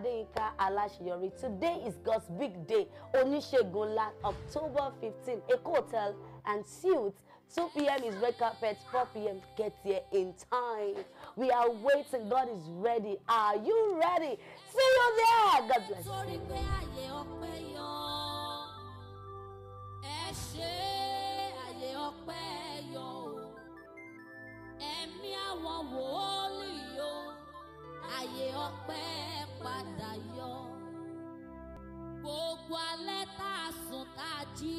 Adeyinka Alaseyori. Today is God's big day, Oníṣègùn Land, October 15, Eco Hotel and Suites. 2 p.m. is red carpet, 4 p.m. get here in time. We are waiting. God is ready. Are you ready? See you there. God bless you. Ẹ̀mí àwọn wòólì wa lẹ́tà sùn tá a jí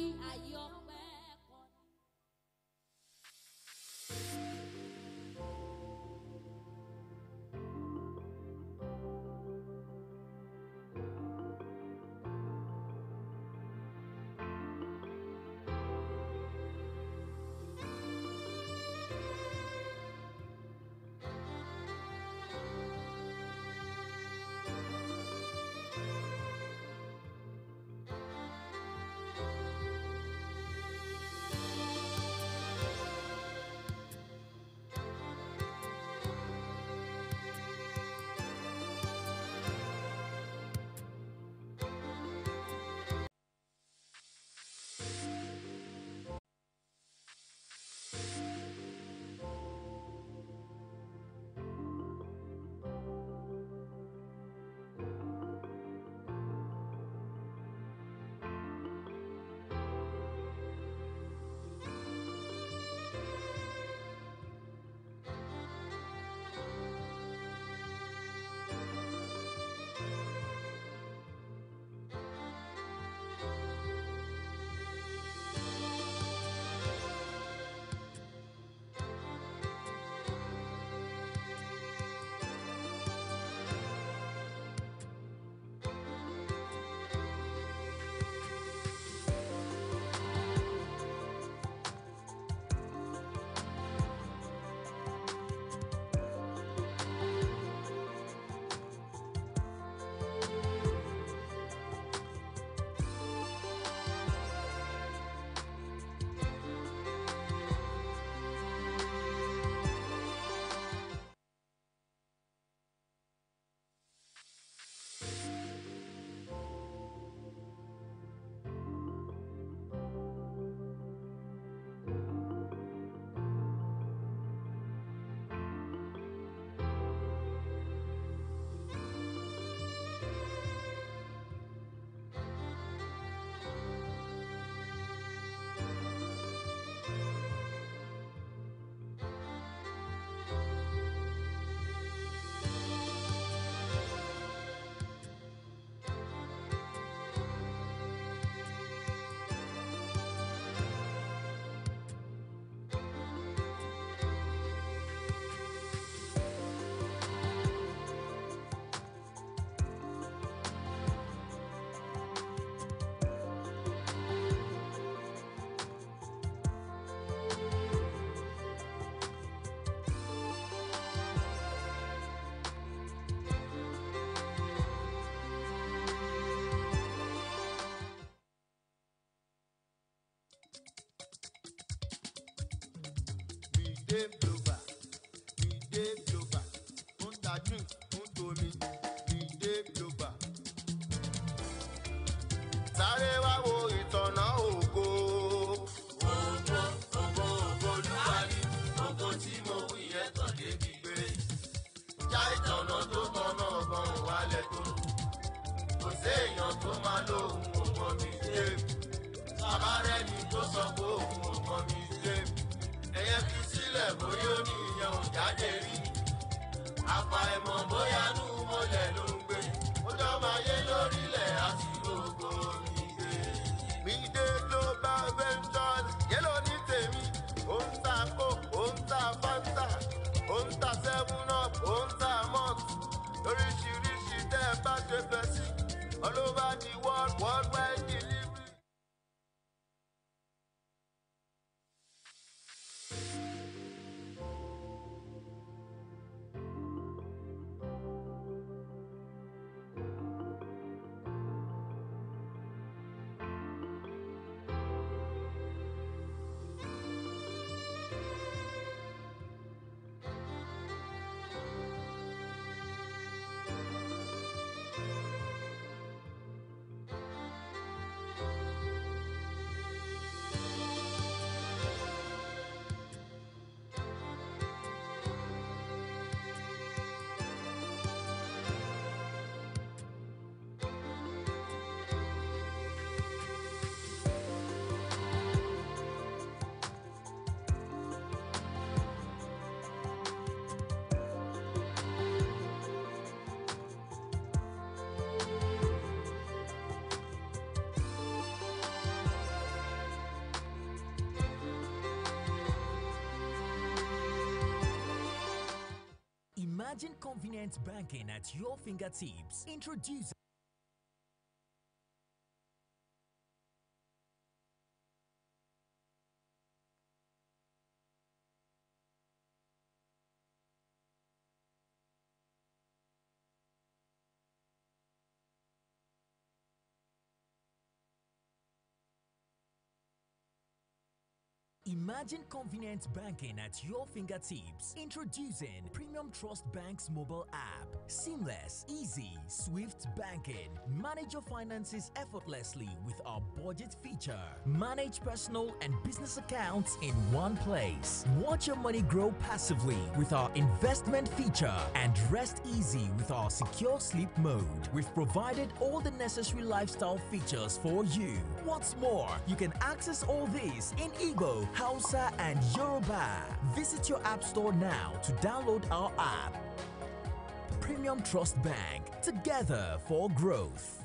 dey blower we dey blower under drink ntomi we dey blower. sáré wá wo ìtọ̀nà ògo. ògo ògo ògo olúwa ni ògo tí mo wí yẹn tàn débi pé já ìtọ̀nà tó tọ̀nà ọ̀gbọ̀n mi dé bàbá rẹ̀ ni òun ògbọ́n mi sílẹ̀ bóyá ó ní ìyẹn jáde rí apá ẹ̀mọ́ bóyá nù mọ́lẹ̀ ló ń gbé ó jọ máa yé lórílẹ̀ àti gbogbo mi. mi dé global ventures yẹ́lò ní tèmi ó ń ta coke ó ń ta fanta ó ń ta seven up ó ń ta malt lóríṣiríṣi tẹ́ ẹ bá ṣe fẹ́ sí all over the world world convenient banking at your fingertips. Introduce Imagine convenient banking at your fingertips. Introducing Premium Trust Bank's mobile app. Seamless, easy, swift banking. Manage your finances effortlessly with our budget feature. Manage personal and business accounts in one place. Watch your money grow passively with our investment feature and rest easy with our secure sleep mode. We've provided all the necessary lifestyle features for you. What's more, you can access all these in Igbo, how Hausa, and Yoruba. Visit your app store now to download our app. Premium Trust Bank, together for growth.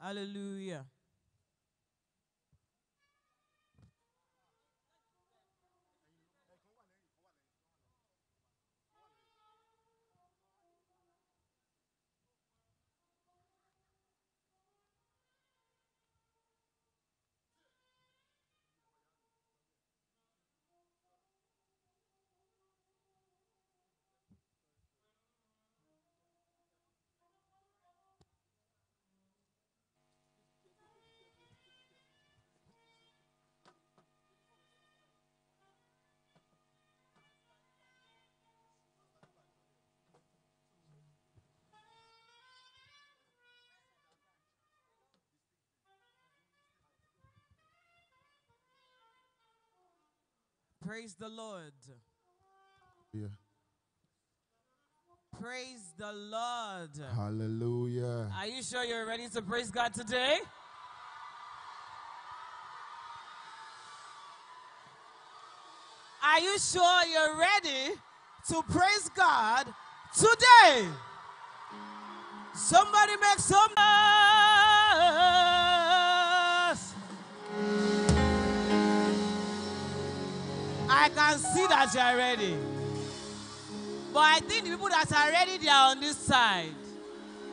Hallelujah Praise the Lord. Yeah. Praise the Lord. Hallelujah. Are you sure you're ready to praise God today? Are you sure you're ready to praise God today? Somebody make some noise. I can see that you are ready. But I think the people that are ready, they are on this side.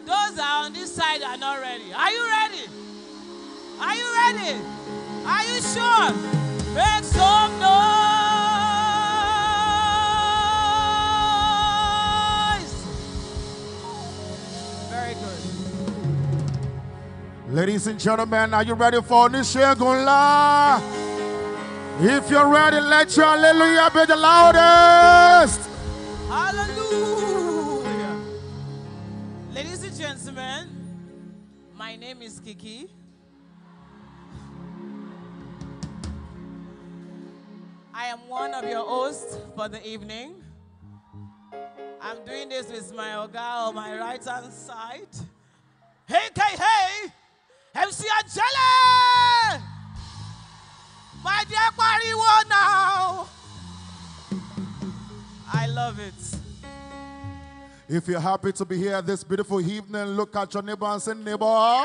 Those that are on this side are not ready. Are you ready? Are you ready? Are you sure? Make some noise. Very good. Ladies and gentlemen, are you ready for Nishagunla? If you're ready, let your hallelujah be the loudest. Hallelujah. Ladies and gentlemen, my name is Kiki. I am one of your hosts for the evening. I'm doing this with my oga on my right hand side. Hey, hey, hey, MC Angela! My dear Pariwo now. I love it. If you're happy to be here this beautiful evening, look at your neighbor and say, neighbor,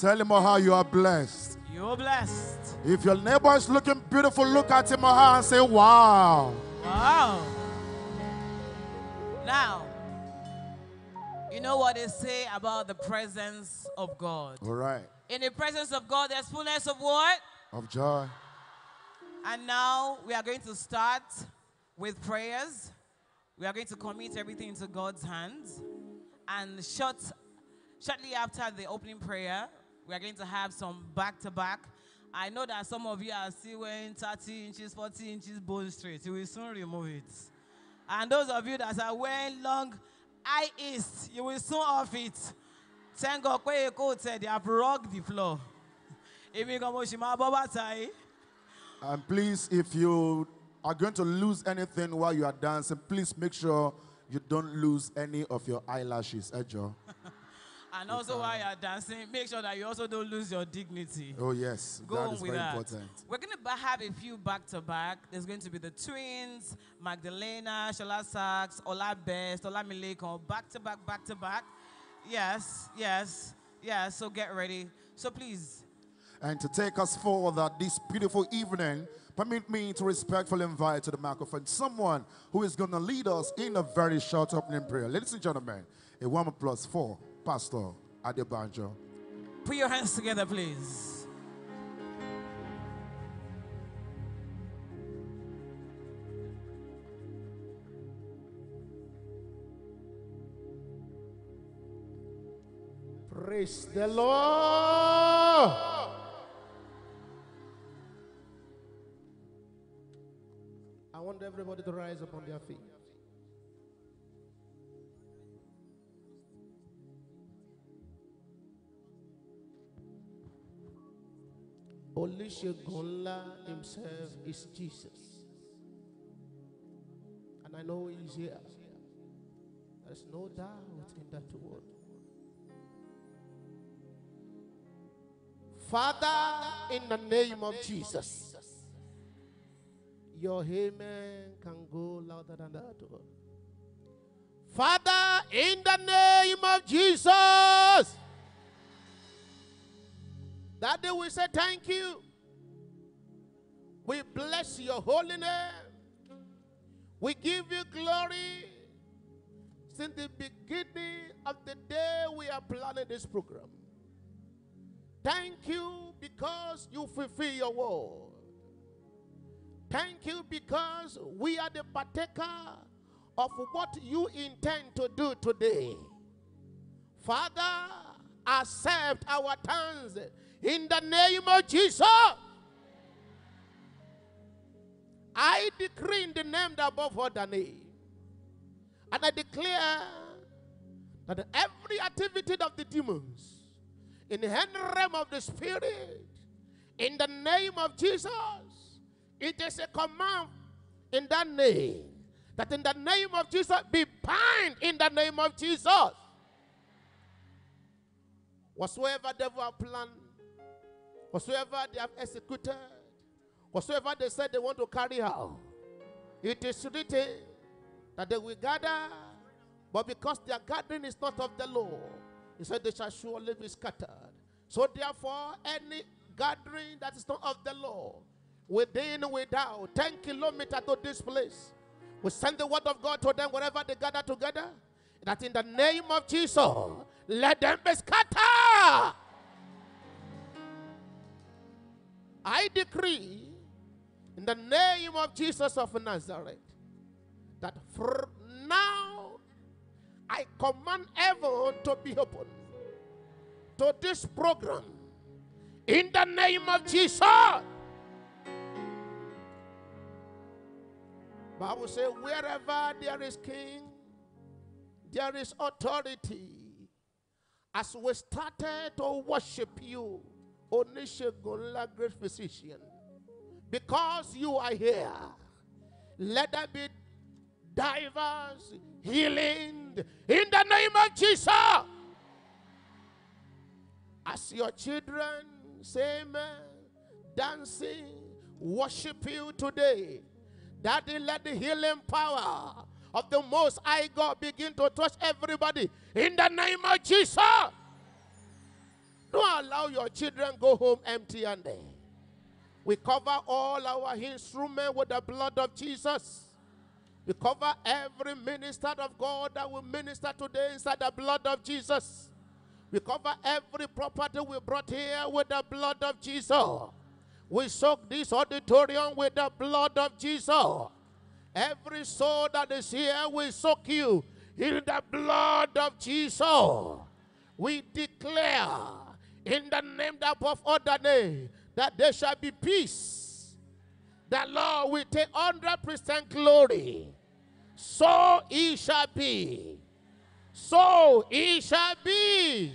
tell him how you are blessed. You're blessed. If your neighbor is looking beautiful, look at him and say, wow. Wow. Now, you know what they say about the presence of God. All right. In the presence of God, there's fullness of what? of joy. And now we are going to start with prayers. We are going to commit everything into God's hands. And short, shortly after the opening prayer, we are going to have some back to back. I know that some of you are still wearing 30 inches, 40 inches bone straight. You will soon remove it. And those of you that are wearing long high east, you will soon off it. Thank God, they have rocked the floor. And please, if you are going to lose anything while you are dancing, please make sure you don't lose any of your eyelashes, Ejo. Eh, and also while you're dancing, make sure that you also don't lose your dignity. Oh, yes. Go that is very that. important. We're going to have a few back to back. There's going to be the twins, Magdalena, Shola Sachs, Ola Best, Ola Mileko, back to back, back to back. Yes, yes, yes. So get ready. So please, and to take us forward this beautiful evening, permit me to respectfully invite to the microphone someone who is going to lead us in a very short opening prayer. Ladies and gentlemen, a warm applause for Pastor Adebanjo. Put your hands together, please. Praise the Lord. I want everybody to rise upon their feet. Olishegunla himself is Jesus. And I know he's here. There's no doubt in that word. Father, in the name of Jesus. Your amen can go louder than that. Father, in the name of Jesus, that day we say thank you. We bless your holy name. We give you glory. Since the beginning of the day we are planning this program, thank you because you fulfill your word. Thank you because we are the partaker of what you intend to do today. Father, accept our thanks in the name of Jesus. I decree in the name that above all the name. And I declare that every activity of the demons in the realm of the spirit, in the name of Jesus, it is a command in that name that in the name of Jesus be bind in the name of Jesus. Whatsoever devil have planned, whatsoever they have executed, whatsoever they said they want to carry out, it is written that they will gather, but because their gathering is not of the Lord, he said they shall surely be scattered. So therefore, any gathering that is not of the Lord within, without, 10 kilometers to this place. We send the word of God to them wherever they gather together. That in the name of Jesus, let them be scattered. I decree in the name of Jesus of Nazareth that for now I command heaven to be open to this program in the name of Jesus. Bible says, wherever there is king, there is authority. As we started to worship you, Gola great physician, because you are here, let there be divers healing in the name of Jesus. As your children say amen, dancing, worship you today. Daddy, let the healing power of the Most High God begin to touch everybody in the name of Jesus. Don't allow your children go home empty-handed. We cover all our instruments with the blood of Jesus. We cover every minister of God that will minister today inside the blood of Jesus. We cover every property we brought here with the blood of Jesus. We soak this auditorium with the blood of Jesus. Every soul that is here, we soak you in the blood of Jesus. We declare in the name that above other name that there shall be peace. The Lord will take 100% glory. So it shall be. So it shall be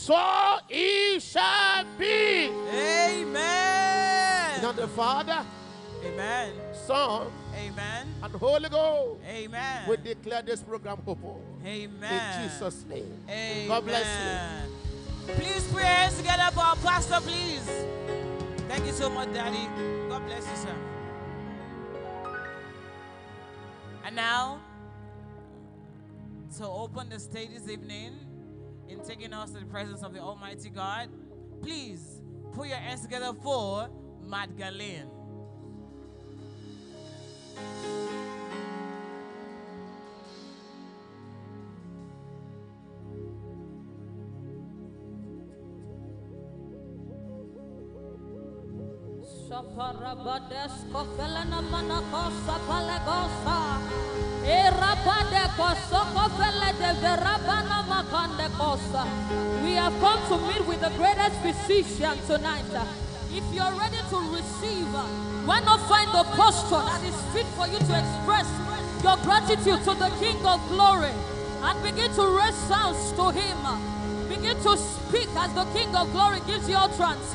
so it shall be. Amen. Not the Father. Amen. Son. Amen. And Holy Ghost. Amen. We declare this program hopeful. Amen. In Jesus' name. Amen. God bless you. Please pray hands together for our pastor, please. Thank you so much, Daddy. God bless you, sir. And now, to open the stage this evening in taking us to the presence of the Almighty God. Please put your hands together for Magdalene. We have come to meet with the greatest physician tonight. If you're ready to receive, why not find the posture that is fit for you to express your gratitude to the King of Glory and begin to raise sounds to Him. Begin to speak as the King of Glory gives you utterance.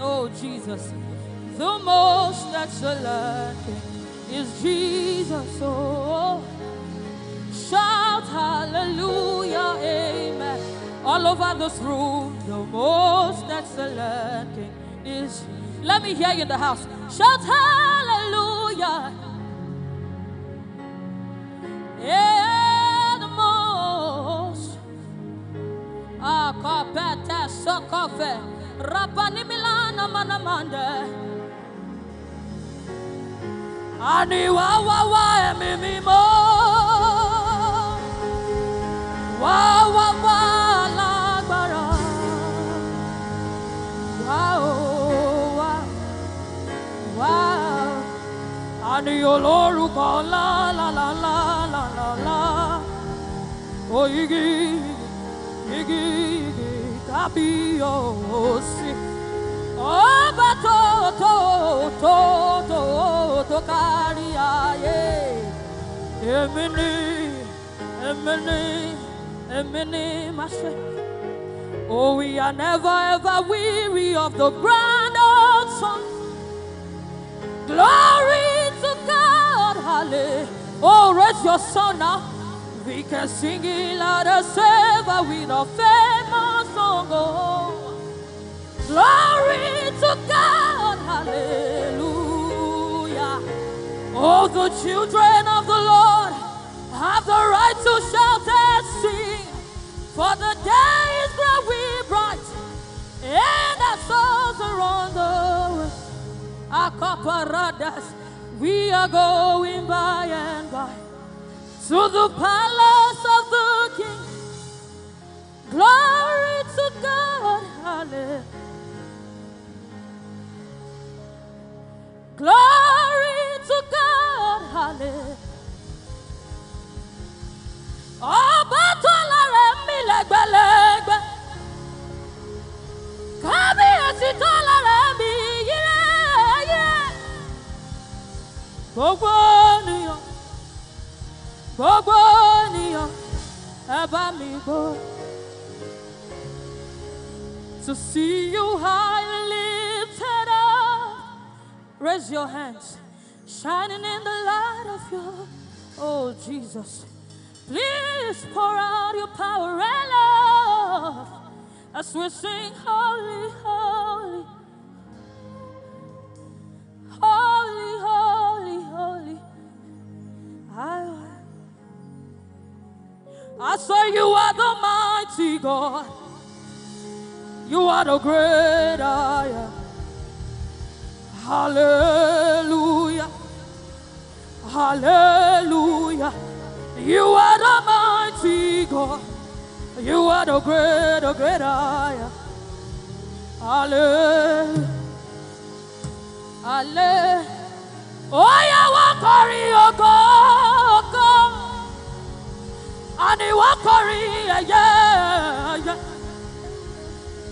Oh, Jesus. The most that's your is Jesus. Oh, shout hallelujah, amen. All over this room, the most that's King is. Let me hear you in the house. Shout hallelujah. Yeah, the most. Ah, Rabani Milana Manamande. Ani wa wa wa mimi mo. Wa wa wa lágbára. Wa wa wa. Ani olórúkọ la la la la la la la. Oyigi igi igi happy or oh, sick. Oh, but to, to, to, to, to, carry aye. Emini, Emini, Emini, Oh, we are never ever weary of the grand old song. Glory to God, hallelujah. Oh, raise your son now. We can sing it loud and say, but we don't fail go. Glory to God, hallelujah. All the children of the Lord have the right to shout and sing, for the day is growing bright, and our souls are on the way. Acaparadas, we are going by and by to the palace of the King. Glory. to God. Hallelujah. Glory to God. Hallelujah. Ọba tó lára mi lẹ́gbẹ̀lẹ́gbẹ̀. Kábíyèsí tó lára mi yíyáyé. Gbogbo ènìyàn, gbogbo ènìyàn, ẹ bá mi gbọ́. to see you high lifted up. Raise your hands, shining in the light of your, oh Jesus. Please pour out your power and love as we sing, Holy, Holy. Holy, holy, holy. I, I say you are the mighty God. You are the great I am. Hallelujah. Hallelujah. You are the mighty God. You are the great, the great I am. Hallelujah. Hallelujah. Oh, yeah, what glory, oh God. And he walk, yeah, yeah.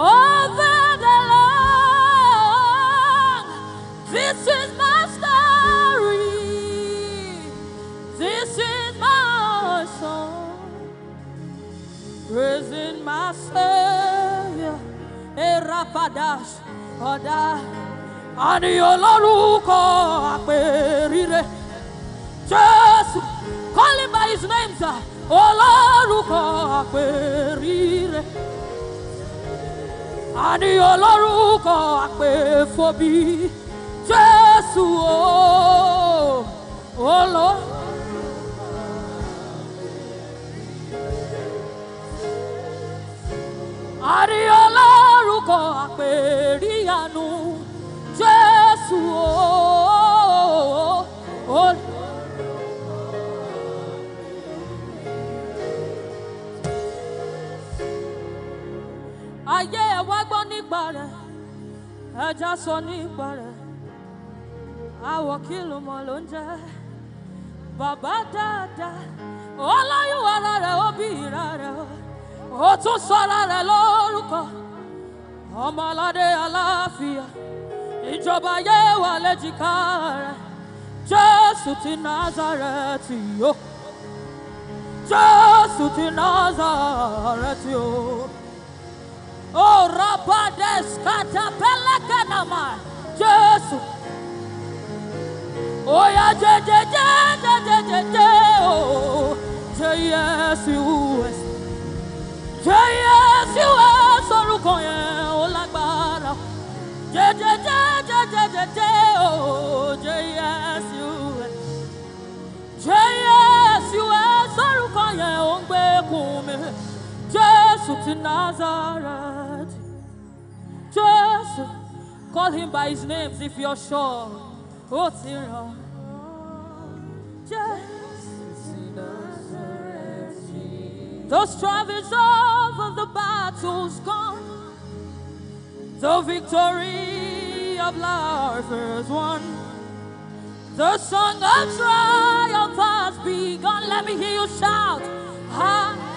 over the long. This is my story. This is my song. Praising my Savior. Erapadash, Oda. Aniololuko aperire. Jesus, call him by his name, sir. Ololuko aperire. àníyàn lórúkọ àpèfòbí jésù o ò lọ. àníyàn lórúkọ àpèríyanu jésù o. ayé ẹ wá gbọ́ nípa rẹ̀ ẹja sọ nípa rẹ̀ àwọ̀ kìlùmọ̀ ló ń jẹ́ bàbá dáadáa ọlọ́yún ara rẹ̀ ó bí ìra rẹ̀ ó tún sọra rẹ̀ lórúkọ ọmọládé aláfíà ìjọba ayé wà léjìká rẹ̀ jésù ti nazareti o jésù ti nazareti o. Oh, Rabades Catapelacanama. Jesus. Oh, yeah, je, je, je, je, je, je, je, oh, Jesus. Jesus, orúkọ yẹn ó lágbára. Je, je, je, je, je, je, je, oh, Jesus. Jesus, orúkọ yẹn ó ń gbé kùn mi. Joseph to Nazareth. Just call him by his names if you're sure. What's in her? The strife is over, the battle's gone. The victory of life is won. The song of triumph has begun. Let me hear you shout. Hallelujah.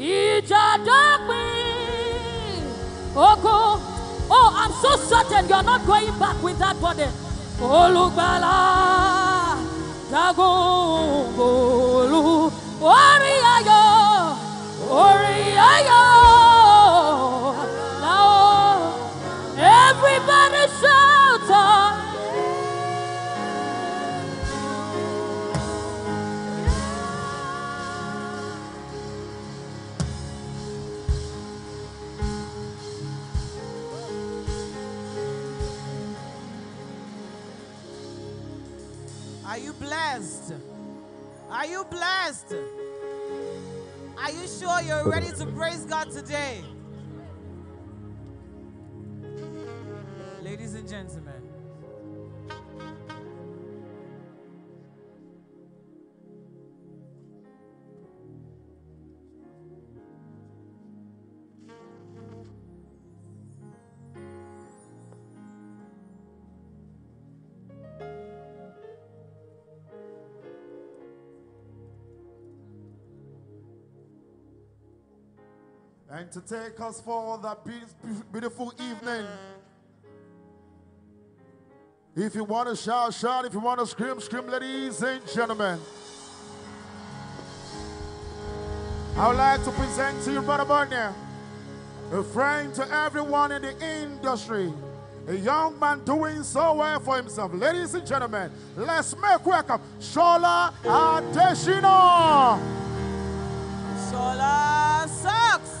ìjà dópin ògo oh i'm so certain you are not going back with that body olùgbàlà jagun olú oriayo oriayo. now everybody say. blessed? Are you blessed? Are you sure you're ready to praise God today? Ladies and gentlemen, and to take us forward that beautiful evening. If you want to shout, shout. If you want to scream, scream, ladies and gentlemen. I would like to present to you, Brother Barney, a friend to everyone in the industry, a young man doing so well for himself. Ladies and gentlemen, let's make welcome Shola Adeshino. Shola sucks.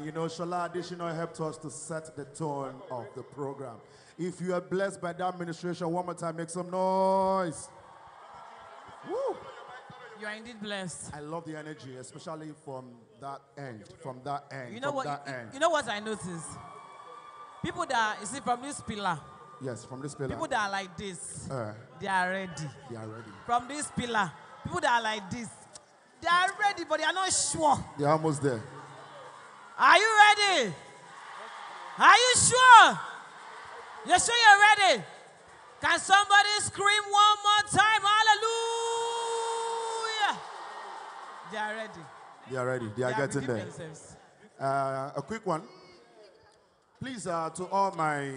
And you know, should Adishino helped us to set the tone of the program. If you are blessed by that administration, one more time, make some noise. Woo. You are indeed blessed. I love the energy, especially from that end, from that end, you know what, you, you, know what I noticed? People that, you see, from this pillar. Yes, from this pillar. People that are like this, uh, they are ready. They are ready. From this pillar, people that are like this, they are ready, but they are not sure. They're almost there. Are you ready? Are you sure? You sure you're ready? Can somebody scream one more time? Hallelujah! They are ready. They are ready. They are, they are getting there. Uh, a quick one. Please, uh, to all my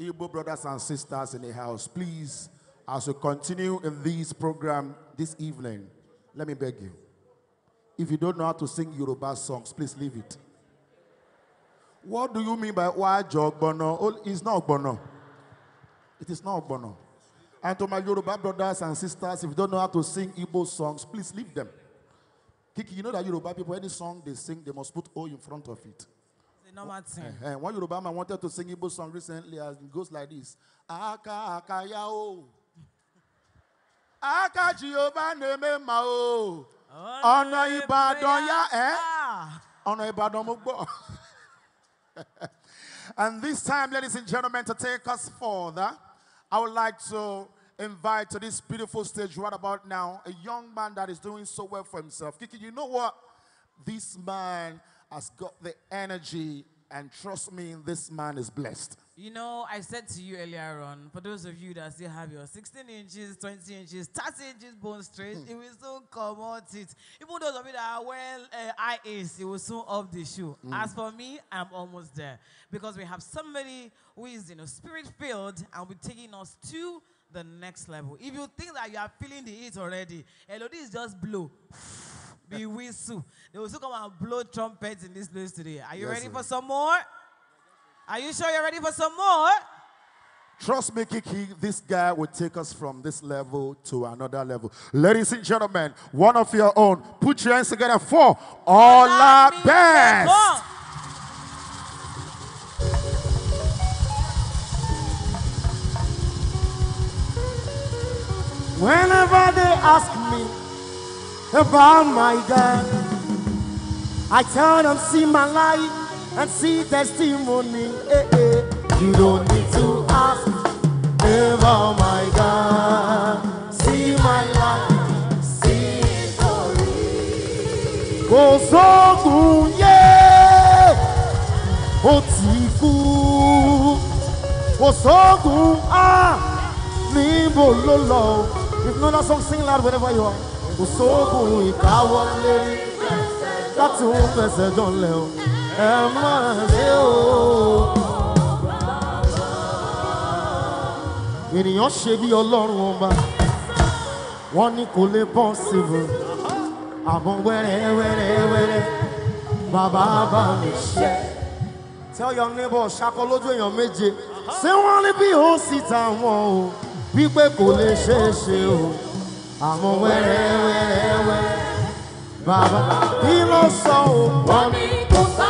Igbo brothers and sisters in the house, please, as we continue in this program this evening, let me beg you. If you don't know how to sing Yoruba songs, please leave it. What do you mean by wajo ogbono? Oh, it's not ogbono. It is not ogbono. And to my Yoruba brothers and sisters, if you don't know how to sing Igbo songs, please leave them. Kiki, you know that Yoruba people, any song they sing, they must put O in front of it. The normal thing. Uh, uh, one Yoruba man wanted to sing Igbo song recently, and it goes like this. Aka aka yao. Aka Jehovah neme mao ọ̀nà Ìbàdàn yá ẹ́ ọ̀nà Ìbàdàn mo gbọ́. And this time, ladies and gentlemen, to take us further, I would like to invite to this beautiful stage right about now a young man that is doing so well for himself. Kiki, you know what? This man has got the energy, and trust me, this man is blessed. You know, I said to you earlier on, for those of you that still have your 16 inches, 20 inches, 30 inches bone straight, hmm. it will soon come out it. Even those of you that are well uh, eye is, it will soon up the shoe. Mm. As for me, I'm almost there. Because we have somebody who is, you know, spirit-filled and will be taking us to the next level. If you think that you are feeling the heat already, Elodie is just blow. be whistle. They will soon come and blow trumpets in this place today. Are you yes, ready sir. for some more? Are you sure you're ready for some more? Trust me, Kiki, this guy will take us from this level to another level. Ladies and gentlemen, one of your own, put your hands together for all our best. Whenever they ask me about my God, I tell them, see my life and see testimony. Hey, eh, eh. hey. You don't need to ask. Ever, my God. See my life. See glory. Kò sóògùn yé, ó ti kú. Kò sóògùn á, ah. níbo ló lọ? If no know that song, sing loud wherever you are. Kò sóògùn ìkáwọ́lé, láti òun fẹsẹ̀ dánlẹ̀ o. ẹ má ṣe o. ènìyàn ṣe bí ọlọ́run ọba wọ́n ní kò lè possible àmọ́ wẹ́rẹ́ wẹ́rẹ́ wẹ́rẹ́ bàbá bá mi ṣe. tell your neighbor ṣakọ lójú èèyàn méje ṣé wọ́n ní bí ó sì ta wọn o wípé kò lè ṣeé ṣe o àmọ́ wẹ́rẹ́ wẹ́rẹ́ wẹ́rẹ́ bàbá kí ló sọ o. wọ́n ní kò sọ.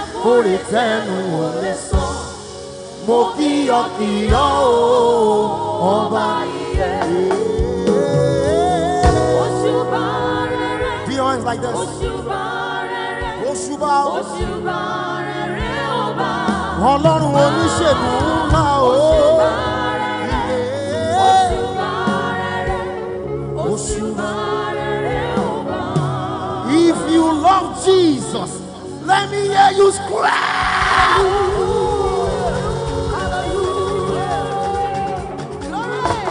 kórè tẹnu ò sọ. Mo kíyọ̀ kíyọ̀ o, ọba ilé. Òṣùbà rere. Be honest like this. Òṣùbà rere. Òṣùbà ọba. Ọlọ́run oníṣègùn ńlá o. If you love Jesus. Let me hear you scream.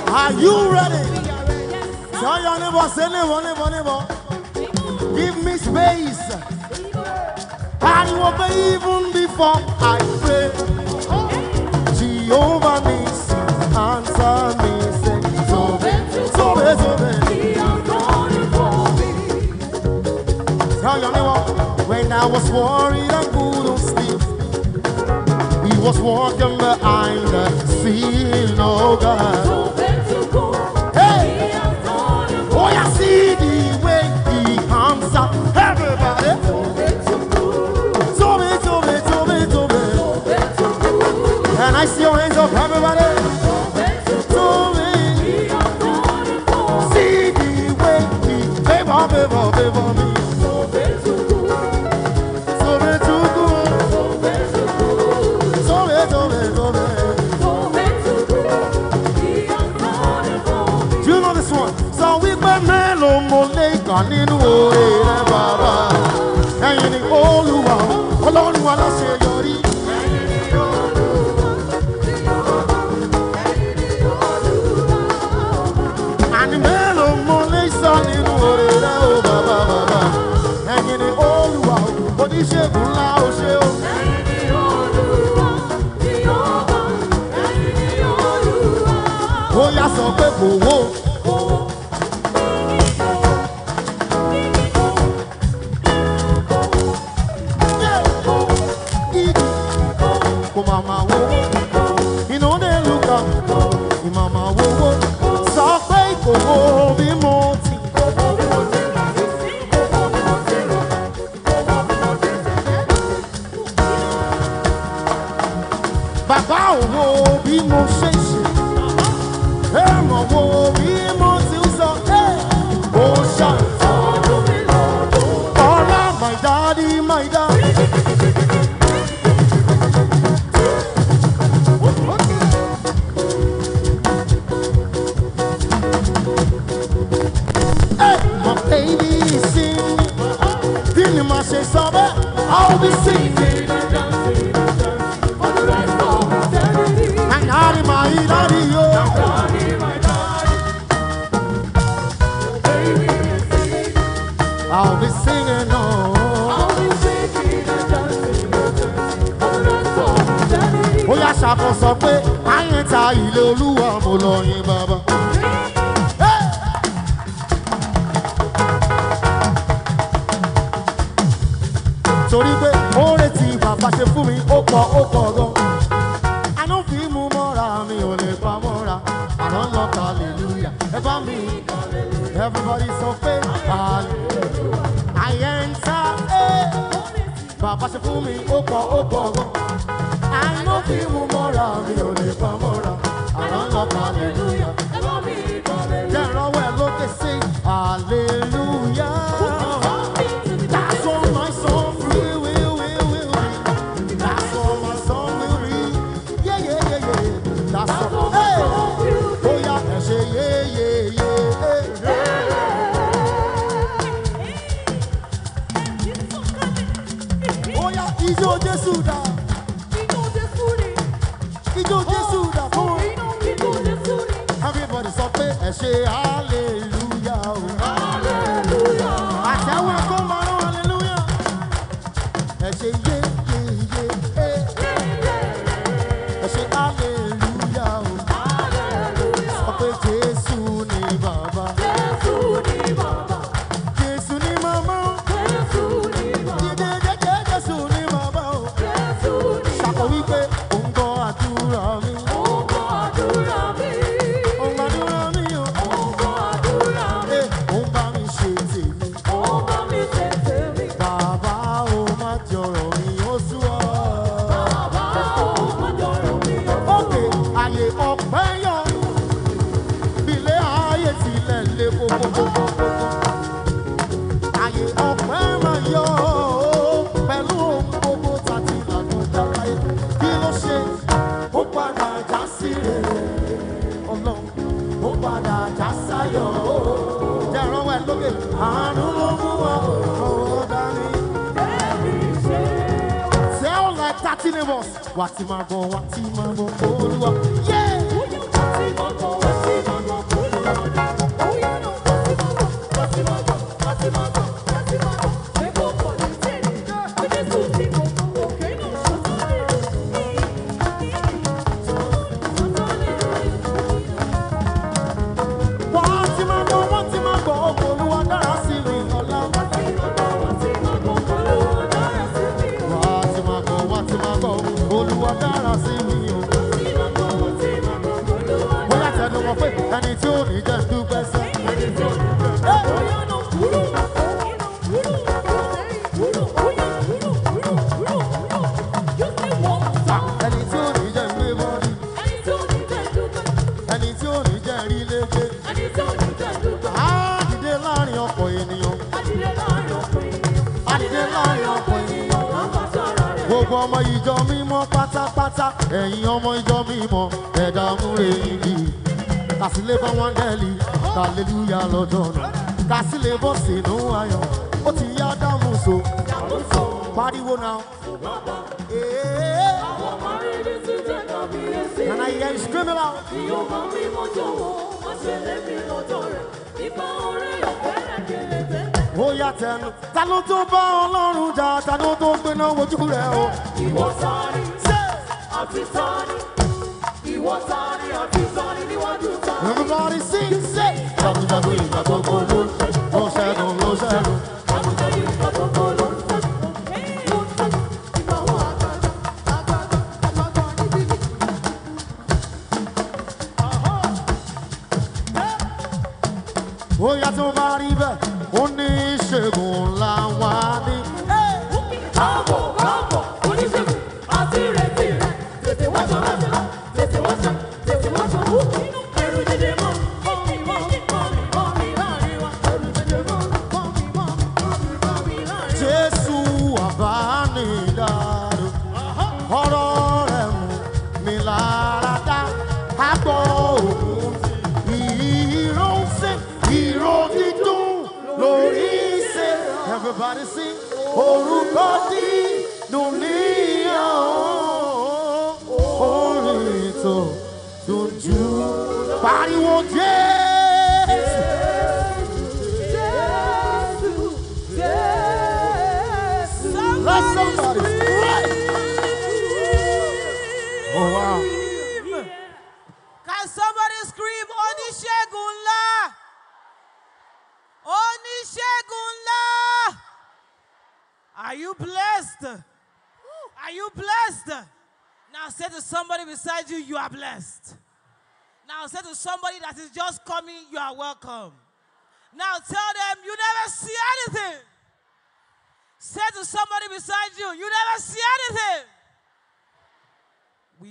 Are you ready? Tell your neighbor, say neighbor, neighbor, neighbor. Give me space. And will even before I pray. Jehovah me, answer me, say, Sobe, Sobe, Sobe. Tell your neighbor. When I was worried and couldn't sleep, He was walking behind the scene, oh God. Hey! Oh, I see the way He comes up. Everybody! And I see your hands up, everybody. away. mi la. Bí o bá rí mọ́jọ́ wọn, wọ́n ṣe lé mi lọ́jọ́ rẹ̀. Ìbá ọ̀rẹ́ ọ̀fẹ́rẹ́ kele tẹ́tẹ́. Ó yà tẹnu. Ta ló tó bá Ọlọ́run jà? Ta ló tó gbiná wojú rẹ̀ o? Ìwọ sáré, àti sáré. Ìwọ sáré, àti sáré níwájú ta. Everybody sing, say. Jagunjagun ìgbà gbogbo ló ṣe.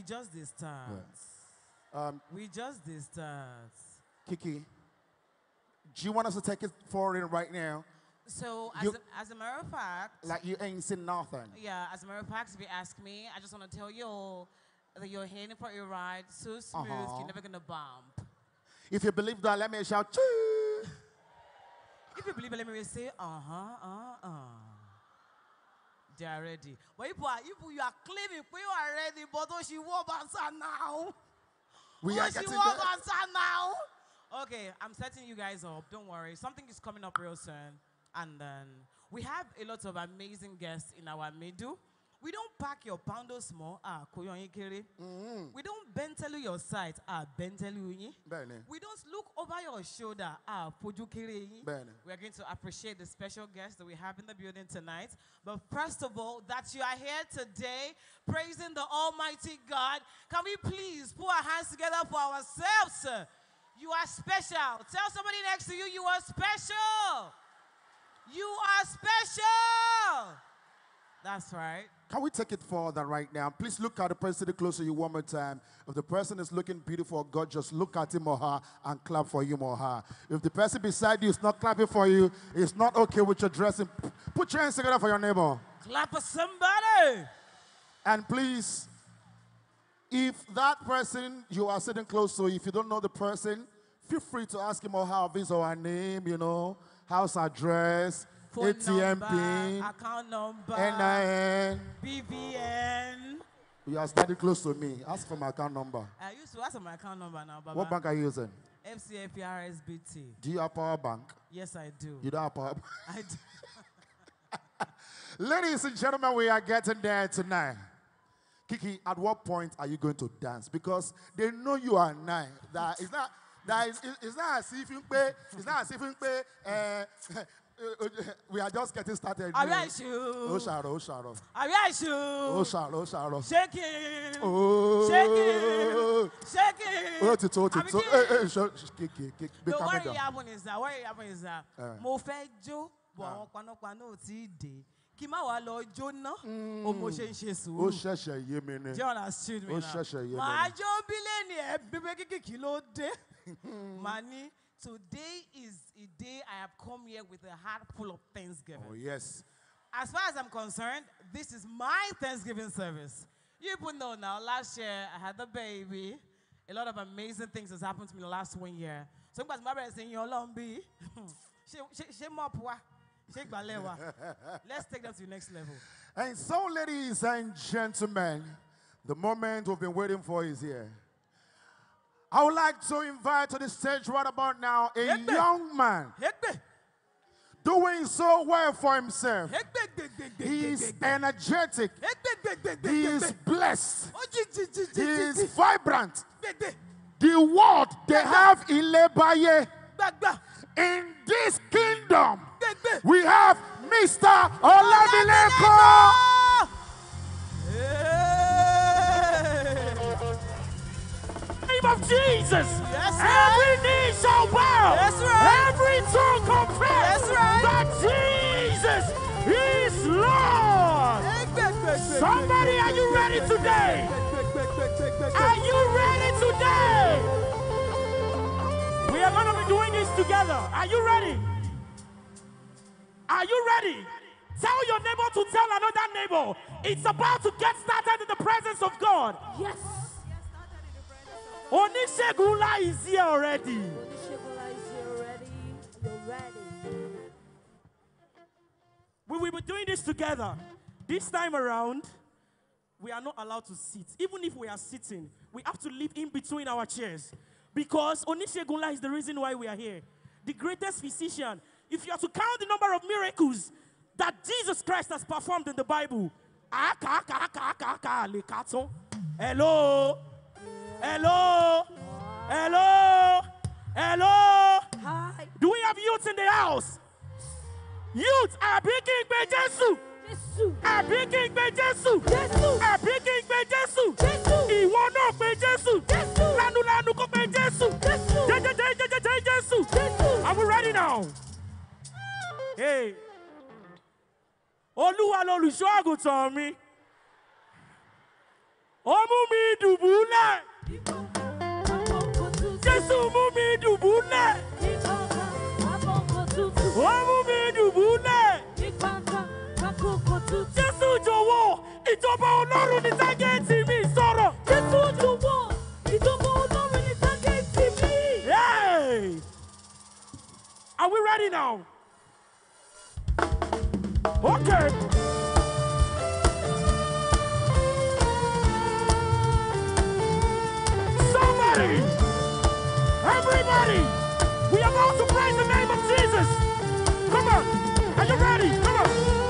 just the start. Yeah. Um, we just the start. Kiki, do you want us to take it forward right now? So, as, you, a, as a matter of fact, like you ain't seen nothing. Yeah, as a matter of fact, if you ask me, I just want to tell you all that you're heading for a ride so smooth, uh -huh. you're uh-huh. never going to bump. If you believe that, let me shout, If you believe it, let me say, uh huh, uh uh they are ready. But if, if you are claiming we are ready, but don't you walk answer now. We those are getting walk answer now. Okay, I'm setting you guys up. Don't worry. Something is coming up real soon. And then we have a lot of amazing guests in our middle. We don't pack your bundles small, ah, mm-hmm. We don't bend tell you your side, ah, We don't look over your shoulder, ah, We are going to appreciate the special guests that we have in the building tonight. But first of all, that you are here today praising the Almighty God. Can we please put our hands together for ourselves? You are special. Tell somebody next to you, you are special. You are special. That's right. Can we take it further right now? Please look at the person sitting close to you one more time. If the person is looking beautiful, God, just look at him or her and clap for him or her. If the person beside you is not clapping for you, it's not okay with your dressing. Put your hands together for your neighbor. Clap for somebody. And please, if that person you are sitting close to, if you don't know the person, feel free to ask him or her, this or her name, you know, house address, phone ATM number, PIN, account number, NIN, BVN. You are standing close to me. Ask for my account number. I used to ask for my account number now. Baba. What bank are you using? FCAPRSBT. Do you have power bank? Yes, I do. You don't have power bank? I do. Ladies and gentlemen, we are getting there tonight. Kiki, at what point are you going to dance? Because they know you are nine. That is not. That is, it's not as if you pay. It's not as if you pay. Uh, we are just getting started. Àwẹ̀ ìṣù. Ó ṣàrọ̀ ó ṣàrọ̀. Àwẹ̀ ìṣù. Ó ṣàrọ̀ ó ṣàrọ̀. Ṣé kí n? Ṣé kí n? Ṣé kí n? Ó ti tó ó ti tó. Kéèké gbé kámẹ́dà. The worry happen is that worry happen is that eh. mo fẹ́ jó bọ̀ ah. àwọn panápaná ò tí ì dé kí má wàá lọ jóná o hmm. mo ṣe ń ṣe sùúrù. ó ṣẹ̀ṣẹ̀ yé mi ni. jẹ́ ọ̀nà street mi náà. ó ṣẹ̀ṣẹ̀ yé mi ni. màá jó bílẹ̀ ni ẹ̀ bíbẹ́ kíkìkì ló dé. màá ní. Today is a day I have come here with a heart full of thanksgiving. Oh, yes. As far as I'm concerned, this is my Thanksgiving service. You people know now, last year I had a baby. A lot of amazing things has happened to me the last one year. So my brother is saying, Yolombi, Let's take them to the next level. And so, ladies and gentlemen, the moment we've been waiting for is here. I would like to invite to the stage right about now a young man doing so well for himself. He is energetic. He is blessed. He is vibrant. The word they have in Lebaye, in this kingdom, we have Mr. Olamileko. of Jesus, That's every right. knee shall bow. That's right. Every tongue confess right. that Jesus is Lord. Somebody, are you ready today? Are you ready today? We are going to be doing this together. Are you ready? Are you ready? Tell your neighbor to tell another neighbor. It's about to get started in the presence of God. Yes. Onishegula is here already. Onishegula is here already. You're ready. We will be doing this together. This time around, we are not allowed to sit. Even if we are sitting, we have to live in between our chairs. Because Gula is the reason why we are here. The greatest physician. If you are to count the number of miracles that Jesus Christ has performed in the Bible. Hello. Hello? Hello? Hello? Hi. Do we have youth in the house? Youth, àbí kí n Jesus. Jésù. Jésù. Àbí kí n pe Jésù. Jésù. Àbí kí Jesus. pe Jésù. Jésù. Ìwọ náà Jesus. Jésù. Jésù. Lánúlánú kó pe Jésù. Jesus. Jẹ́jẹ́jẹ́ jẹ́jẹ́jẹ́ Jésù. Jésù. Are we ready now? Hey. Olúwa lolùṣọ́ àgùntàn mi. Ó mú mi dùbúlẹ̀. Jésù mú mi dùbúlẹ̀. Ó mú mi dùbúlẹ̀. Jésù jọ̀wọ́ ìjọba Ọlọ́run ní tágẹ́ẹ̀tì mi sọ̀rọ̀. Jésù jọ̀wọ́ ìjọba Ọlọ́run ní tágẹ́ẹ̀tì mi. Are we ready now? Okay. Everybody, we are about to praise the name of Jesus. Come on. Are you ready? Come on.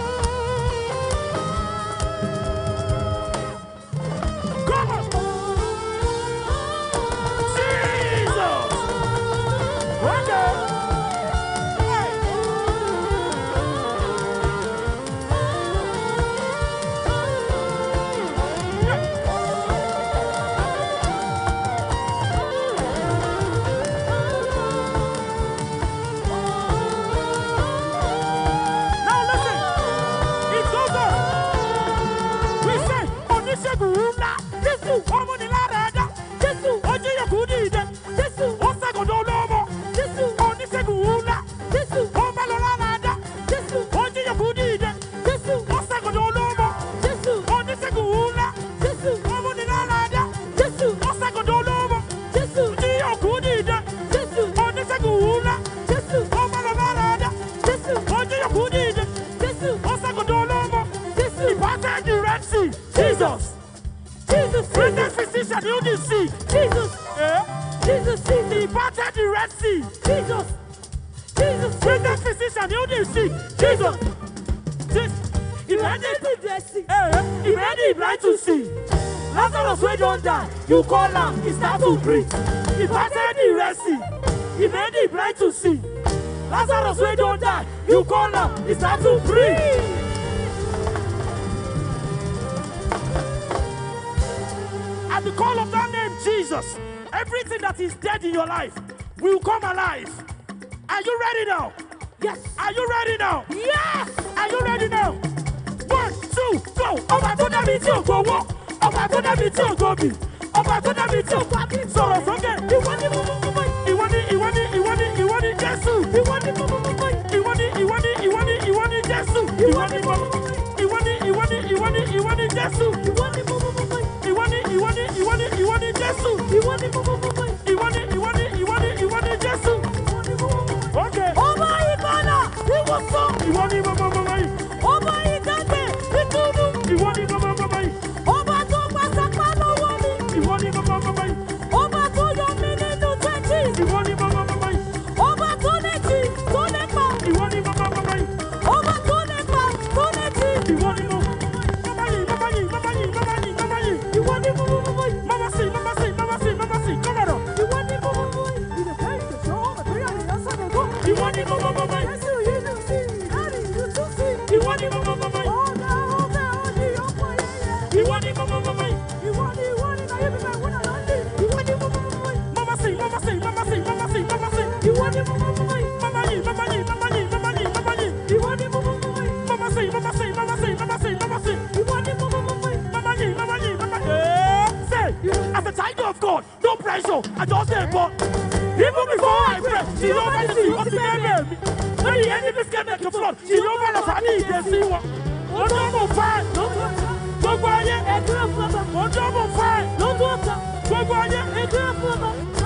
can you this see? Jesus. yeah. Jesus, Jesus. He parted the Red Sea. Jesus. Jesus. When that physician, you only see. Jesus. Jesus. He eh, eh, made it blessing. Eh? He made the blind to see. Lazarus, we don't die. You call him. He start to breathe. He parted the Red Sea. He made the blind to see. Lazarus, we don't die. You call him. He start to breathe. At the call of that name, Jesus, everything that is dead in your life will come alive. Are you ready now? Yes. Are you ready now? Yes. Are you ready now? One, two, go. Ọba tó dábì tí go wọ́. Ọba tó dábì tí ògo bì. Ọba tó dábì tí ògo bì. Sọ̀rọ̀ sókè. Ìwọ ni mo mú mú mọ́. Ìwọ ni ìwọ ni ìwọ ni ìwọ ni Jésù. Ìwọ ni mo mú mú mọ́. Ìwọ ni ìwọ ni ìwọ ni ìwọ ni Jésù. Ìwọ ni mo mú mú mọ́. Ìwọ ni ìwọ ni ìwọ ni ìwọ ni Jésù. Ìwọ ni. You want to move, move, move. she don't want to see what's the baby. When the enemy can make a flood, she don't want to see the sea. What do you find? Go by it, and do a flipper. What do you find? Don't do a flipper. Go by and do a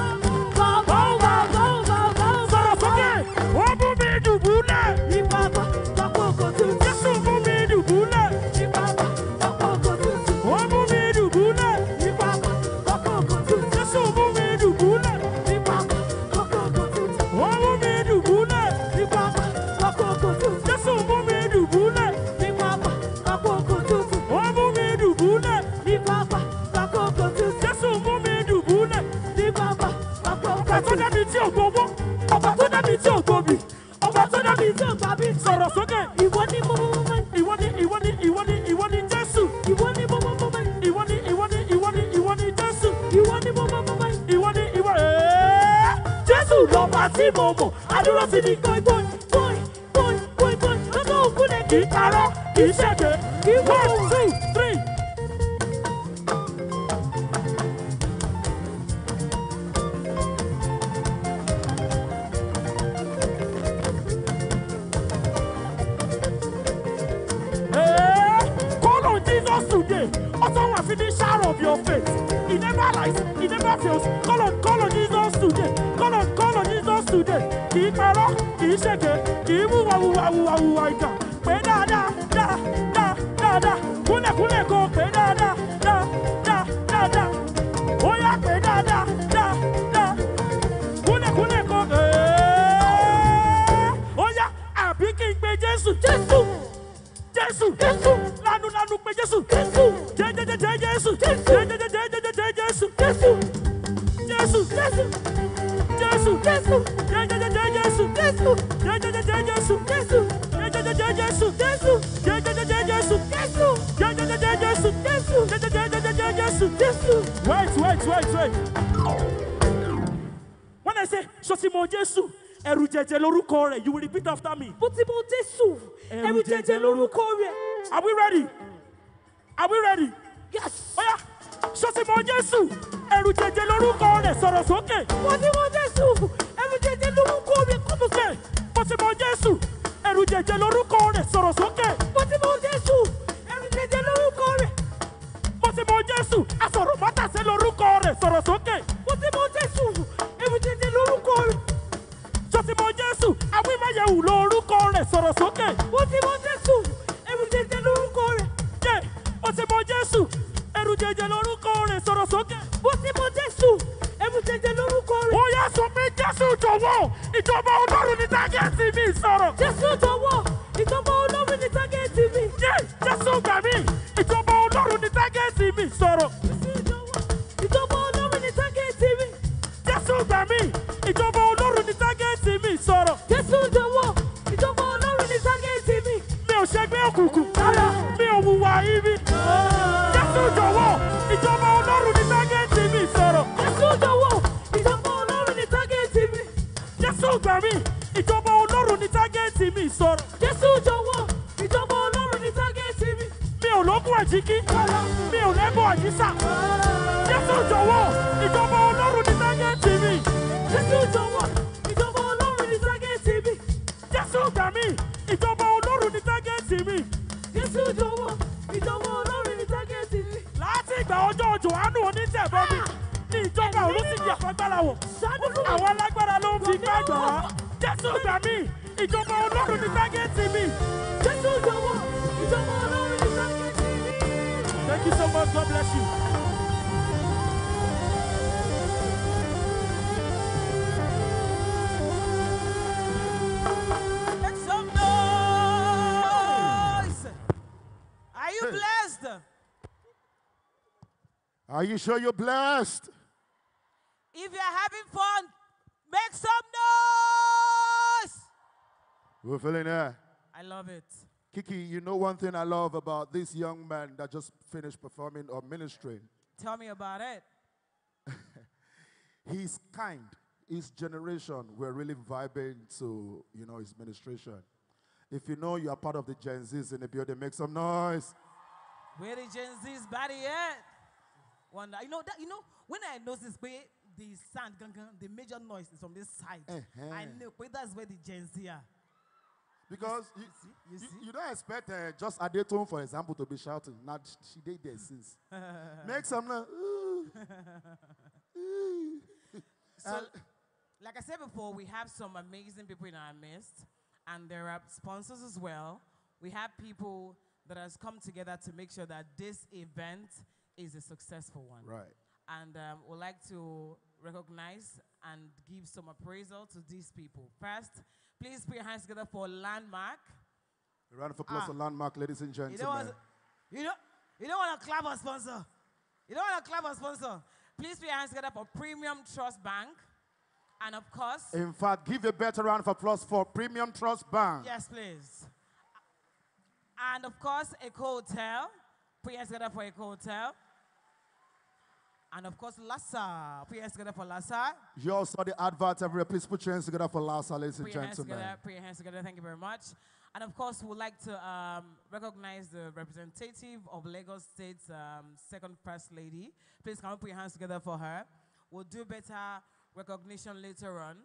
tí mo mọ̀ adúró síbi kan gbóyìn gbóyìn gbóyìn gbóyìn lọ́tọ̀ òkú ni kì í parọ́ kì í ṣẹ̀gbẹ́. lórúkọ rẹ̀. Are we ready? mo ti mọ jésù ẹ̀mú jẹjẹ lórúkọ rẹ̀. ó sọ pé jésù jọ̀wọ́ ìjọba ọlọ́run ní tágẹ́ẹ̀tì mi sọ̀rọ̀. jésù jọ̀wọ́ ìjọba ọlọ́run ní tágẹ́ẹ̀tì mi. yé jésù gbà mí ìjọba ọlọ́run ní tágẹ́ẹ̀tì mi sọ̀rọ̀. jésù gbà mí ìjọba ọlọ́run ní tágẹ́ẹ̀tì mi sọ̀rọ̀. jésù jọ̀wọ́ ìjọba ọlọ́run ní tágẹ́ẹ̀tì mi. mi ò ṣẹgbẹ́ òkùnkùn mi ò wùwà ibi ah. jésù jọ̀wọ́. òjìkí mi ò lẹ́bọ̀ òjísà jésù jọ̀wọ́ ìjọba ọlọ́run ní sáyẹ́ǹtì mi jésù jọ̀wọ́ ìjọba ọlọ́run ní sáyẹ́ǹtì mi jésù gbà mí ìjọba ọlọ́run ní sáyẹ́ǹtì mi jésù jọ̀wọ́ ìjọba ọlọ́run ní sáyẹ́ǹtì mi. láti ìgbà ọjọ́ jòhánù onítẹ̀bọ́ ah! ni ní ìjọba olùsìnkì àfagbára wọ̀ àwọn alágbára ló ń fi gbàgbọ́ jésù gbà mí ìjọba ọlọ́run ní sáyẹ́ǹtì mi jésù jọ̀wọ́. God bless you. Make some noise. Are you blessed? Are you sure you're blessed? If you're having fun, make some noise. We're feeling it. I love it. Kiki, you know one thing I love about this young man that just finished performing or ministering? Tell me about it. he's kind. His generation, we're really vibing to, you know, his ministration. If you know you are part of the Gen Zs in the building, make some noise. Where the Gen Z's body at? Wonder. You know that. You know when I notice where the sound, the major noise is from this side. Uh -huh. I know, but that's where the Gen Z are. Because you, see, you, see? you, you don't expect uh, just Adetone, for example, to be shouting. Now she did there since. Make some. Like, So, like I said before, we have some amazing people in our midst, and there are sponsors as well. We have people that has come together to make sure that this event is a successful one. Right. And um, we'd like to recognize and give some appraisal to these people. First, Please put your hands together for Landmark. A round of applause ah. Landmark, ladies and gentlemen. You don't, want, you don't, you don't want to clap sponsor. You don't want to clap our sponsor. Please put your hands together for Premium Trust Bank. And of course. In fact, give a better round of applause for Premium Trust Bank. Yes, please. And of course, Eco Hotel. Put your hands together for Eco Hotel. And of course, Lassa. Put your hands together for Lassa. You all saw the advert everywhere. Please put your hands together for Lassa, ladies and gentlemen. Hands together, put your hands together. Thank you very much. And of course, we'd like to um, recognize the representative of Lagos State's um, second press lady. Please come and put your hands together for her? We'll do better recognition later on.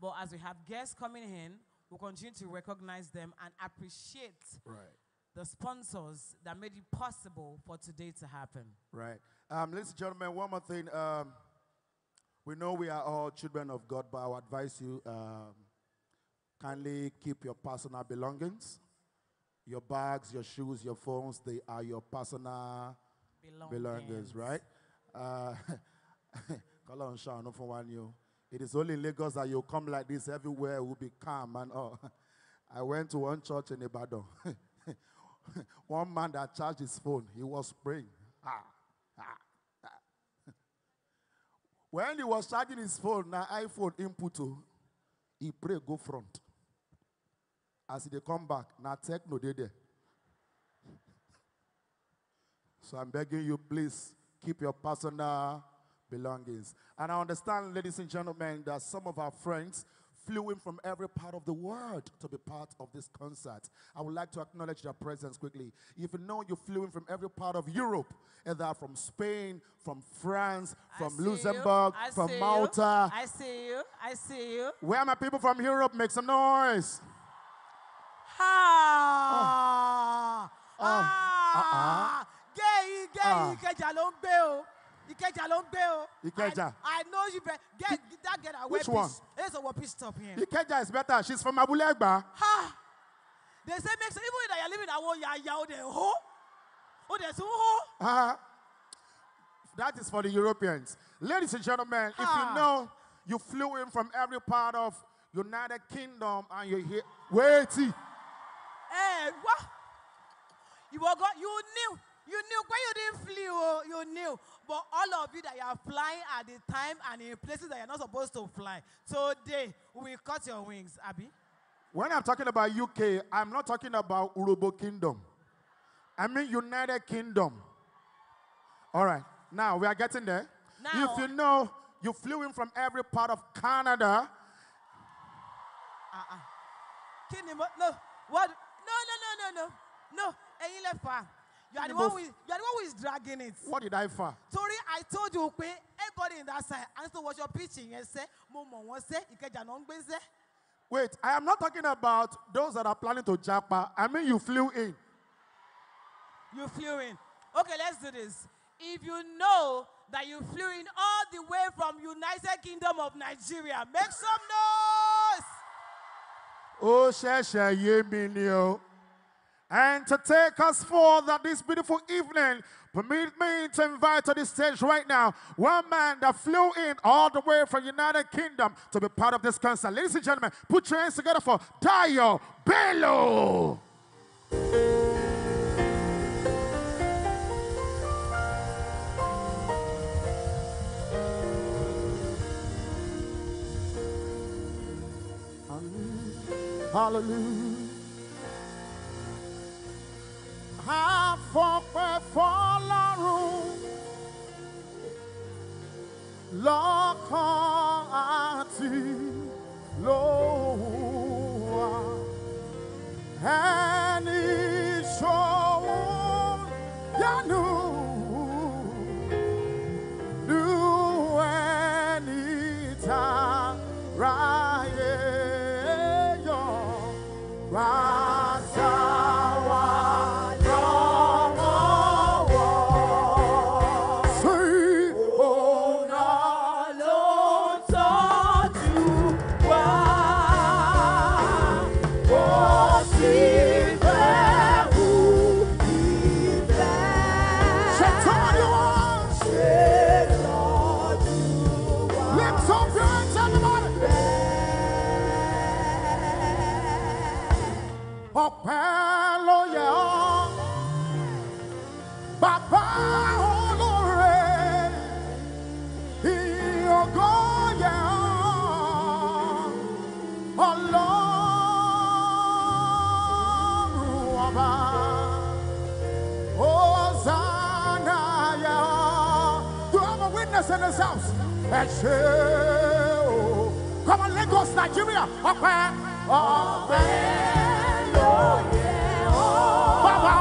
But as we have guests coming in, we'll continue to recognize them and appreciate right the sponsors that made it possible for today to happen. Right. Um, ladies and gentlemen, one more thing. Um, we know we are all children of God, but I would advise you um, kindly keep your personal belongings. Your bags, your shoes, your phones, they are your personal belongings, belongings right? Uh, you. it is only in Lagos that you come like this. Everywhere will be calm and all. I went to one church in Ibadan. One man that charged his phone, he was praying. Ah, ah, ah. When he was charging his phone, now iPhone input, oh, he pray go front. As they come back, now no they there. So I'm begging you, please keep your personal belongings. And I understand, ladies and gentlemen, that some of our friends flew in from every part of the world to be part of this concert. I would like to acknowledge their presence quickly. If you know you flew in from every part of Europe, either from Spain, from France, from Luxembourg, from Malta. You. I see you. I see you. Where are my people from Europe? Make some noise. Ah. Oh. Ah. Uh Gay, gay, Ikeja Ikeja ló ń gbé o. Ikeja. I know you better. Get that girl away. Which one? It's a peace stop here. Ikeja is better. She's from Abulegba. Ha! They say make sense. Even if you're living that way, you're yao de oh, ho. Oh, there's ho. Ha! Ah, that is for the Europeans. Ladies and gentlemen, ha. if you know you flew in from every part of United Kingdom and you're here. Wait. Hey, eh, what? You are going, you knew. You knew when you didn't flee, oh, you knew. But all of you that you are flying at the time and in places that you're not supposed to fly, today we cut your wings, Abby. When I'm talking about UK, I'm not talking about Urubo Kingdom. I mean United Kingdom. All right, now we are getting there. Now, if you know, you flew in from every part of Canada. Uh-uh. No, what? No, no, no, no, no. No, you are, the one who is, you are the one who is dragging it. What did I fa? Torí I told you okay. everybody in that side and so you are preaching and say, mo mọ̀ wọ́n sẹ́, Ìkẹjà Wait, I am not talking about those that are planning to japa. I mean you flew in. You flew in. Okay, let's do this. If you know that you flew in all the way from United Kingdom of Nigeria, make some noise. Oh, ṣẹ̀ṣẹ̀ yé mi and to take us forward that this beautiful evening, permit me to invite to this stage right now one man that flew in all the way from United Kingdom to be part of this concert. Ladies and gentlemen, put your hands together for Dio Bello. Hallelujah. àfọpẹ́ Lord, lọ́kàn àti lówùwà. Eshe. Come on, Lagos, Nigeria. Ọpẹ́. Ọpẹ́ lóye. Bàbá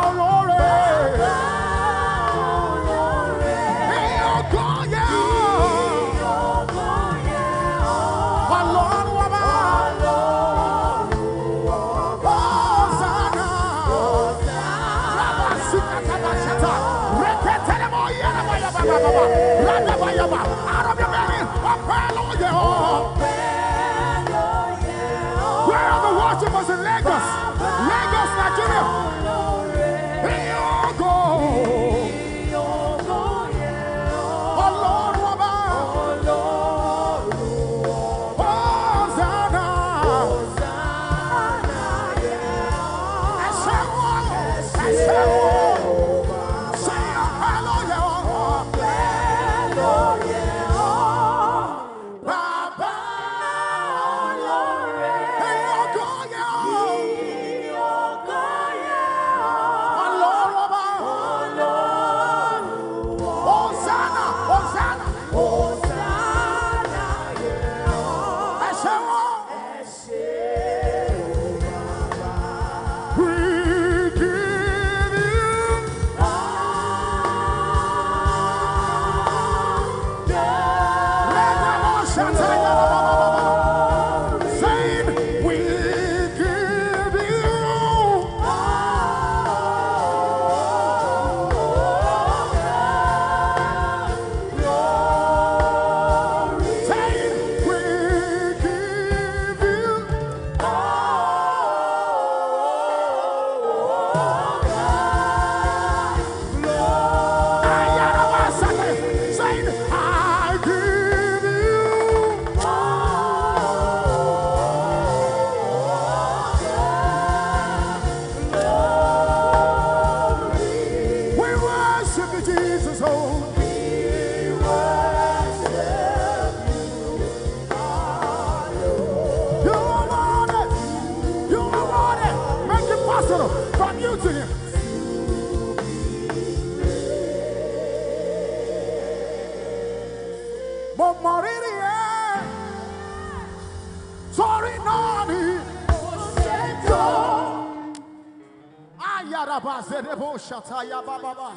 Shataya Baba.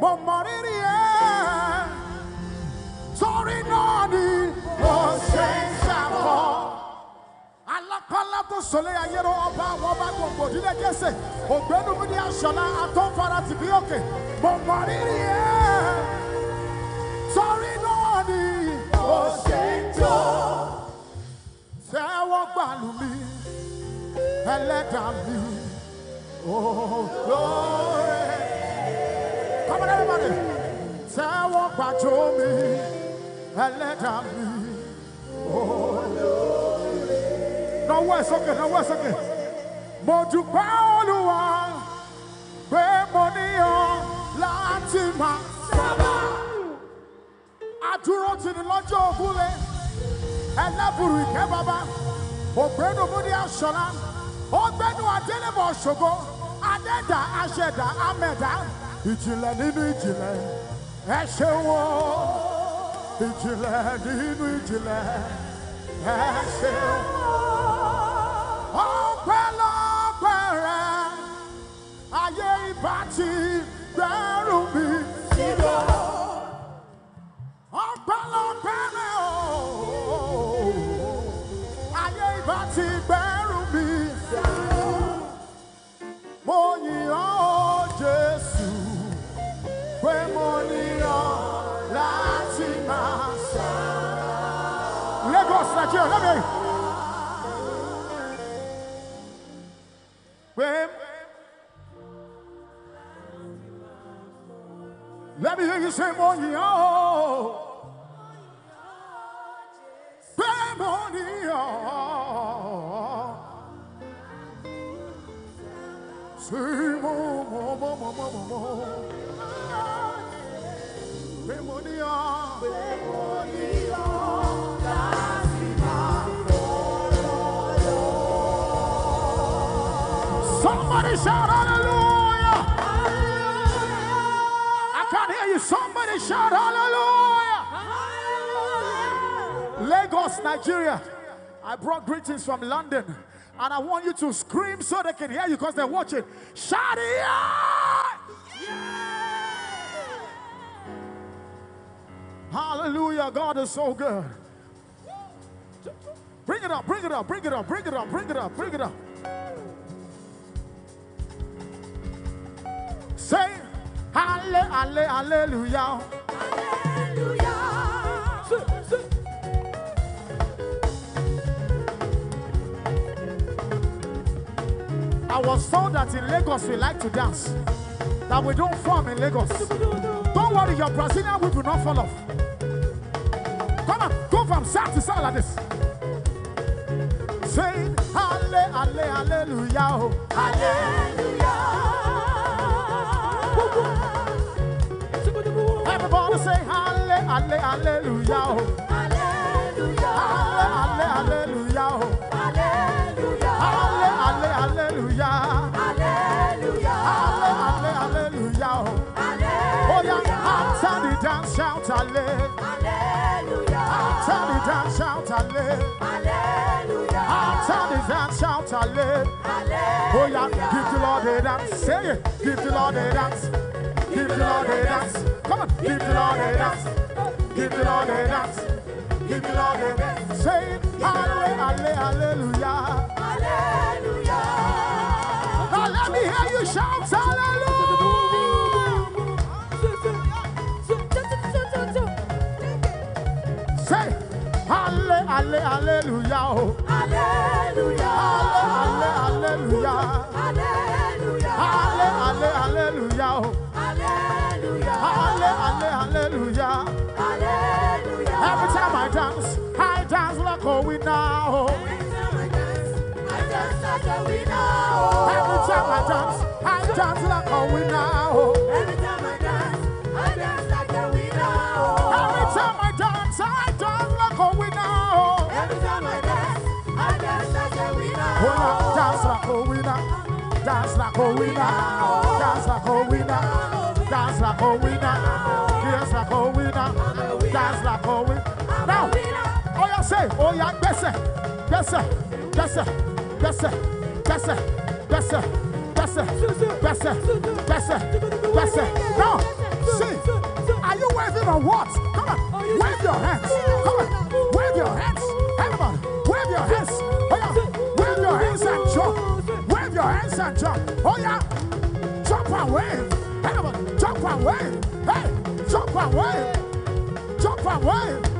Mo moriri e. Sori náà ni mo ṣe ń ṣàkọ. Alápálá tó sọlé ayérò ọba àwọn ọba gbogbo ìdílé Jésè. Ògbénu mi ní aṣọ̀lá atọ́fara ti bí òkè. Mo moriri e. Sori náà ni mo ṣe ń jọ. mi, ẹlẹ́dàá mi. Oh, glory. Come on, everybody. Tell what back to me let them Oh, glory. No worse, okay, no worse, okay. Modu Paoluwa, Gbe Monio, Látima, Sábà. Adúró ti ní lọ́jọ́ ògúnlé, ẹlẹ́bùrú ìkẹ́ bàbá, ògbénu múni àṣọlá, ó gbẹ́nu àdélébọ̀ ṣògo. Ajeda, Ajeda, amẹ̀dá ìjìnlẹ̀ nínú ìjìnlẹ̀ ẹ ṣe nínú ìjìnlẹ̀ ẹ Ope, wọ́. ayé ìbá Firm. Let me hear you say, Money, oh. Say, mo, mo, mo, Somebody shout hallelujah. I can't hear you. Somebody shout hallelujah. Lagos, Nigeria. I brought greetings from London. And I want you to scream so they can hear you because they're watching. Shout it yeah. Hallelujah. God is so good. Bring it up, bring it up, bring it up, bring it up, bring it up, bring it up. Say, halle, halle, hallelujah. Hallelujah. Say, say. I was told that in Lagos we like to dance, that we don't form in Lagos. Don't worry, your Brazilian will not fall off. Come on, go from side to side like this. Say, halle, halle, hallelujah. Oh. Hallelujah. want to say halle, halle, hallelujah. Oh. Hallelujah. Halle, hallelujah. Hallelujah. Halle, hallelujah. Hallelujah. Halle, hallelujah. Oh. Oh, yeah. After the dance, shout halle. Hallelujah. After the dance, shout halle. Hallelujah. After the dance, shout halle. Hallelujah. Oh, yeah. Give the Lord a dance. Say it. Give the Lord a dance. Give the Lord a dance. Come on. Give the Lord a dance. Give the Lord a dance. Give the Lord a dance. Say it. Hallelujah. Hallelujah. Hallelujah. Now let me hear you shout hallelujah. Say, halle, halle, Hallelujah. hallelujah. dance, I dance like a winner. Every time I dance, I dance like a winner. Every time I dance, I dance like a winner. Every time I dance, I dance like a winner. Every time I dance, I dance like a winner. When I dance like a winner, dance like a winner, dance like a winner, dance like a winner, dance like a winner. hey ó yá gbẹ́sẹ̀ gbẹ́sẹ̀ gbẹ́sẹ̀ gbẹ́sẹ̀ gbẹ́sẹ̀ gbẹ́sẹ̀ gbẹ́sẹ̀ gbẹ́sẹ̀ gbẹ́sẹ̀ gbẹ́sẹ̀ now see are you waving or what come on oh, wave your hands come on wave your hands everybody wave your hands oh yeah wave your hands and jump wave your hands and jump oh yeah jump and wave everybody jump and wave hey jump and wave jump and wave.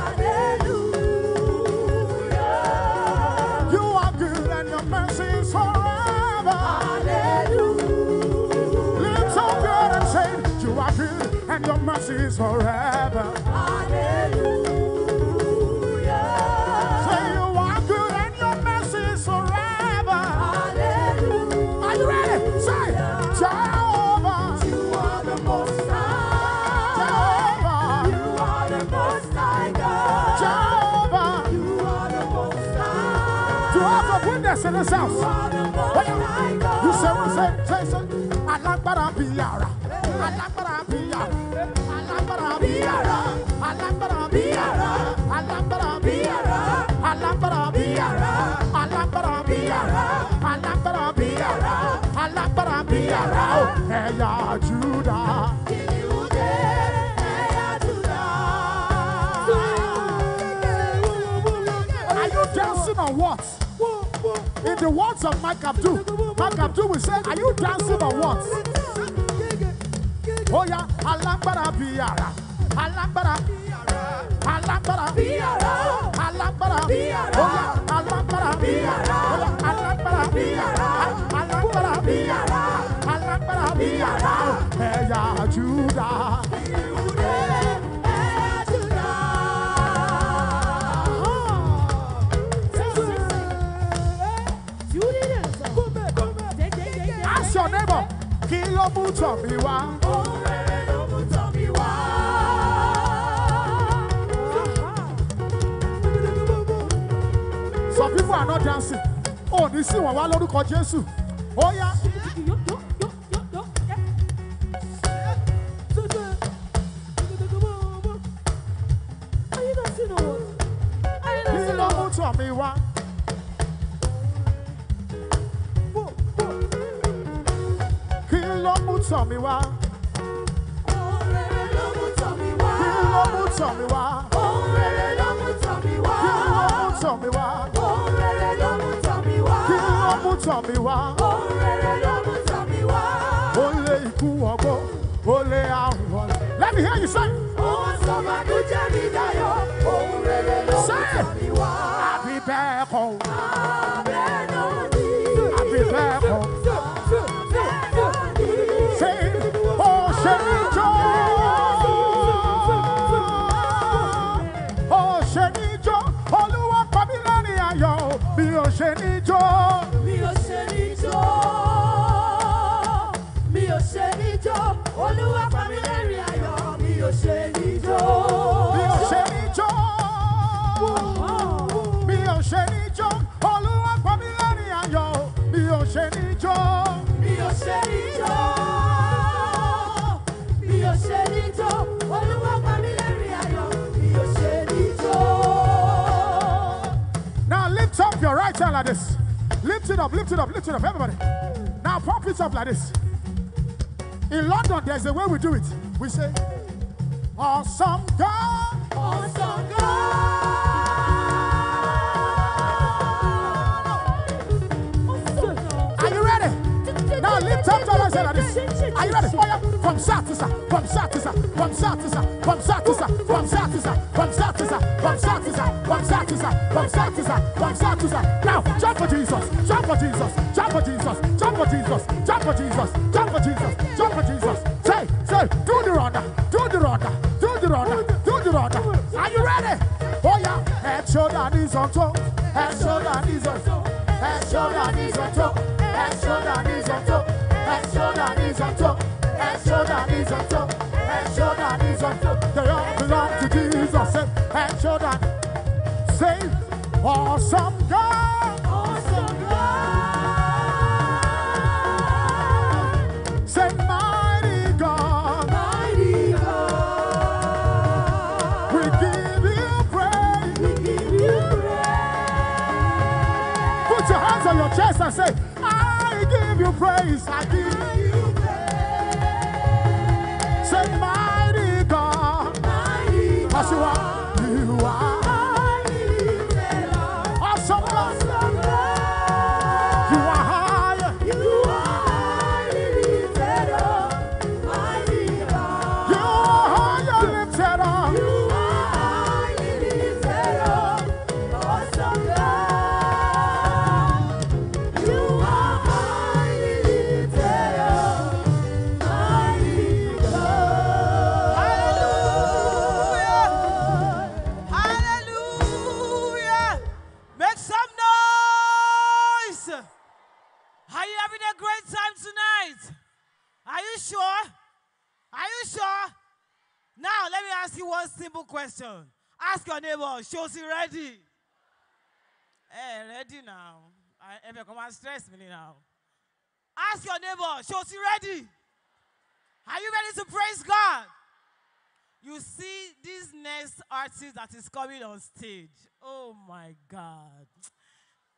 and your mercy is forever. Hallelujah. Say you are good and your mercy is forever. Hallelujah. Are you ready? Say, Jehovah. You are the most high. Jehovah. You are the most high God. Jehovah. You are the most high. To us of witness in this house. You are the most high God. You say, we say, say, say, alágbára bíi ara. Alágbára. Ẹ̀yà Júdà. Are you dancing or what? In the words of Mike Abdul, Mike Abdul will say, Are you dancing or what? Oya alágbára bí ara. Alágbára bí ara. Alágbára bí ara. Alágbára bí ara. Oya alágbára bí ara. Oya alágbára bí ara. Alágbára bí ara. Alágbára bí ara. Ẹ̀yà Júdà. Ask your neighbor, kí ló mú tọ̀ mí wá? who are not dancing Oh, ní sí wọn wá lórúkọ Jésù ó yá. kí ló mú tọ̀ mí wá. Olè olè Let me hear you say. Òun dayọ̀. like this. Lift it up, lift it up, lift it up, everybody. Now pump it up like this. In London, there's a way we do it. We say, Awesome God. Awesome God. Are you ready? Now lift up your voice like this. Are you ready? from side to side, from side to side, from side to side, from side to side, from side to side jump for Jesus, jump for Jesus, jump for Jesus, jump for Jesus, jump for Jesus, jump for Jesus, jump for Jesus. Say, say, do the runner, do the runner, do the runner, do the runner. Are you ready? Oh yeah, head, shoulder, knees on top, head, shoulder, knees on top, head, shoulder, knees on top, head, shoulder, knees on top, head, shoulder, knees on top, head, shoulder, knees on top. Jordan. Safe for some God. she was ready. Hey, eh, ready now. I ever come and stress me now. Ask your neighbor, she was ready. Are you ready to praise God? You see this next artist that is coming on stage. Oh my God.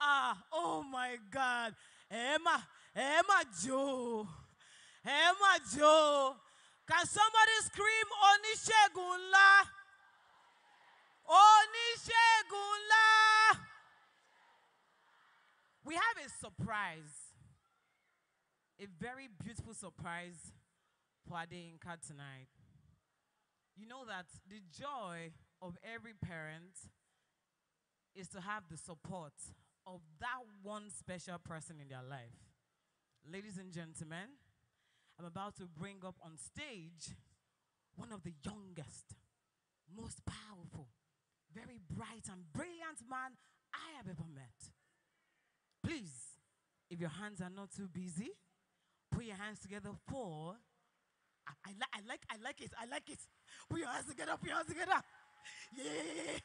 Ah, oh my God. Emma, Emma Joe. Emma Joe. Can somebody scream Onishegunla? Oníṣègùn We have a surprise, a very beautiful surprise for Adeyinka tonight. You know that the joy of every parent is to have the support of that one special person in their life. Ladies and gentlemen, I'm about to bring up on stage one of the youngest, most powerful, very bright and brilliant man I have ever met. Please, if your hands are not too busy, put your hands together for. I, I, li I like, I like it, I like it. Put your hands together, put your hands together. Yeah,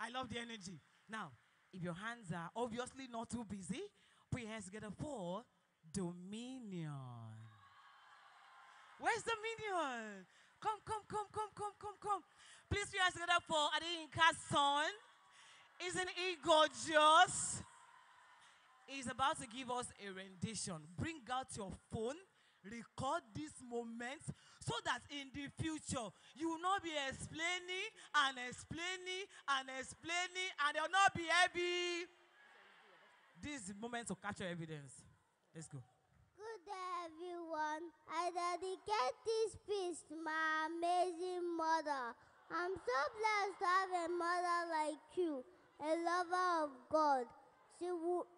I love the energy. Now, if your hands are obviously not too busy, put your hands together for dominion. Where's dominion? Come, come, come, come, come, come, come. Please be together for Adeyinka's son. Isn't he gorgeous? He's about to give us a rendition. Bring out your phone, record this moment, so that in the future, you will not be explaining and explaining and explaining, and you will not be heavy. This is moment to capture evidence. Let's go. Good day, everyone. I dedicate this piece to my amazing mother I'm so blessed to have a mother like you, a lover of God. She was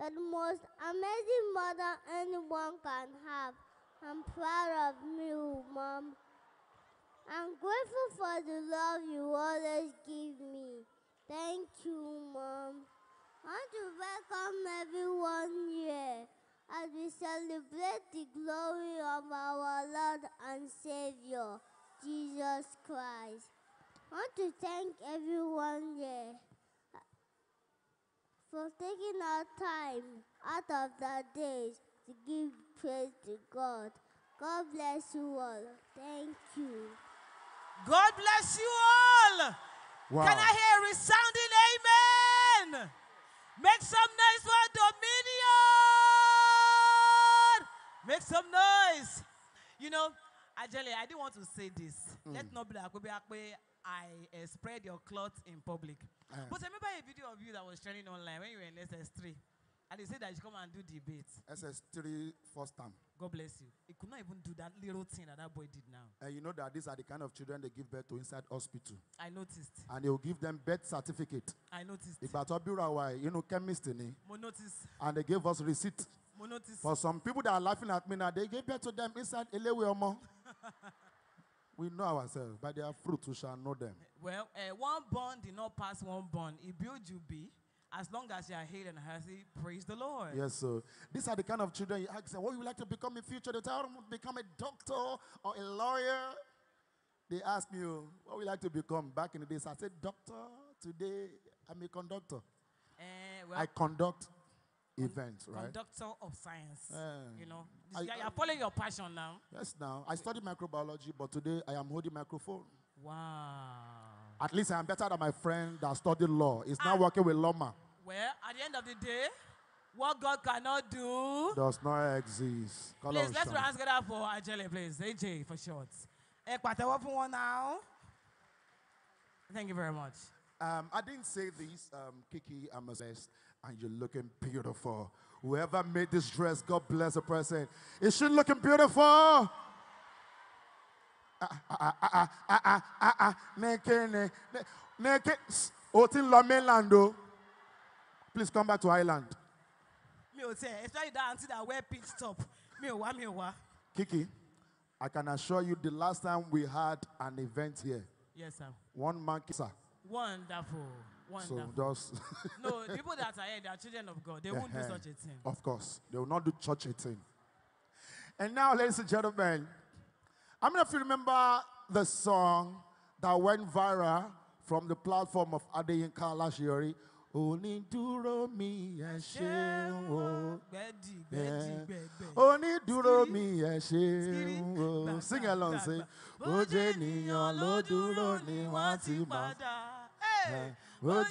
the most amazing mother anyone can have. I'm proud of you, Mom. I'm grateful for the love you always give me. Thank you, Mom. I want to welcome everyone here as we celebrate the glory of our Lord and Savior. Jesus Christ. I want to thank everyone there for taking our time out of their days to give praise to God. God bless you all. Thank you. God bless you all. Wow. Can I hear a resounding amen? Make some noise for Dominion. Make some noise. You know, Actually, I didn't want to say this. Mm. Let not be like I uh, spread your cloth in public. Uh. But I remember a video of you that was trending online when you were in SS3. And they said that you come and do debates. SS3 first time. God bless you. He could not even do that little thing that that boy did now. And eh, you know that these are the kind of children they give birth to inside hospital. I noticed. And they will give them birth certificate. I noticed. If I told you, know, chemist, Mo notice. And they gave us receipt. For some people that are laughing at me now, they gave birth to them inside Elewiomo. we know ourselves, by their fruit we shall know them. Well, uh, one born did not pass one born. It built you be. As long as you are healed and healthy, praise the Lord. Yes, sir. These are the kind of children you ask them, what would you like to become in future? They tell them, become a doctor or a lawyer. They ask me, oh, what would you like to become back in the days? I said, doctor. Today, I'm a conductor. Uh, well, I conduct events, right? Doctor of science. Yeah. You know, I, you are following your passion now. Yes, now I study microbiology, but today I am holding microphone. Wow. At least I am better than my friend that studied law. He's now working with Loma. Well, at the end of the day, what God cannot do does not exist. Call please let's round together for Ajele, please. AJ for short. Eh, now. Thank you very much. Um, I didn't say this, um, Kiki, I'm obsessed. and you're looking beautiful. Whoever made this dress, God bless the person. Is she looking beautiful? Otin lọ mainland o. Please come back to Ireland. Mi ò tẹ̀, especially that aunty that wear pink top. Me ò wá, mi ò wá. Kiki, I can assure you the last time we had an event here. Yes, sir. One man sir. Wonderful. One so does just. no, people that are here, they are children of God. They won't do uh-huh. such a thing. Of course, they will not do such a thing. And now, ladies and gentlemen, I mean, if you remember the song that went viral from the platform of Adeyinka last year? duro mi ẹ ṣeun o duro mi ẹ ṣeun sing along say bójú ènìyàn ló dúró ni wọ́n ti dúró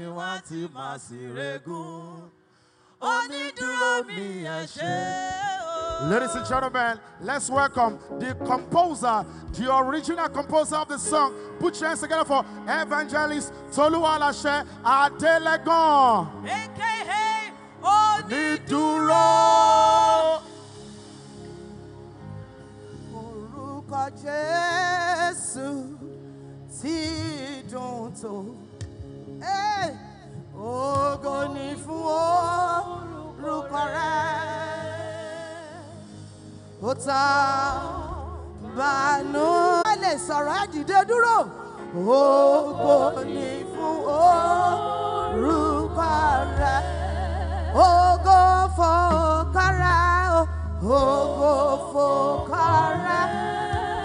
eh, mi Ladies and gentlemen, let's welcome the composer, the original composer of the song. Put your hands together for Evangelist Toluwalashe Adelegan. AKA Onídùúró. orúkọ jésù tí dùn tó ògo ni fún orúkọ rẹ ó ta bànú. ẹ lè sọ̀rọ̀ ẹ dúró ògo ni fún orúkọ rẹ ògo fọkàrà ògo fọkàrà.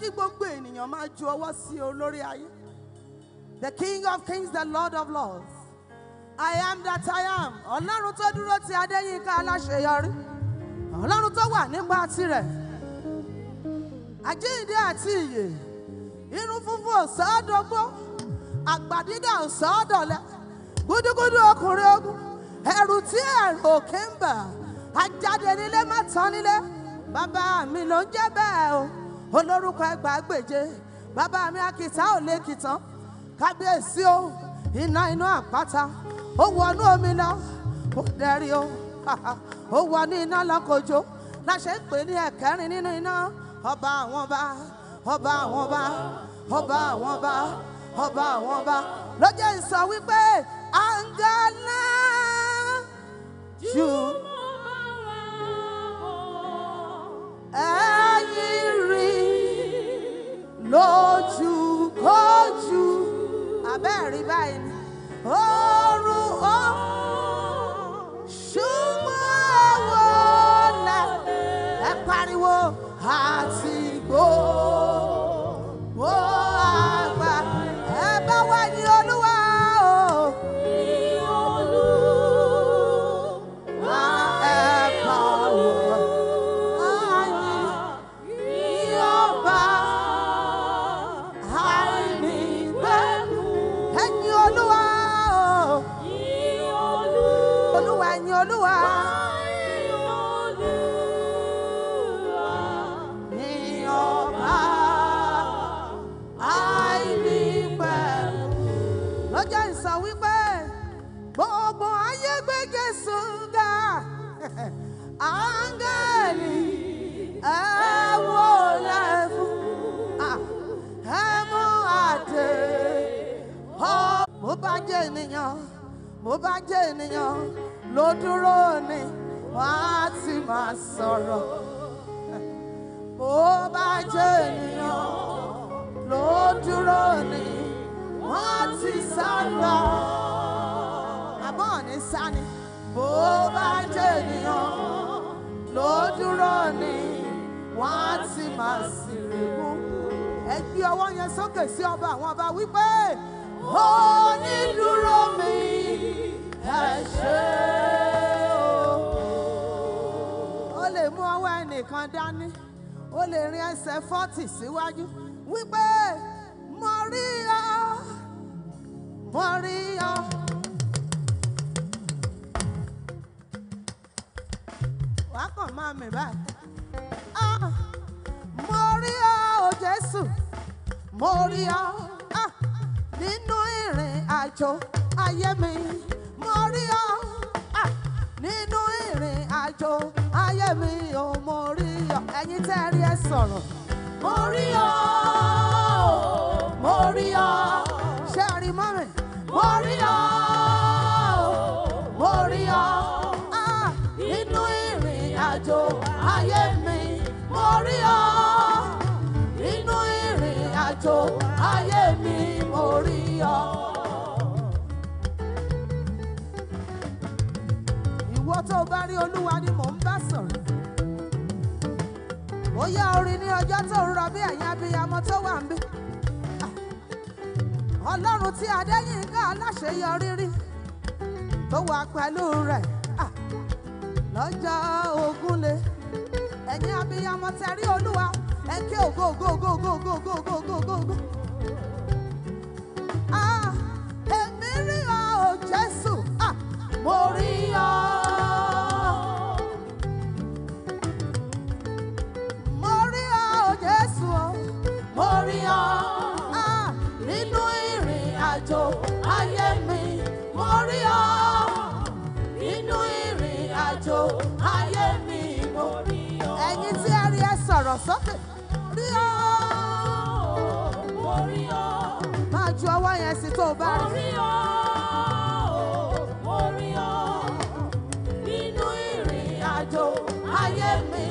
kí gbogbo ènìyàn máa ju ọwọ́ sí olórí ayé. The King of Kings, the Lord of Lords. I am that I am. Ọlọ́run tó dúró ti Adéyínká aláṣeyọrí. Ọlọ́run tó wà nípa tirẹ̀. Àjíǹde àti ìyè. Irun funfun ò sọ́ọ́dọ̀gbó. Àgbàdídà ò sọ́ọ́dọ̀lẹ́. Gúdúgúdú ọkùnrin ogun. Ẹ̀rù tí ẹ̀rù òkè ń bà. Ajáde nílé má tán nílé. Bàbá mi ló ń jẹ́ bẹ́ẹ̀ o olórúkọ ẹgbàágbèje bàbá mi àkìtá ò lè kìtàn kábíyèsí o iná iná àpáta ó wọnú omi lọ ó dẹrí o ó wọnú iná lọkọjọ láṣẹ ń pè ní ẹ̀kẹrin nínú iná ọba àwọn ọba ọba àwọn ọba ọba àwọn ọba ọba àwọn ọba ló jẹ́ ìsọ wípé àǹgálá jù. lójúkójú abẹ́rí báyìí ni oorun oorun ṣùgbọ́n ẹ̀wọ̀ ọ̀la ẹ pariwo àti gbó ó àgbà ẹ áńgẹ́lì ẹ wó lẹ́fún ẹ mú àtẹ. mo bá jẹ́ ènìyàn mo bá jẹ́ ènìyàn ló dúró ni wọ́n á ti máa sọ̀rọ̀. mo bá jẹ́ ènìyàn ló dúró ni wọ́n á ti sá lọ. àbọ̀ ní sá ni bó bá jènìyàn ló dúró ni wọ́n á ti máa sì rè mú. ẹ gbé ọwọ́ yẹn sókè sí ọba àwọn ọba wípé onídùúró mi ẹ ṣé o. o lè mú ọwọ́ ẹnìkan dání o lè rin ẹsẹ̀ fọ́tì síwájú wípé mo rí ọ wàá kàn máa mì báyìí. Ah, mo rí ọ o Jésù mo rí ọ ah, nínú ìrìn àjò ayé mi mo rí ọ ah, nínú ìrìn àjò ayé mi ò mo rí ọ ẹ̀yin tẹ́ rí ẹ sọ̀rọ̀. mo rí ọ mo rí ọ ṣé ẹ rí mọ́mì mo rí ọ. ayé mi ọ ìrìn bá rí olúwa ni mò ń bá sọ̀rọ̀ ní ọjọ́ tó rọ bí tó wà ń ọlọ́run tí adéyínká aláṣeyọrí rí tó wà pẹ̀lú rẹ̀ lọ́jọ́ ogunlé. ẹ̀yin abiyamọ tẹ̀rí olúwa ẹ ké ògo ògo ògo ògo ògo ògo ògo ògo ògo ògo. Ah, èmi rí ọ ò jésù ah, mo rí ọ. mo rí ọ ò jésù mo rí ah, ayé mi mo rí ọ nínú ìrìn àjò. sọ̀rọ̀ sókè. rí o mo rí o. máa ju ọwọ́ yẹn sí tó o bá rí. mo rí o mo rí o nínú ìrìn àjò ayé mi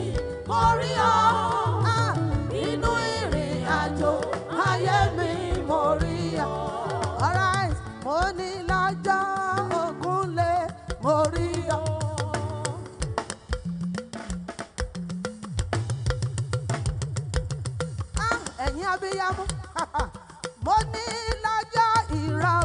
mo rí o.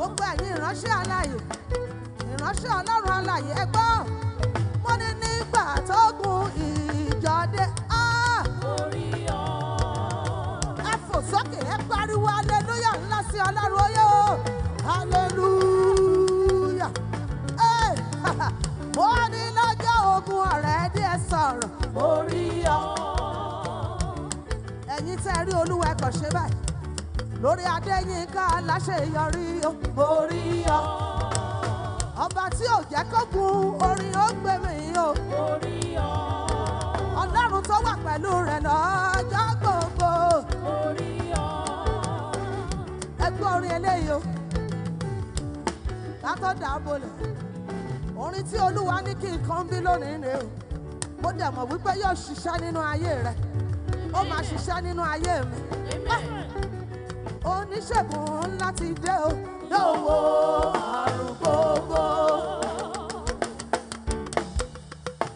gbogbo ẹ̀yin ìránṣẹ́ alààyè ìránṣẹ́ ọlọ́run alààyè ẹ gbọ́ ní nígbà tó gun ìjọ orí ọ. Ah! ẹ fò sókè ẹ pariwo hallelujah ńlá sí ọlọ́run oyè o hallelujah. Eh! mo ní lọ́jọ́ ogun ọ̀rẹ́ díẹ̀ sọ̀rọ̀. orí ọ. ẹ̀yin tẹ́ rí olúwa ẹ̀kọ́ ṣe báyìí lórí adéyínká aláṣeyọrí mo rí ọ ọba tí ò jẹ́ kógun orin ó gbé mi o mo rí ọ ọlọ́run tó wà pẹ̀lú rẹ̀ lọ́jọ́ gbogbo mo rí ọ ẹgbẹ́ orin eléyìí o látọ̀ dàbọ̀lẹ̀ orin tí olúwa ní kí n kan bí lónìí ni o mo dẹ̀ mọ̀ wípé yóò ṣiṣẹ́ nínú ayé rẹ̀ ó máa ṣiṣẹ́ nínú ayé mi. Amen. Ah oníṣègùn ńlá ti dé o. lówó àrùn gbogbo.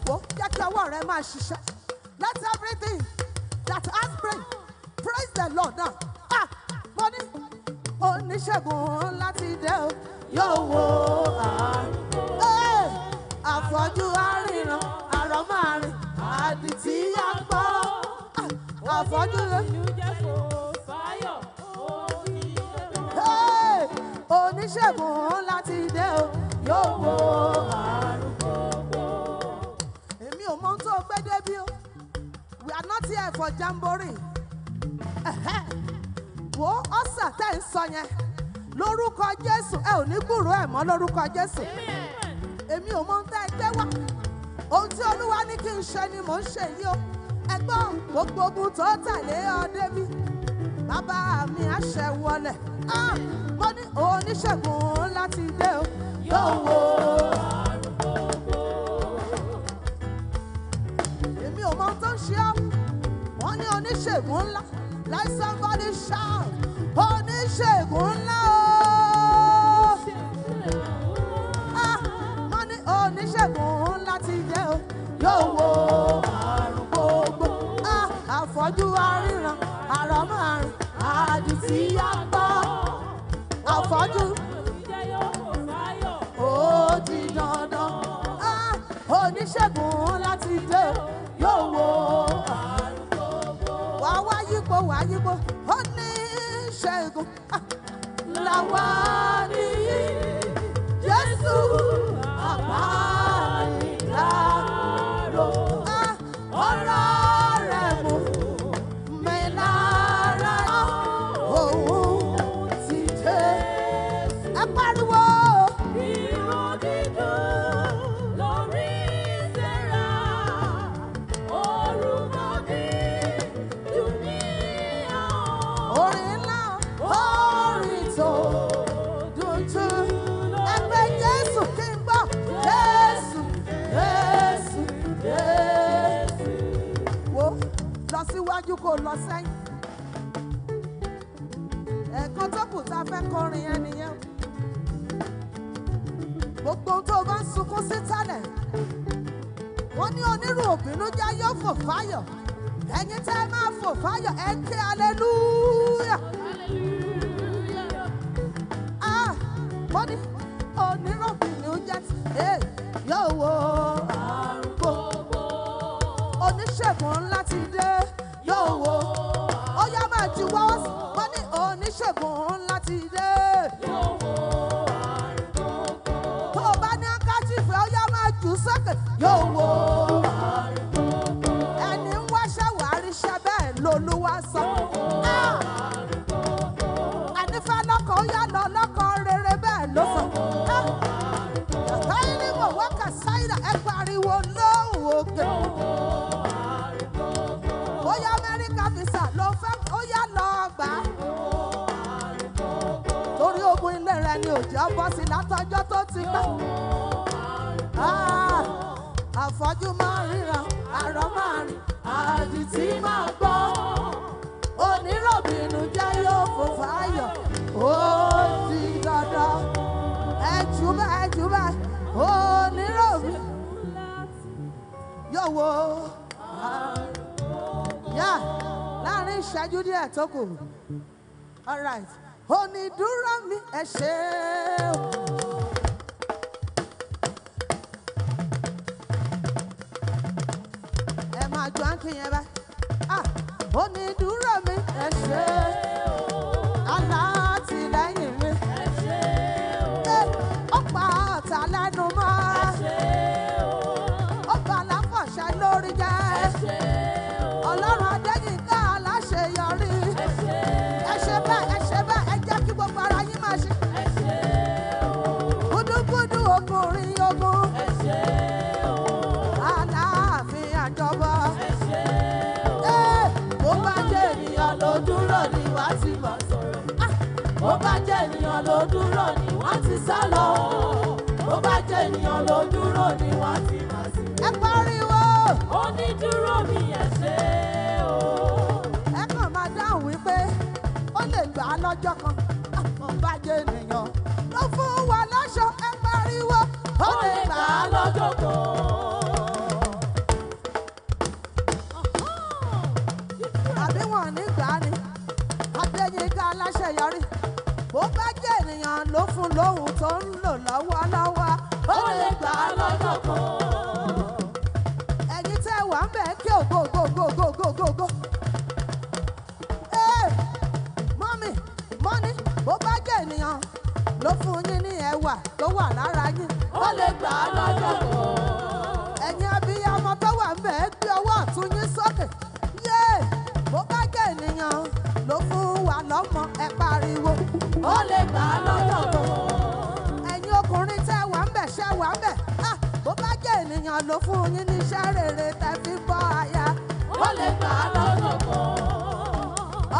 wo jẹ́ kí ọwọ́ rẹ máa ṣiṣẹ́ let everything that has brain praise the lord now. ah mo ní oníṣègùn ńlá ti dé o. yóò wo àrùn gbogbo. àfọ́jú àríran àrọ́ máa rìn àdìtì àgbọ̀ àfọ́jú lóyún oníṣègùn ńlá ti dé o yóò wo àrùn gbogbo. èmi ò mọ ohun tó gbé débi o we are not here for jamboree wo ọ̀sà tẹ̀ ń sọ yẹn lórúkọ jésù ẹ ò ní gbúrò ẹ mọ́ lórúkọ jésù èmi ò mọ ohun tẹ́ ẹ gbé wá ohun tí olúwa ní kí n ṣe ni mò ń ṣe yìí o ẹgbọ́n gbogbo tó tẹ̀lé ọ débi bàbá mi àṣẹ wọlé mo ní oníṣègùn láti dé o yóò wo àrùn gbogbo. èmi ò mọ tó ń ṣe ọ́ wọ́n ní oníṣègùn ńlá like somebody shout oníṣègùn ńlá o. wọ́n ní oníṣègùn ńlá ti dé o yóò wo àrùn gbogbo. àfọ́jú aríran àrọ̀ márùn àdìsí àgbọ̀ àfọ́jú ó di dandan oníṣègùn láti dé yóò wo wá wá yípo wá yípo oníṣègùn làwa nìyí Jésù. kó lọ sẹ́yìn ẹ̀ẹ̀kan tó kù tá a fẹ́ kọrin yẹn nìyẹn gbogbo ohun tó bá ń sunkún sí tẹ́lẹ̀ wọ́n ní onírú òbínújá yóò fò fáyọ̀ ẹ̀yin tẹ́ máa fò fáyọ̀ ẹ ń ké hallelujah. ah wo àrùn oníṣègùn ńlá ti dé yóò wò ó yá máa ti wọ́ wọ́n ní oníṣègùn ńlá ti dé. yóò wò àrùn tó kọ́. tó o bá ní akáṣífì ó yá máa jù sókè. yóò wò ẹni ń wáṣẹ́ wàá ríṣẹ́ bẹ́ẹ̀ lolúwa sọ. tí ó bọ́ sí látọjọ́ tó ti pẹ́. Ah, àfọ́jú máa ríran àrọ́ máa rìn àdìtí máa gbọ́. onírọ̀bìnú jẹ́ yóò fò fáyọ̀ ó di dandan. ẹjú bá ẹjú bá onírọ̀bì yóò wo láàrin ìṣẹ́jú díẹ̀ tó kù. All right onídùúró mi ẹ ṣé o. ẹ máa jọ àǹkì yẹn bá ah, onídùúró mi ẹ ṣé o. dúró ni wọ́n ti sá lọ bó bá jẹ́ ènìyàn ló dúró ni wọ́n ti má sí. ẹ pariwo. onídúró mi ẹ ṣe o. ẹ kàn máa dáhùn wípé ó lè gbà á lọ́jọ́ kan àmọ́ bá jẹ́ ènìyàn ló fún wa lọ́ṣọ ẹ pariwo ó lè gbà á lọ́jọ́ kan. àbí wọn ò ní gbà á ni Adéyínká aláṣẹ yọrí bó bá jẹ́ ènìyàn ló fún lóhùn tó ń lò lọ́wọ́lọ́wọ́ ó lè gbà á lọ́dọ̀ kan. ẹ̀yin tẹ́ wà ń bẹ̀ kí go mọ́mì mọ́ni bó bá jẹ́ ènìyàn ló fún yín ní ẹwà tó wà lára yín ó lè gbà á lọ́dọ̀ kan. ẹ̀yin abiyamọ tó wà ń bẹ̀ gbé ọwọ́ ọ̀tún yín sókè yéè bó bá jẹ́ ènìyàn ló fún lọ́mọ ẹ pariwo. ó lè gbà á lọ́dọ̀ bò. ẹ̀yin ọkùnrin tẹ́ wà ń bẹ̀ ṣẹ́ wà ń bẹ̀ bó bá jẹ́ ènìyàn ló fún yín níṣẹ́ rere tẹ́ fi bọ́ aya. ó lè gbà á lọ́dọ̀ bò.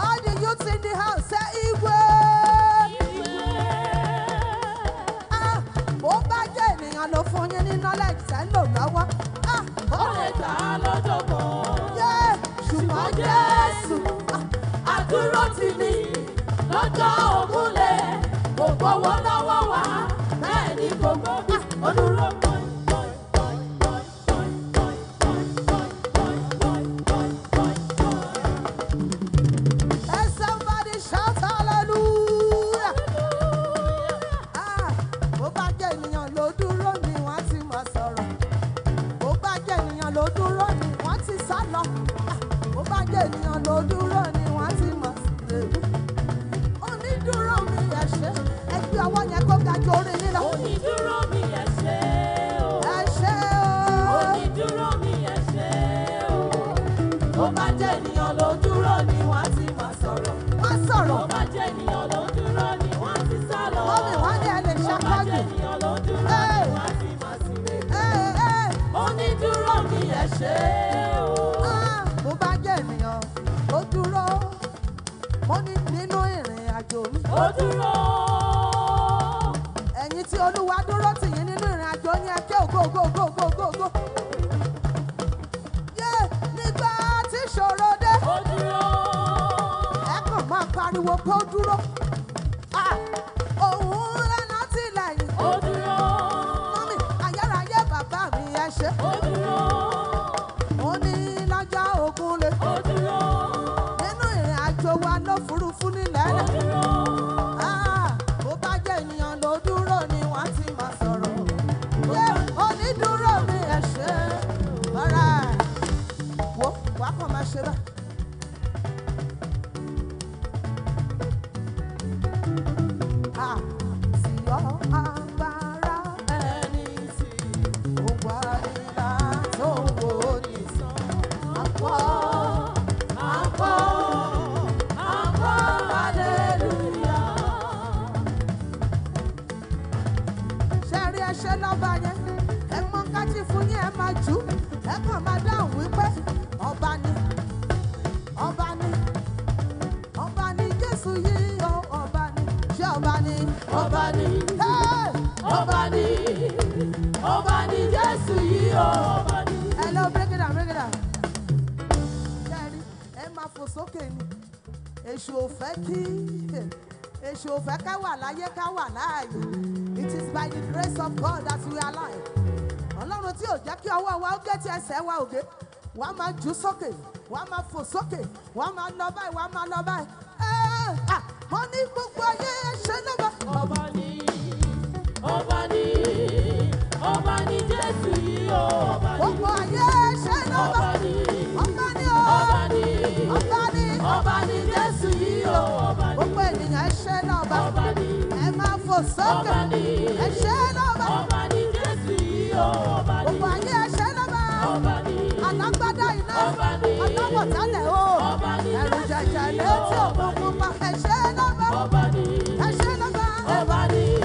all the youths in the house ṣe ìwé. bó bá jẹ́ ènìyàn ló fún yín ní knowledge tẹ́ ń lò lọ́wọ́. ó lè gbà á lọ́dọ̀ bò. ṣùgbọ́n Jésù dúró tì mí. ṣe o. mo ah, bá jẹ́ ènìyàn ó dúró mo ní nínú ìrìn àjò mi. ó dúró. ẹ̀yin tí olúwa dúró tì yín nínú ìrìn àjò ní ẹjẹ́ ògógógógógógó. yé nígbà tí ìṣòro dé. ó dúró. ẹ kàn máa pariwo pé ó dúró. s e fẹ́ kí èṣù ò ká wà láyé ká wà láàyè it is by the grace of God that we are alive ọlọ́run tí ò jẹ́ kí ọwọ́ wa ó gé ẹsẹ̀ wa òde wàá máa jù sókè wàá máa fò sókè wàá máa lọ báyìí wàá máa lọ báyìí eh, ah, mo ní gbogbo. ọba ni ẹ̀ṣẹ̀ náà bá ọba ni Jésù yìí o ọba ni òfò ayé ẹ̀ṣẹ̀ náà bá ọba ni ànágbádá iná ọba ni ànáwọ̀tálẹ̀ o ọba ni ẹ̀rù jẹ̀jẹ̀ létí òkùnkùn pa ẹ̀ṣẹ̀ náà bá ọba ni ẹ̀ṣẹ̀ náà bá ọba ni.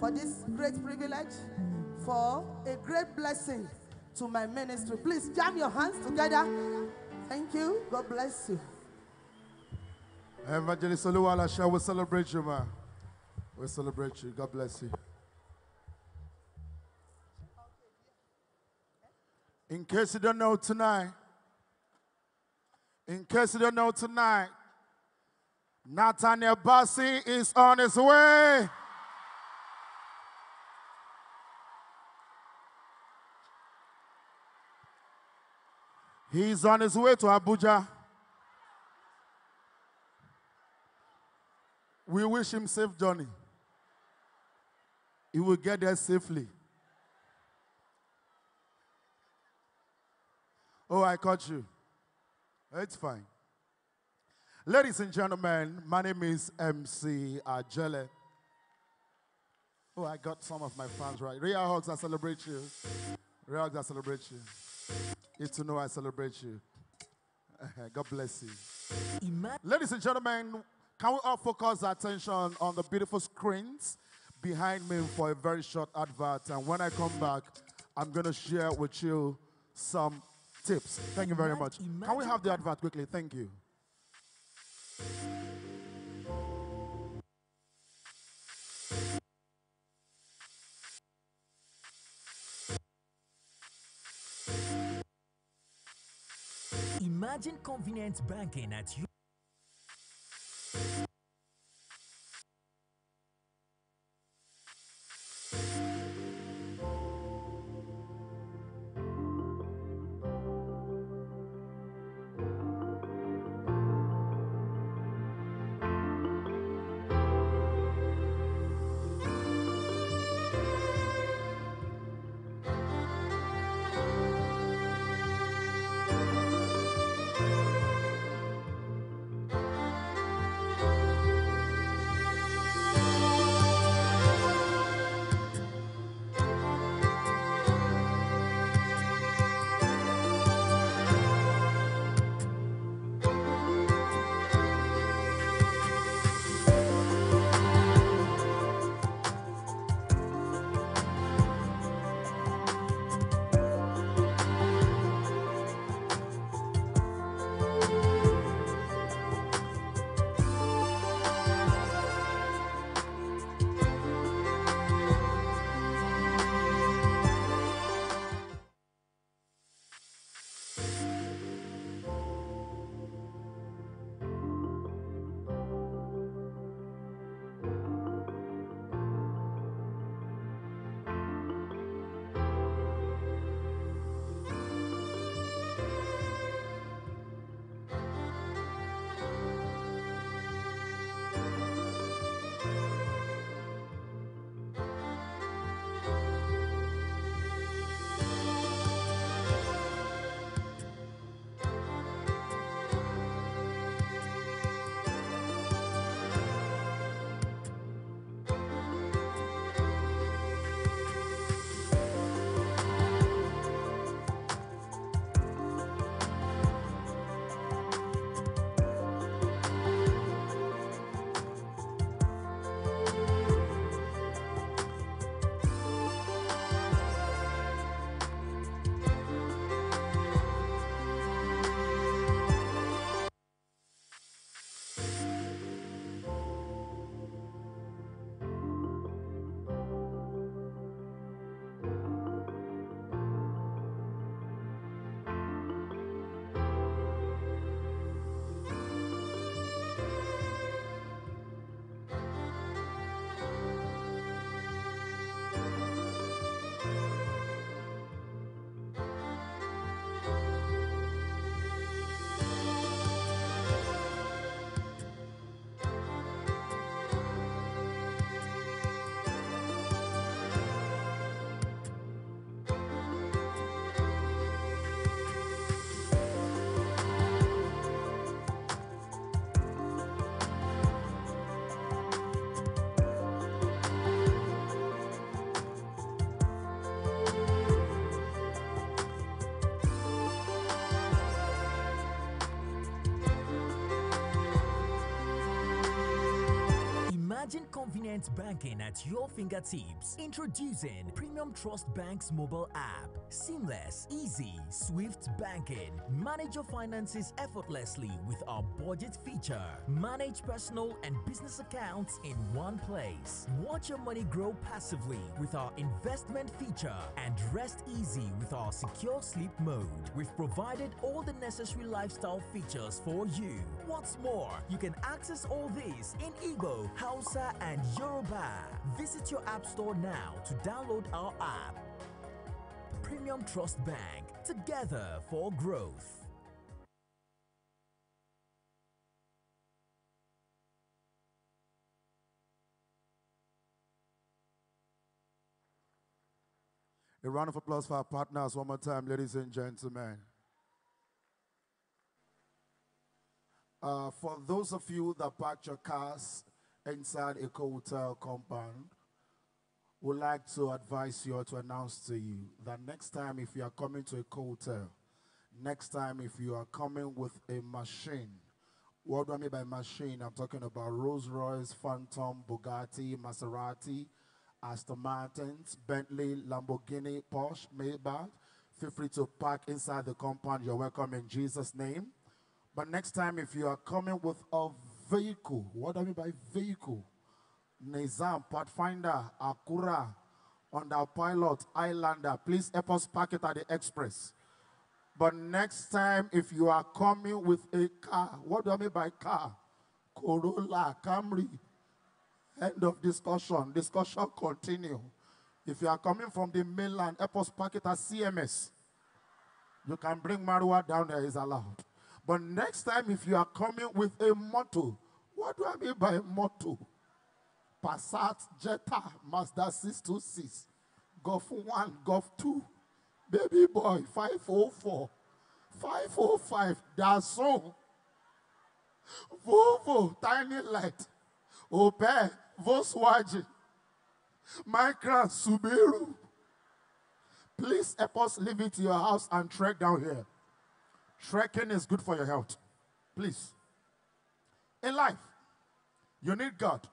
for this great privilege, for a great blessing to my ministry. Please jam your hands together. Thank you. God bless you. Evangelist Oluwalasha, we celebrate you, ma. We celebrate you. God bless you. In case you don't know tonight, in case you don't know tonight, Nathaniel Bassi is on his way. He's on his way to Abuja. We wish him safe journey. He will get there safely. Oh, I caught you. It's fine. Ladies and gentlemen, my name is MC Ajele. Oh, I got some of my fans right. Real hugs, I celebrate you. Real hugs, I celebrate you. If to know, I celebrate you. God bless you. Ladies and gentlemen, can we all focus our attention on the beautiful screens behind me for a very short advert? And when I come back, I'm going to share with you some tips. Thank you very much. Can we have the advert quickly? Thank you. Imagine convenient banking at you. Imagine convenient banking at your fingertips. Introducing Premium Trust Bank's mobile app. Seamless, easy, swift banking. Manage your finances effortlessly with our budget feature. Manage personal and business accounts in one place. Watch your money grow passively with our investment feature and rest easy with our secure sleep mode. We've provided all the necessary lifestyle features for you. What's more, you can access all these in Igbo, Hausa and Yoruba. Visit your app store now to download our app. Premium Trust Bank, together for growth. A round of applause for our partners one more time, ladies and gentlemen. Uh, for those of you that parked your cars inside Eco Hotel compound, would like to advise you or to announce to you that next time if you are coming to a hotel, next time if you are coming with a machine, what do I mean by machine? I'm talking about Rolls Royce, Phantom, Bugatti, Maserati, Aston Martins, Bentley, Lamborghini, Porsche, Maybach. Feel free to park inside the compound. You're welcome in Jesus' name. But next time if you are coming with a vehicle, what do I mean by vehicle? Nizam, Pathfinder, Akura, on the pilot, Islander. Please help us park it at the express. But next time, if you are coming with a car, what do I mean by car? Corolla, Camry. End of discussion. Discussion continue. If you are coming from the mainland, help us park it at CMS. You can bring Marua down there, is allowed. But next time, if you are coming with a motto, what do I mean by motto? Passat Jetta Mazda 626, Golf 1, Golf 2, Baby Boy 504, 505, Dassault, Volvo Tiny Light, Opel Volkswagen, Micra Subaru. Please help us leave it to your house and trek down here. Trekking is good for your health. Please. In life, you need God.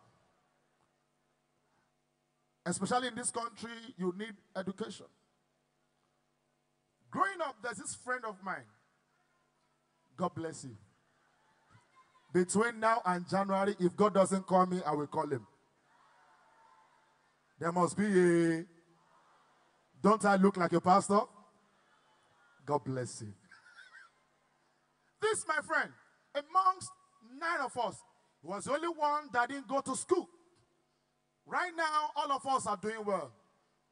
Especially in this country, you need education. Growing up, there's this friend of mine. God bless you. Between now and January, if God doesn't call me, I will call him. There must be a. Don't I look like a pastor? God bless you. this, my friend, amongst nine of us, was the only one that didn't go to school. Right now, all of us are doing well.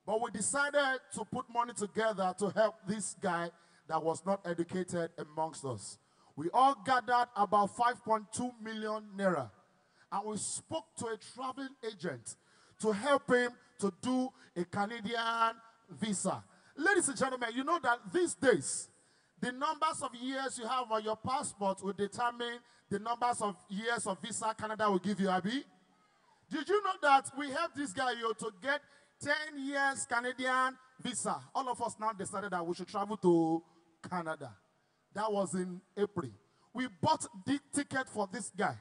But we decided to put money together to help this guy that was not educated amongst us. We all gathered about 5.2 million naira. And we spoke to a traveling agent to help him to do a Canadian visa. Ladies and gentlemen, you know that these days, the numbers of years you have on your passport will determine the numbers of years of visa Canada will give you, Abby. Did you know that we helped this guy to get 10 years Canadian visa? All of us now decided that we should travel to Canada. That was in April. We bought the ticket for this guy.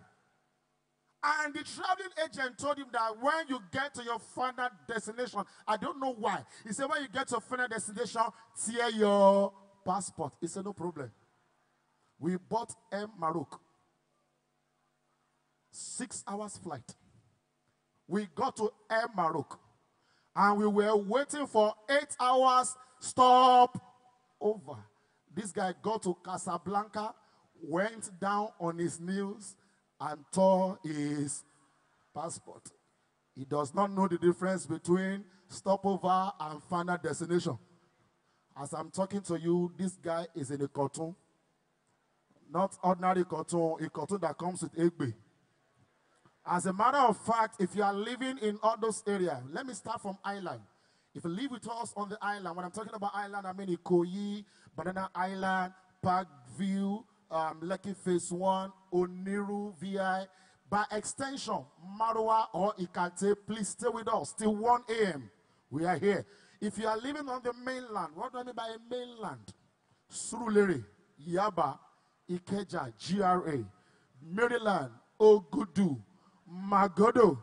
And the traveling agent told him that when you get to your final destination, I don't know why. He said, when you get to final destination, tear your passport. He said, no problem. We bought M. Maroc. Six hours flight we got to El Maroc, and we were waiting for eight hours stop over. This guy got to Casablanca, went down on his knees, and tore his passport. He does not know the difference between stopover and final destination. As I'm talking to you, this guy is in a cartoon. Not ordinary cartoon, a cartoon that comes with egg bay. As a matter of fact, if you are living in all those areas, let me start from island. If you live with us on the island, when I'm talking about island, I mean Ikoyi, Banana Island, Parkview, um, Lucky Face 1, Oniru, VI. By extension, Marwa or Ikate, please stay with us till 1 a.m. We are here. If you are living on the mainland, what do I mean by a mainland? Surulere, Yaba, Ikeja, GRA, Maryland, Ogudu, Magodo. Oh,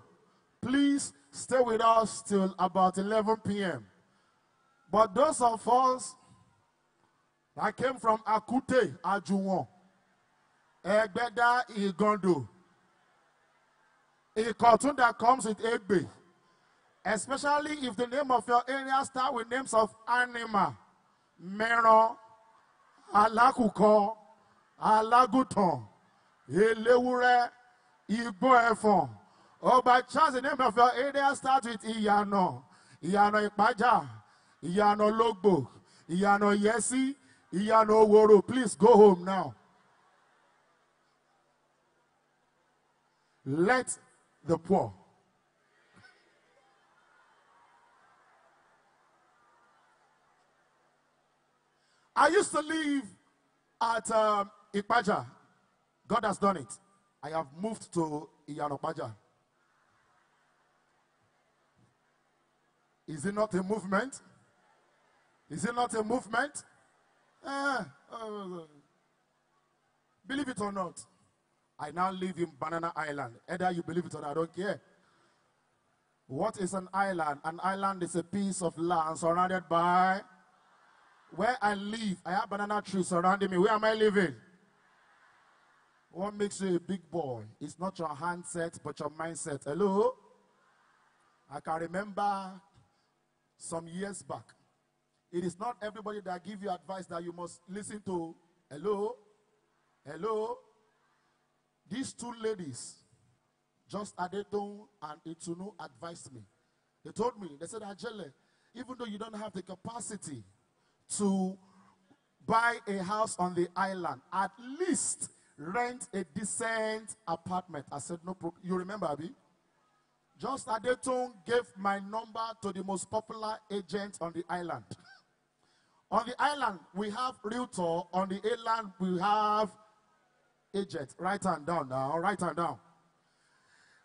please stay with us till about 11 p.m. But those of us that came from Akute, Ajuwon, Egbeda, Igondo, a cartoon that comes with Egbe, especially if the name of your area start with names of Anima, mero, alakuko, alaguton, elewure, ìgbọ́n Oh, by chance the name of your area starts with ìyànà ìyànà ìpájà ìyànà Logbook. ìyànà yẹsí ìyànà Woro. please go home now. Let the poor. I used to live at um, Ipaja. God has done it. I have moved to Iyanopaja. Is it not a movement? Is it not a movement? Eh, uh, believe it or not, I now live in Banana Island. Either you believe it or not, I don't care. What is an island? An island is a piece of land surrounded by. Where I live, I have banana trees surrounding me. Where am I living? What makes you a big boy? It's not your handset, but your mindset. Hello? I can remember some years back. It is not everybody that give you advice that you must listen to. Hello? Hello? These two ladies, just Adeton and Itunu, advised me. They told me, they said, Ajele, even though you don't have the capacity to buy a house on the island, at least rent a decent apartment. I said, no problem. You remember, Abby? Just Adetun gave my number to the most popular agent on the island. on the island, we have realtor. On the island, we have agent. Right hand down now. Right hand down.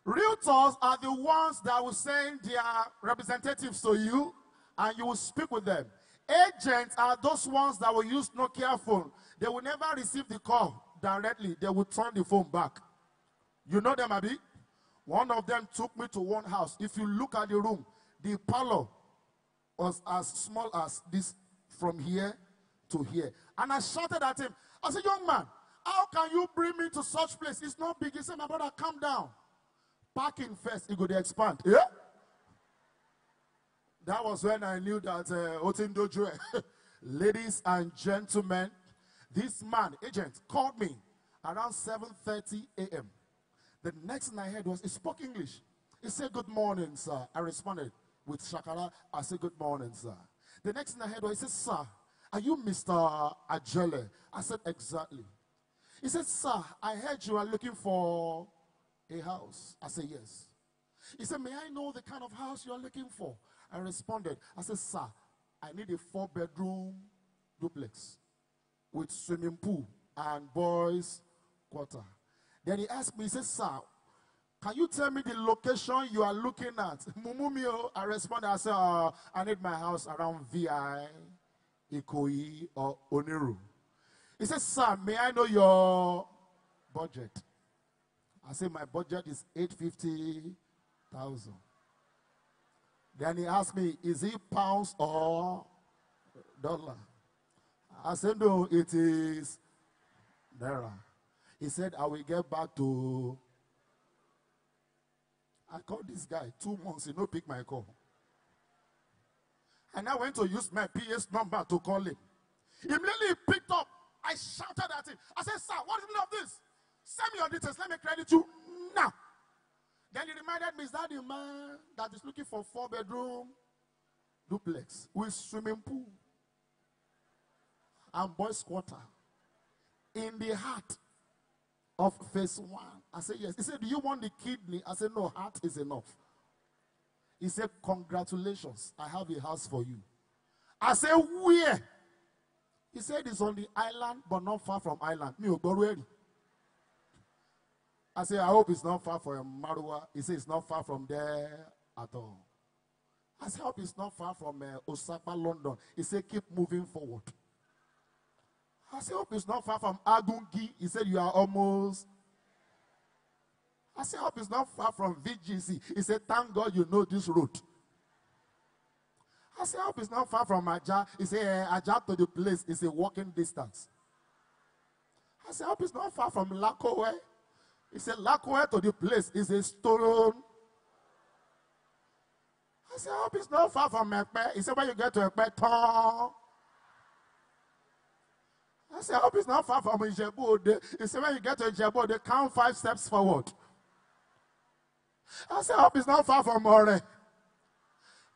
Realtors are the ones that will send their representatives to you and you will speak with them. Agents are those ones that will use Nokia phone. They will never receive the call directly, they would turn the phone back. You know them, Abby? One of them took me to one house. If you look at the room, the parlor was as small as this from here to here. And I shouted at him. I said, Young man, how can you bring me to such place? It's not big. He said, My brother, calm down. Parking first, it could expand. Yeah? That was when I knew that uh, ladies and gentlemen, this man, agent, called me around 7.30 a.m. The next thing I heard was he spoke English. He said, good morning, sir. I responded with Shakara. I said, good morning, sir. The next thing I heard was he said, sir, are you Mr. Ajele? I said, exactly. He said, sir, I heard you are looking for a house. I said, yes. He said, may I know the kind of house you are looking for? I responded, I said, sir, I need a four-bedroom duplex with swimming pool and boys' quarter. Then he asked me, he said, Sir, can you tell me the location you are looking at? Mumumio, I responded, I said, oh, I need my house around VI, Ikoyi, or Oniru. He said, Sir, may I know your budget? I said, My budget is 850,000. Then he asked me, Is it pounds or dollar? I said, No, it is Naira. He said, I will get back to. I called this guy two months, he no pick my call. And I went to use my PS number to call him. Immediately he picked up. I shouted at him. I said, Sir, what is the meaning of this? Send me your details. Let me credit you now. Then he reminded me, Is that the man that is looking for four bedroom duplex with swimming pool? and boy squatter in the heart of phase one. I said, Yes. He said, Do you want the kidney? I said, No, heart is enough. He said, Congratulations, I have a house for you. I said, Where? He said, It's on the island, but not far from island. Me, Ogbori. I said, I hope it's not far from Marua. He said, It's not far from there at all. I said, I hope it's not far from uh, Osaka, London. He said, Keep moving forward. I said, Hope is not far from Agungi. He said, You are almost. I said, Hope is not far from VGC. He said, Thank God you know this route. I said, Hope is not far from Ajah. He said, eh, Ajah to the place is a walking distance. I said, Hope is not far from Lakowe. He said, Lakowe to the place is a stone. I said, Hope is not far from Ekpe. He said, When you get to Ekpe, turn I said, I hope it's not far from Ijebu. He said, when you get to Ijebu, they count five steps forward. I said, I hope it's not far from Ore.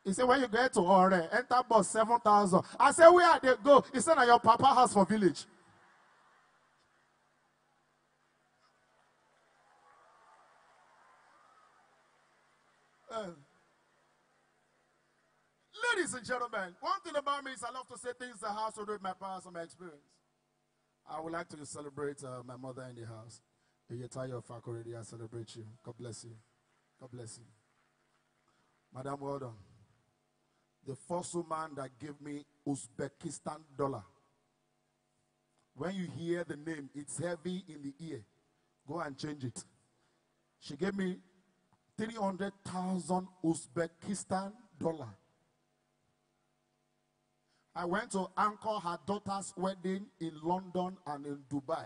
He said, when you get to Ore, enter bus 7,000. I said, where they go? He said, at your papa house for village. Eh. ladies and gentlemen, one thing about me is I love to say things that have to do with my past and my experience. I would like to celebrate uh, my mother in the house. You tired of Yetayo already? I celebrate you. God bless you. God bless you. Madam, well done. The first woman that gave me Uzbekistan dollar. When you hear the name, it's heavy in the ear. Go and change it. She gave me 300,000 Uzbekistan dollar. I went to anchor her daughter's wedding in London and in Dubai.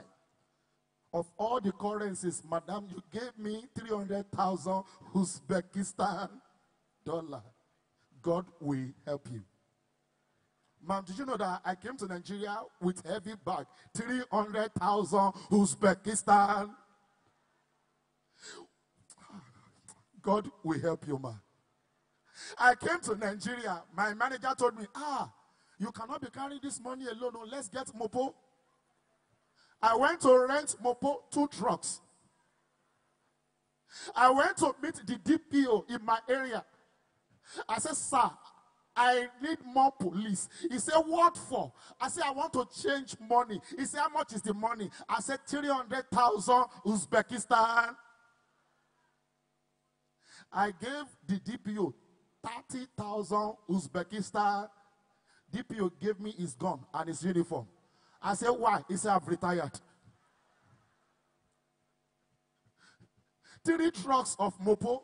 Of all the currencies, madam, you gave me 300,000 Uzbekistan dollar. God will help you. Ma'am, did you know that I came to Nigeria with heavy bag, 300,000 Uzbekistan? God will help you, ma'am. I came to Nigeria. My manager told me, ah, you cannot be carrying this money alone. No, let's get Mopo. I went to rent Mopo two trucks. I went to meet the DPO in my area. I said, Sir, I need more police. He said, What for? I said, I want to change money. He said, How much is the money? I said, 300,000 Uzbekistan. I gave the DPO 30,000 Uzbekistan. DPO gave me his gun and his uniform. I said, Why? He said, I've retired. Three trucks of Mopo,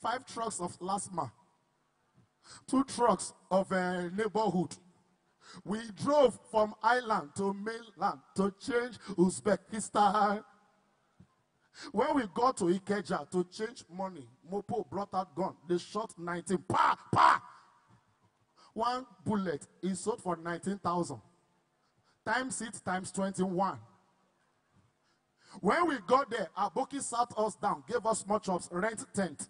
five trucks of Lasma, two trucks of a uh, neighborhood. We drove from island to mainland to change Uzbekistan. When we got to Ikeja to change money, Mopo brought out gun. They shot 19. Pa! Pa! One bullet is sold for 19,000. Times it times 21. When we got there, Aboki sat us down, gave us small chops, rent tent,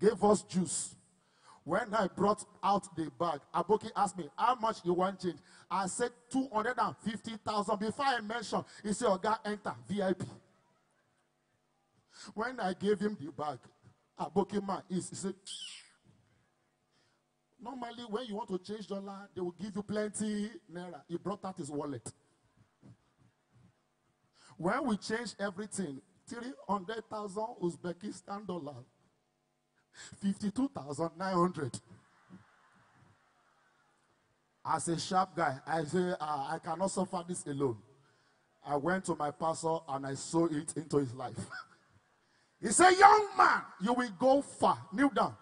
gave us juice. When I brought out the bag, Aboki asked me, how much you want change? I said, 250,000. Before I mentioned, he said, God, enter, VIP. When I gave him the bag, Aboki man, he said, Normally, when you want to change dollar, they will give you plenty naira. He brought out his wallet. When we change everything, 300,000 Uzbekistan dollar, 52,900. As a sharp guy, I say, uh, I cannot suffer this alone. I went to my pastor and I sowed it into his life. he said, Young man, you will go far. Kneel down.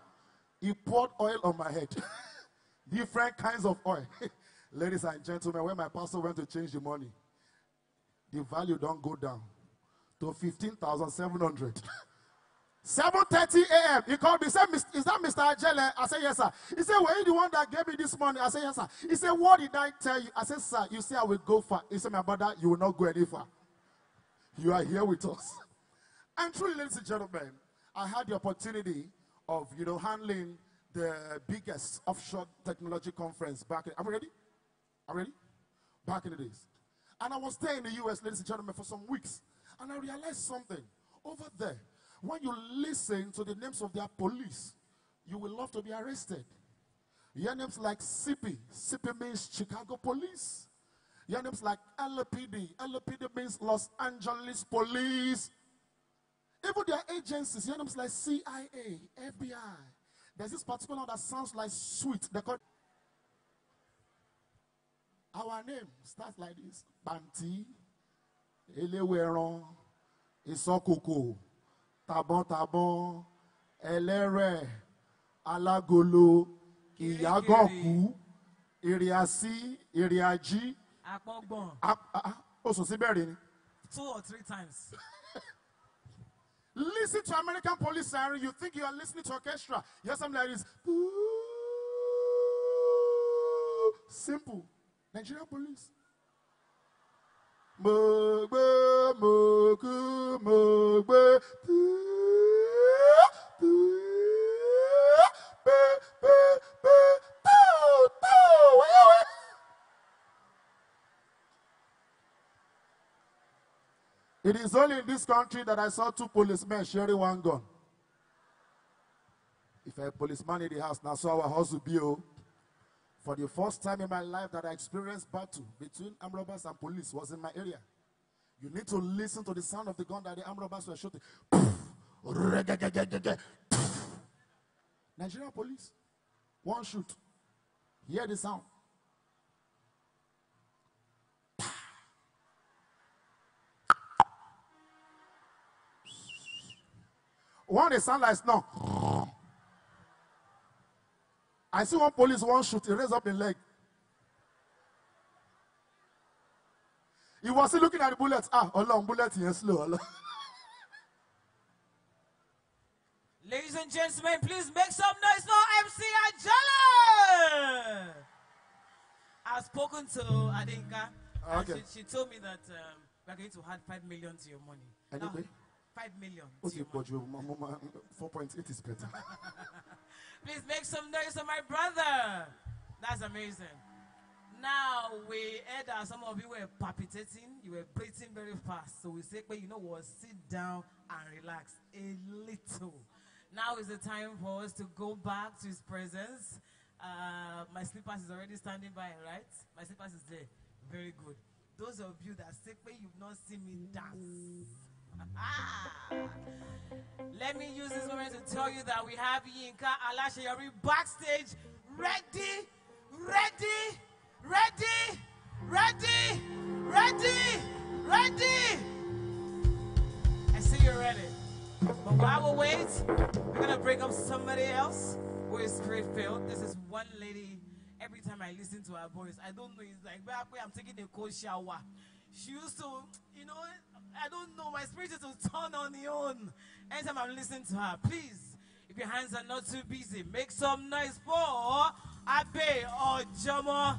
He poured oil on my head. Different kinds of oil. Ladies and gentlemen, when my pastor went to change the money, the value don't go down to 15,700. 7.30 a.m. He called me. He said, is that Mr. Ajele? I said, yes, sir. He said, were you the one that gave me this money? I said, yes, sir. He said, what did I tell you? I said, sir, you say I will go far. He said, my brother, you will not go any far. You are here with us. And truly, ladies and gentlemen, I had the opportunity of, you know, handling the biggest offshore technology conference back in, are we ready? Are we ready? Back in the days. And I was there in the U.S., ladies and gentlemen, for some weeks. And I realized something. Over there, when you listen to the names of their police, you will love to be arrested. Your names like CP. CP means Chicago Police. Your names like L.P.D. L.P.D. means Los Angeles Police. Even their agencies, you know, like CIA, FBI. There's this particular one that sounds like sweet. They call our name starts like this: Banti, Eleweron, Isokoko, Tabon Tabon, Elere, Alagolo, Iyagoku, Iriasi, Iriaji. Àpọ̀gbọ̀n. Oṣù síbẹ̀ rí ni. Two or three times. Listen to American police siren. You think you are listening to orchestra. You i something like this. Ooh, simple. Nigerian police. It is only in this country that I saw two policemen sharing one gun. If a policeman in the house now saw our house bill, oh, for the first time in my life that I experienced battle between armed robbers and police was in my area. You need to listen to the sound of the gun that the armed robbers were shooting. Nigerian police, one shoot. Hear the sound. One, they sound like snow. I see one police, one shoot, he raised up the leg. He was still looking at the bullets. Ah, Allah, bullet, yes, slow, Allah. Ladies and gentlemen, please make some noise for MC Ajala. I've spoken to Adinka. okay. she, she told me that um, we're going to add five million to your money. Anyway. Now, five million. ó ti pọ̀ ju mo four point eight is better. please make some noise for my brother that's amazing. Now we heard that some of you were palpitating, you were breathing very fast. So we say, but you know what? Sit down and relax a little. Now is the time for us to go back to his presence. Uh, my slippers is already standing by, right? My slippers is there. Very good. Those of you that say, but you've not seen me dance. Ah. Let me use this moment to tell you that we have Yinka Alashayori backstage ready, ready, ready, ready, ready, ready. I see you're ready. But while we wait, we're gonna bring up somebody else who is great filled. This is one lady. Every time I listen to her voice, I don't know. It's like I'm taking a cold shower. She used to, you know, I don't know. My spirit is to turn on your own. Anytime I'm listening to her, please, if your hands are not too busy, make some noise for Abe or Jomo.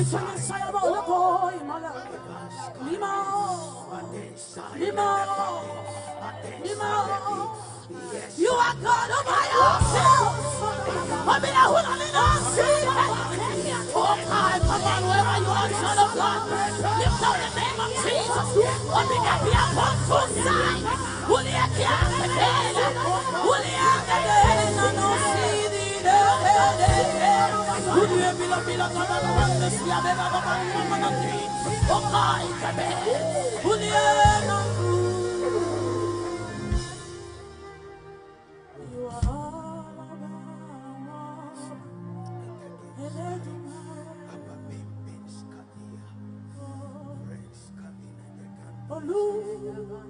Kılıçını You are God of my yourself I mean I would have been unseen Four times upon wherever you are son of God Lift up the name of Jesus What did I be upon to sign Who did I bila you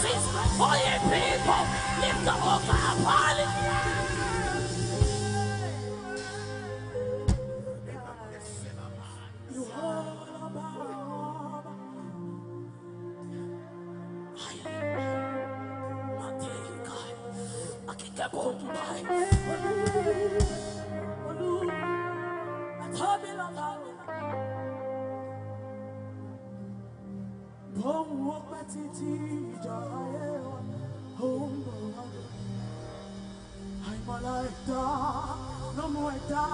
promises for your people. Lift up a fire pilot. Don't walk my titty. muerta, no muerta,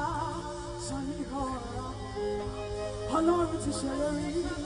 Sunny Hora. How long to say?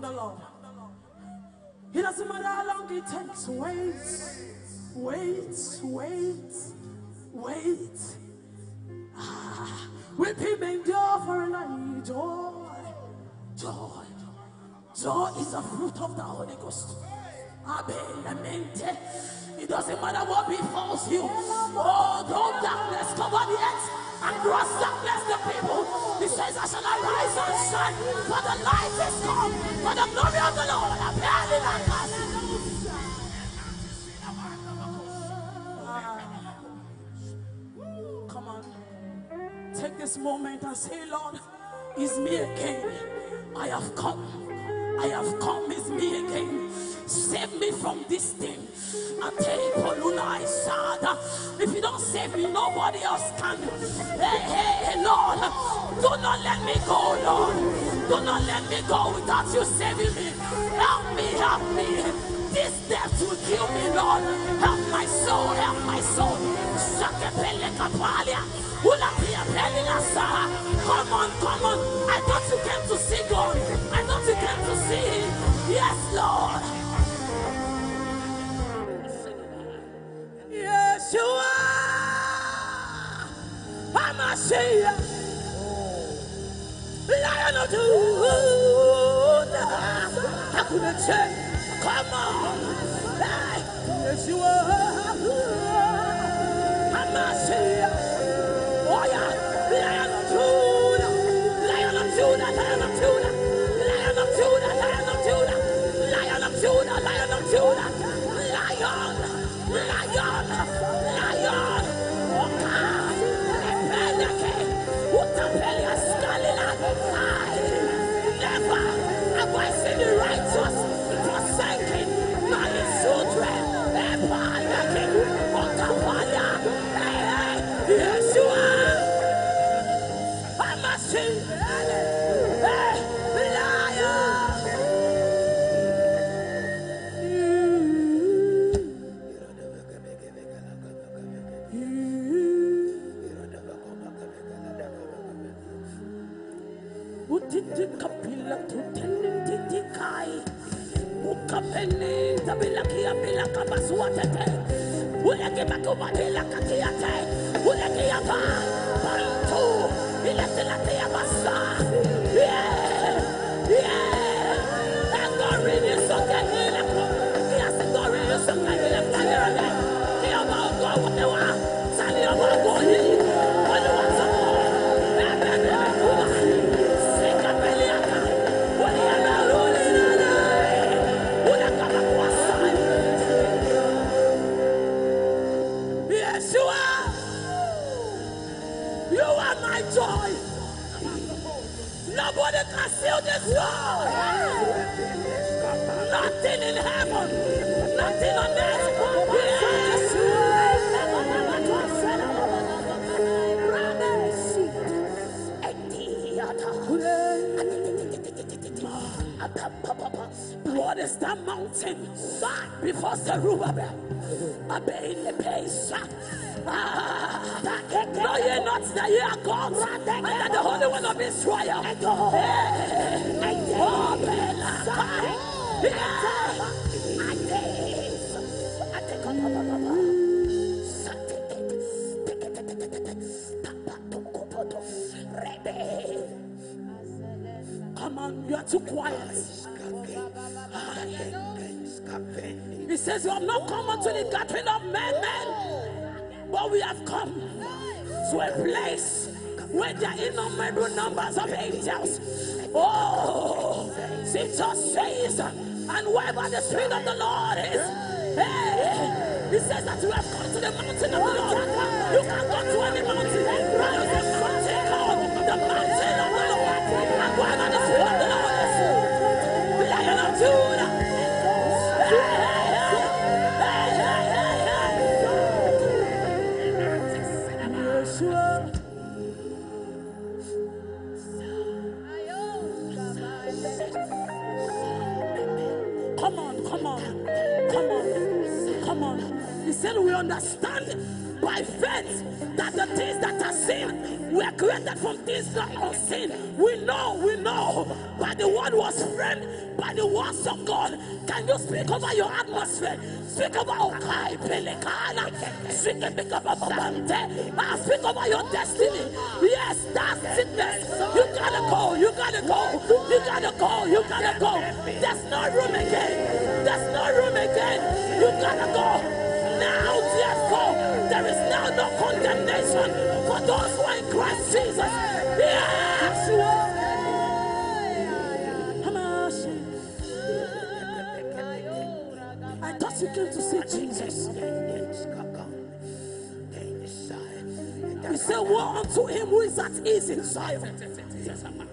from the Lord. It doesn't matter how long it takes. Wait, wait, wait, wait. Ah, weeping endure for a night. Joy, oh, joy, joy is a fruit of the Holy Ghost. It doesn't matter what befalls you. Oh, don't darkness cover the earth and you have blessed the people. He says, I shall arise and shine, for the light is come, for the glory of the Lord appeared in our house. Come on. Take this moment and say, Lord, it's me again. I have come. I have come. It's me again. Save me from this thing. If you don't save me, nobody else can. Hey, hey, hey, Lord, do not let me go, Lord. Do not let me go without you saving me. Help me, help me this death will kill me, Lord. Help my soul, help my soul. Come on, come on. I thought you came to see God. I thought you came to see Him. Yes, Lord. Yeshua Hamashiach Lion of Judah Hakuna Come on Yeshua for Zerubbabel. Obey in the place. Ah, know ye not that ye are called under the Holy One of Israel? Come on, you are too quiet. says, You have not come unto the gathering of men, men, but we have come to a place where there are innumerable numbers of angels. Oh, see, just says, and wherever the Spirit of the Lord is, hey, he says that you have come to the mountain of the Lord. You can go to any mountain. by faith that the things that are seen were created from things not unseen. We know, we know. But the word was framed by the words of God. Can you speak over your atmosphere? Speak over Okai Speak over ah, Speak over your destiny. Yes, that sickness. You gotta go. You gotta go. You gotta go. You gotta go. There's no room again. There's no room again. You gotta go. Now, yes there is now no condemnation for those who are in Christ Jesus. Yes! I thought you came to see Jesus. You say, Woe unto him who is at ease in Zion.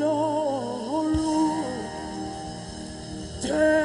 Lord, Take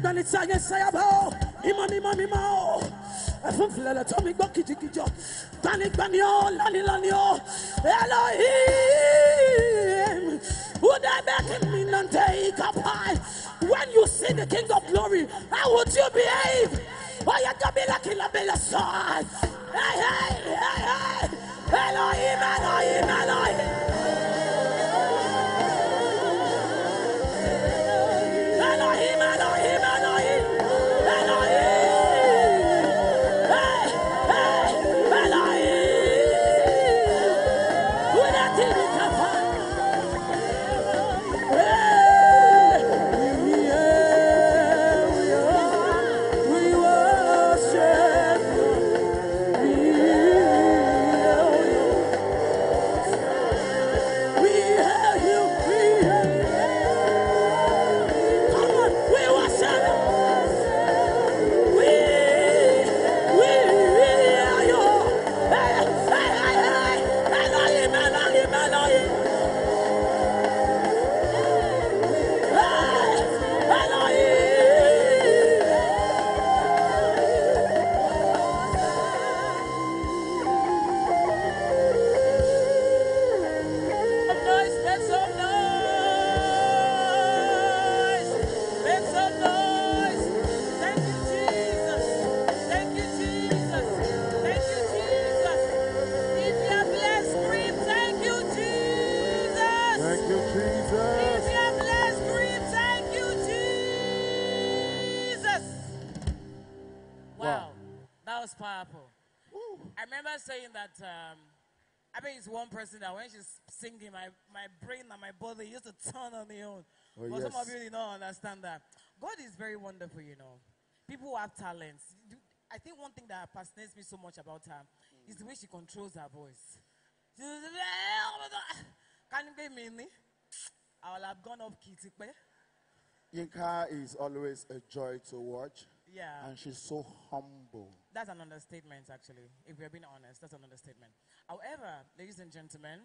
itanitsanye sayabao imamimamimao oh. ẹfúnfilẹlẹ tó mi gbọ́ kìjìkìjọ gbanigbaniọ lanilaniọ Elohim udabekiminnanteyikapai when you see the King of Glory how would you behave Why you be like oyakabilakilabelasoa hey hey hey hey Elohim Elohim Elohim. have talents. I think one thing that fascinates me so much about her mm. is the way she controls her voice. Oh Can you get me? I will have gone up kitty. Yinka is always a joy to watch. Yeah. And she's so humble. That's an understatement, actually. If we're being honest, that's an understatement. However, ladies and gentlemen,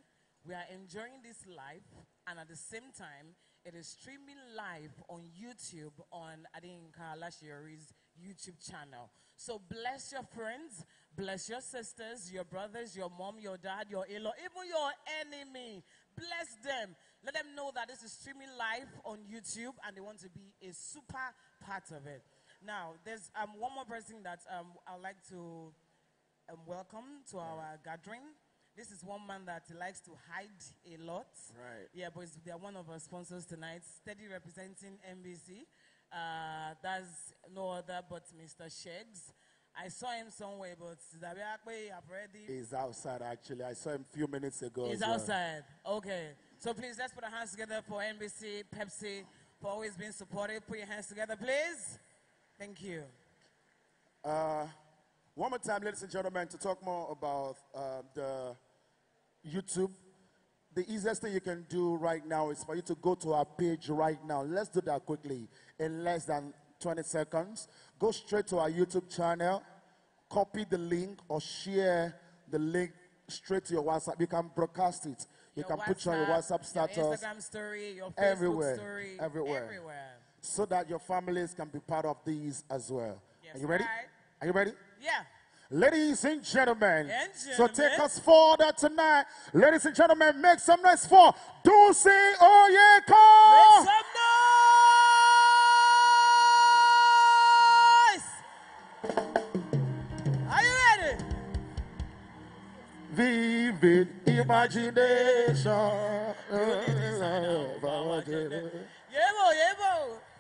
we are enjoying this live, and at the same time, it is streaming live on YouTube on Adinka Lashiori's YouTube channel. So bless your friends, bless your sisters, your brothers, your mom, your dad, your in even your enemy. Bless them. Let them know that this is streaming live on YouTube and they want to be a super part of it. Now, there's um, one more person that um, I'd like to um, welcome to our gathering. This is one man that likes to hide a lot. Right. Yeah, but they're one of our sponsors tonight, steady representing NBC. Uh, that's no other but Mr. Sheggs. I saw him somewhere, but I've already. He's outside, actually. I saw him a few minutes ago. He's outside. Okay. So please, let's put our hands together for NBC, Pepsi, for always being supportive. Put your hands together, please. Thank you. Uh, one more time, ladies and gentlemen, to talk more about uh, the YouTube the easiest thing you can do right now is for you to go to our page right now. Let's do that quickly in less than 20 seconds. Go straight to our YouTube channel, copy the link or share the link straight to your WhatsApp. You can broadcast it. You your can WhatsApp, put on your WhatsApp status, your Instagram story, your Facebook everywhere, story, everywhere, everywhere, so that your families can be part of these as well. Yes, Are you ready? Right. Are you ready? Yeah ladies and gentlemen. and gentlemen. So take us further tonight. Ladies and gentlemen, make some noise for Dulce Oyeka. Make some noise. Are you ready? Vivid imagination. Yeah,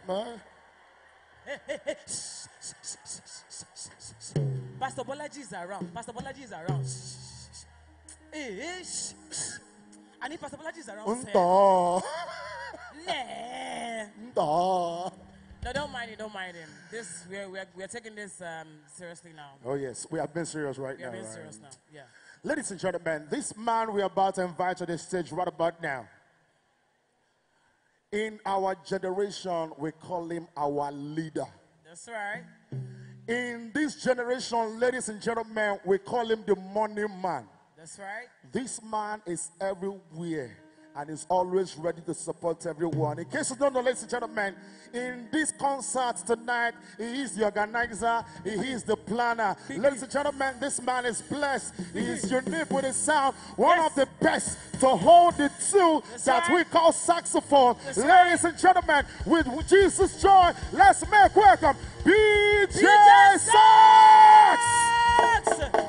boy, yeah, Pastor Bolaji is around. Pastor Bolaji is around. Hey, shh, shh. I need Pastor Bolaji is around, say, nah. No, don't mind him. Don't mind him. This we're we're, we're taking this um, seriously now. Oh yes, we have been serious right we now. We are being right? serious now. Yeah. Ladies and gentlemen, this man we're about to invite to the stage right about now. In our generation, we call him our leader. That's right. In this generation, ladies and gentlemen, we call him the money man. That's right. This man is everywhere and is always ready to support everyone. In case you don't know, ladies and gentlemen, in this concert tonight, he is the organizer, he is the planner. Ladies and gentlemen, this man is blessed. He is unique with his sound, one yes. of the best to hold the two that we call saxophone. ladies and gentlemen, with Jesus joy, let's make welcome BJ, BJ Sax! Sax!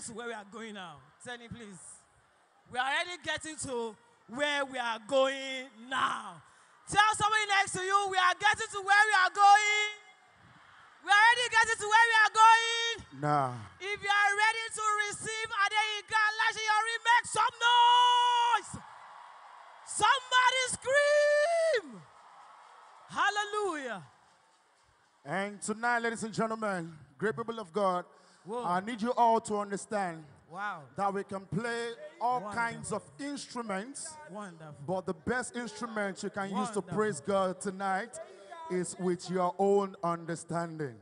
close to where we are going now. Tell me, please. We are already getting to where we are going now. Tell somebody next to you, we are getting to where we are going. We are already getting to where we are going. Nah. If you are ready to receive Adeika Lashiori, make some noise. Somebody scream. Hallelujah. And tonight, ladies and gentlemen, great people of God, Whoa. I need you all to understand wow. that we can play all Wonderful. kinds of instruments. Wonderful. But the best instrument you can Wonderful. use to praise God tonight is with your own understanding.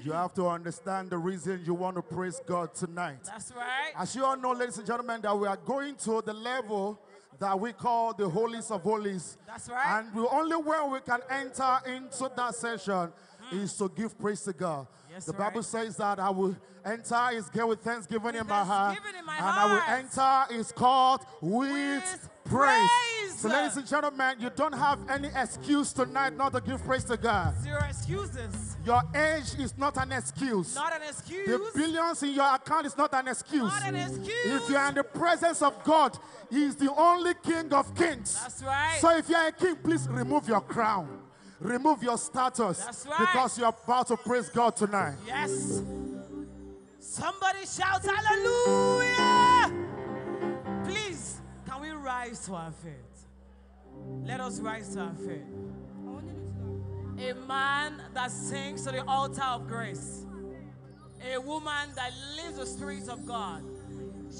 You have to understand the reason you want to praise God tonight. That's right. As you all know, ladies and gentlemen, that we are going to the level that we call the holies of holies. That's right. And the only way we can enter into that session mm. is to give praise to God. That's the Bible right. says that I will enter his gate with thanksgiving in my heart. In my and heart. I will enter his court with, with praise. praise. So, ladies and gentlemen, you don't have any excuse tonight not to give praise to God. Zero excuses. Your age is not an excuse. Not an excuse. The billions in your account is not an excuse. Not an excuse. If you are in the presence of God, He is the only King of kings. That's right. So if you are a king, please remove your crown. Remove your status right. because you're about to praise God tonight. Yes. Somebody shouts, hallelujah. Please, can we rise to our feet? Let us rise to our feet. A man that sings to the altar of grace. A woman that lives the streets of God.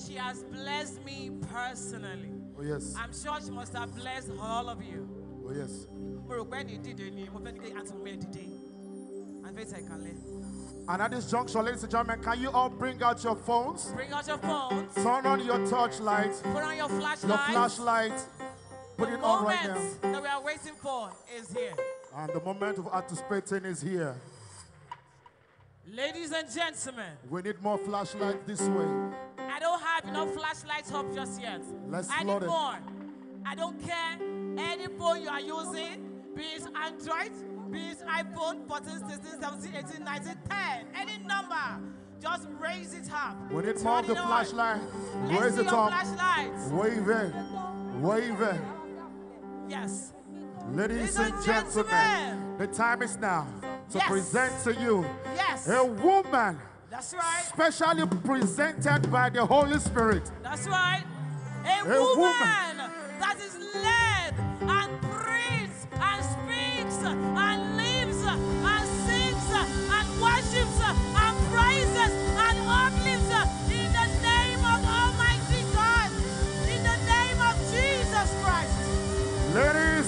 She has blessed me personally. Oh, yes. I'm sure she must have blessed all of you. Oh, yes and at this junction, ladies and gentlemen, can you all bring out your phones? Bring out your phones. Turn on your torch light. Put on your flashlight. Your flashlight. Put the it on right now. that we are waiting for is here. And the moment of anticipating is here. Ladies and gentlemen. We need more flashlights this way. I don't have enough flashlights up just yet. Let's I need more. It. I don't care any phone you are using be it Android, be it iPhone, buttons 16, 17, 18, 19, 10, any number. Just raise it up. When it mom the flashlight, raise it up. Flashlight. Wave it. Wave it. Yes. Ladies, Ladies and, and gentlemen, gentlemen, the time is now to yes. present to you yes. a woman. That's right. Specially presented by the Holy Spirit. That's right. A, a woman, woman that is led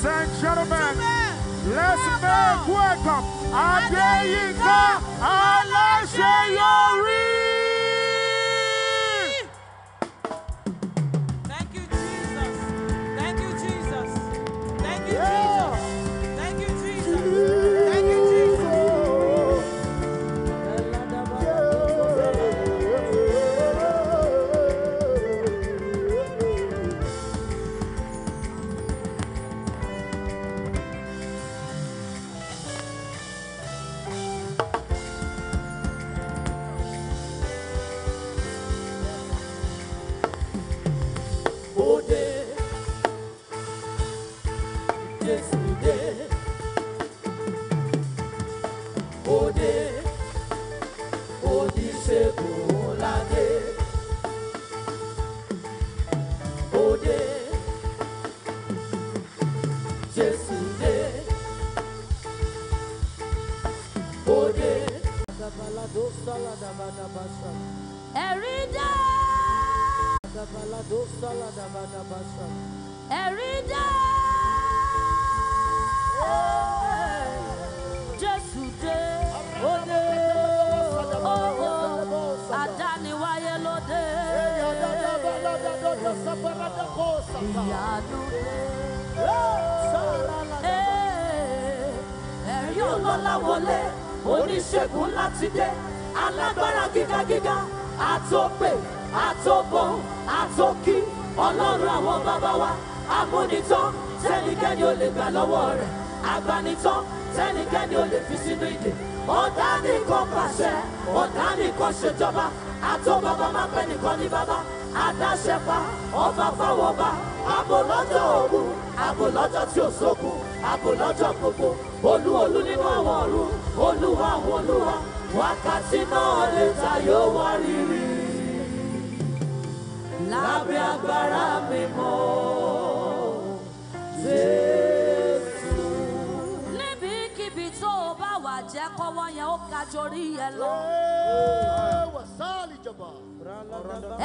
Ladies and gentlemen, let's make welcome Adeyinka Alaseyori.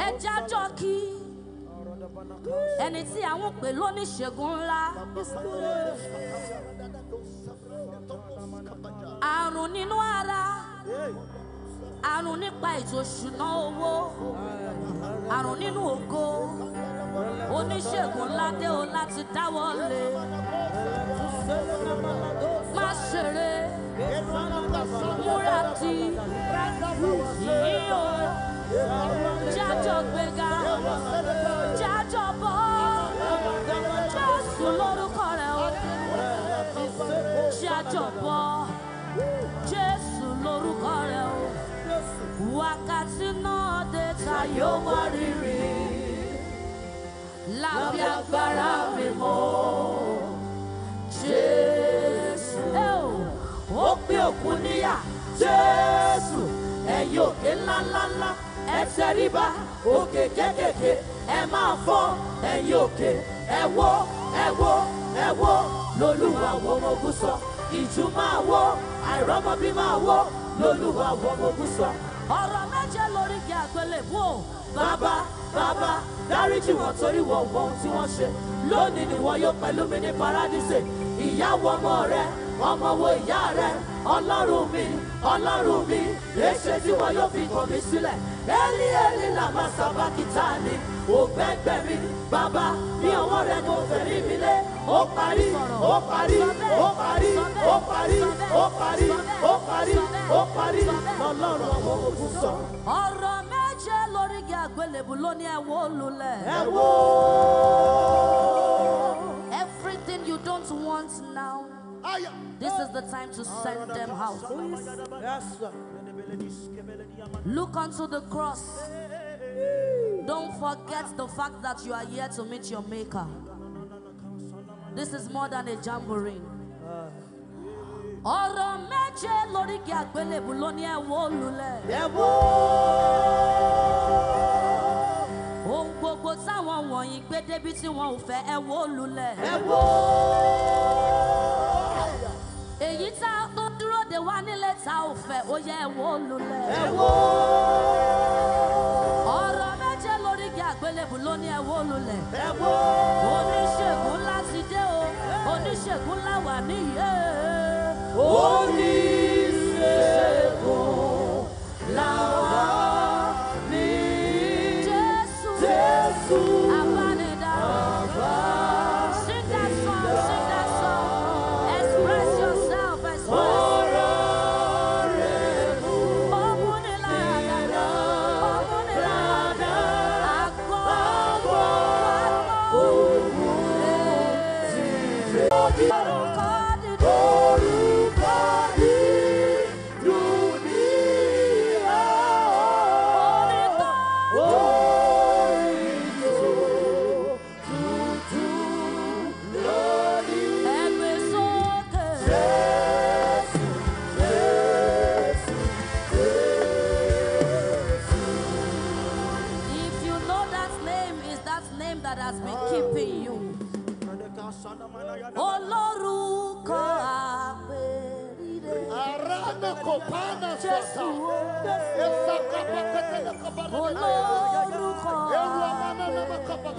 ẹjẹ́ àjọ kí ẹni tí àwọn pè lóníṣègùn ńlá àrùn nínú ara àrùn nípa ètò ìṣúná owó àrùn nínú ògo oníṣègùn ńlá dé o láti dáwọ́ lé má ṣeré múra tí yìí jájọ gbéga jájọ bọ́ Jésù lórúkọ rẹ̀ o jájọ bọ́ Jésù lórúkọ rẹ̀ o wákàtí náà dé ta yóò wá rírì lábẹ́ agbára ẹ tẹríba òkè kékèké ẹ máa fọ́ ẹ̀yin òkè ẹ wó ẹ wó ẹ wó lolúwa wo mogun sọ ìjú máa wó àìrọ́mọbí máa wó lolúwa wo mogun sọ. ọ̀rọ̀ méje lórí igi àgbélébù o. bàbá bàbá dáríjì wọn torí wọn wọ ohun tí wọ́n ṣe lónìí ni wọn yóò pẹ̀lú mi ní paradíṣe ìyá wọ ọmọ rẹ ọmọ wo ìyá rẹ ọlọ́run mi ọlọ́run mi èṣe tí wọn yóò fi kàn mí sílẹ̀ ẹni ẹni là máa sàbákìtà ni ògbẹ́gbẹ́ mi bàbá ní ọwọ́ rẹ kò fẹ̀rí mi lé ó parí ó parí ó parí ó parí ó parí ó parí ó parí lọ́lọ́run ọmọ ogun sọ. ọ̀rọ̀ méje lórí àgbélébù ló ní ẹ wó everything you don't want now. This is the time to send them out. Yes. Look unto the cross. Don't forget the fact that you are here to meet your maker. This is more than a jamboree. ọ̀rọ̀ méje lórí ẹ̀wọ́ olùlẹ̀. ẹ̀wọ́. gbogbo táwọn wọ̀nyí gbé débi tí wọn ò fẹ́ ẹ wó lulẹ̀. ẹ wó. èyí tá a dúró de wá nílé tá ò fẹ́ ó yẹ ẹ wó lulẹ̀. ẹ wó. ọ̀rọ̀ méje lórí àgbélébù ló ní ẹ wó lulẹ̀. ẹ wó. oníṣègùn ńlá dé o oníṣègùn ńlá wà ó ní.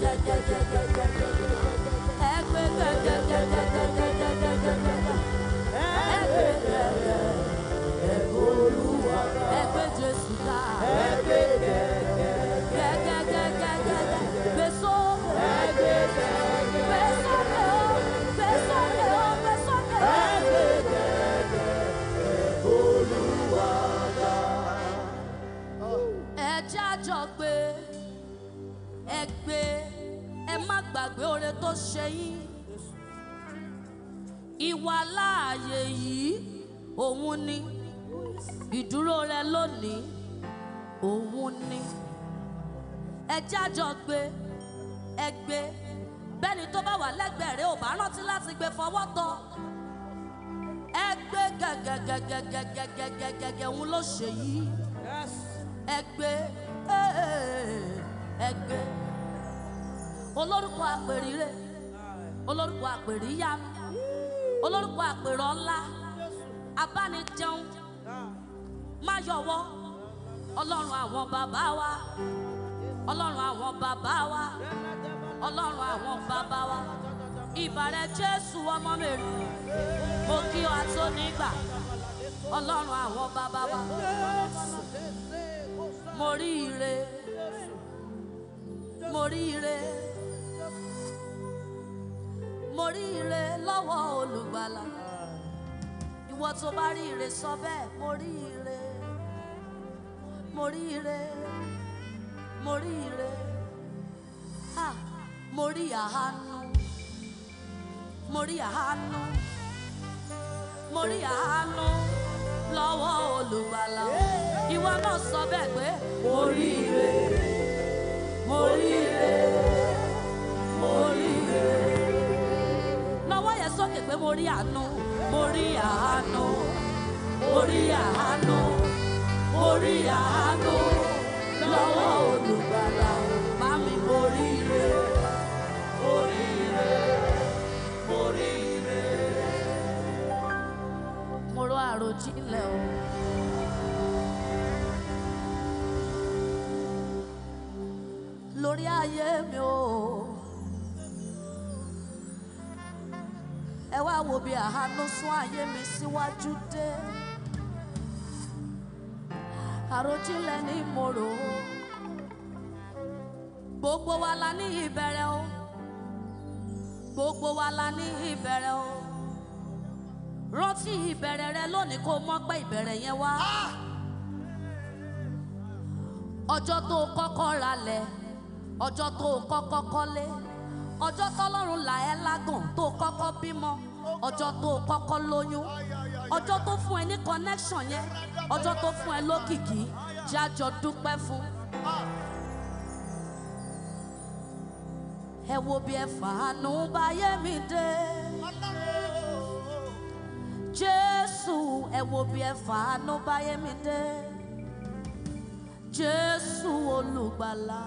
Ẹgbẹ́ Jésù pé oore tó ṣe yín ìwà láàyè yìí òun ni ìdúró rẹ lónìí òun ni ẹ jájọ gbé ẹ gbé bẹ́ni tó bá wà lẹ́gbẹ̀ẹ́ rẹ ò bá rántí láti gbé fọwọ́ tọ́ ẹ gbé gẹ́gẹ́gẹ́gẹ́gẹ́gẹ́gẹ́gẹ́ òun ló ṣe yìí ẹ gbé ẹ gbé olórúkọ àpèrè rẹ olórúkọ àpèrè yanu olórúkọ àpèrè ọlá abánijẹun máyọwọ ọlọ́run àwọn bàbá wa ọlọ́run àwọn bàbá wa ọlọ́run àwọn bàbá wa ìbàrẹ̀ jésù ọmọ mèrè mo kí ọ àtọ́nígbà ọlọ́run àwọn bàbá wa mo rí ire mo rí ire mo rí ire lọ́wọ́ olùgbàlà ìwọ tó bá rí ire sọ bẹ́ẹ̀ mo rí ire mo rí ire mo rí ire ah mo rí àánú mo rí lọ́wọ́ olùgbàlà ìwọ náà sọ bẹ́ẹ̀ pé mo ire mo ire mo ire sókè pé mo rí àánú mo rí àánú mo rí àánú mo rí àánú lọ́wọ́ olùgbàlà bá mi mo rí ire mo rí ire mo rí ire. mo rò àròjinlẹ̀ o. lórí ayé mi o. Oh. ẹ wo bi àánú sún ayé mi síwájú dé àròjinlẹ̀ ni gbogbo wa la ní ìbẹ̀rẹ̀ o gbogbo wa la ní ìbẹ̀rẹ̀ o rántí ìbẹ̀rẹ̀ rẹ lónìí kó mọ̀ pé ìbẹ̀rẹ̀ yẹn wá ọjọ́ tó ọjọ́ tọ́lọ́run là ẹ́ lágàn tó kọ́kọ́ bímọ ọjọ́ tó kọ́kọ́ lóyún ọjọ́ tó fún ẹ ní connection yẹn ọjọ́ tó fún ẹ lókìkí jájọ dúpẹ́ fún. ẹ wo bí ẹ fàánú báyé mi dé jésù ẹ wo bí ẹ fàánú báyé mi dé jésù olùgbàlà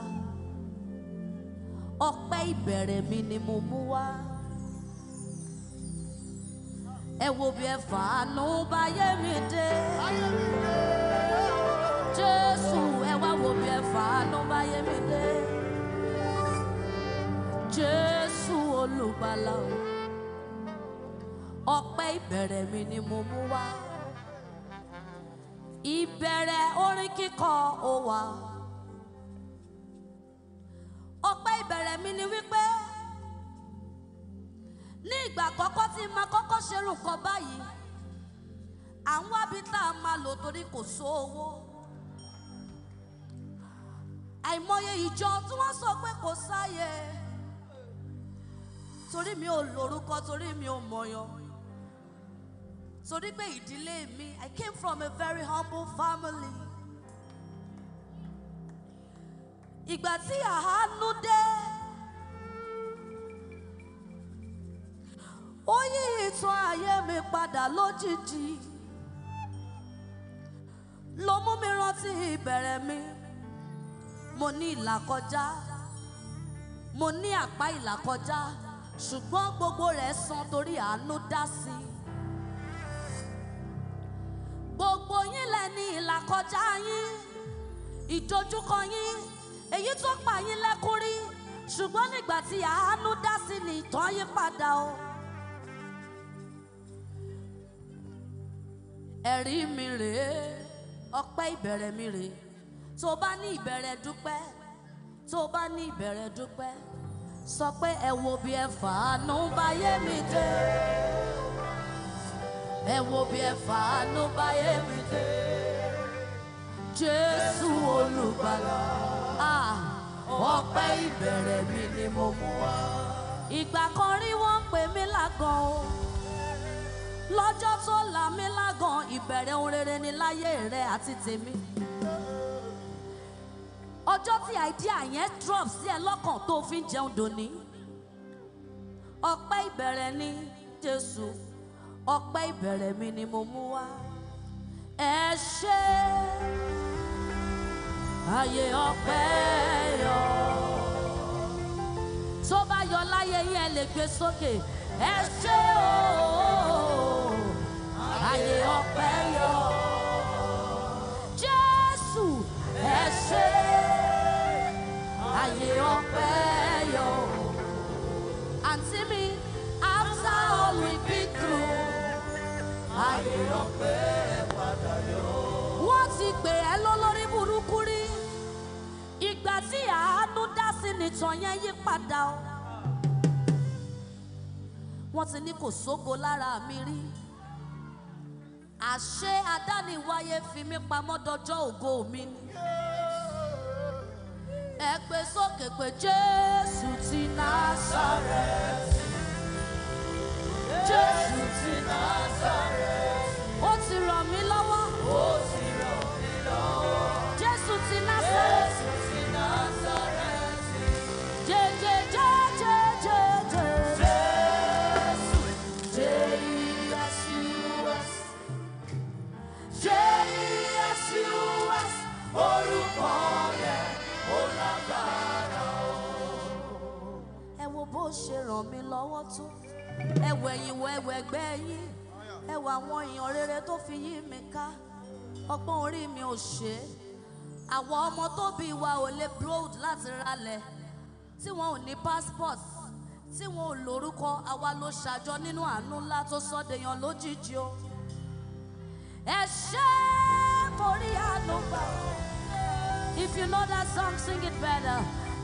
ọpẹ́ ìbẹ̀rẹ̀ mi ni mo mú wá ẹ wo bí ẹ fàánú báyé mi dé Jésù ẹ wá wo bí ẹ fàánú báyé mi dé Jésù olùgbàlà ọpẹ́ ìbẹ̀rẹ̀ mi ni mo mú wá ìbẹ̀rẹ̀ orin kíkọ ó wà. ọpẹ́ ìbẹ̀rẹ̀ mi ni wípé ní ìgbà àkọ́kọ́ tí ma kọ́kọ́ ṣerú nǹkan báyìí àwọn àbí tá máa lò torí kò sówó àìmọye ìjọ tí wọ́n sọ pé kò sáyè torí mi ò lórúkọ torí mi ò mọ̀yàn torí pé ìdílé mi I came from a very humble family. ìgbà tí àánú dé ó yí ìtàn ayé mi padà lójijì ló mú mi rántí ìbẹ̀rẹ̀ mi mo ní ìlàkọjá mo ní àpá ìlàkọjá ṣùgbọ́n gbogbo rẹ̀ san torí àánú dá sí i gbogbo yín lẹ ìlàkọjá yín ìdojúkọ yín èyí tó pa yín lẹ́kún rí ṣùgbọ́n nígbà tí àánú dá sí ni ìtàn yín padà o. ẹ̀rí mi rèé ọpẹ́ ìbẹ̀rẹ̀ mi rèé tó bá ní ìbẹ̀rẹ̀ dúpẹ́ tó bá ní ìbẹ̀rẹ̀ dúpẹ́ sọ pé ẹ wo bí ẹ fàánú báyé mi dé ẹ wo bí ẹ fàánú báyé mi dé Jésù olùgbàlà. Ah, ọpẹ́ ìbẹ̀rẹ̀ mi ni mo mú wá. ìgbà kan rí wọ́n pè mí lágàn o lọ́jọ́ tó là mí lágàn ìbẹ̀rẹ̀ ohun rere ni láyé rẹ àti tèmi ọjọ́ tí àìdíà yẹn drop sí ẹ lọ́kàn tó fi ń jẹun dòní ọpẹ́ ìbẹ̀rẹ̀ ni Jésù ọpẹ́ ìbẹ̀rẹ̀ mi ni mo mú wá ẹ ṣé ayé ọpẹ́ yọ. tó bá yọ láyé yín ẹ lè gbé sókè ẹ ṣé o ayé ọpẹ́ yọ. Jésù ẹ ṣé ayé ọpẹ́ yọ. àǹtí mi after all we been through ayé ọpẹ́ padà yọ. wọ́n ti pè ẹ́ lọ́lọ́rí burúkú rí ìgbà tí àánú dá sí nìtàn yẹn yí padà o wọ́n ti ní kò sógo lára mi rí àṣé adániwáyé fi mí pamọ́ dọjọ́ ògo mi ni ẹ gbé sókè pé Jésù ti Násárẹ́tì Jésù ti Násárẹ́tì ó ti ràn mí lọ́wọ́. ṣe ràn mí lọ́wọ́ tó ẹwẹ̀ ẹ̀yìn wọ ẹwẹ̀ ẹgbẹ́ yín ẹwà àwọn èèyàn rere tó fi yí mi ká ọgbọ́n orí mi ò ṣe àwọn ọmọ tó bí wa ò lè broad láti ralẹ̀ tí wọn ò ní passport tí wọn ò lórúkọ àwa ló ṣàjọ nínú àánú ńlá tó sọdẹyàn lójijì o ẹ ṣe mo rí àánú gbà if you know that song sing it better.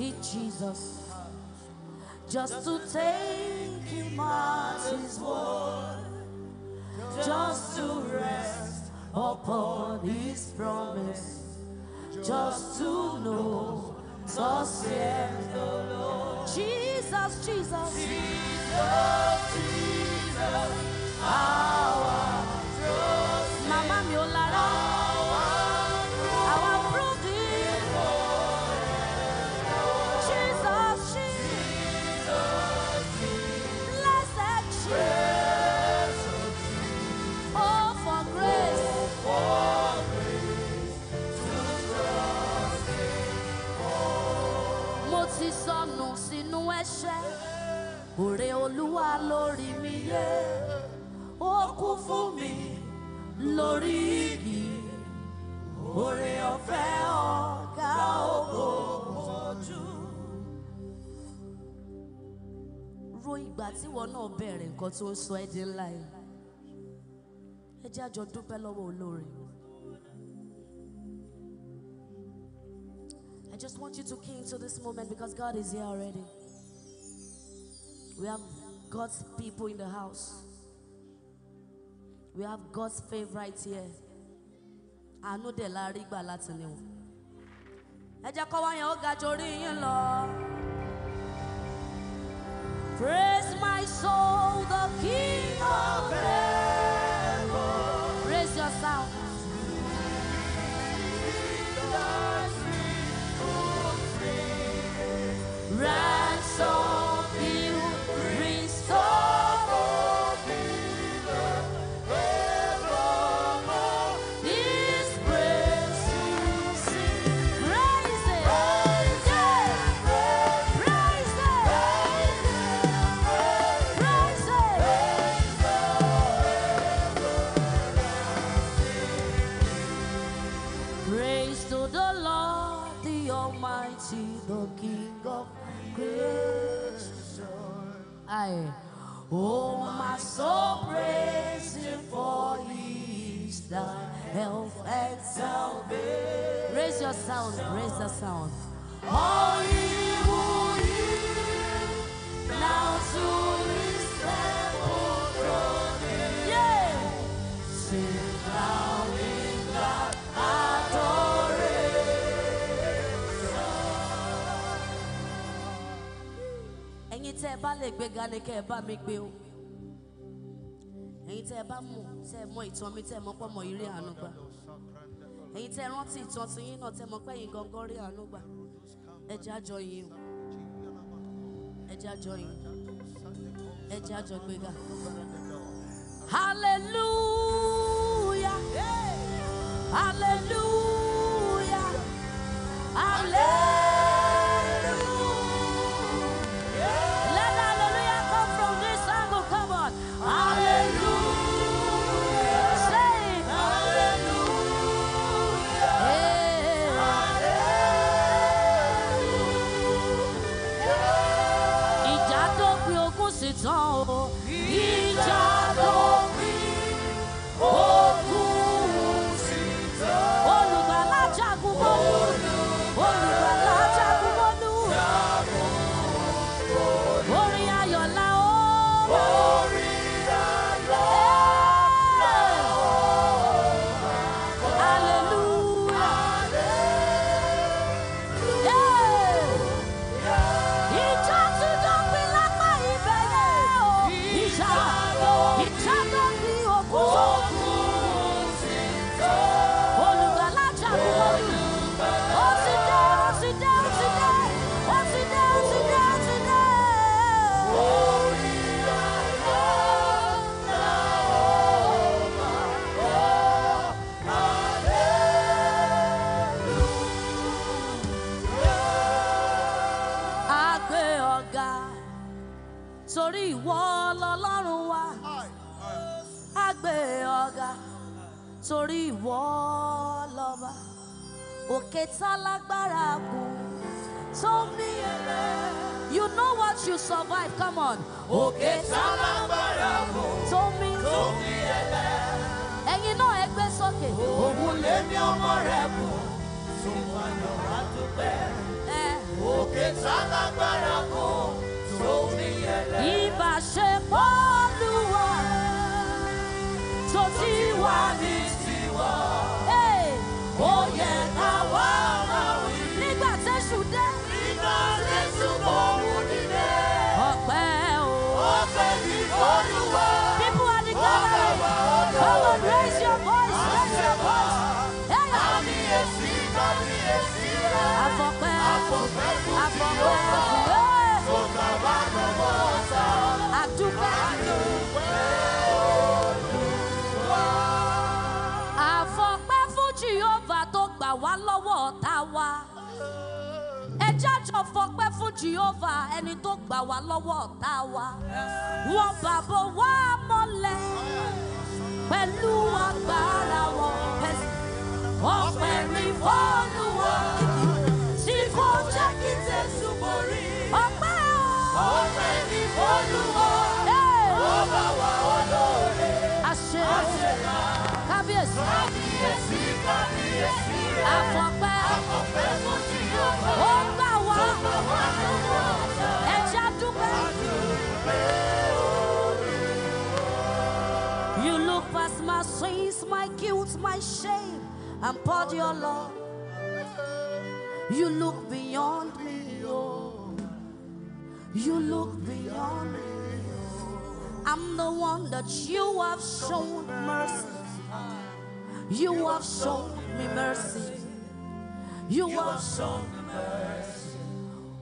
hit Jesus just to take him at his word, just to rest upon his promise, just to know, so saith the Lord. Jesus, Jesus, Jesus, Jesus, our Mama olúwa lórí mi yé ó kú fún mi lórí igi oore ọ̀fẹ́ ọ̀gá ògo pọ̀jù. ro ìgbà tí wọn náà bẹ̀rẹ̀ nǹkan tó sọ ẹ́ dín láì ẹ jẹ́ àjọ dúpẹ́ lọ́wọ́ olóore. I just want you to come to this moment because God is here already. We have God's people in the house. We have God's faith right here. I know the la rí gbà láti ni wọn. Ẹ Praise my soul, the King of heaven. Raise your sound. Right. Raise your sound, raise the sound. ẹ̀yin tẹ́ ẹ bá lè gbéga ni kẹ́ ẹ bá mi gbé o ẹ̀yin tẹ́ bá tẹ́ ẹ̀yin tẹ́ rántí yín náà tẹ́ mọ̀ pé ẹ̀yin gangan rí àánú gbà ẹ̀jẹ̀ àjọ yìí o ẹ̀jẹ̀ àjọ yìí ẹ̀jẹ̀ àjọ gbéga. hallelujah hallelujah hallelujah. You know what you survive. Come on. Òkè tálágbára kò tó mi. Tó mi ẹlẹ́. Ẹyin náà ẹ gbé sókè. Òun lé ní ọmọ rẹ̀ kù. Sùnwọ̀nà àdúpẹ́. Òkè tálágbára kò tó mi ẹlẹ́. Ìbáṣepọ̀ Olúwa tó ti wà wá lọ́wọ́ ọ̀tá wa. Ẹ jájọ fọpẹ́ fún Jèhófà ẹni tó gbà wá lọ́wọ́ ọ̀tá wa. Wọ́n bàbá wa mọ́lẹ̀ pẹ̀lú agbára wọn. Ọpẹ́ rí fọ́ọ̀lù wọn. You look past my sins, my guilt, my shame, and poured your love. You look beyond me, oh. You look beyond me. Oh. I'm the one that you have shown mercy. You have shown me mercy. You have shown mercy.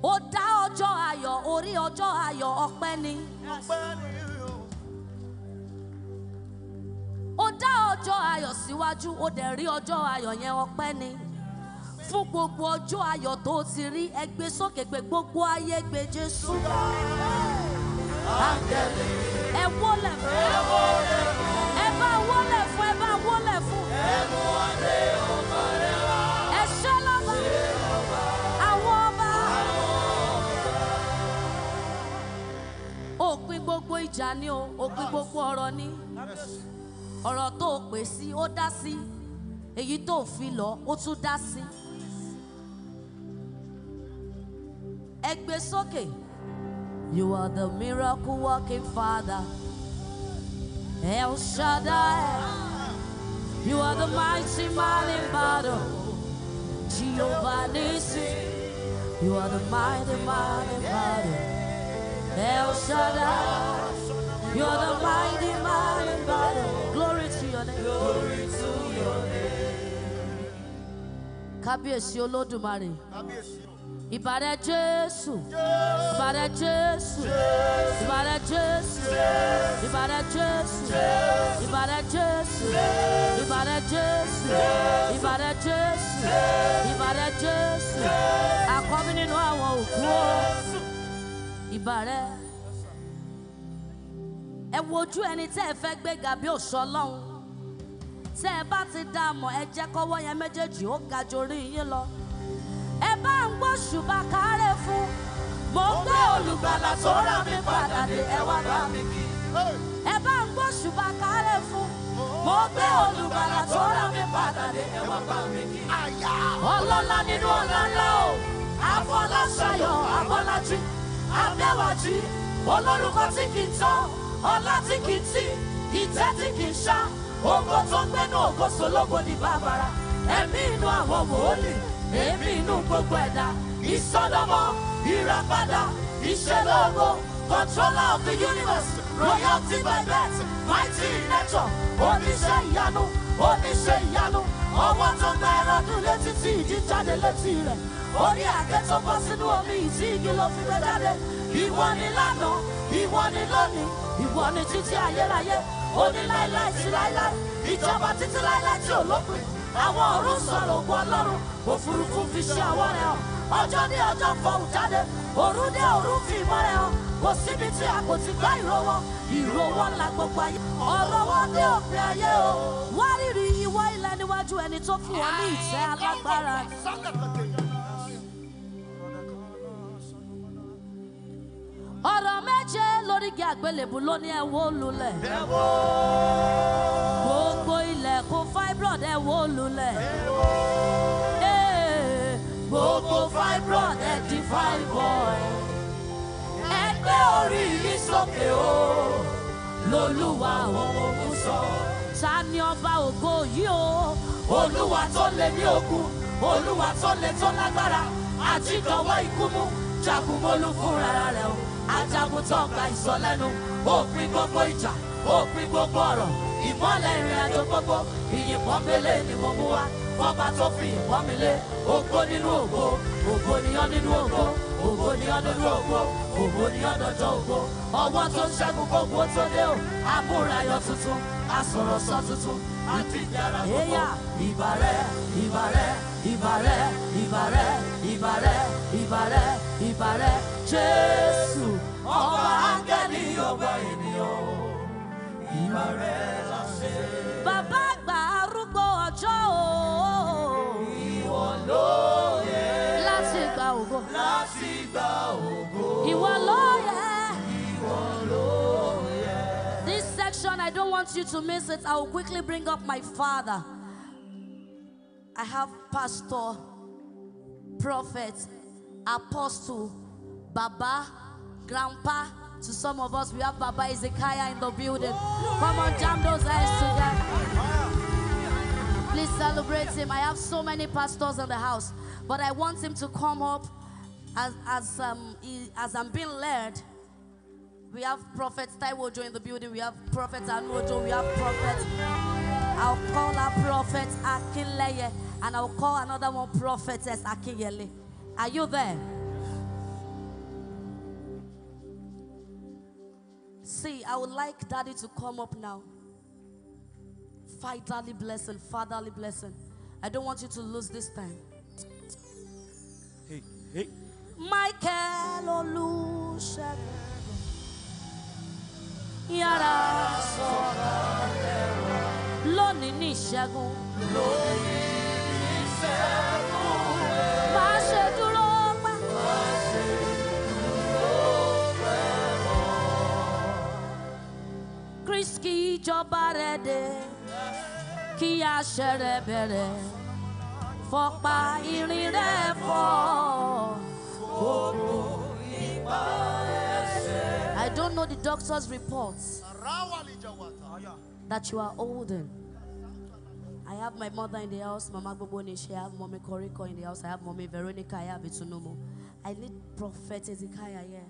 Ó dá ọjọ́ ayọ̀ orí ọjọ́ ayọ̀ ọpẹ́ ni. ọjọ́ ayọ̀ síwájú ó dẹ̀ rí ọjọ́ ayọ̀ yẹn ọpẹ́ ni. fún gbogbo ọjọ́ ayọ̀ tó ti rí ẹ gbé sókè pé gbogbo ayé gbé Jésù. áńgẹ́lì ẹ wólẹ̀ fún ẹ wólẹ̀ fún ẹ bá wólẹ̀ fún ẹ bá wólẹ̀ fún. ẹ mú adé ọmọ rẹ wá. ẹ ṣẹ́ lọ́ba àwọn ọba. òpin gbogbo ìjà ni o òpin gbogbo ọ̀rọ̀ ni ọ̀rọ̀ tó pè sí ó dá sí èyí tó fi lọ ó tún dá sí. Egbesoke, you are the miracle working Father. El Shaddai, you are the mighty man in battle. Jehovah Nissi, you are the mighty man in battle. El Shaddai, you are the mighty man in battle. Glory to your name. Glory to your name. Kábíyèsí Olódùmarè. Kábíyèsí. Ìbàdàn Jésù. Ìbàdàn Jésù. Ìbàdàn Jésù. Ìbàdàn Jésù. Ìbàdàn Jésù. Ìbàdàn Jésù. Ìbàdàn Jésù. Ìbàdàn Jésù. Àkọ́bí nínú àwọn òkú o. Ìbàrẹ̀. Ẹ wojú ẹni tẹ́ ẹ fẹ́ gbéga bí òṣọ lọ́hùn. Tẹ́ ẹ bá ti dá a mọ̀ ẹ jẹ́ kọ́wọ́ yẹn méjèèjì ó ga jù orí yín lọ ẹ bá ń gbóṣùbà kárẹ̀ fún mo ń gbé olùgbàlà tó rà mí padà dé ẹ wá bá mi kí ẹ bá ń gbóṣùbà kárẹ̀ fún mo ń gbé olùgbàlà tó rà mí padà dé ẹ wá bá kí ọlọ́lá nínú ọ̀la o afọláṣayọ̀ abọ́lájí abẹ́wàjí olórúkọ tí kì í tán ọlá tí kì í tì ìtẹ́ tí kì í ṣá ògo tó ń gbẹ́nu ògo sọlọ́gbọ́n ní bàbàrà ẹ̀mí inú àwọn wòólì èmi inú gbogbo ẹ̀dá ìsọdọmọ ìràpadà ìṣẹlógo controller of the universe royalty by birth mighty in nature oníṣẹ́ ìyanu oníṣẹ́ ìyanu ọwọ́ tó gba ẹran dùn létí tí ìdí jáde létí rẹ̀ orí àgé tó bọ́ sínú omi ìtí igi ló fi rẹ̀ jáde ìwọ ni lánàá ìwọ ni lónìí ìwọ ni títí ayérayé oní láéláé sí láéláé ìjọba títí láéláé tí ò lópin àwọn ọ̀run sọ̀rọ̀ ògo ọlọ́run òfurufú fi ṣe ọwọ́ rẹ̀ hàn ọjọ́ dé ọjọ́ fọhùn jáde òru dé òru fi ìmọ̀ rẹ̀ hàn kò síbi tí a kò ti gbọ́ ìrówọ́ ìrówọ́ la gbogbo ayé ọ̀rọ̀ wọn dé ayé o wárìrì ìwọ ilẹ̀ níwájú ẹni tó fún ọ ní ìtẹ́ alágbára. ọ̀rọ̀ méje lórígi àgbélébù ló ní ẹ wó lulẹ̀. ẹ wó. gbogbo ilẹ̀kùn fibroid ẹ wó lulẹ̀. ẹ wó. Eh, gbogbo fibroid ẹ di fibroid. ẹ gbé orí yìí sókè o lolúwa àwọn ogun sọ. ta ni ọba ògo yìí o. olúwa tó lè ní ogun olúwa tó lè tó lágbára àti ìdánwò ikú mú jagun mọ́lú fúnra o ajagun tó gba ìsọlẹ́nu òpin gbogbo ìjà òpin gbogbo ọ̀rọ̀ ìmọ́lẹ̀ ìrìn àjò gbogbo ìyìnbọn mélé ni mo mú wá wọ́n bá tó fi ìbọn mi lé ògo nínú ògo ògo nìyàn nínú ògo òwò ní ọdún ògbó òwò ní ọdọjọ ògbó ọwọ́ tó ń ṣẹ́gun gbogbo tó dé o àbúrayọ tuntun àsọ̀rọ̀sọ tuntun àti ìdára gbogbo ìbàrẹ̀ ìbàrẹ̀ ìbàrẹ̀ ìbàrẹ̀ ìbàrẹ̀ ìbàrẹ̀ ìbàrẹ̀ Jésù ọba áńgẹ́lì ọba ènìyàn ìbàrẹ̀ láṣẹ. bàbá àgbà arúgbó ọjọ́ o. ìwọ ló. Ìwọ Ìwọ This section, I don't want you to miss it. I will quickly bring up my father. I have pastor, prophet, apostle, Baba, grandpa. To some of us, we have Baba Ezekiah in the building. Come on, jam those eyes together. Please celebrate him. I have so many pastors in the house, but I want him to come up. As, as, um, as I'm being led, we have Prophet Taiwojo in the building. We have Prophet Anwojo. We have Prophet. I'll call our Prophet Akinleye. And I'll call another one Prophetess Akinyele. Are you there? See, I would like Daddy to come up now. Fatherly blessing, fatherly blessing. I don't want you to lose this time. Hey, hey. Michael Olusegun yàrá sọ̀kalẹ̀ wá lónìí ní ìṣẹ́gun lónìí ní ìṣẹ́gun rẹ̀ máa ṣe dúró pẹ́ máa ṣe dúró pẹ́ mọ́. kí rẹ̀ dé kí àṣẹ rẹ̀ bẹ̀rẹ̀ fọ̀pá ìrìn rẹ̀ fọ́. I don't know the doctor's reports that you are olden. I have my mother in the house, Mama Bobonishi, I have Mommy Koriko in the house, I have Mommy Veronica, I have Itunomo. I need Prophet Ezekiah here.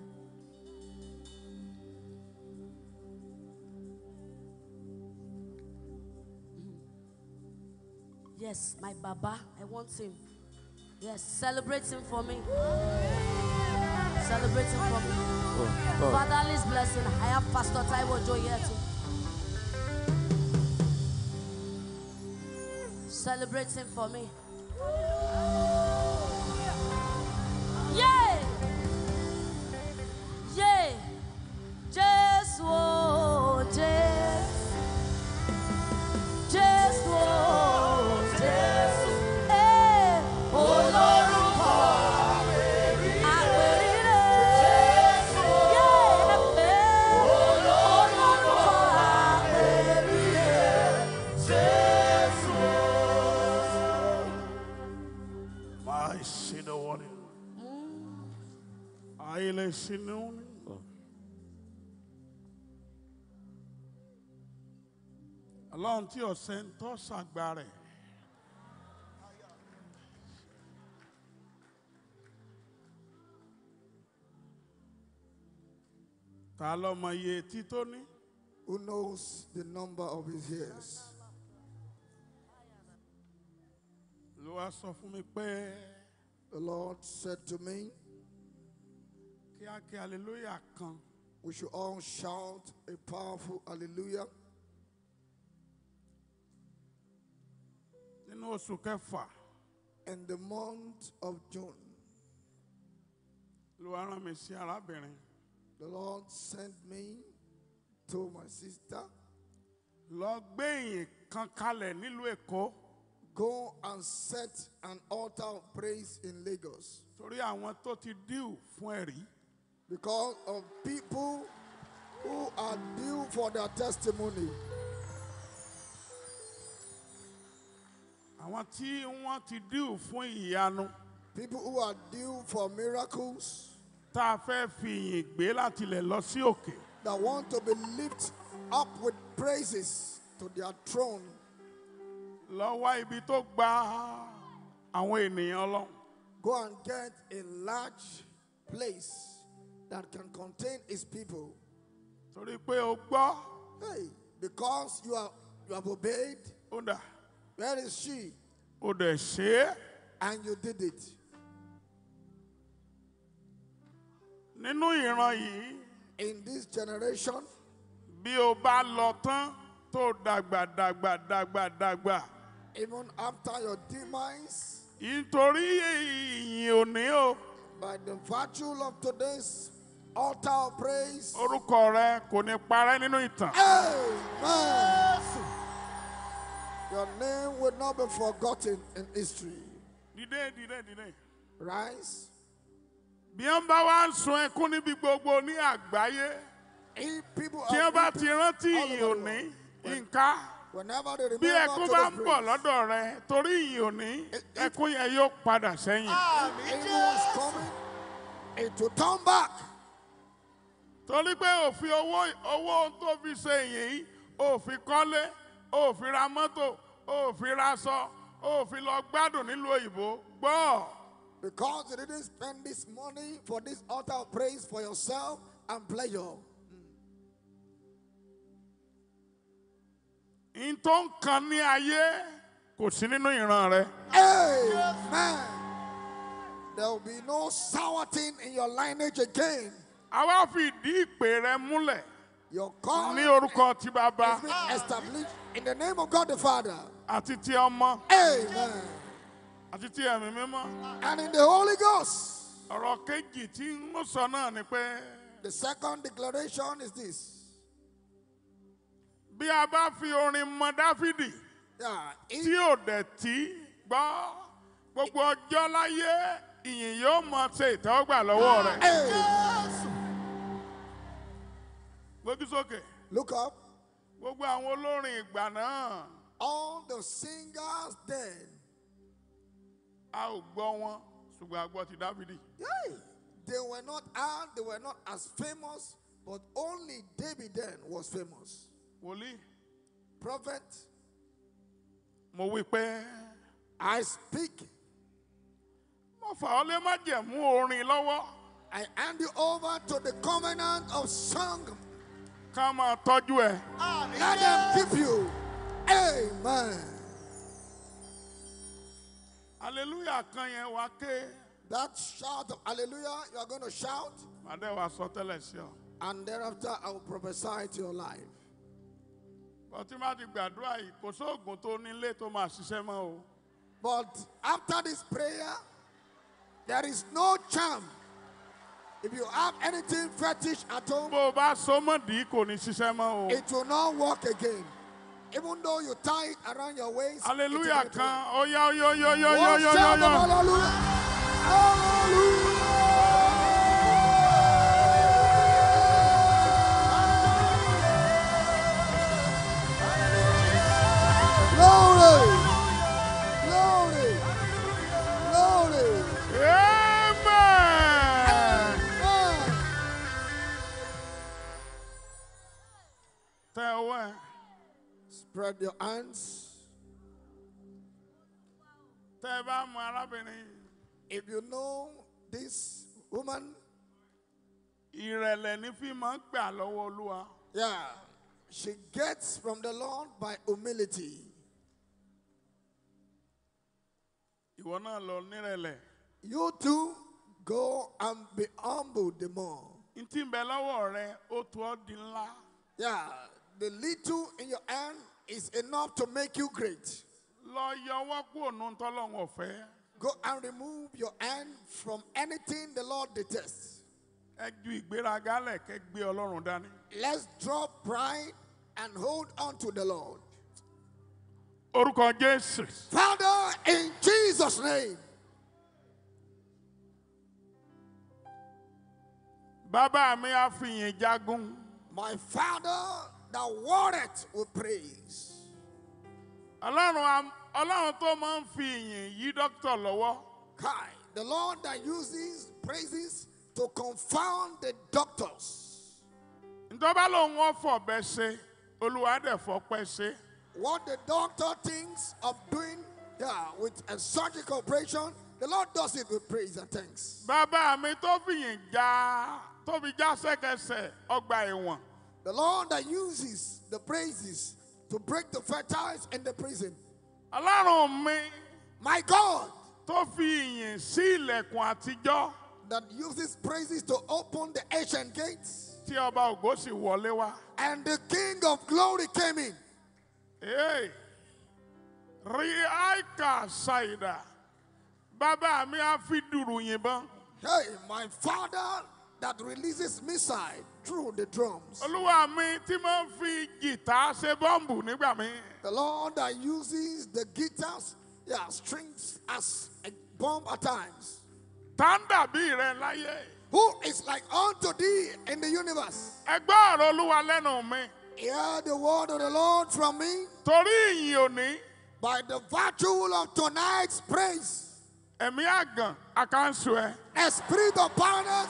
Mm. Yes, my Baba, I want him. Yes, celebrating for me. Celebrating for me. Oh, oh. Fatherly's blessing. I have Pastor Taiwo Joy here too. Celebrating for me. Yeah. Yeah. Just oh, eleiçinunga. Ọlọ́run tí ọ̀sẹ̀ Ta ló mọ tó ní? Who knows the number of his years? Ló wá sọ fún mi pé. The Lord said to me. We should all shout a powerful hallelujah. nínú oṣù kẹfà. in the month of June. mi sí arábìnrin. the Lord sent me to my sister. lọ gbé ìyìn kan kalẹ̀ nílùú Èkó. go and set an altar of praise in Lagos. torí àwọn tó ti díù fún ẹ̀rí because of people who are due for their testimony. àwọn tí wọ́n ti due fún ìyanu. people who are due for miracles. tá a fẹ́ fi ìyìn gbé láti lè lọ sí òkè. that want to be lifted up with praises to their throne. lọ wá ibi tó gba àwọn ènìyàn lọ. go and get a large place that can contain his people. So they pay gbọ́. Hey, because you are you have obeyed. Ó Where is she? Ó And you did it. Nínú ìran In this generation. Bí o bá lọ tán tó dàgbà dàgbà dàgbà dàgbà. Even after your demise. Nítorí ìyìn òní o. By the virtue of today's altar of praise. Orúkọ rẹ kò ní parẹ́ nínú ìtàn. Amen. Your name will not be forgotten in history. Dìde dìde dìde. Rise. Bí wọ́n bá wá ń sun ẹkún níbi gbogbo ní àgbáyé. Tí wọ́n bá ti rántí ìyìn òní, nǹka. Bí ẹkún bá ń bọ̀ lọ́dọ̀ rẹ, torí ìyìn ẹkún yẹn yóò padà sẹ́yìn. It was coming. It will turn back. torí pé òfin owó owó tó fi ṣe yìí òfin kọ́lé òfin ra mọ́tò òfin ra aṣọ òfin lọ gbádùn nílùú òyìnbó gbọ́. Because you didn't spend this money for this altar of praise for yourself and pleasure. Hmm. n tó ń kan ní ayé kò sí nínú ìran rẹ. Amen. There will be no sour thing in your lineage again a wá múlẹ̀. Your call ní orúkọ been established in the name of God the Father. Amen. And in the Holy Ghost. The second declaration is this. Bí a bá fi orin Look up. All the singers then ao They were not out, they were not as famous, but only David then was famous. Wòlíì. Prophet. Mo I speak. Mo I hand you over to the covenant of song ká máa tọ́jú ẹ. Let them keep you. Amen. Hallelujah can yẹn walk? That shout of hallelujah you are going to shout. And thereafter I will prophesy to your life. But after this prayer, there is no charm if you have anything fetish at home, it will not work again. Even though you tie it around your waist. Hallelujah. oh, yeah, yo, yo, yo, yo, yo, yo, yo. Hallelujah. Hallelujah. Spread your hands. If you know this woman, yeah, she gets from the Lord by humility. You too go and be humble the more. Yeah, the little in your hand is enough to make you great. Go and remove your hand from anything the Lord detests. Let's drop pride and hold on to the Lord. Father, in Jesus' name. My father the word it with praise. am Ọlọ́run Ọlọ́run tó máa ń fi ìyìn yí dókítà lọ́wọ́. the Lord that uses praises to confound the doctors. Ndoba long wọ́n for ṣe, Olúwa dẹ̀ fọpẹ́ ṣe. What the doctor thinks of doing yeah, with a surgical operation, the Lord does it with praise and thanks. Bàbá mi tó fi yìn já tó fi já sẹ́kẹsẹ̀ ọgbà ẹ̀wọ̀n. The Lord that uses the praises to break the fetters and the prison. Ọlọ́run me, My God. That uses praises to open the ancient gates. And the king of glory came in. Hey. Riaika Saida. Bàbá mi á fi dùrù Hey, my father that releases missile through the drums. The Lord that uses the guitars, yeah, strings as a bomb at times. Who is like unto thee in the universe? Hear the word of the Lord from me. By the virtue of tonight's praise. A spirit of boldness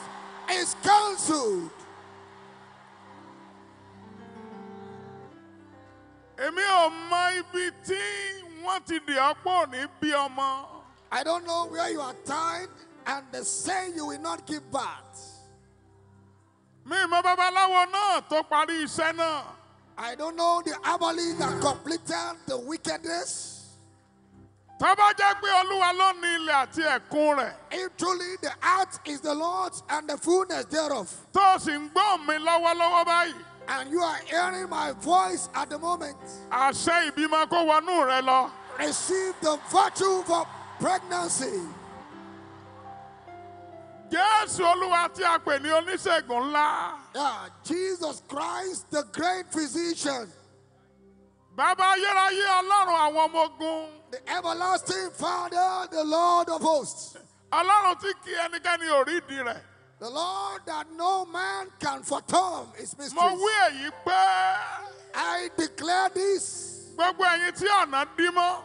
is counsel. Èmi ò mọ ibi tí wọ́n ti dì ọ́ pọ̀ ní bí ọmọ. I don't know where you are tied and they say you will not give birth. Mi mọ babaláwo náà tó parí iṣẹ́ náà. I don't know the herbalist that completed the wickedness. Tó bá jẹ́ pé Olúwa ló ní ilẹ̀ àti ẹ̀kún rẹ̀. If truly the earth is the Lord's and the fullness thereof. Tó o sì ń gbọ́ mi lọ́wọ́lọ́wọ́ báyìí. And you are hearing my voice at the moment. Àṣẹ ìbímọ kó wọnú rẹ Receive the virtue of pregnancy. Jésù Olúwa tí a pè ní oníṣègùn ńlá. Ah, Jesus Christ the great physician. Bàbá ayérayé Ọlọ́run àwọn ọmọ ogun. The everlasting Father, the Lord of hosts. Ọlọ́run tí kì ẹnikẹ́ni ò rí ìdí rẹ̀. The Lord that no man can fathom is mysteries. Mo wí èyí pé. I declare this. Gbogbo ẹ̀yin tí ọ̀nà dí mọ́.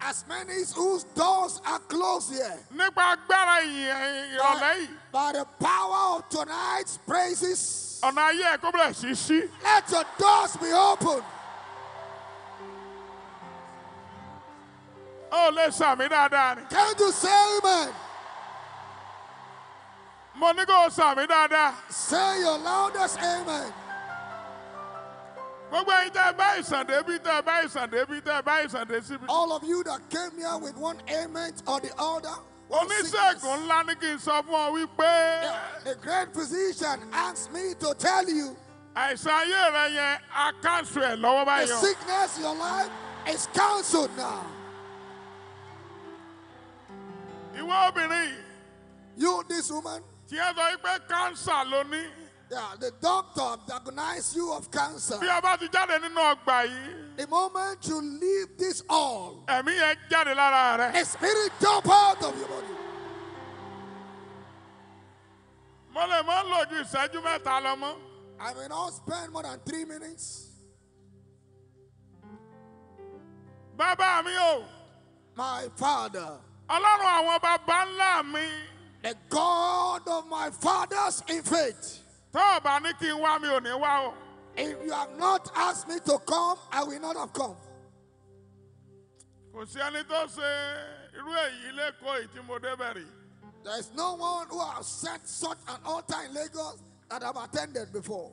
As many whose doors are closed here. Nípa agbára ìrọ̀lẹ́ yìí. By the power of tonight's praises. Ọ̀nà ayé ẹ̀kọ́ bẹ̀rẹ̀ sí sí. Let your doors be open. Oh, let's have sàmì dáadáa ni. Can you say amen? Money ní kò sọ Say your loudest amen. All of you that came here with one amen or the other. Oníṣègùn ńlá ní kí n sọ fún ọ wípé. The great physician asked me to tell you. I say rẹ yẹn a cancel ẹ̀ lọ́wọ́ The sickness in your life is cancelled now. Ìwọ obìnrin. You this woman. Tí ẹ sọ pé cancer ló ní. Yeah, the doctor diagnosed you of cancer. Bí o bá ti jáde nínú ọgbà yìí. The moment you leave this hall. Ẹ̀mí yẹn jáde lára rẹ. A spirit jump out of your body. Mo lè mọ́ lò ju ìṣẹ́jú mẹ́ta lọ mọ́. I will not spend more than three minutes. Bàbá mi o. My father. Ọlọ́run àwọn bàbá ńlá mi. The God of my fathers in faith. If you have not asked me to come, I will not have come. There is no one who has set such an altar in Lagos that I've attended before.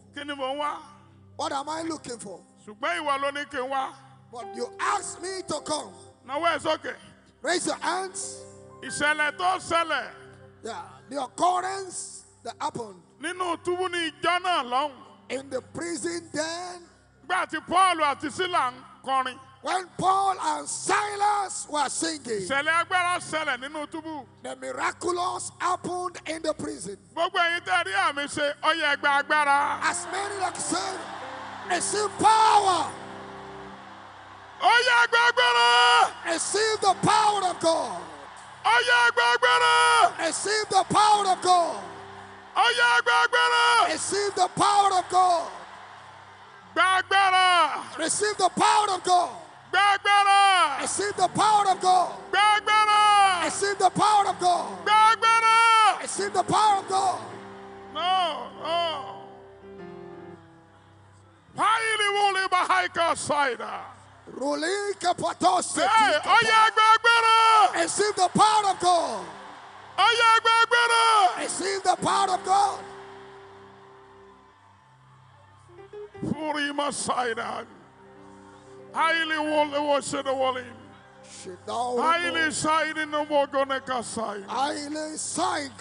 What am I looking for? But you asked me to come. Now where is okay? Raise your hands the occurrence that happened. In the prison then. Paul When Paul and Silas were singing, the miraculous happened in the prison. As many that said, receive power. see the power of God. Receive the power of God. Receive the power of God. Receive the power of God. Receive the power of God. Receive the power of God. Receive the power of God. No, no. Pile wole hiker saida. Hey, Receive the power of God. Receive the power of God. Furima Sinai. Highly wall was in the walling. Highly sign in the Mogoneka sign. Highly sign.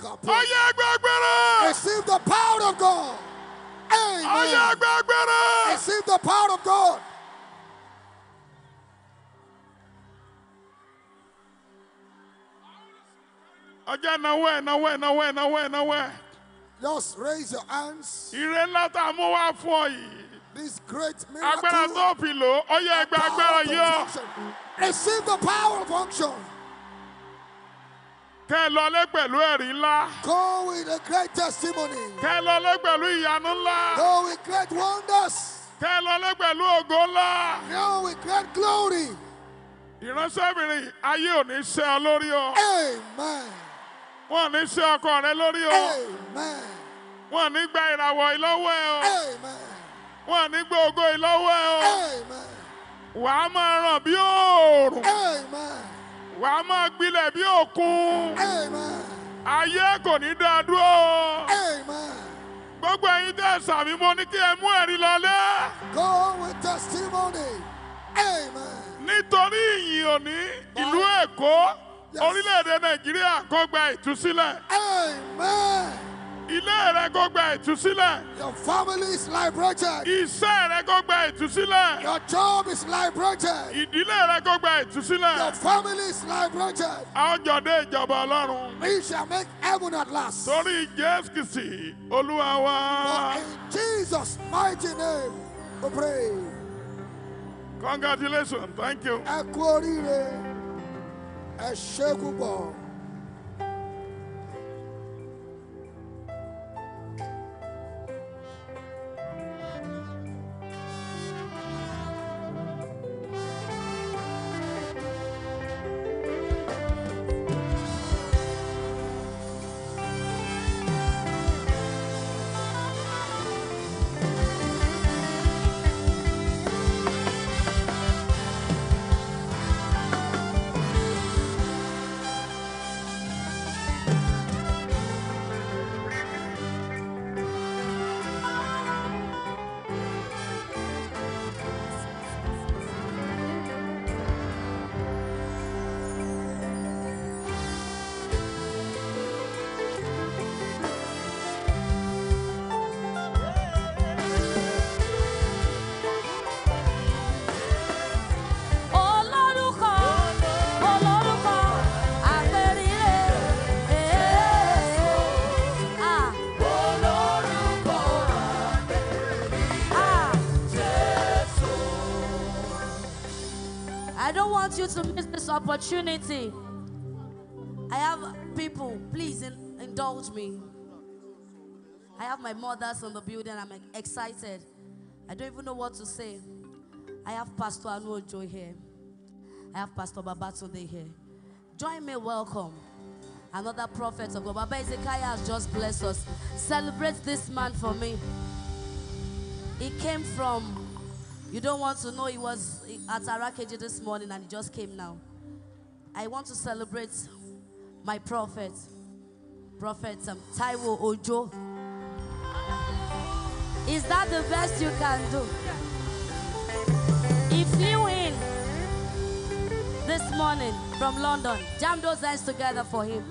Receive the power of God. Amen. Receive the power of God. Again, nawẹ́ nawẹ́ nawẹ́ nawẹ́ nawẹ́. Just raise your hands. Ìrè ńlá tá a This great miracle. Agbára tó fi lò ó Receive the power of unction. Kẹ́ ẹ Go with a great testimony. Kẹ́ ẹ lọlé Go with great wonders. Kẹ́ ẹ lọlé Go with great glory. Ìránṣẹ́bìnrin ayé ò ní ṣẹ́ ọ Amen. Wọ́n ní ṣe ọkọ rẹ lórí o. Wọ́n ní gba ìràwọ̀ ìlọ́wọ́ ẹ o. Wọ́n ní gba ògo ìlọ́wọ́ ẹ o. Wàá máa ràn bí oòrùn. Wàá máa gbilẹ̀ bí òkun. Ayé kò ní dá dúró. Gbogbo ẹ̀yin tẹ́ sàmì mo ní kí ẹ mú ẹ̀rí lọlé. with testimony. Nítorí ìyìn òní ìlú Èkó. orílẹ̀-èdè nàìjíríà kó gba ìtúsílẹ̀. amen. ilé rẹ kó gba ìtúsílẹ̀. your family is liberated. iṣẹ́ rẹ kó gba ìtúsílẹ̀. your job is liberated. ìdílé rẹ kó gba ìtúsílẹ̀. your family is liberated. a ó dé ìjọba ọlọ́run. we shall make heaven at last. torí jésù kìsì olúwa wa. for in Jesus' mighty name we pray. congratulations thank you. ẹ kú oríire. é chego bom. opportunity. I have people, please in, indulge me. I have my mothers in the building. I'm excited. I don't even know what to say. I have Pastor Anu Joy here. I have Pastor Babatunde here. Join me, welcome. Another prophet of God. Baba Ezekiah has just blessed us. Celebrate this man for me. He came from, you don't want to know, he was at Arakeji this morning and he just came now. I want to celebrate my prophet, Prophet um, Taiwo Ojo. Is that the best you can do? He flew in this morning from London. Jam those hands together for him.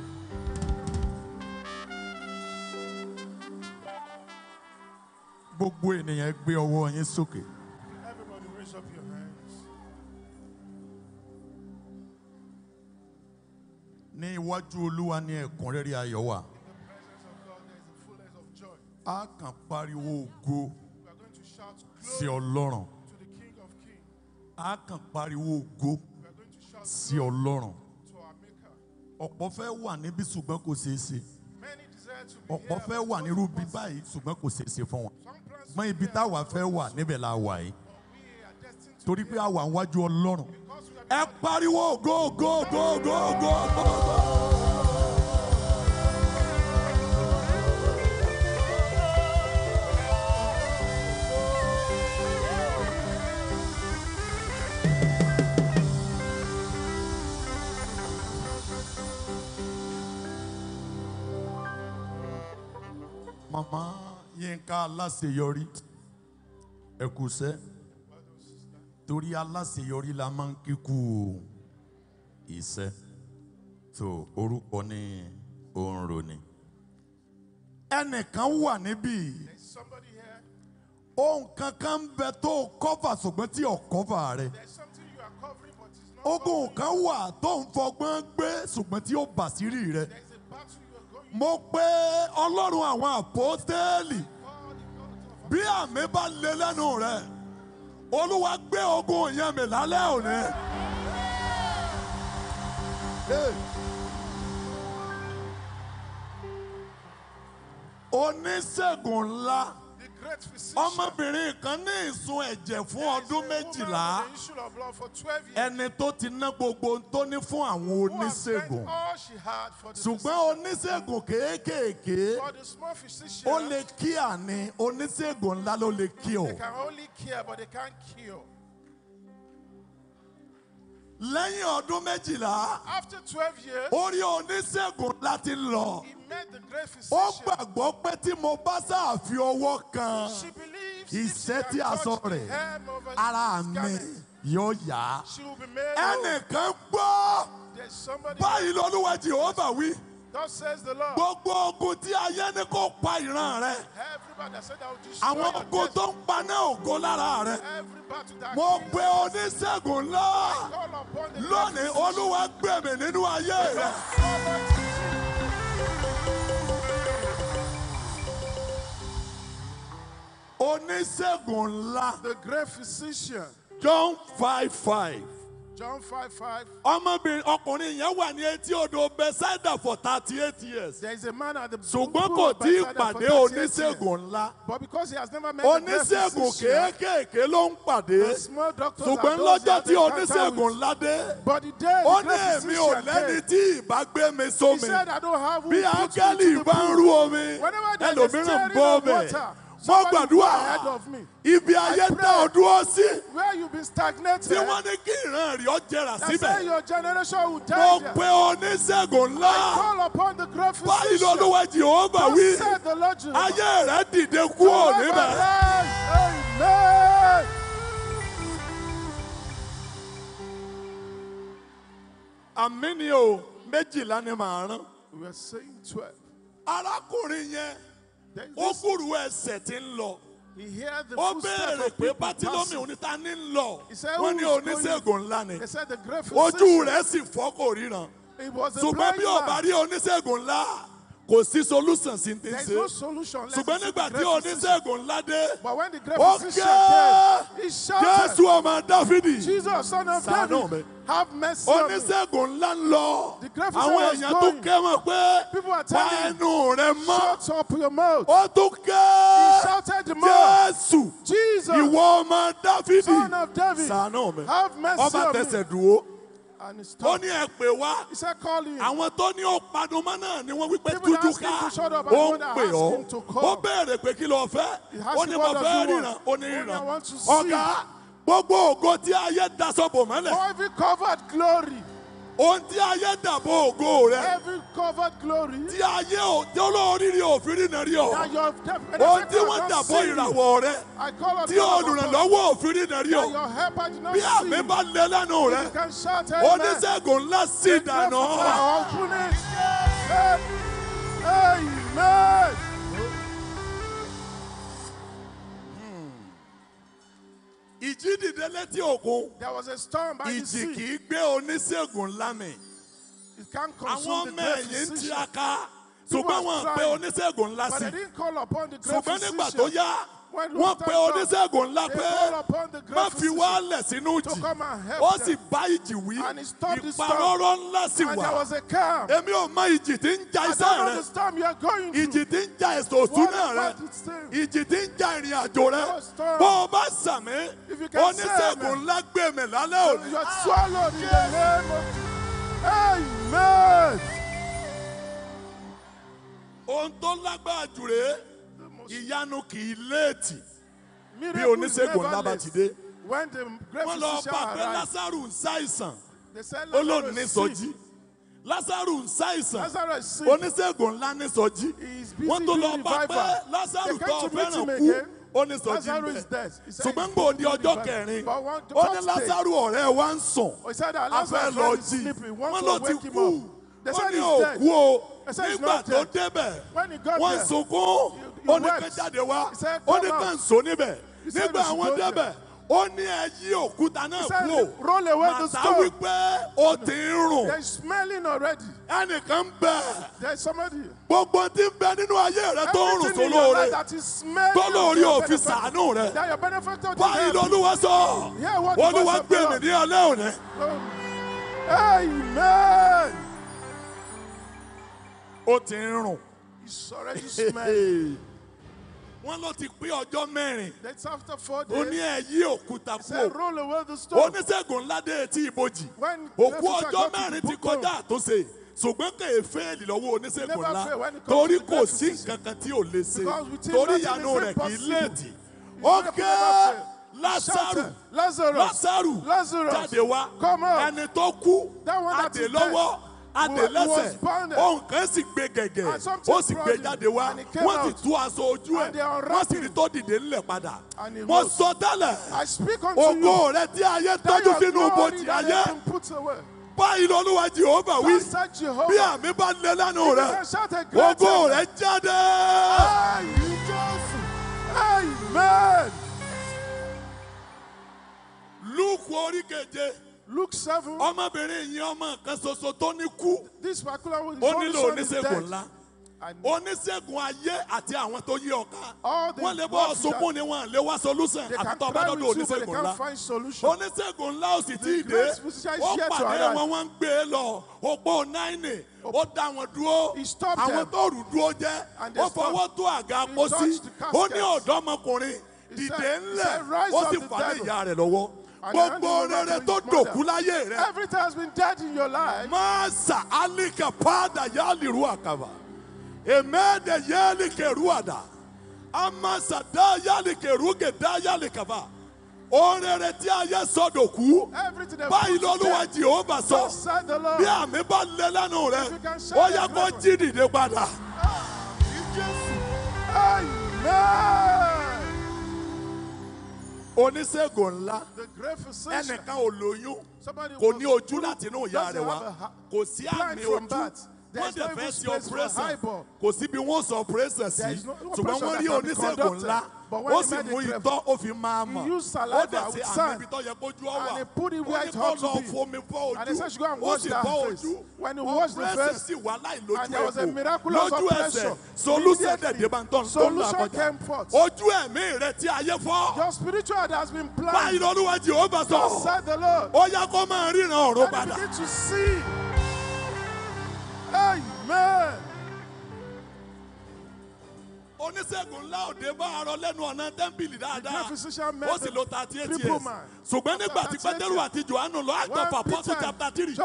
gbogbo ènìyàn gbé ọwọ́ yín sókè. ní iwájú olúwa ní ẹ̀kúnrẹ́rẹ́ ayọ̀ wà. a kàn pariwo ògo sí ọlọ́run. a kàn pariwo ògo sí ọlọ́run. ọ̀pọ̀ fẹ́ wà níbí ṣùgbọ́n kò ṣeé ṣe. ọ̀pọ̀ fẹ́ wà nírú bí báyìí ṣùgbọ́n kò ṣeé ṣe fún wọn. mọ ibi táwa fẹ́ wà níbẹ̀ la wà yìí. torí pé a wà níwájú ọlọ́run ẹ pariwo go, go, go, go, go, go. mama Yínká Aláṣeyọrí ẹ ekuse. iṣẹ́. torí aláṣeyọrí la máa ń kíkú iṣẹ́ tó orúkọ ní òun roni ẹnìkan wà níbí ohun kankan ń bẹ tó kọ́fà ṣùgbọ́n tí ò kọ́fà rẹ ogun kan wà tó ń fọgbọ́n gbé ṣùgbọ́n tí ó bàṣírí rẹ mo pé ọlọ́run àwọn àpótẹ́ẹ̀lì bí àmì bá lé lẹ́nu rẹ olúwa gbé ogun yẹn mi lálẹ́ òní. oníṣègùn ńlá ọmọbìnrin kan ní ìsun ẹ̀jẹ̀ fún ọdún méjìlá ẹni tó ti ná gbogbo ohun tó ní fún àwọn oníṣègùn ṣùgbọ́n oníṣègùn kéékèèké ó lè kí àní oníṣègùn ńlá ló lè kí ọ lẹ́yìn ọdún méjìlá. after twelve years. orí oníṣègùn láti lọ. he met the great physician. ó gbàgbọ́ pé tí mo bá ṣàfi ọwọ́ kan. she believes if she can touch the hem of her ara mi yóò yá. she will be made ẹnìkan gbọ́. there is somebody. báyìí lọ́lúwa Jehovah wí. Thus says the Lord. Gbogbo ogun tí ayé ní kó pa ìran rẹ. Àwọn ogun tó ń pa ní ògo lára rẹ. Mo pe oníṣègùn ńlá. Lónìí Olúwa gbèmí nínú ayé rẹ. Oníṣègùn ńlá. The great physician. John five five. John five five. Ọmọbìnrin ọkùnrin yẹn wà ní etí odò Bethesda for thirty eight years. There is a man at the ṣùgbọ́n kò tí ì pàdé oníṣègùn ńlá. But because he has never met a physician. Oníṣègùn kéékèèké ló ń pàdé. The small doctors are those he has never encountered with. Ṣùgbọ́n lọ́jọ́ tí oníṣègùn ńlá dé. But the day the great physician came. Ó He said I don't have who put me to the pool. Bí áńgẹ́lì bá ń rú omi, ẹlòmíràn bọ́ bẹ̀ mo gbàdúrà ibi ayé tẹ ọ dúró sí tí wọ́n ní kí ìran rí ọ jẹrà síbẹ̀ mo pe oníṣègùn ńlá báyìí lọ́lọ́wọ́ jehova wí ayé rẹ dìde kúrò níbẹ̀. àmì ni o méjìlá ni màá rán. we are saying twelve. arákùnrin yẹn ó kúrú ẹsẹ̀ tí ń lọ. ó béèrè pé bátílómì oníta ní ń lọ wọ́n ní oníṣègùn ńlá ni ojú rẹ̀ sì fọ́ kò ríran ṣùgbọ́n bí ó bá rí oníṣègùn ńlá. kò sí solution sí ti ṣe. there is no solution less ṣùgbọ́n nígbà tí oníṣègùn ńlá dé. but when the great physician came he shouted. Jésù ọmọ Dáfídì. Jesus son of David. mi. have mercy on the oníṣègùn ńlá ń lọ. the great was àwọn èèyàn tún kẹ́ pé. people are telling him. wá ẹnu rẹ mọ́. shut up your mouth. ó tún kẹ́. the Jésù. Jesus. ìwọ ọmọ Dáfídì. son David. sàánú mi. have mercy on ọba tẹsẹ̀ dúró. and he stopped. ó ní ẹ pè wá. he said call him. àwọn tó ní ó padùnmọ́ náà ni wọ́n wípé tújú ká ó ń pè ọ́ ó béèrè pé kí ló fẹ́ ó ní mo fẹ́ ríran ó ní ríran ọ̀gá gbogbo ògo tí ayé dasọ̀bò mọ́lẹ̀. all every covered glory. Ohun tí ayé dàbò ògo rẹ. Every covered glory. Tí ayé ò tí olóríire òfin rìnnà rí ọ. That your death Ohun tí wọ́n dàbò ìràwọ̀ rẹ. I call on you. Tí olùrànlọ́wọ́ òfin rìnnà rí ọ. That your helper did not see. Bí àmì bá lé lẹ́nu rẹ. You can shout amen. Oníṣègùn ńlá sí ìdáná. Amen. Ìjì dìde létí òkun. There was a storm by the sea. Ìjì kì í gbé oníṣègùn lámì. It can consume the great physician. Àwọn ọmọ tiraka. Ṣùgbọ́n wọn pe oníṣègùn ńlá sí. But they didn't call upon the great physician. Ṣùgbọ́n nígbà tó yá. wọ́n pe oníṣègùn ńlá pé má fi wá lẹ̀ sínú ìjì ó sì bá ìjì wí ìparọ́rọ́ ńlá sì wà èmi ò mọ ìjì tí ń ja iṣẹ́ rẹ ìjì tí ń ja èso òtúnà rẹ ìjì tí ń ja ìrìn àjò rẹ bó o bá sàmì oníṣègùn ńlá gbé mi lálẹ́ òní. Amen. Ohun tó lágbára jù rèé ìyanu kì í léètì bí oníṣègùn ńlá bá ti dé wọ́n lọ bá pé lásàrù ń ṣàìsàn olóòdì ní sọjí lásàrù ń ṣàìsàn oníṣègùn ńlá ní sọjí wọ́n tó lọ bá pé lásàrù tó fẹ́ràn kú ó ní sọjí bẹ́ẹ̀ ṣùgbọ́n gbò ní ọjọ́ kẹrin ó ní lásàrù ọ̀rẹ́ wa ń sùn afẹ́ lọ jí wọ́n ló ti kú wọ́n ní òkú o nígbà tó débẹ̀ wọ́n sunkún ó ní pé jáde wá ó ní pé nsọ níbẹ̀ nígbà àwọn débẹ̀ ó ní ẹ òkúta náà kú o màtá wípé ó ti ń rùn ẹnìkan bẹ gbogbo tí ń bẹ nínú ayé rẹ tó ń rùn sólóore tó lórí òfin sàánú rẹ báyìí lọ́lúwa sọ olúwa gbé mi ní alẹ́ òní. amen. ó ti ń rùn. wọ́n ló ti pé ọjọ́ mẹ́rin. that's after four days. ó ní ẹ yí òkúta kú. he said roll away the stone. oníṣègùn ńlá dé etí ibojì. when òkú ọjọ́ mẹ́rin ti kọjá àtúnṣe ṣùgbọ́n kò yẹ fẹ́ẹ̀lì lọ́wọ́ oníṣègùn ńlá torí kò sí nǹkan kan tí ò lè ṣe torí ìyanu rẹ̀ kì í léèdì. okay lazaru lazaru lazaru jáde wá ẹni tó kú àdè lọ́wọ́ adélẹ́sẹ̀ ohun kan sì gbé gẹ̀gẹ̀ ó sì gbé jáde wá wọ́n sì tú aṣọ ojú ẹ̀ wọ́n sì rí tó dìde ńlẹ̀ padà mo sọ tẹ́lẹ̀ ògo rẹ tí ayé tọ́jú sínú ibojì ayé báyìí lọ́lúwa jehova wí bí àmì bá lé lẹ́nu rẹ ògo rẹ jáde. Amen. Luke orí keje. Luke seven. ọmọbìnrin yìí ọmọ kan ṣoṣo tó ní kú. this particular one is only son is dead. ó nílò oníṣègùn ńlá oníṣègùn ayé àti àwọn tó yí ọ̀ka wọ́n lè bọ́ sunkún ni wọ́n lè wá solution àti tó bá dọ́dọ̀ oníṣègùn ńlá oníṣègùn ńlá ò sì tí ì dé ó pàdé wọn wọ́n ń gbé e lọ òpó náírà ó dá wọn dúró àwọn tó rù dúró jẹ́ ó fọwọ́ tó àga pósí ó ní ọ̀dọ́mọkùnrin dìde ńlẹ̀ ó sì fà á lè ya rẹ̀ lọ́wọ́. gbogbo rere tó dòkú láyé rẹ. everything has been dead in your life. alíkà ru àkàbà èmẹ́ẹ̀dẹ̀ kẹrù àdá amasa dá kẹrù kàbà orere tí ayé sọ dòkú báyìí jehova sọ bí àmì bá lé lẹ́nu rẹ ó yẹ kó jí dìde padà. Ah, Amen oníṣègùn ńlá ẹnìkan ò lóyún kò ní ojú látinú ìyá rẹ̀ wá kò sí àmì ojú wọ́n dẹ̀ fẹ́ ti operation kò síbi wọ́n sọ operation sí ṣùgbọ́n wọ́n rí oníṣègùn ńlá ó sì mú itọ́ ó máa mọ̀ ó dẹ̀ ti àmì ibi tó yẹ kójú ọ wà ó ní kó lọ fomi fọ ojú ó sì fọ ojú operation sì wà láì lójú ẹ̀kọ́ lójú ẹsẹ̀ solution dẹ̀dẹ̀ bá ń tọ́ ń lọ àkọjá ojú ẹ̀mí rẹ̀ tí ayé fọ́ báyìí lọ́lúwájú ó bá ó yá kó máa ríran ọ̀rọ̀ padà. Amen. oníṣègùn ńlá òde bá arọ lẹ́nu ọ̀nà tẹ́ḿpìlì dáadáa ó sì lo thirty eight years ṣùgbọ́n nígbà tí pétérù àti johannu lọ àgbọ̀fà pọ́sù chapter three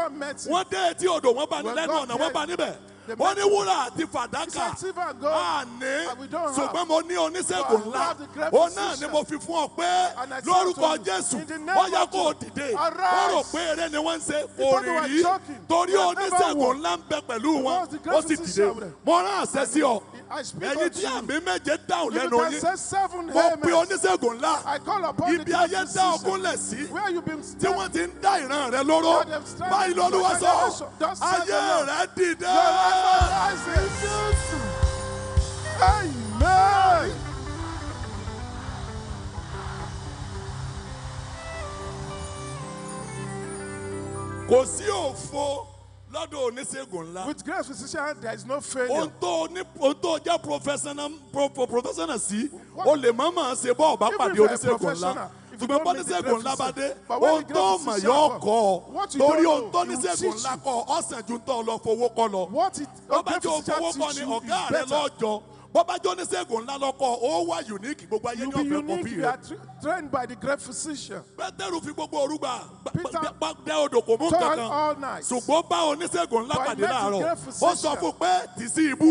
wọ́n dé etí odò wọ́n bá lẹ́nu ọ̀nà wọ́n bá níbẹ̀. ó ní wúrà àti fàdákà àní ṣùgbọ́n mo ní oníṣègùn ńlá òun náà ni mo fi fún ọ pé lórúkọ jésù ó yẹ kó o dìde ó rò pé eré ni wọ́n ń ṣe òrìrí torí oníṣègùn ńlá ń bẹ pẹ̀lú wọn ó sì dìde mo rán àṣẹ sí ọ ẹni tí àmì méje dáhùn lẹ́nu yín mo pe oníṣègùn ńlá ibi ayé dá ogún lẹ̀ sí tí wọ́n ti ń dá ìran rẹ lóró báyìí lọ́lúwa sọ ayé rẹ dìde. amen. kò sí òfo lọ́dọ̀ oníṣègùn ńlá. with grace physician there is no failure. ohun tó ní ohun tó jẹ́ professional professional sí o lè má máa ṣe bọ́ pàdé oníṣègùn ńlá. ṣùgbọ́n bọ́níṣègùn ńlá bá dé ohun tó mọ̀ yọ kọ́ torí ohun tó níṣègùn ńlá kọ́ ọ̀sẹ̀ ju tó lọ fowó kọ́ lọ. ó bá jẹ́ òfowó kọ́ ni ọ̀gá rẹ lọ́jọ́ bó bá jẹ́ oníṣègùn ńlá lọ́kọ́ ó wà unique gbogbo ayé ní ọ̀fẹ́ rẹ. trained by the great physician. pétérù fi gbogbo orúgbà dẹ odò kò mú kankan ṣùgbọ́n bá oníṣègùn ńlá pàdé láàárọ̀ ó sọ fún pé tìsí ibú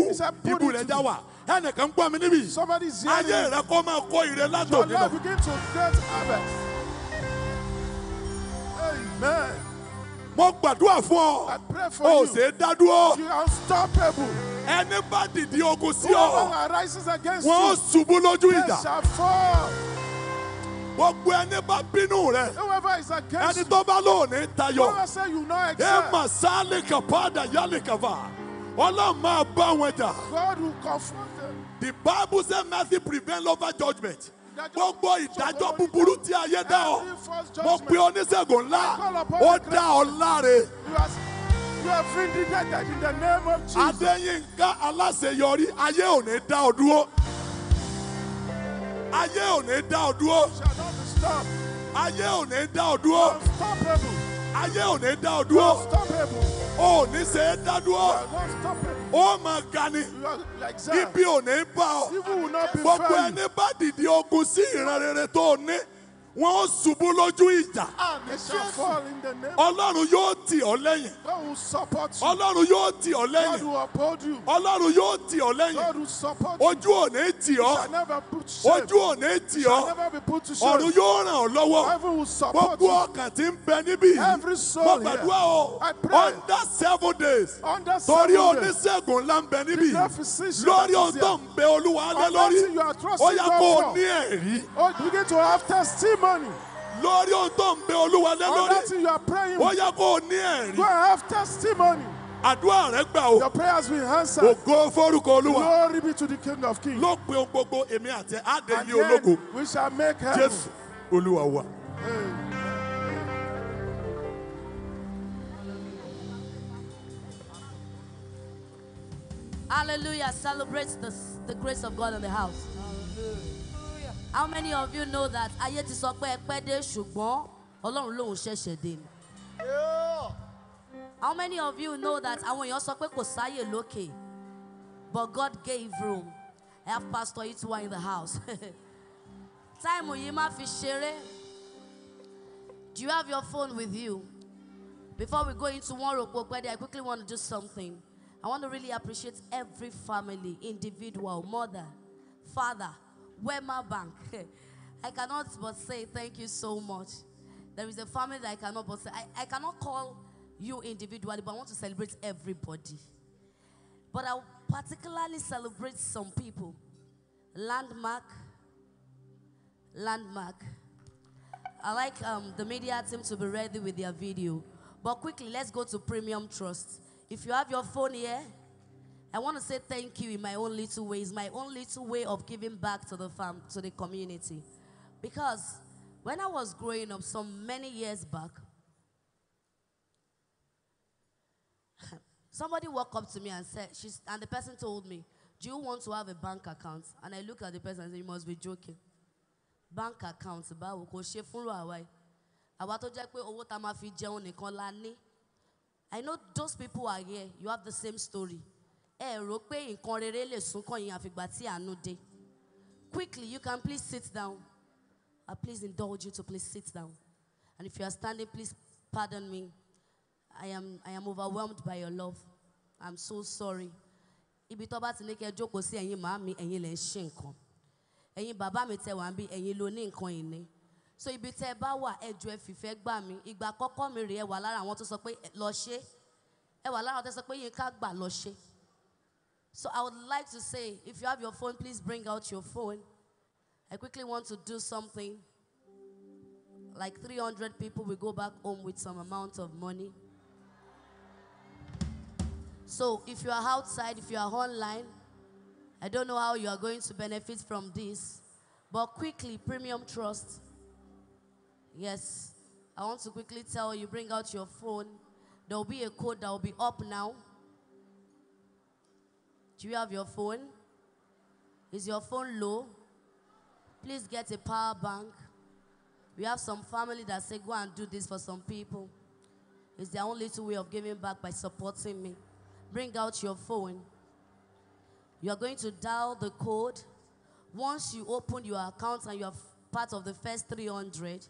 ibú rẹ̀ já wà ẹnìkan gbọ́ mi níbí. somebody is hearing you. ayé rẹ kó máa kó ire látòkè your life begin to get harvest. amen. mo gbàdúrà fún ọ. I pray for you. o ṣe dá dúró. you are unstoppable. ẹni bá dìde ogun sí ọ. whoever arises against you. wọ́n ṣubú lójú ìjà. they shall fall gbogbo ẹni bá bínú rẹ ẹni tó bá lóòní tayọ ẹ mà sálì kàpá àdàyálì kàfà ọlọ́run máa bá wọn jà. God will confront The Bible says mercy prevails over judgment. Gbogbo ìdájọ́ búburú tí ayé dá ọ, mo pe oníṣègùn ńlá, ó dá ọ láre. You are vindicated in the name of Jesus. Adéyínká aláṣeyọrí, ayé ò ní dá ọ dúró. Ayé ò ní dá ọ dúró. Ayé ò ní dá ọ dúró. Unstoppable ayé ò ní dá ọ dúró ò ní ṣe é dá dúró ó máa ga ni ibi ò ní bá ọ gbogbo ẹni bá dìde ogun sí ìran rere tó ní. wọn ó ṣubú lójú ìjà. Ah, ọlọ́run yóò tì ọ́ lẹ́yìn. ọlọ́run yóò tì ọ́ lẹ́yìn. ọlọ́run yóò tì ọ́ lẹ́yìn. ojú ò tì ọ́. ojú ò tì ọ́. ọ̀run yóò ràn ọ́ lọ́wọ́. gbogbo ọkàn tí ń bẹ níbí mo gbàdúrà o. under seven days. torí oníṣègùn ńlá ń bẹ níbí yìí. lórí ohun ń bẹ olúwa lé lórí. ó yá kó o ní ẹ̀rí. Oh, to have testimony money. Lórí ohun tó ń bẹ Olúwa lé lórí. On you are praying. Ó yẹ kó o ní ẹ̀rí. Go have testimony. Àdúrà rẹ gbà o. Your prayers will answer. Ògo forúkọ Olúwa. Glory be to the King of Kings. Ló pe ohun gbogbo èmi àti Adé ní ológo. we shall make heaven. Jésù Olúwa wa. Hallelujah. Celebrate the, the grace of God in the house. Hallelujah. How many of you know that ayé ti sọ pé ẹ pẹ́ dé ṣùgbọ́n Ọlọ́run lòun ṣẹ̀ṣẹ̀ dé ni? How many of you know that àwọn èèyàn sọ pé kò sáyè lókè but God gave room. I have Pastor Ituwa in the house. Táìmù yìí má fi ṣeré. Do you have your phone with you? Before we go into one rope, I quickly want to do something. I want to really appreciate every family, individual, mother, father, Wema Bank. I cannot but say thank you so much. There is a family that I cannot but say. I, I cannot call you individually, but I want to celebrate everybody. But I'll particularly celebrate some people. Landmark, landmark. I like um, the media team to be ready with their video. But quickly, let's go to Premium Trust. If you have your phone here, I want to say thank you in my own little ways, my own little way of giving back to the farm, to the community. Because when I was growing up, so many years back, somebody walked up to me and said, she's, and the person told me, do you want to have a bank account? And I looked at the person and said, you must be joking. Bank account, báwo kò ṣe fúnra àwa Àwa tó jẹ́ pé owó tá fi jẹun nìkan la ní. I know those people are here. You have the same story. ẹ rò pé nǹkan rere lè súnkàn yín àfìgbà tí àánú dé quickly you can please sit down I uh, please indulge you to please sit down and if you are standing please pardon me I am I am overwhelmed by your love I'm so sorry ibi tó bá ti ní kẹ́ jókòó sí ẹ̀yin màámi ẹ̀yin lẹ ń ṣe nǹkan ẹ̀yin bàbá mi tẹ́ wà bí ẹ̀yin ló ní nǹkan ìní so ibi tẹ́ ẹ bá wà ẹjọ́ ẹ fìfẹ́ gbà mí ìgbà àkọ́kọ́ mi rèé ẹ wà lára àwọn tó sọ pé lọ ṣe ẹ wà lára àwọn tó sọ pé yín ká gbà lọ ṣe. So I would like to say, if you have your phone, please bring out your phone. I quickly want to do something. Like 300 people will go back home with some amount of money. So if you are outside, if you are online, I don't know how you are going to benefit from this. But quickly, Premium Trust. Yes, I want to quickly tell you, bring out your phone. There will be a code that will be up now. Do you have your phone? Is your phone low? Please get a power bank. We have some family that say, go and do this for some people. It's their only little way of giving back by supporting me. Bring out your phone. You are going to dial the code. Once you open your account and you are part of the first 300,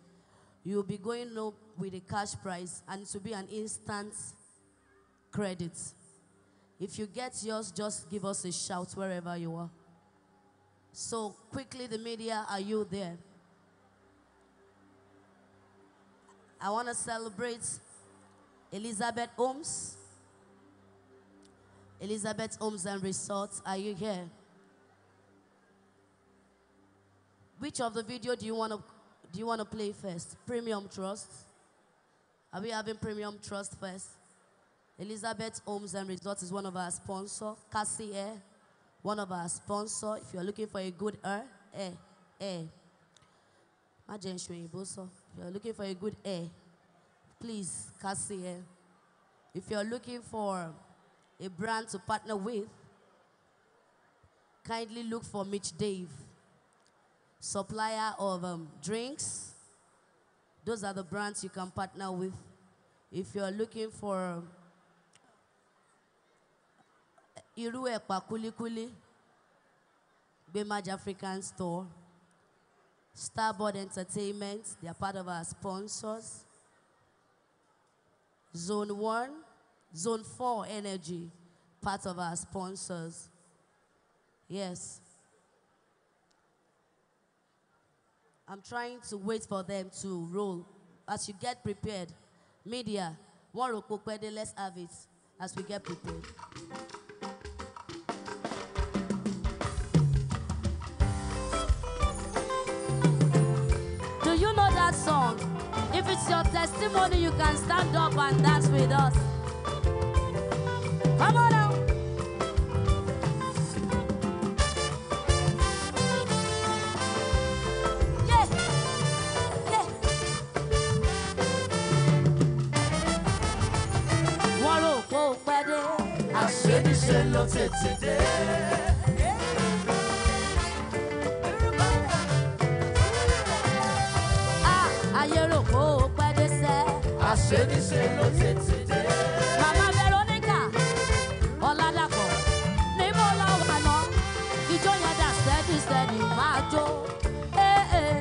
you'll be going up with a cash prize and it will be an instant credit. If you get yours, just give us a shout wherever you are. So quickly, the media, are you there? I want to celebrate Elizabeth Holmes. Elizabeth Holmes and Resorts, are you here? Which of the video do you want to do you want to play first? Premium Trust. Are we having Premium Trust first? Elizabeth Homes and Resorts is one of our sponsors. Cassie Air, one of our sponsors. If you're looking for a good air, air, air. My gentleman, Boso. If you're looking for a good air, please, Cassie Air. If you're looking for a brand to partner with, kindly look for Mitch Dave, supplier of um, drinks. Those are the brands you can partner with. If you're looking for um, irú ẹ̀pà kúlíkúlí Bemaj African Store Starboard Entertainment they are part of our sponsors Zone One Zone Four Energy part of our sponsors yes I'm trying to wait for them to roll as you get prepared media one let's have it as we get prepared. Do you know that song? If it's your testimony, you can stand up and dance with us. Come on ṣe ló tètè dé. Ah, ayé rò kó o pẹ́ dé sẹ́. àṣé níṣe ló tètè dé. màmá Veronica Ọládàpọ̀ ní mo lọ wà lọ ijó yẹn dà steady steady máa jó eh, eh,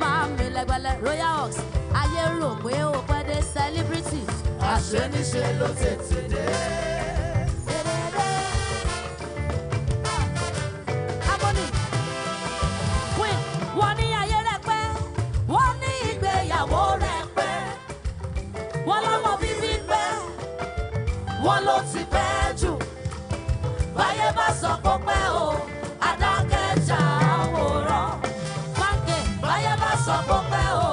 máa mi lẹ́gbẹ̀lẹ́ royal ox ayé rò pé o pẹ́ dé celebrities. àṣé níṣe ló tètè dé. wọ́n ló ti pẹ́ jù báyé bá sọ pé pẹ́ o adákẹ́jà àwòrán mákè báyé bá sọ pé pẹ́ o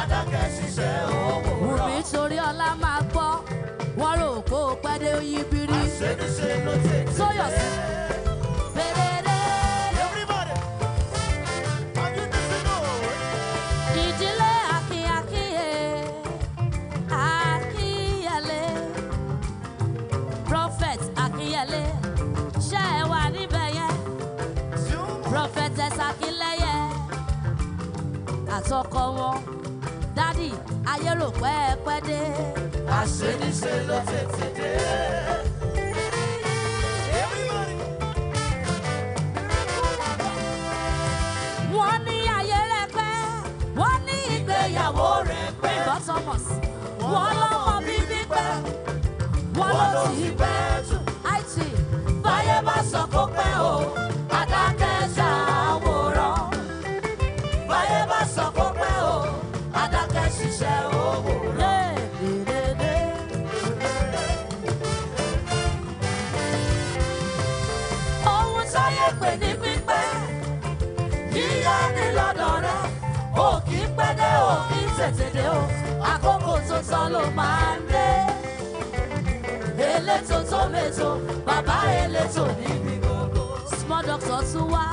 adákẹ́ ṣiṣẹ́ òwòrán. sóyọ̀sí. àtọkọ wọn dádì ayé rò pẹ́ẹ́pẹ́ dé. àṣé níṣe ló tètè dé. wọ́n ní ayé rẹpẹ́ wọ́n ní ìgbéyàwó rẹpẹ́ bọ́tọ́mọ̀sì wọ́n lọ́mọ bíbí pẹ́ wọ́n ló ti pẹ́ tó. ṣètèdè o àkókò tó tán ló máa ń dé elétò tó mètò bàbá elétò níbi gbogbo small doctor tún wá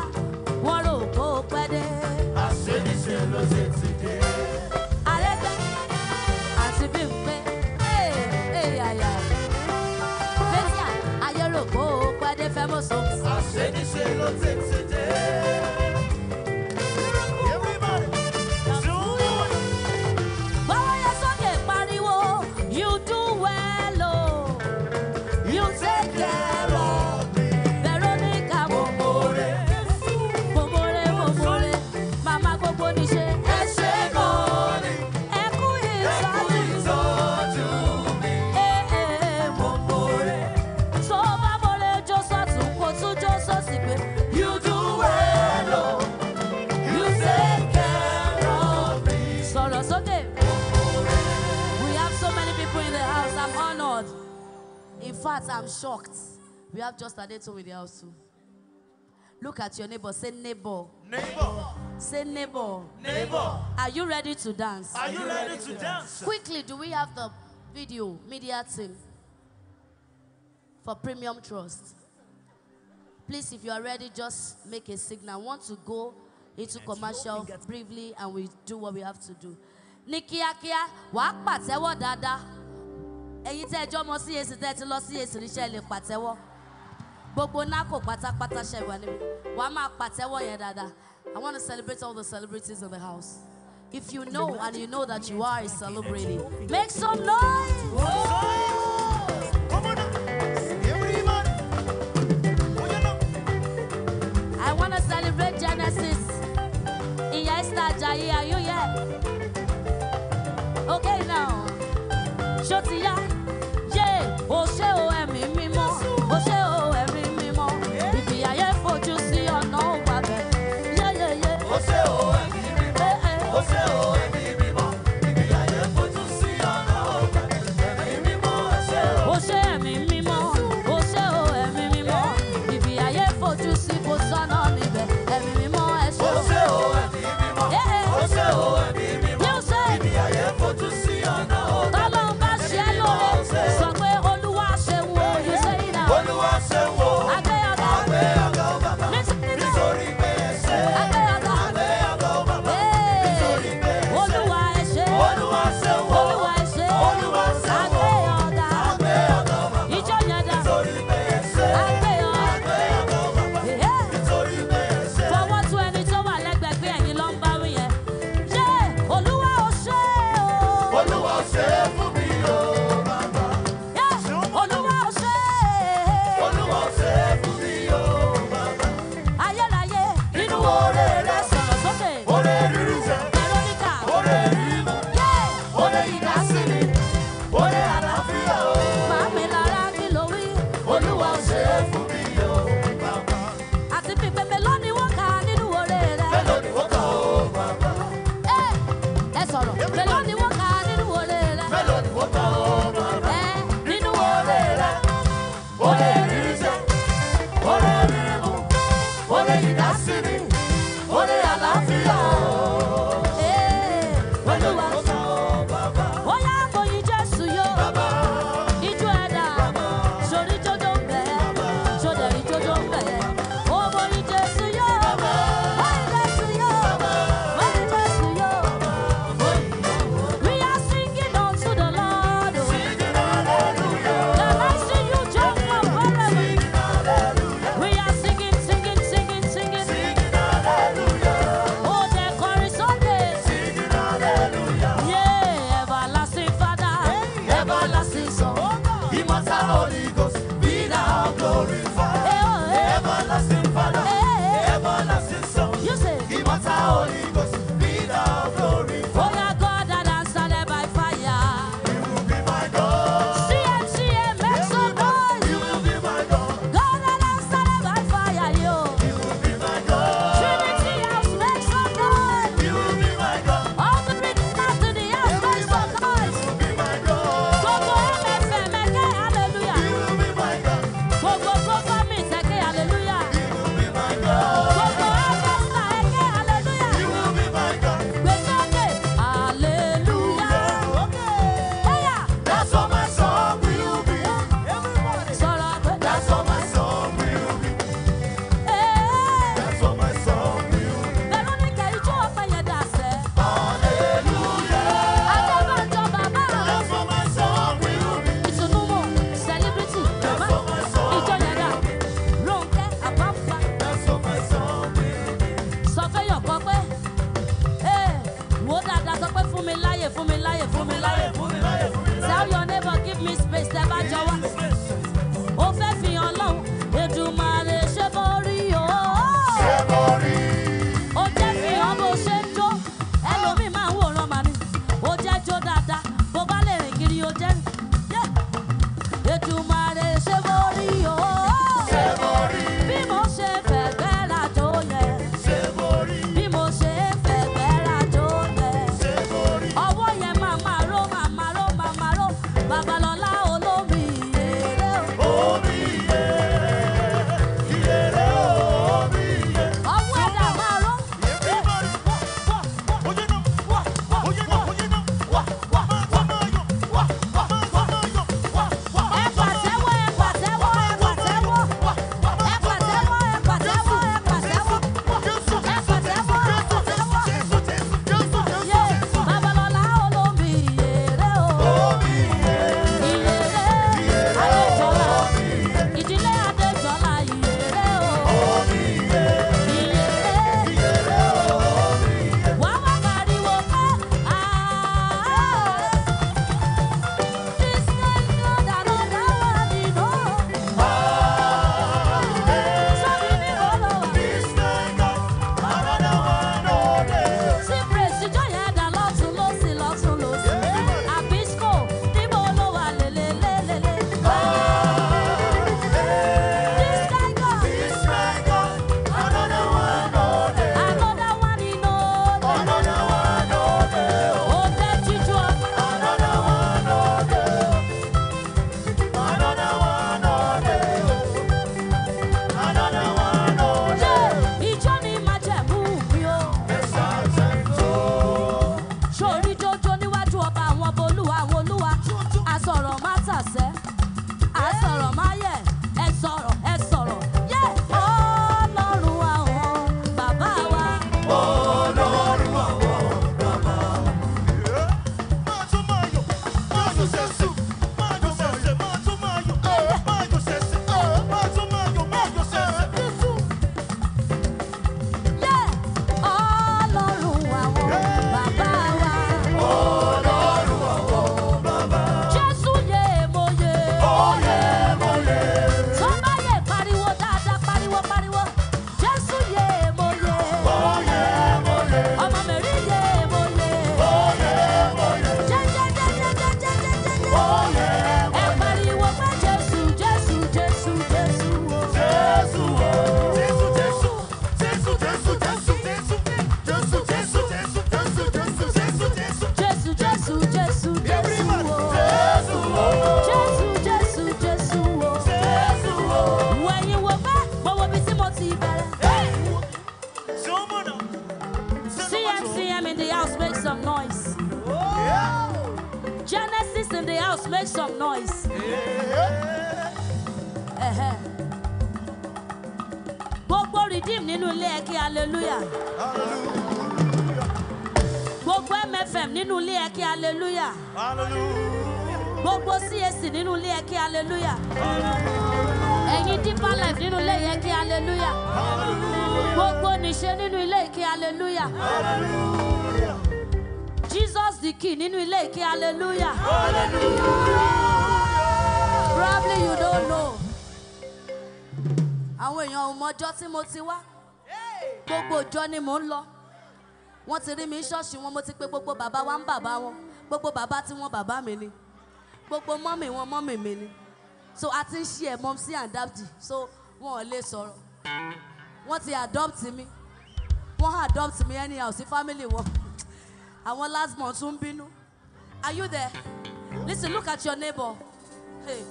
wọ́n rò kó o pẹ́ dé. àṣeníṣe ló ṣe ti dé. àrẹ́gbẹ́ àti bí n pé àyà fẹ́tíà ayé rò o pẹ́ ló ti dé. I'm shocked. We have just started to with the house too. Look at your neighbor. Say neighbor. Neighbor. Say neighbor. Neighbor. Are you ready to dance? Are you, ready, to, dance? Quickly, do we have the video media team for Premium Trust? Please, if you are ready, just make a signal. Want to go into commercial briefly and we do what we have to do. Ní kíákíá, wàá pàtẹ́wọ́ ẹ̀yin tẹ́ ẹjọ́ ọmọ CAC tẹ́ ti lọ CAC ríṣẹ́ lè pàtẹ́wọ́ gbogbo nákò pátápátá ṣe wà níbi wàá máa pàtẹ́wọ́ yẹn dáadáa I want to celebrate all the celebrities in the house if you know and you know that you are a celebrity make some noise. ṣó o ṣé o hallelujah. ẹ̀yin dípá life nínú ilé yẹn kí hallelujah. gbogbo nìṣe nínú ilé kí hallelujah. Jesus the king nínú ilé kí hallelujah. probably you don't know. àwọn èèyàn ò mọjọ́ tí mo ti wá gbogbo ìjọ ni mò ń lọ wọ́n ti rí mi ṣọ́ọ̀ṣì wọn mo ti pè gbogbo bàbá wa ń bàbá wọn gbogbo bàbá tí wọ́n bàbá mi ni gbogbo mọ́mì wọn mọ́mì mi ni ti ń ṣe ẹ̀ mọ́mísí and dapdi so wọn ò lè sọ̀rọ̀ wọ́n ti adopt mi wọ́n adopt mi anyhow sí family wọn àwọn last month tún bínú are you there listen look at your neighbor hey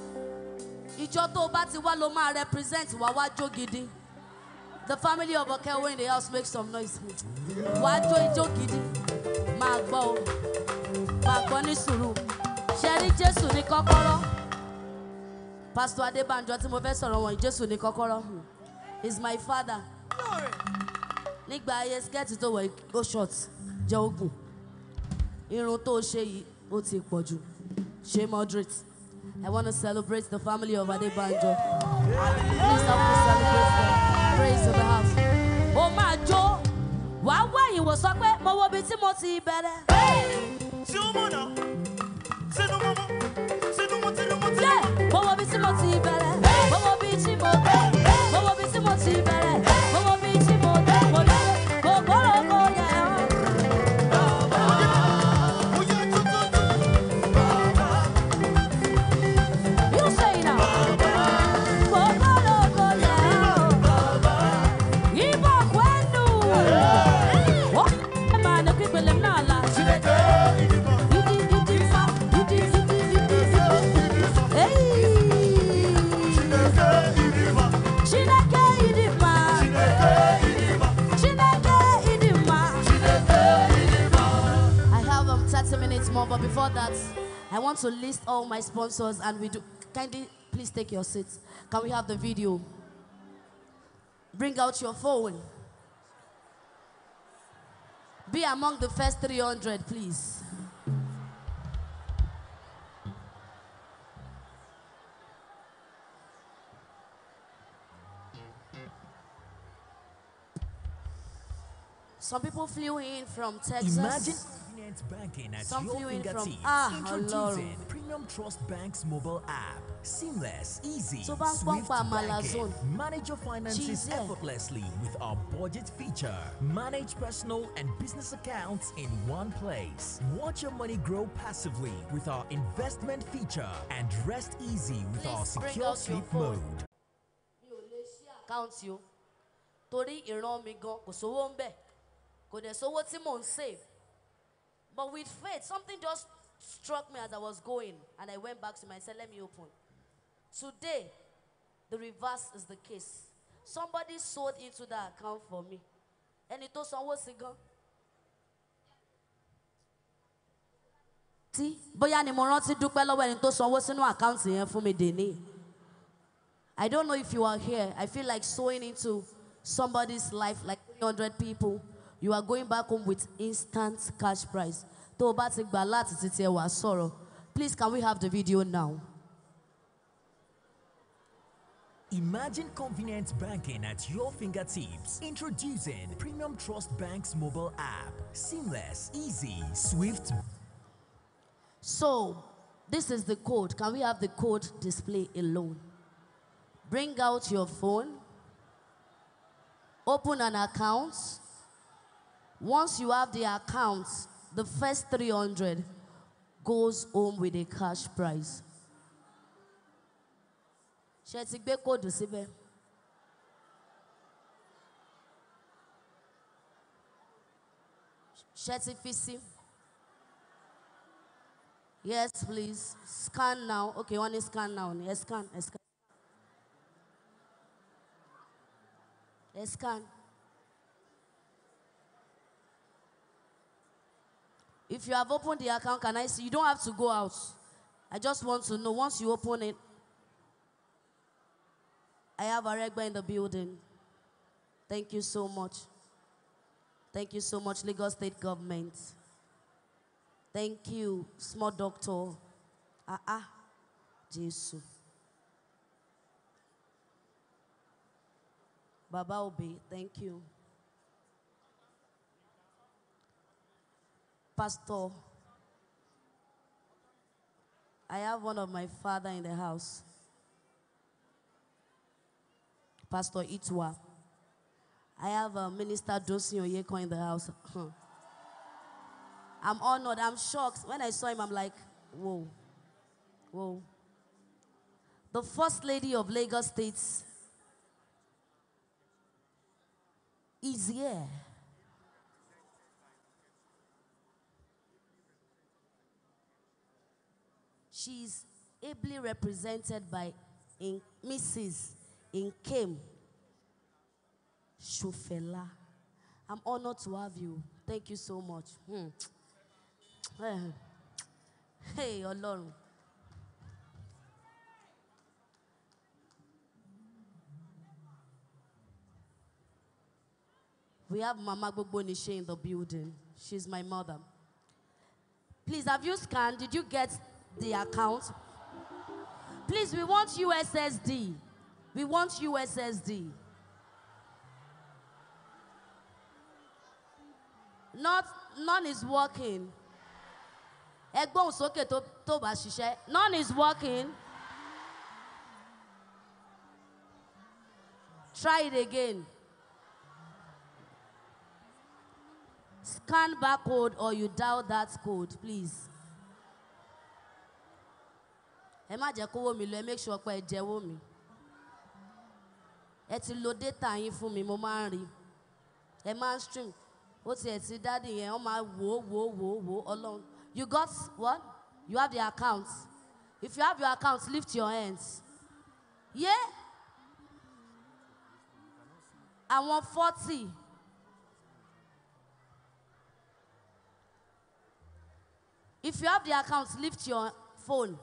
ìjọ tó o bá ti wá ló máa represent wá wá jó gidi the family of okewo in the house make some noise wá jó ijó gidi máa gbọ́ o máa gbọ́ ní sùúrù ṣe rí jésù ní kọ́kọ́rọ́. Pastor Adébánjọ tí mo fẹ́ sọ̀rọ̀ wọ̀nyí Jésù ní kọ́kọ́rọ́ hmm. He's my father. Nígbà ayé skẹ́ẹ̀tì tó wọ̀ ó short jẹ́ ogun. Irun tó ṣe yìí ó ti pọ̀ jù. moderate? I want to celebrate the family of Adébánjọ. Please help me celebrate them. Praise to the house. Ó máa jó. Wàá wẹ̀yìn wò sọ pé mo wo ibi tí mo ti bẹ̀rẹ̀. Ṣé o mọ̀ Bọ́wọ́ bí tí mo ti bẹ̀rẹ̀, bọ́wọ́ bí tí mo bẹ̀rẹ̀, bọ́wọ́ bí tí mo ti bẹ̀rẹ̀. I want to list all my sponsors and we do. Kindly, please take your seats. Can we have the video? Bring out your phone. Be among the first 300, please. Some people flew in from Texas. Imagine Experience banking at Something your fingertips. Ah, Introducing Premium Trust Bank's mobile app. Seamless, easy, so swift banking. Manage your finances effortlessly with our budget feature. Manage personal and business accounts in one place. Watch your money grow passively with our investment feature and rest easy with Please our secure sleep mode. account o torí ìran mi gan kò sówó ń bẹ̀ kò dẹ̀ sówó tí mò ń save but with faith, something just struck me as I was going, and I went back to him. I said, Let me open. Today, the reverse is the case. Somebody sold into that account for me. And tó sanwó sí gan. Tí bóyá ni mo dúpẹ́ lọ́wọ́ ẹni tó sanwó sínú account yẹn fún mi dèní. I don't know if you are here. I feel like sowing into somebody's life like 300 people you are going back home with instant cash prize. Tó o bá ti gbà láti ti Please, can we have the video now? Imagine convenient banking at your fingertips. Introducing Premium Trust Bank's mobile app. Seamless, easy, swift. So, this is the code. Can we have the code display alone? Bring out your phone. Open an account. Once you have the account, the first 300 goes home with a cash prize. yes please scan now okay one is scan now ni scan scan. scan. If you have opened the account, can I see? You don't have to go out. I just want to know once you open it. I have a Aregba in the building. Thank you so much. Thank you so much, Lagos State Government. Thank you, small doctor. Ah, ah, Jesus. Baba Obi, thank you. Pastor, I have one of my father in the house. Pastor Itwa. I have a uh, Minister Dosin Oyeko in the house. Hmm. I'm honored. I'm shocked. When I saw him, I'm like, whoa, whoa. The first lady of Lagos State is here. She's ably represented by in Mrs. Inkem Shufela. I'm honored to have you. Thank you so much. Hmm. Hey, Ọlọ́run. We have Mama Gbogboniche in the building. She's my mother. Please, have you scanned? Did you get the account. Please, we want USSD. We want USSD. Not, none is working. None is working. Try it again. Scan barcode or you dial that code, please ẹ má jẹ́ kówó mi lọ ẹ make sure pé ẹ jẹ́wó mi ẹ ti lo data yín fún mi mo máa ń rí ẹ máa ń stream ó ti ẹ̀ ti dáàdì yẹn wọ́n máa wò ó wò ó wò ó wò ó ọlọ́run you got what you have the account if you have your account lift your hands yeah àwọn forty. If you have the account, lift your phone.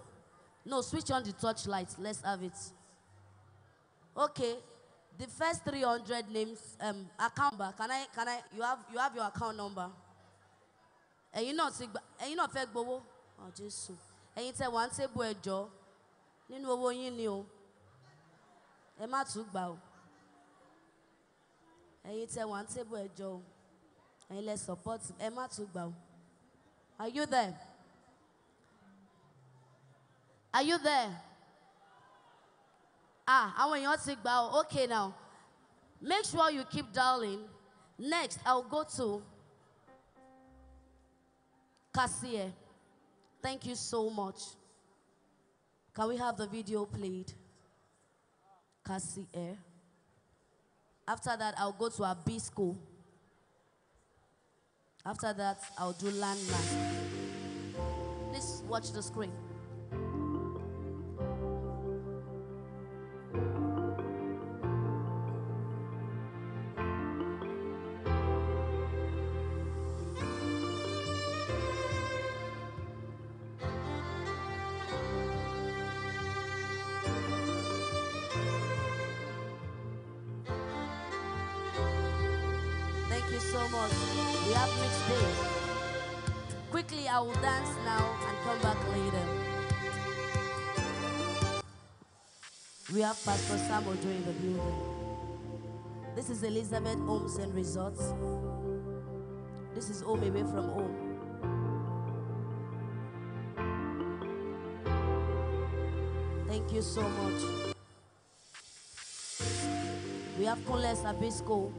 No, switch on the torchlight. Let's have it. Okay. The first 300 names, um, account number. Can I, can I, you have, you have your account number. And you ti And you náà fake, Bobo. Oh, Ọ̀ Jésù. And you wá ń tébù ẹ̀jọ́. Nínú owó You know o. Ẹ má tún gbà o. Ẹ̀yin tẹ wá ń tébù ẹ̀jọ́ o. Ẹ̀yin lẹ support. Ẹ má tún Are you there? Are you there? Ah, want èèyàn ti gbà Okay now. Make sure you keep dialing. Next, I'll go to Cassie. Thank you so much. Can we have the video played? Cassie. After that, I'll go to Abisco. After that, I'll do landline. Please watch the screen. have Pastor Sam Ojo the building. This is Elizabeth Homes and Resorts. This is home away from home. Thank you so much. We have Colas Abisco.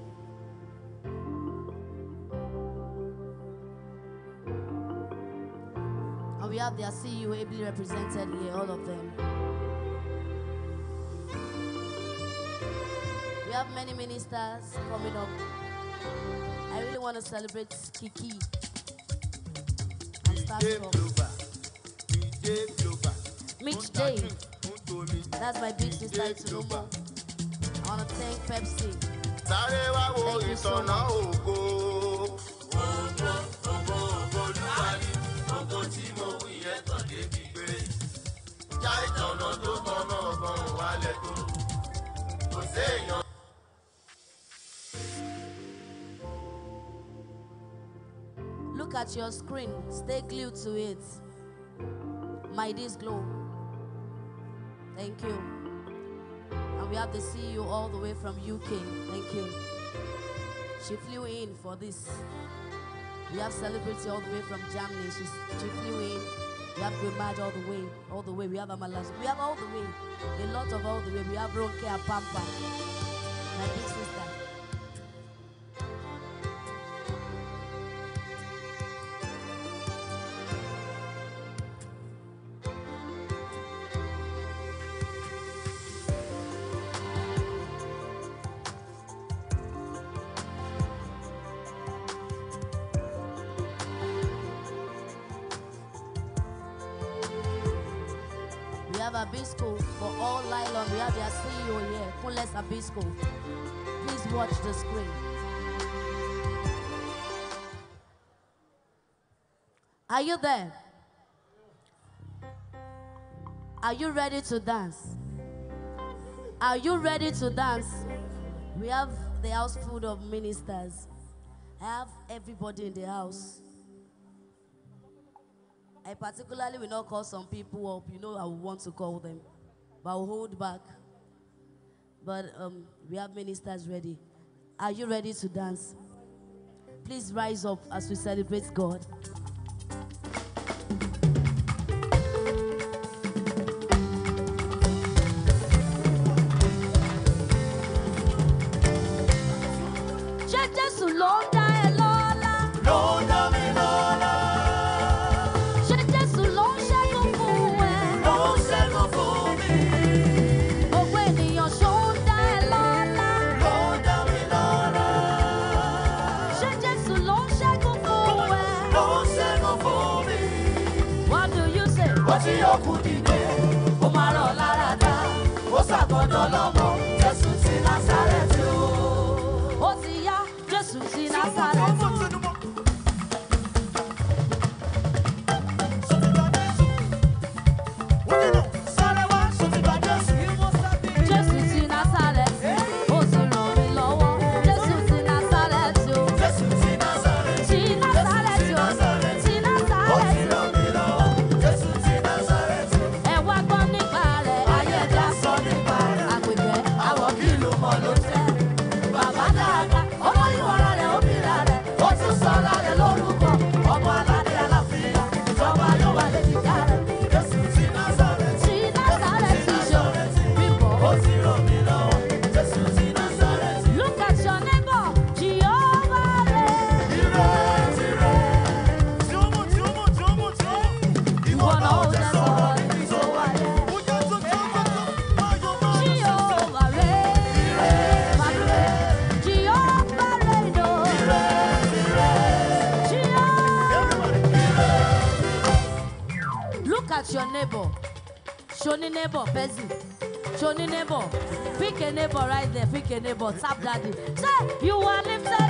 And we have their CEO ably represented here, all of them. have many ministers coming up. I really want to celebrate Kiki and start from Mitch Day. That's my big sister more. I want to thank Pepsi. Thank you so much. at your screen, stay glued to it. My days glow. Thank you. And we have the CEO all the way from UK. Thank you. She flew in for this. We have celebrity all the way from Germany. She's, she flew in. We have mad all the way, all the way. We have Amalas. We have all the way. A lot of all the way. We have Ronke Apampa, my big sister. we have their CEO here, Kunle Sabisco. Please watch the screen. Are you there? Are you ready to dance? Are you ready to dance? We have the house full of ministers. I have everybody in the house. I particularly will not call some people up. You know, I want to call them but we will hold back. But um, we have ministers ready. Are you ready to dance? Please rise up as we celebrate God. 保护。ní neighbor pẹ́sì ṣó neighbor pick a neighbor right there pick a neighbor tap daddy ṣé you are lifted.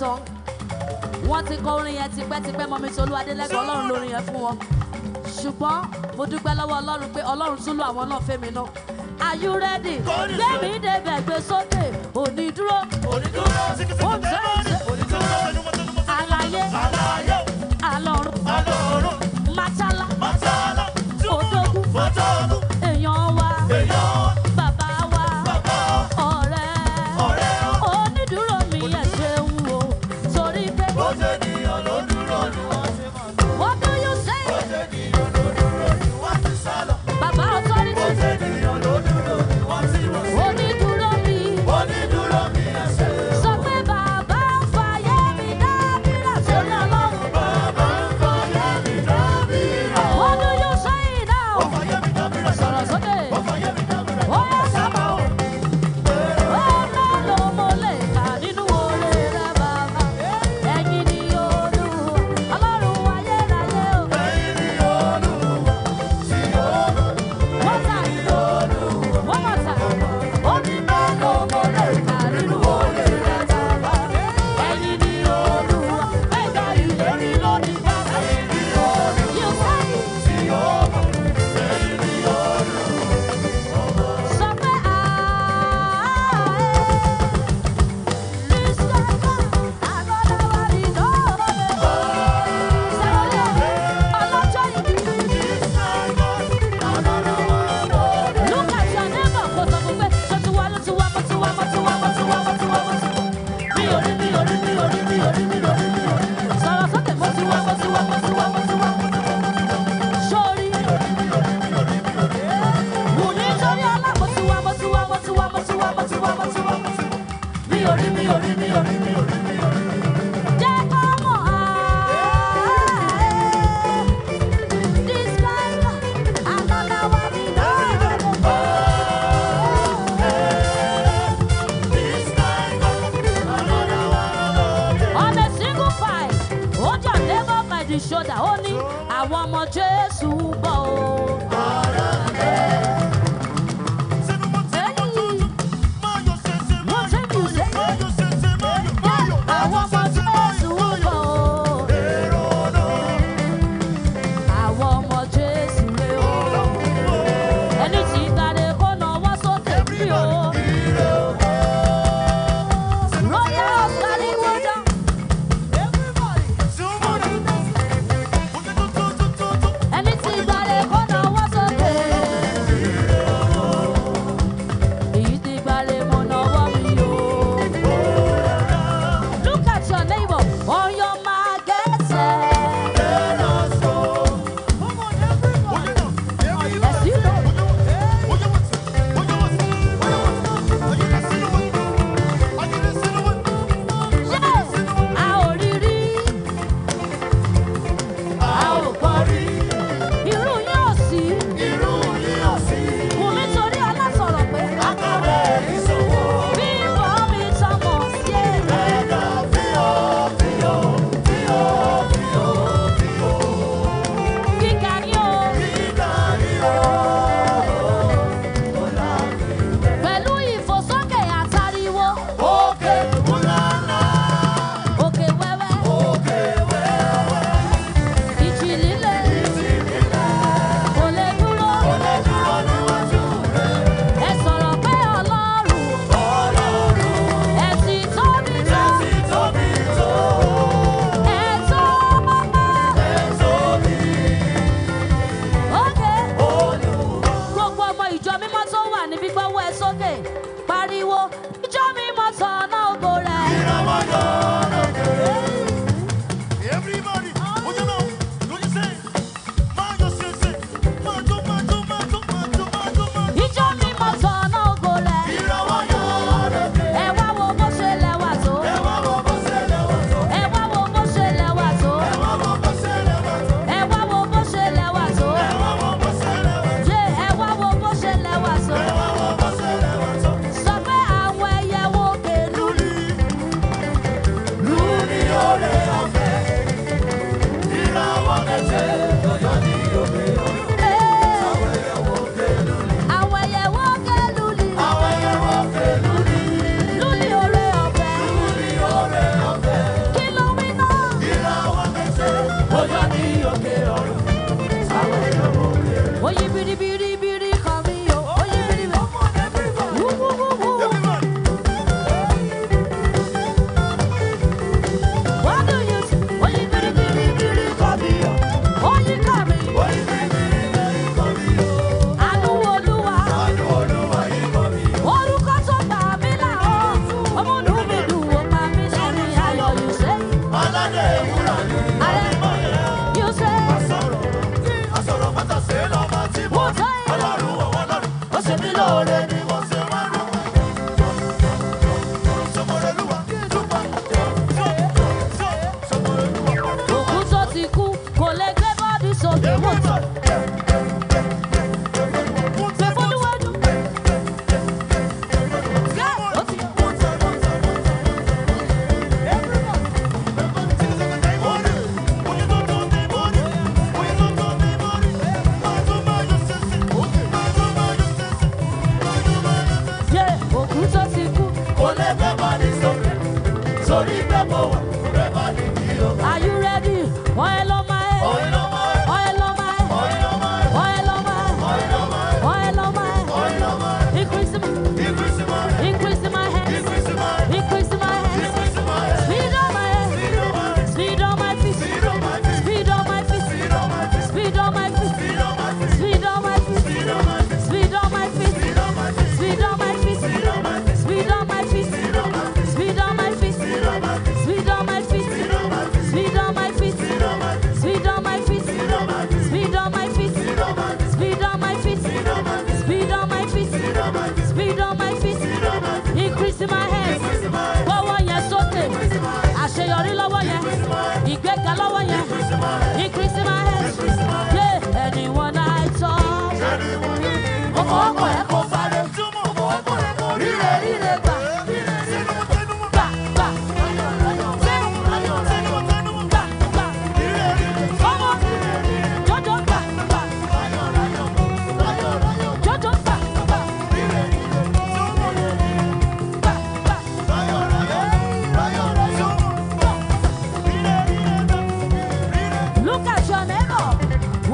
sọ wọ́n ti kọ orin yẹn tipẹ́tipẹ́ mọ́mi tolú adélẹ́gbẹ́ ọlọ́run lórin yẹn fún wọn ṣùgbọ́n mo dúpẹ́ lọ́wọ́ ọlọ́run pé ọlọ́run tún lò àwọn náà fẹ́mi náà are you ready gbẹ̀mí débẹ̀ gbé sókè onídúró onídúró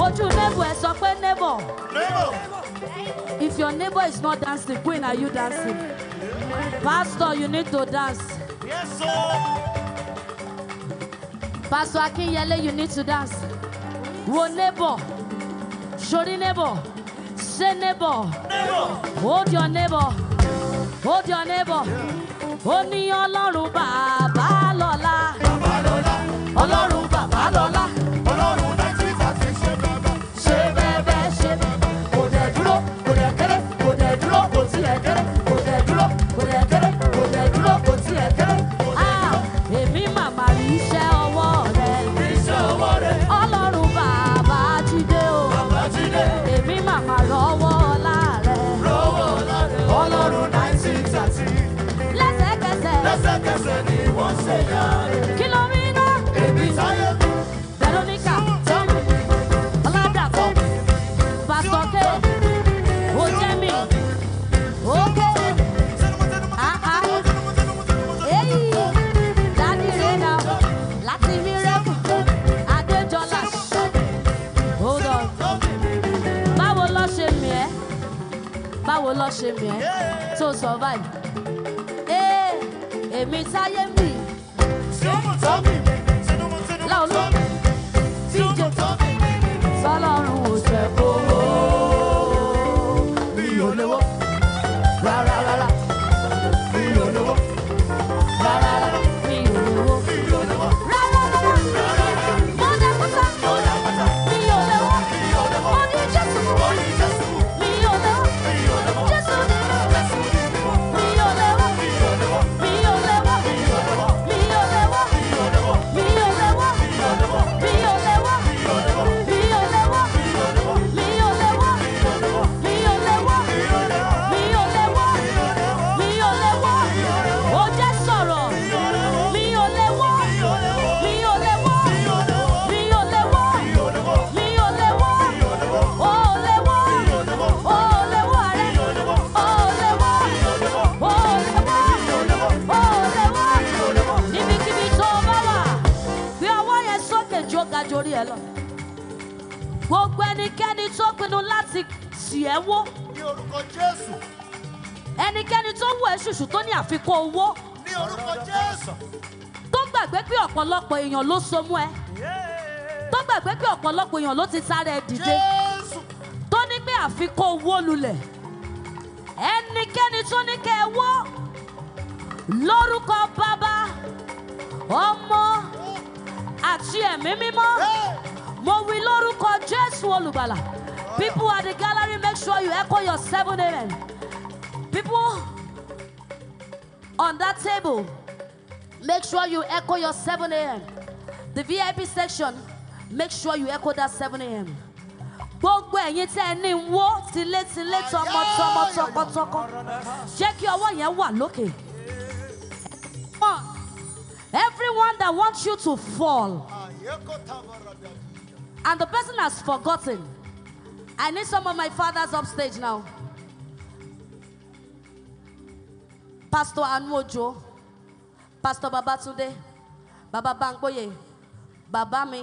Wojú neighbor ẹ sọ pé neighbor. Neighbor. If your neighbor is not dancing, queen are you dancing? Pastor, you need to dance. Yes, sir. Pastor Akinyele, you need to dance. Wo neighbor. Shori neighbor. Say neighbor. Neighbor. Hold your neighbor. Hold your neighbor. Ó ní Ọlọ́run bàbá lọ. ṣe mìíràn tó survive. Eh, èmi táyé mi. dì ẹ́ wó. ní orúkọ Jésù. ẹnikẹ́ni tó wù ẹ́ ṣùṣù tó ní àfikún owó. ní orúkọ Jésù. tó gbàgbé pé ọ̀pọ̀lọpọ̀ èèyàn ló so mú ẹ. tó gbàgbé pé ọ̀pọ̀lọpọ̀ èèyàn ló ti sáré ẹ dìde. tó ní pé àfikún owó lulẹ̀. ẹnikẹ́ni tó ní kẹ́ ẹ lórúkọ bàbá ọmọ àti ẹ̀mí mímọ́. Mo wí lórúkọ Jésù olùgbàlà. People at the gala sure you echo your seven amen. People on that table, make sure you echo your 7 a.m. The VIP section, make sure you echo that 7 a.m. gbogbo ẹ̀yin tẹ́ ẹ ní wo tilétilé tọmọtọmọ tọkọtọkọ jẹ́ kí ọwọ́ yẹn wà lókè. everyone that wants you to fall and the person has forgotten. I need some of my fathers upstage now. Pastor Anwojo, Pastor Babatunde, Baba Bangoye, Baba mi,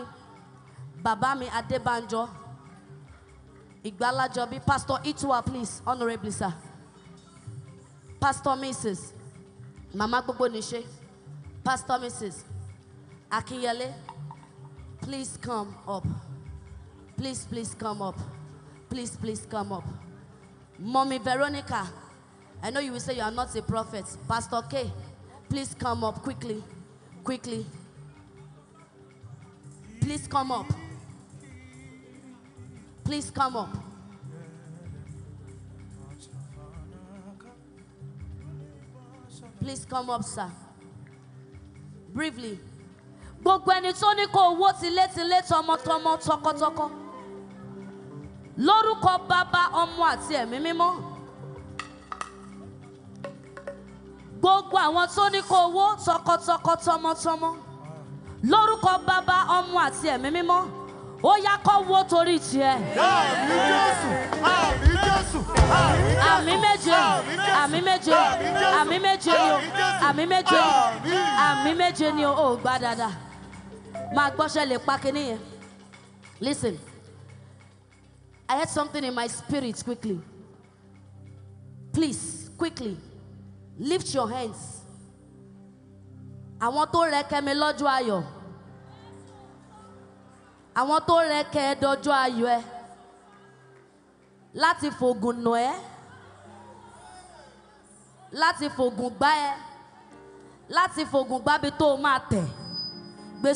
Baba Adebanjo, Igbala Jobi, Pastor Itua, please, honorably, sir. Pastor Mrs. Mama Bobonishe, Pastor Mrs. Akinyele, please come up. Please, please come up please, please come up. Mommy Veronica, I know you will say you are not a prophet. Pastor K, please come up quickly, quickly. Please come up. Please come up. Please come up, sir. Briefly. Gbogbo ẹni tó ní kó owó tilé tilé tọmọtọmọ tọkọtọkọ. lórúkọ bàbá ọmọ àti ẹ̀mí mímọ́ gbogbo àwọn tó ní kó owó tọkọtọkọ tọmọtọmọ lórúkọ bàbá ọmọ àti ẹ̀mí mímọ́ ó yá kó wó torí tiẹ̀. àmì jésù àmì jésù àmì méje àmì méje àmì méje ni o àmì méje àmì méje ni o ò gbá dáadáa máa gbọ́sẹ̀ lè pa kinní yẹn listen. I had something in my spirit quickly. Please, quickly, lift your hands. I want tó rẹkẹ mi lọ́jọ́ I want tó rẹkẹ dọjọ́ ayọ̀ ẹ. Láti fògùn nà ẹ́. Láti fògùn gbá ẹ. Láti fògùn gbábi tó o máa tẹ̀.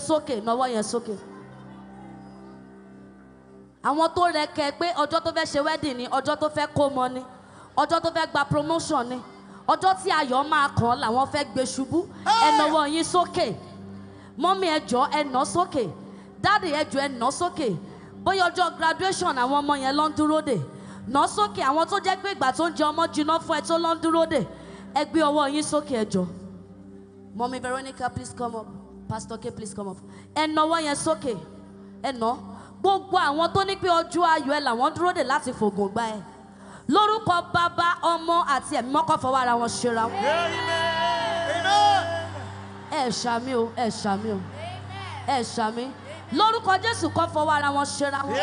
sókè, nawọ́ sókè. àwọn tó rẹkẹ pé ọjọ́ tó fẹ́ ṣe wedding ni ọjọ́ tó fẹ́ kómọ ni ọjọ́ tó fẹ́ gba promotion ni ọjọ́ tí ayọ̀ máa kàn làwọn fẹ́ gbé ṣubú ẹnàwọ́ yín sókè mọ́mí ẹjọ́ ẹnà sókè dáàdì ẹjọ́ ẹnà sókè bóyá ọjọ́ graduation àwọn ọmọ yẹn ló ń dúró dè nà sókè àwọn tó jẹ́ pé ìgbà tó ń jẹ ọmọ jiná fún ẹ tó ló ń dúró dè ẹ gbé ọwọ́ yín sókè ẹjọ́ mọ́mí Veronica please come up Pastor K please come up ẹnàwọ́ yẹn sókè ẹnà gbogbo àwọn tó ní pé ọjọ́ ayọ̀ ẹ làwọn dúró dè láti fògùn gbá ẹ lórúkọ bàbá ọmọ àti ẹ̀mí mọ́kọ́ fọwọ́ ara wọn ṣera wọn. ẹ ṣàmì o ẹ ṣàmì o ẹ ṣàmì lórúkọ Jésù kọ́ fọwọ́ ara wọn ṣera wọn.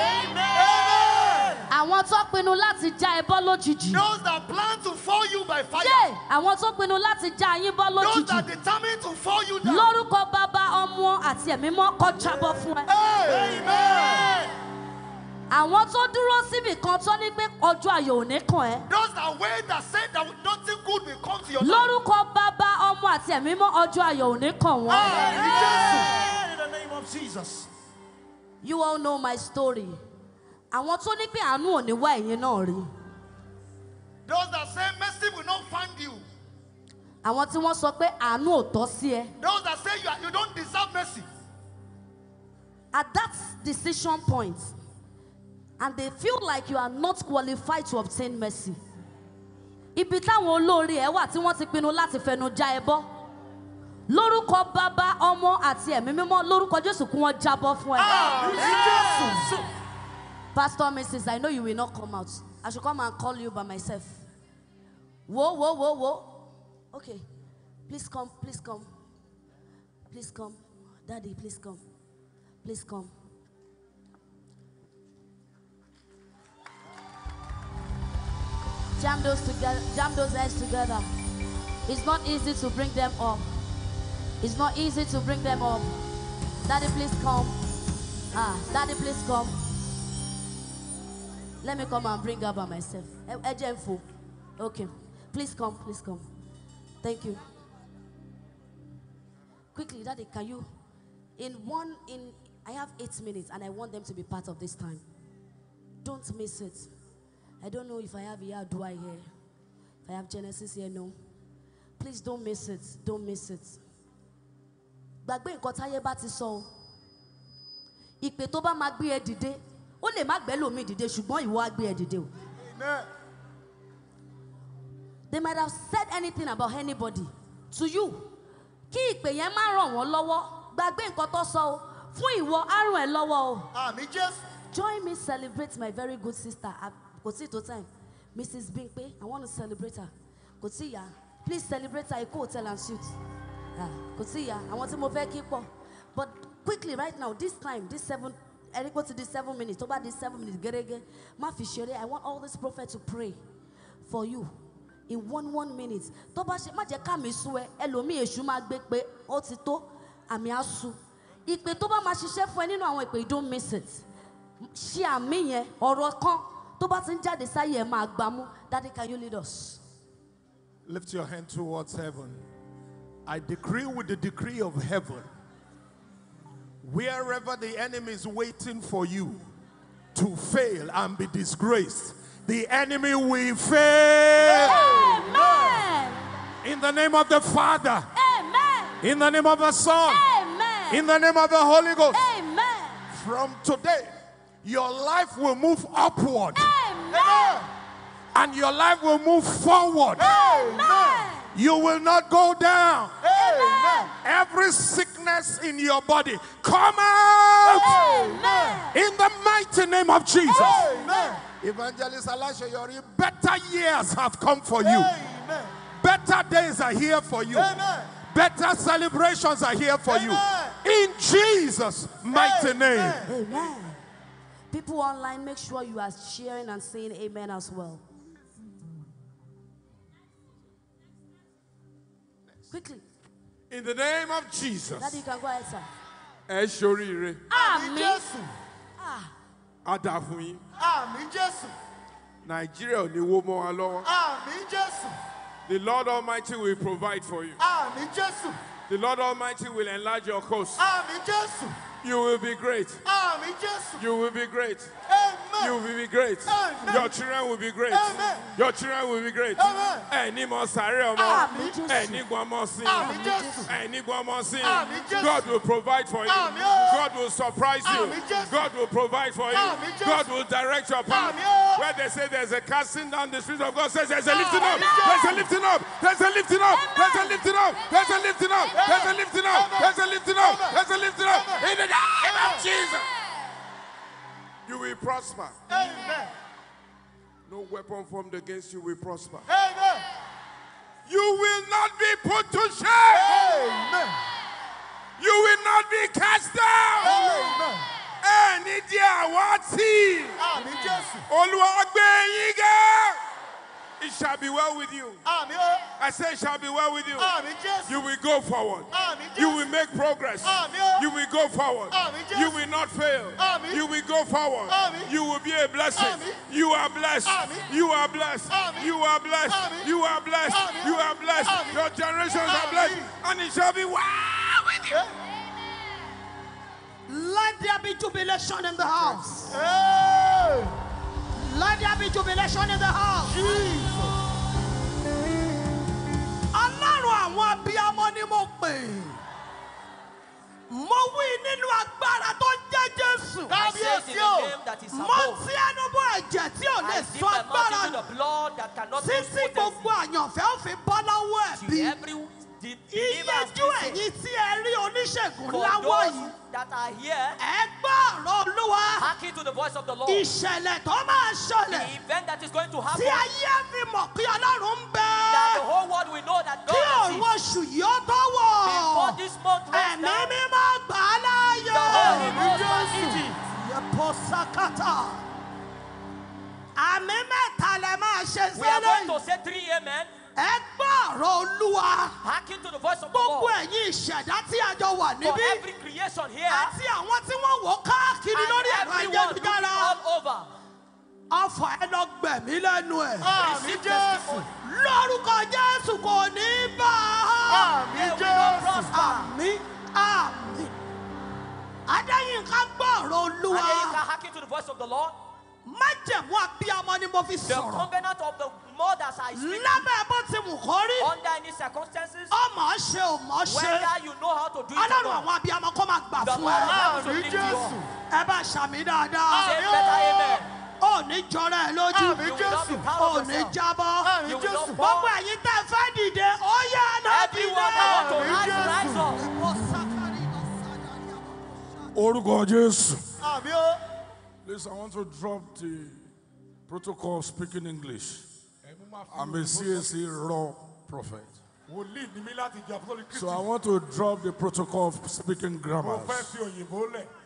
Àwọn tó pinnu láti já ẹ lójijì. Those that plan to fall you by fire. Ṣé àwọn tó pinnu láti já yín bọ́ lójijì? Those that determine to fall you down. Lórúkọ Bàbá ọmọ àti ẹ̀mí mọ́ kọjá bọ́ fún ẹ. Amen. Àwọn tó dúró síbì kan tó ní pé ọjọ́ ayọ̀ ò ní kàn ẹ́. Those that wait that say that nothing good will come to your life. Lórúkọ Bàbá ọmọ àti ẹ̀mí mọ́ ọjọ́ ayọ̀ ò ní kàn wọ́n. Amen. In the name of Jesus. You all know my story àwọn tó ní pé àánú ò ní wá ẹ̀yin náà rí. those that say mercy will not find you. àwọn tí wọ́n sọ pé àánú ò tọ́ sí ẹ. those that say you, are, you don't deserve mercy. at that decision point and they feel like you are not qualified to obtain mercy. ibi táwọn olórí ẹ wà tí wọ́n ti pinnu láti fẹnu já ẹ bọ́ lórúkọ bàbá ọmọ àti ẹ̀mí mímọ́ lórúkọ jésù kí wọ́n jábọ́ fún ẹ. àmín jésù. Pastor Mrs., I know you will not come out. I should come and call you by myself. Whoa, whoa, whoa, whoa. Okay. Please come, please come. Please come. Daddy, please come. Please come. Jam those together, jam those heads together. It's not easy to bring them up. It's not easy to bring them up. Daddy, please come. Ah, Daddy, please come. Let me come and bring her by myself. Ejenfo. Eh, eh, okay. Please come, please come. Thank you. Quickly, Daddy, can you? In one, in I have eight minutes, and I want them to be part of this time. Don't miss it. I don't know if I have here, do I here? If I have Genesis here, no. Please don't miss it. Don't miss it. Gbàgbé nǹkan táyé bá ti sọ Ìpè tó bá máa gbé ẹ dìde. ó lè má gbé lómi dìde ṣùgbọ́n ìwọ á gbé ẹ dìde o. they might have said anything about anybody to you kí ìpè yẹn má ràn wọ́n lọ́wọ́ gbàgbé nǹkan tó sọ o fún ìwọ á ràn lọ́wọ́ o. àmì jésù. join me celebrate my very good sister kò tí tó time mrs bimpe i want to celebrate her kò tí yá please celebrate her ikú hotel and suit ah, kò tí yá àwọn tí mo fẹ́ kí pọ̀ but quickly right now this time this seven equal to this seven minutes. About this seven minutes, gerege. I want all these prophets to pray for you in one one minute. Tó bá ṣe má jẹ́ ká mi sú ẹ, ẹlòmíì èṣù máa gbé pé ó ti to àmì á sú. Ìpè tó bá máa ṣiṣẹ́ fún ẹ ìpè don't miss it. She àmì yẹn ọ̀rọ̀ kan tó bá ti ń jáde sáyé ẹ Daddy, can you lead us? Lift your hand towards heaven. I decree with the decree of heaven. Wherever the enemy is waiting for you to fail and be disgraced, the enemy will fail. Amen. In the name of the Father. Amen. In the name of the Son. Amen. In the name of the Holy Ghost. Amen. From today, your life will move upward. Amen. And your life will move forward. Amen. You will not go down. Amen. Every sick sickness in your body come out Amen. in the mighty name of Jesus. Amen. Evangelist Elisha your better years have come for you. Amen. Better days are here for you. Better celebrations are here for you. In Jesus' mighty name. Amen. People online, make sure you are sharing and saying amen as well. Quickly. In the name of Jesus. Ẹ ṣorí ire. Àmì Jésù. Ah. Adàfún yín. Àmì Jésù. Nigeria ní wó mọ́ wa lọ́wọ́. Àmì Jesus. The Lord Almighty will provide for you. Àmì Jesus. The Lord Almighty will enlarge your coast. Àmì Jesus. You will be great. Àmì Jesus. You will be great. Amen. You will be great. Your children will be great. Your children will be great. Ẹni mọ sáré ọmọ. Ẹni gbọ́n mọ sí. Ẹni gbọ́n mọ sí. God will provide for you. God will surprise you. God will provide for you. God will direct your path. Where they say there's a casting down, the Spirit of God says there's a lifting up. There's a lifting up. There's a lifting up. There's a lifting up. There's a lifting up. There's a lifting up. There's a lifting up. There's a lifting up. In the name of Jesus you will prosper. Amen. No weapon formed against you will prosper. Amen. You will not be put to shame. Amen. You will not be cast down. Amen. Ẹni díẹ̀ wá Olúwa gbé it shall be well with you. I say, it shall be well with you. You will go forward. You will make progress. You will go forward. You will not fail. You will go forward. You will be a blessing. You are blessed. You are blessed. You are blessed. You are blessed. You are blessed. Your generations are blessed. And it shall be well with you. Eh? Let there be jubilation in the house. Hey. Eh? Let there be jubilation in the house. Jesus, àwọn abiyamọ ni mo pè. Mo nínú agbára tó jẹ́ Jésù. Kábíyèsí o. ẹ̀jẹ̀ tí ò lè sọ agbára Sísí gbogbo àyànfẹ́ òfin bọ́ lọ́wọ́ ẹ̀bí. The iyeju ẹ̀yin tí ẹ rí oníṣègùn ńlá wọ̀nyí. Ẹ gbọ́ ọ̀rọ̀ Olúwa. to the voice of the Lord. Ìṣẹ̀lẹ̀ tó máa The event that is going to happen. Tí ayé fi mọ̀ Ọlọ́run ń bẹ. That the whole world know that God Kí òun oṣù yìí ó tó wọ̀. this month gbà á Yẹ̀pọ̀ Sakata. Àmì mẹ́ta lè máa ṣe We are going to say three amen ẹ gbọ́ ọ̀rọ̀ to the voice of the Lord. gbogbo ẹ̀yin ìṣẹ̀dá tí a jọ wà níbí. for every creation here. àti àwọn tí wọ́n wò káàkiri lórí ẹ̀rọ ayélujára. and everyone looking all over ọfà ẹ lọ gbẹ̀mí lẹ́nu ẹ̀. àmì ah, jésù. lórúkọ jésù kò ní bá a. àmì ah, jésù. àmì àmì. adéyínká gbọ́ ọ̀rọ̀ olúwa. adéyínká hearken to the voice of the Lord. májẹ̀mú abiyamọ ni mo fi sọ̀rọ̀. the covenant of the mother as I speak. lábẹ́ bó ti wù kó rí. under any circumstances. ó mọ̀ ọ́ ṣe ò mọ̀ ọ́ ṣe. whether you know how to do it or not. ọlọ́run àwọn abiyamọ kó máa gbà fún ẹ. àmì jésù. ẹ bá ṣàmì dáadáa. ṣe better amen. Ò ní jọra ẹ lójú. Àmì Jésù. Ò ní jábọ́. Àmì Jésù. Gbogbo ẹ̀yin tẹ́ fẹ́ dìde, ó yá náà dìde. Àmì Jésù. Orúkọ Jésù. Àmì o. Please, I want to drop the protocol speaking English. I'm a CSE raw prophet. So I want to drop the protocol of speaking grammars.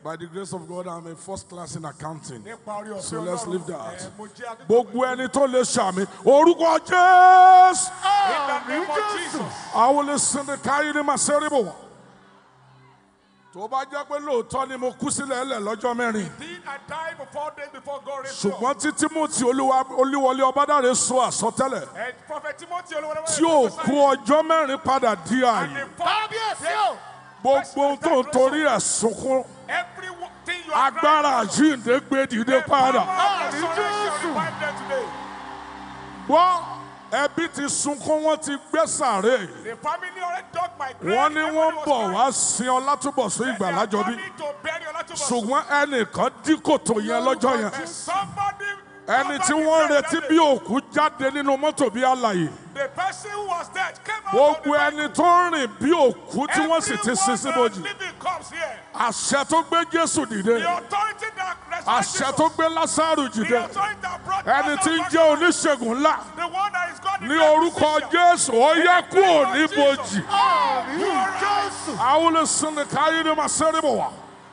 By the grace of God, I'm a first class in accounting. So let's leave that. Gbogbo ẹni tó lè ṣàmì, orúkọ Jésù! Àwọn lè sin the káyìí my màsẹ́rìbò. tó bá jẹ́ pé lóòótọ́ ni mo kú sílẹ̀ ẹlẹ̀ lọ́jọ́ mẹ́rin. I died before days before God raised me. ṣùgbọ́n tí Timothy olúwọlé ọbádáre sọ àsọtẹ́lẹ̀. and prophet Timothy olúwọlé ọbádáre sọ àsọtẹ́lẹ̀. tí ò kú ọjọ́ mẹ́rin padà di ààyè. gbogbo tó ń torí ẹ̀ sunkún. you are crying for. agbára àjíǹde gbé dìde padà. the power gbọ́ ẹbí ti sunkún wọ́n ti gbé sàré. the family already dug my grave. wọ́n ní wọ́n bọ̀ wá sin ọlátúbọ̀sún ìgbàlájọ bí. ṣùgbọ́n ẹnìkan dí kòtò yẹn lọ́jọ́ yẹn. somebody ẹni tí wọ́n retí bí òkú jáde nínú mọ́tò bí alàyè. the person who was dead came out of the body. gbogbo ẹni tó rìn bí òkú tí wọ́n sì ti sin síbojì. àṣẹ tó gbé Jésù dìde. the authority that resurrected Jesus. àṣẹ tó gbé Lásárù dìde. the authority that brought Lásárù. ẹni tí ń jẹ́ oníṣègùn ńlá. the one that is God the ní orúkọ Jésù ó yẹ kúrò níbojì. àwùlẹ̀ sinmi káyé ni màá sẹ́rẹ̀ wá.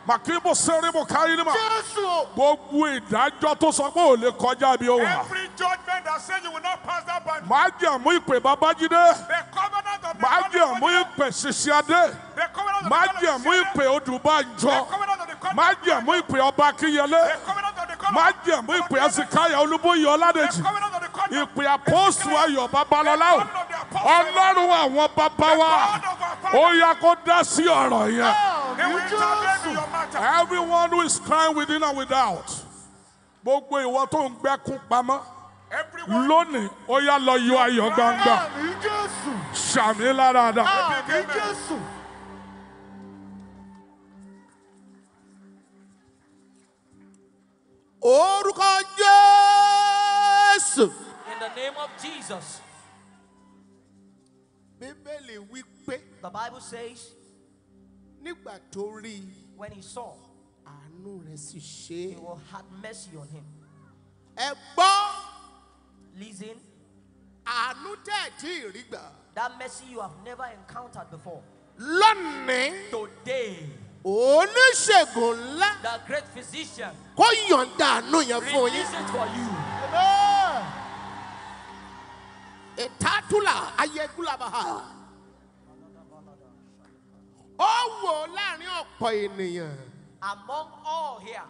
Màkìrìbò sẹ́rìbò kárí ni mà. Jésù. Gbogbo ìdájọ́ tó Every judgment that says you will not pass that boundary. Màá jẹ̀ mú ìpè Babájídé. The covenant of the Màá jẹ̀ mú ìpè Ṣiṣẹ́dé. The covenant of the Màá jẹ̀ mú ìpè Odùbánjọ. The covenant of the country. Ọlọ́run àwọn bàbá wa. Ó yá kó dá sí ọ̀rọ̀ yẹn. Everyone who is crying within and without. Gbogbo ìwọ tó ń gbẹ́kún pamọ́. Lónìí, ó yá lọ yọ ayọ̀ gbangba. Ṣàmì lára dà. Orúkọ Jésù. In the name of Jesus. Bíbélì wí pé. The Bible says. Nígbà tó rí i when he saw, he rẹ̀ sì had mercy on him. Ẹ gbọ́. Listen. That mercy you have never encountered before. Learning Today. Oníṣègùn The great physician. Kó yọ̀ǹda Release it for you. Amen. Ìtàtúlà ayégúlà bàhà láàrin ọ̀pọ̀ ènìyàn. Among all here.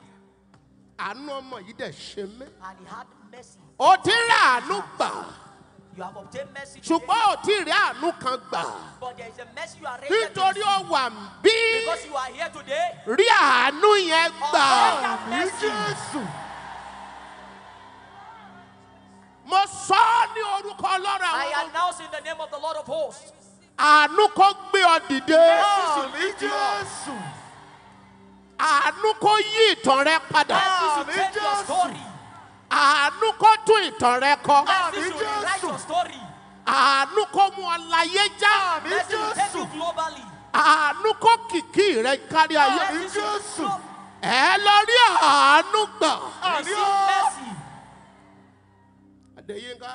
Àánú ọmọ yìí dẹ̀ ṣe mí. And he had mercy. Ó ti rí àánú gbà. You have obtained mercy today. Ṣùgbọ́n ò tí rí àánú kan gbà. But there is a mercy you are ready to receive. Nítorí ó wà bí. Because you are here today. Rí àánú yẹn gbà. Obtain that mercy. Ní Jésù. Mo sọ ọ́ ní orúkọ Ọlọ́run àwọn. I announce in the name of the Lord of hosts. àánú kó gbé ọ dìde. Jésù mi Jésù. Àánú kó yí ìtàn rẹ padà. Jésù mi Jésù. Àánú kó tún ìtàn rẹ kọ. Jésù mi Jésù. Àánú kó mú ọ láyé já. Jésù mi Jésù. Àánú kó kìkì rẹ kárí ayé. Jésù Ẹ lọ rí àánú gbà. Àánú. Adéyínká.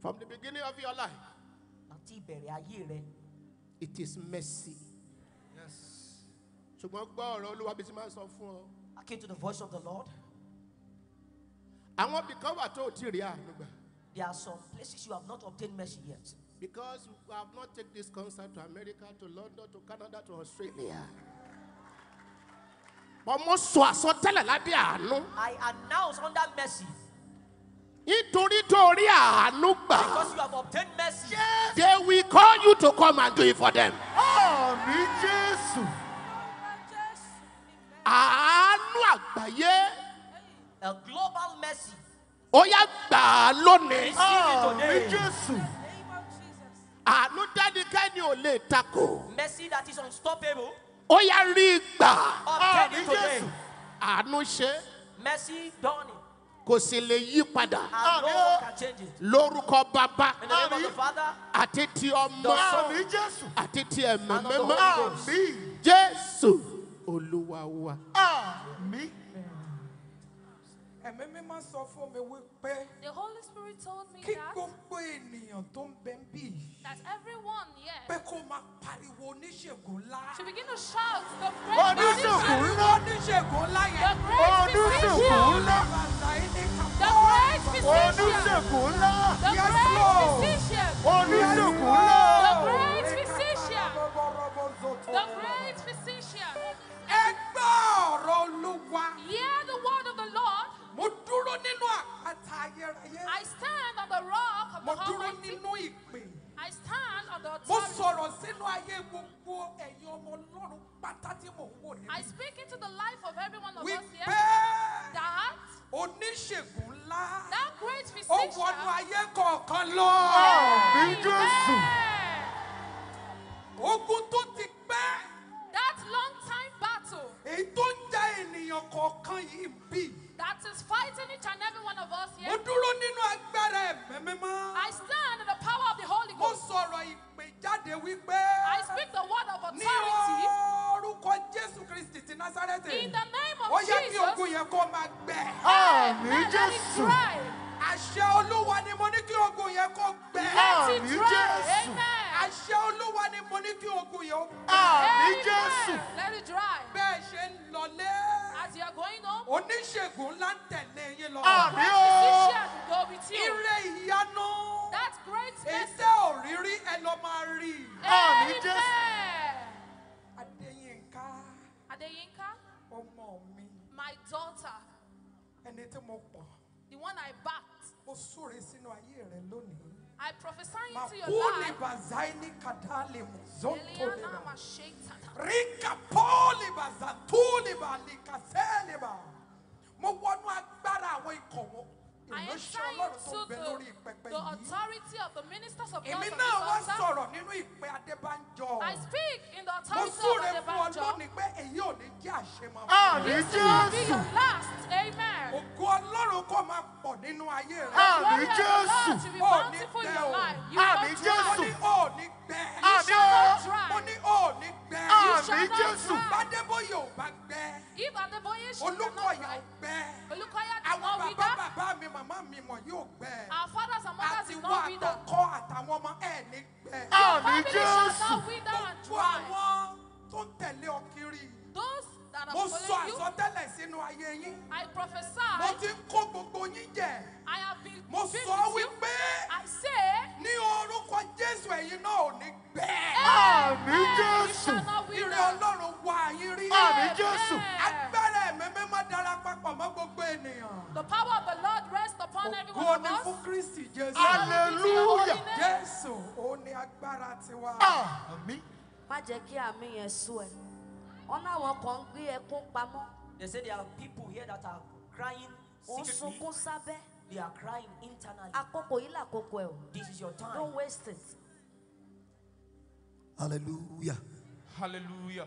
From the beginning of your life. It is mercy. Yes. Ṣùgbọ́n gbọ́ ọ̀rọ̀ Olúwa bí ti máa sọ fún ọ. I came to the voice of the Lord. Àwọn bìkan wà tó ti rí àánú gbà. There are some places you have not obtained mercy yet. Because you have not taken this concert to America, to London, to Canada, to Australia. But of sọ àsọtẹ́lẹ̀ lábẹ́ àánú. I announce under mercy. nítorí tó rí àánú gbà. because you have obtained mercy. Yes. they will call you to come and do it for them. àmì jésù. àánú àgbáyé. a global mercy. ó yá gbà á lónìí. àmì jésù. àánú dẹ́nikẹ́ni ò lè takò. mercy that is unstoppable. ó yá rí gbà. àmì jésù. àánú ṣe. mercy done kò sì lè yí padà. lórúkọ bàbá àti ti ọmọ àti ti ẹ̀mí jésù olúwa wa. Àmín. the holy spirit told me that. kí gbogbo ènìyàn tó ń bẹ ń that everyone here. pé begin to shout the great physician. the physician. the great physician. the great physician. the great physician. Hear the word of the Lord. I stand on the rock of the Almighty. I stand on the authority. I speak into the life of everyone of us here that oníṣègùn ńlá ó wọnú ayé kọ̀ọ̀kan lọ. bí Jésù. ogun tó ti pẹ́. that long time battle. That is fighting each and every one of us here. I stand in the power of the Holy Ghost. I speak the word of authority. In the name of Jesus. Ó yẹ let it àṣẹ olúwa ni mo ní kí ogun yẹn kó gbẹ. àmì jésù. àṣẹ olúwa ni mo ní kí ogun yẹn ó gbẹ. àmì jésù. bẹ́ẹ̀ ṣe ń lọlé. oníṣègùn ńlá ń tẹ̀lé yín lọ. àmì o. ire ìyanu. iṣẹ́ òrírí ẹ lọ máa rí. àmì jésù. adéyínká. adéyínká. ọmọ mi. my daughter. ẹni tí mo pọ̀. the one I back. I prophesy into your life. Makuni bazaini kadali muzonto leba. Rika poli ba Mo I assign to the, the authority of the ministers of God. I speak in the authority of the Adebanjo. Ah, This will be your last. Amen. Àmì ah, Jésù. Òní gbẹ o. Àmì ah, Jésù. Òní gbẹ. Àmì Jésù. Mo ní òní gbẹ. Àmì Jésù. Bádébóyè ò bá gbẹ. Olúkọ̀yà ò gbẹ. Àwọn bàbá bàbá mi máa màmá mi mọ̀ yóò gbẹ. Our fathers and mothers will not wither. Àtiwọ́ àtọkọ àtàwọn ọmọ ẹ̀ ní gbẹ. Àmì Jésù. Gbogbo àwọn tó ń tẹ̀lé ọ kiri. Those that are following you. Mo sínú ayé yín. I prophesy. Mo ti ń kó gbogbo yín jẹ. I have been mo been with you. Mo sọ wípé. I say. Ní orúkọ Jésù ẹ̀yin náà ò ní gbẹ. Àmín Jésù. Ire Ọlọ́run wà yín rí. Àmín Jésù. Agbára ẹ̀mí mímọ́ darapapọ̀ mọ́ gbogbo ènìyàn. The power of the Lord rests upon everyone of us. Ògo ni fún Kristi Jésù. Hallelujah. Jésù, ó ní agbára tiwa. Àmín. Má jẹ́ kí àmì yẹn sú ẹ. they say there are people here that are crying secretly. they are crying internally. àkókò this is your time. don't waste it. hallelujah. hallelujah.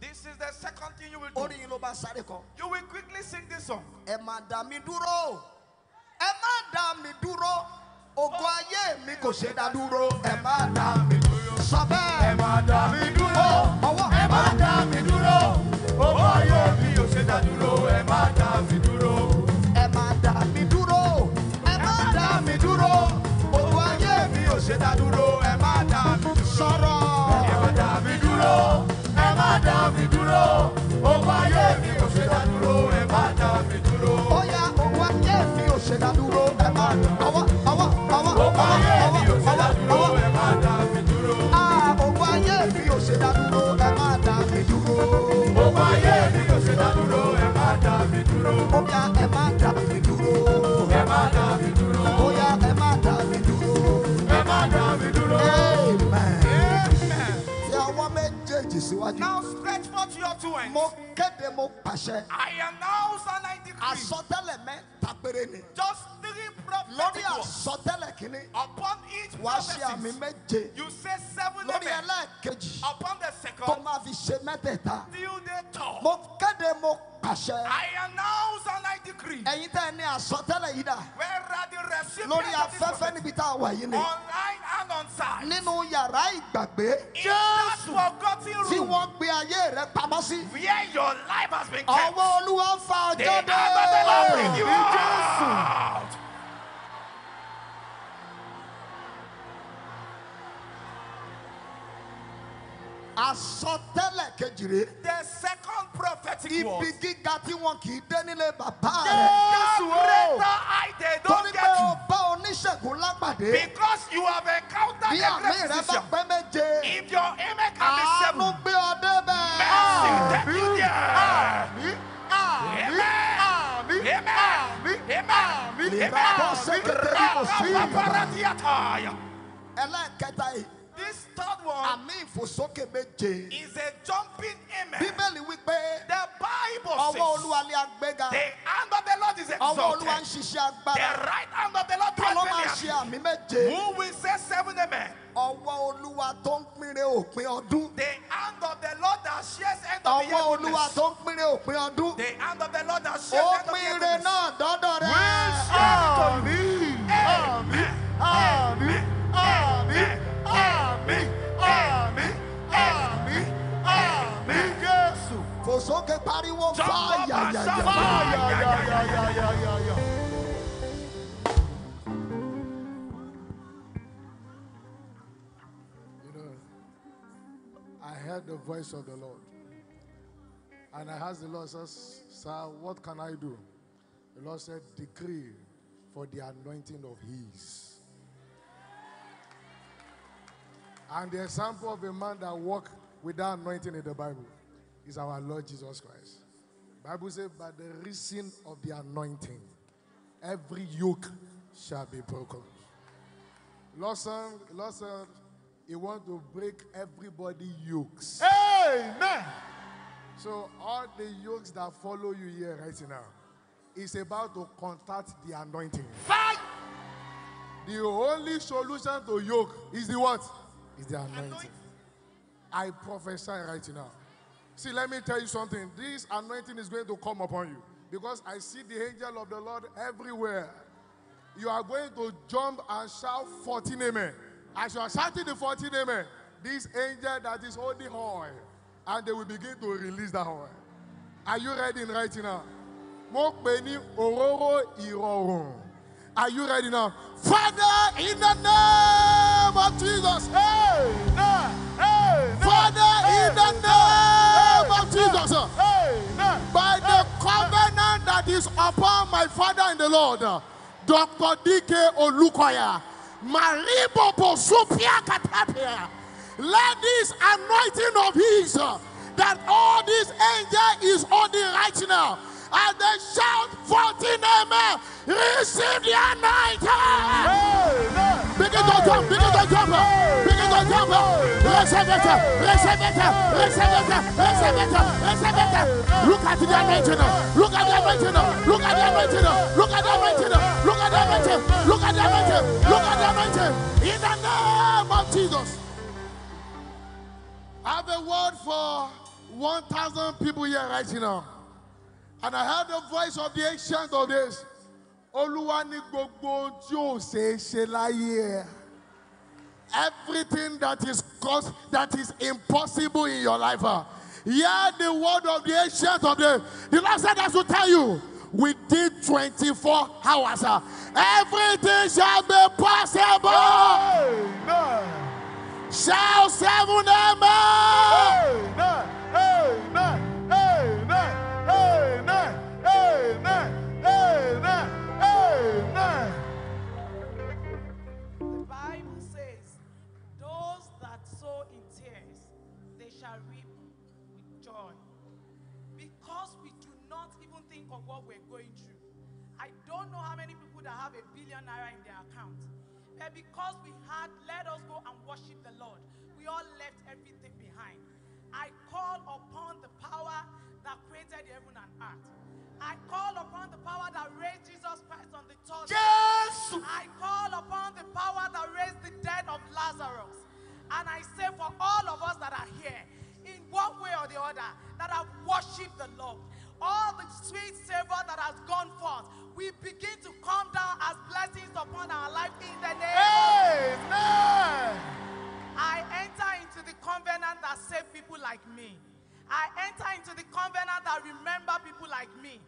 This is the second thing you will do. You will quickly sing this song. ògo ayé mi kò ṣe dá dúró ẹ má dá mi dúró sọ bẹ́ẹ̀ ẹ má dá mi dúró ọwọ́ ẹ má dá mi dúró ògo ayé mi kò ṣe dá dúró ẹ má dá mi dúró ẹ má dá mi dúró ẹ má dá mi dúró ògo ayé mi kò ṣe dá dúró ẹ má dá mi dúró sọ̀rọ̀ ẹ má dá mi dúró ẹ má dá mi dúró ògo ayé mi kò ṣe dá dúró ẹ má dá mi dúró. now stretch forth your two hands. mo kéde mo pàṣẹ. I announce and I decree. àsọtẹ́lẹ̀ mẹ́ta péré ni. just three lórí upon each prophecy. you say seven lórí upon the second. tó till they talk. I announce and I decree. ẹ̀yin where are the recipients lórí afẹ́fẹ́ níbi tá a online and on site. nínú yàrá ìgbàgbé. in that forgotten room. tí wọ́n where your life has been kept. the hand of the Lord bring you out. The second prophetic word. Ibi gíga tí wọn kì í dé nílé bàbá rẹ̀. Jésù The greater not Because you have encountered a great physician. If your amen can be seven. Àánú gbé ọ débẹ̀. Mercy Amen. Amen. Amen. Amen. Amen. Amen. Amen. Amen this third one àmì ìfòsókè méje is a jumping amen. bíbélì wípé the bible says ọwọ́ olúwa lé agbéga the hand of the lord is exalted ọwọ́ olúwa ń ṣiṣẹ́ agbára the right hand of the lord is exalted. ta ló ṣe àmì méje who will say seven amen. ọwọ́ olúwa tó ń pinre òpin ọdún. the hand of the lord that shares end of the year. ọwọ́ olúwa tó ń pinre òpin ọdún. the hand of the lord that shares end of the year. òpinre náà dọ́dọ̀ rẹ̀. wíṣọ́ àmì àmì àmì àmì. Amém, amém, amém, amém. Jesus, For so ke pariwo fire. I heard the voice of the Lord. And I asked the Lord, says, Sir, what can I do? The Lord said, Decree for the anointing of His. And the example of a man that walked without anointing in the Bible is our Lord Jesus Christ. Bible says, by the reason of the anointing, every yoke shall be broken. Lawson, Lawson, he want to break everybody yokes. Amen. So all the yokes that follow you here right now is about to contact the anointing. Fight. The only solution to yoke is the what? is the anointing. I prophesy right now. See, let me tell you something. This anointing is going to come upon you because I see the angel of the Lord everywhere. You are going to jump and shout 14 amen. As you are shouting the 14 amen, this angel that is holding oil, and they will begin to release that oil. Are you ready right now? Are you ready now? Father, in the name of Jesus. Hey, nah, hey, nah, Father, hey, in the name nah, of Jesus. by the covenant that is upon my father in the Lord, Dr. D.K. Olukoya, Maribobo Katapia, let this anointing of his, that all this angel is on the right now, and they shout 14 amen. Receive the anointing. Begin to jump, begin to jump, begin to jump. Receive it, receive it, receive it, receive it, receive it. Look at the anointing. Look at the anointing. Look at the anointing. Look at the anointing. Look at the anointing. Look at the anointing. Look at the anointing. In the name of Jesus. I have a word for 1,000 people here right now. And I heard the voice of the ancient of this. Olúwa ní gbogbo tí ò ṣeé ṣe láyé Everything that is cause that is impossible in your life. Uh, hear the word of the ancient of the. The Lord said that to tell you within 24 hours. Uh, everything shall be possible. Amen. Shall seven amen. Amen. Amen. The Bible says, Those that sow in tears, they shall reap with joy. Because we do not even think of what we're going through. I don't know how many people that have a billion naira in their account. But because we had, let us go and worship the Lord, we all left everything behind. I call upon the power that created heaven and earth. I call upon Jesus. I call upon the power that raised the dead of Lazarus. And I say for all of us that are here, in one way or the other, that have worshiped the Lord, all the sweet savor that has gone forth, we begin to come down as blessings upon our life in the name Amen. I enter into the covenant that saved people like me. I enter into the covenant that remember people like me.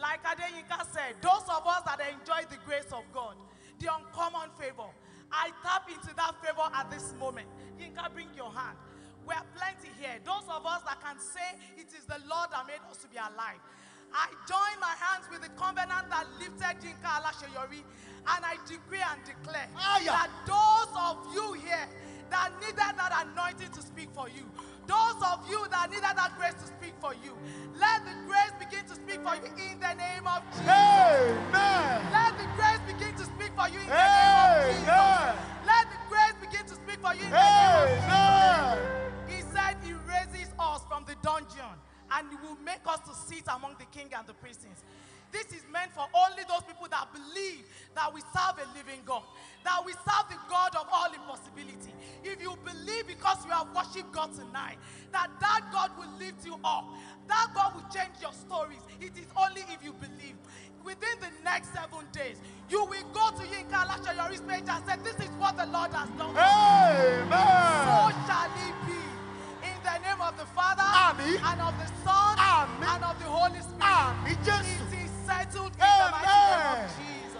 Like Adeyinka said, those of us that enjoy the grace of God, the uncommon favor, I tap into that favor at this moment. Yinka, bring your hand. We are plenty here. Those of us that can say it is the Lord that made us to be alive. I join my hands with the covenant that lifted Jinka Alasheyori and I decree and declare Aya. that those of you here that needed that anointing to speak for you, those of you that needed that grace to speak for you, let the grace begin to speak for you in the name of Jesus. Amen. Let the grace begin to speak for you in the Amen. name of Jesus. Let the grace begin to speak for you in the Amen. name of Jesus. He said he raises us from the dungeon and he will make us to sit among the king and the princes this is meant for only those people that believe that we serve a living God, that we serve the God of all impossibility. If you believe because you have worshiped God tonight, that that God will lift you up, that God will change your stories. It is only if you believe. Within the next seven days, you will go to Yinka Lashayoris page and say, This is what the Lord has done. Amen. So shall it be In the name of the Father Amen. and of the Son Amen. and of the Holy Spirit. Amen. It is in Amen. the name of Jesus.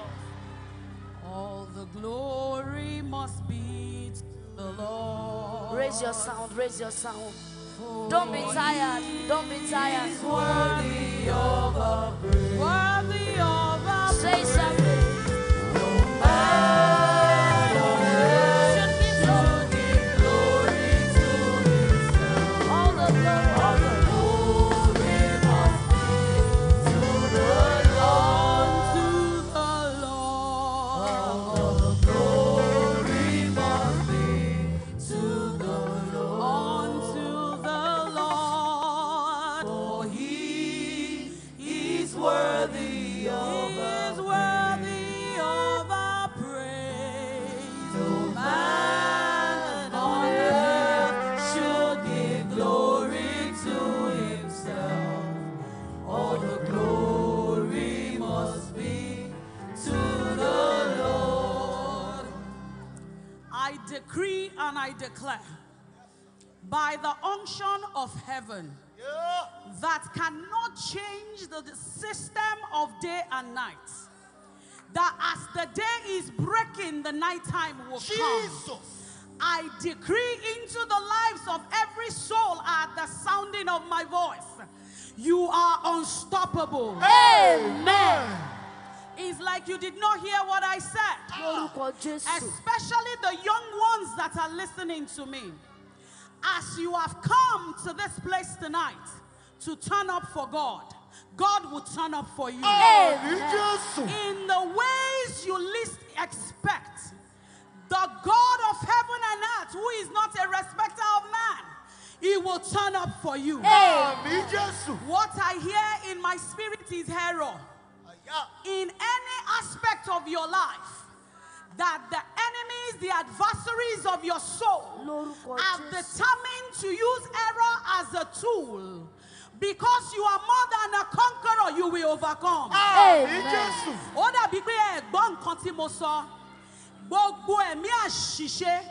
All the glory must be to the Lord. Raise your sound, raise your sound. Don't be tired. Don't be tired. Worthy of a praise. Worthy of a Say something. Oh. and I declare by the unction of heaven that cannot change the system of day and night. That as the day is breaking, the nighttime will Jesus. come. I decree into the lives of every soul at the sounding of my voice. You are unstoppable. Amen. Amen. It's like you did not hear what I said. Especially the young ones that are listening to me. As you have come to this place tonight to turn up for God, God will turn up for you. In the ways you least expect, the God of heaven and earth, who is not a respecter of man, he will turn up for you. What I hear in my spirit is error. in any aspect of your life that the enemies, the adversaries of your soul have determined to use error as a tool. Because you are more than a conqueror, you will overcome. Ah, Amen. Ó Gbogbo ẹ̀mí àṣìṣe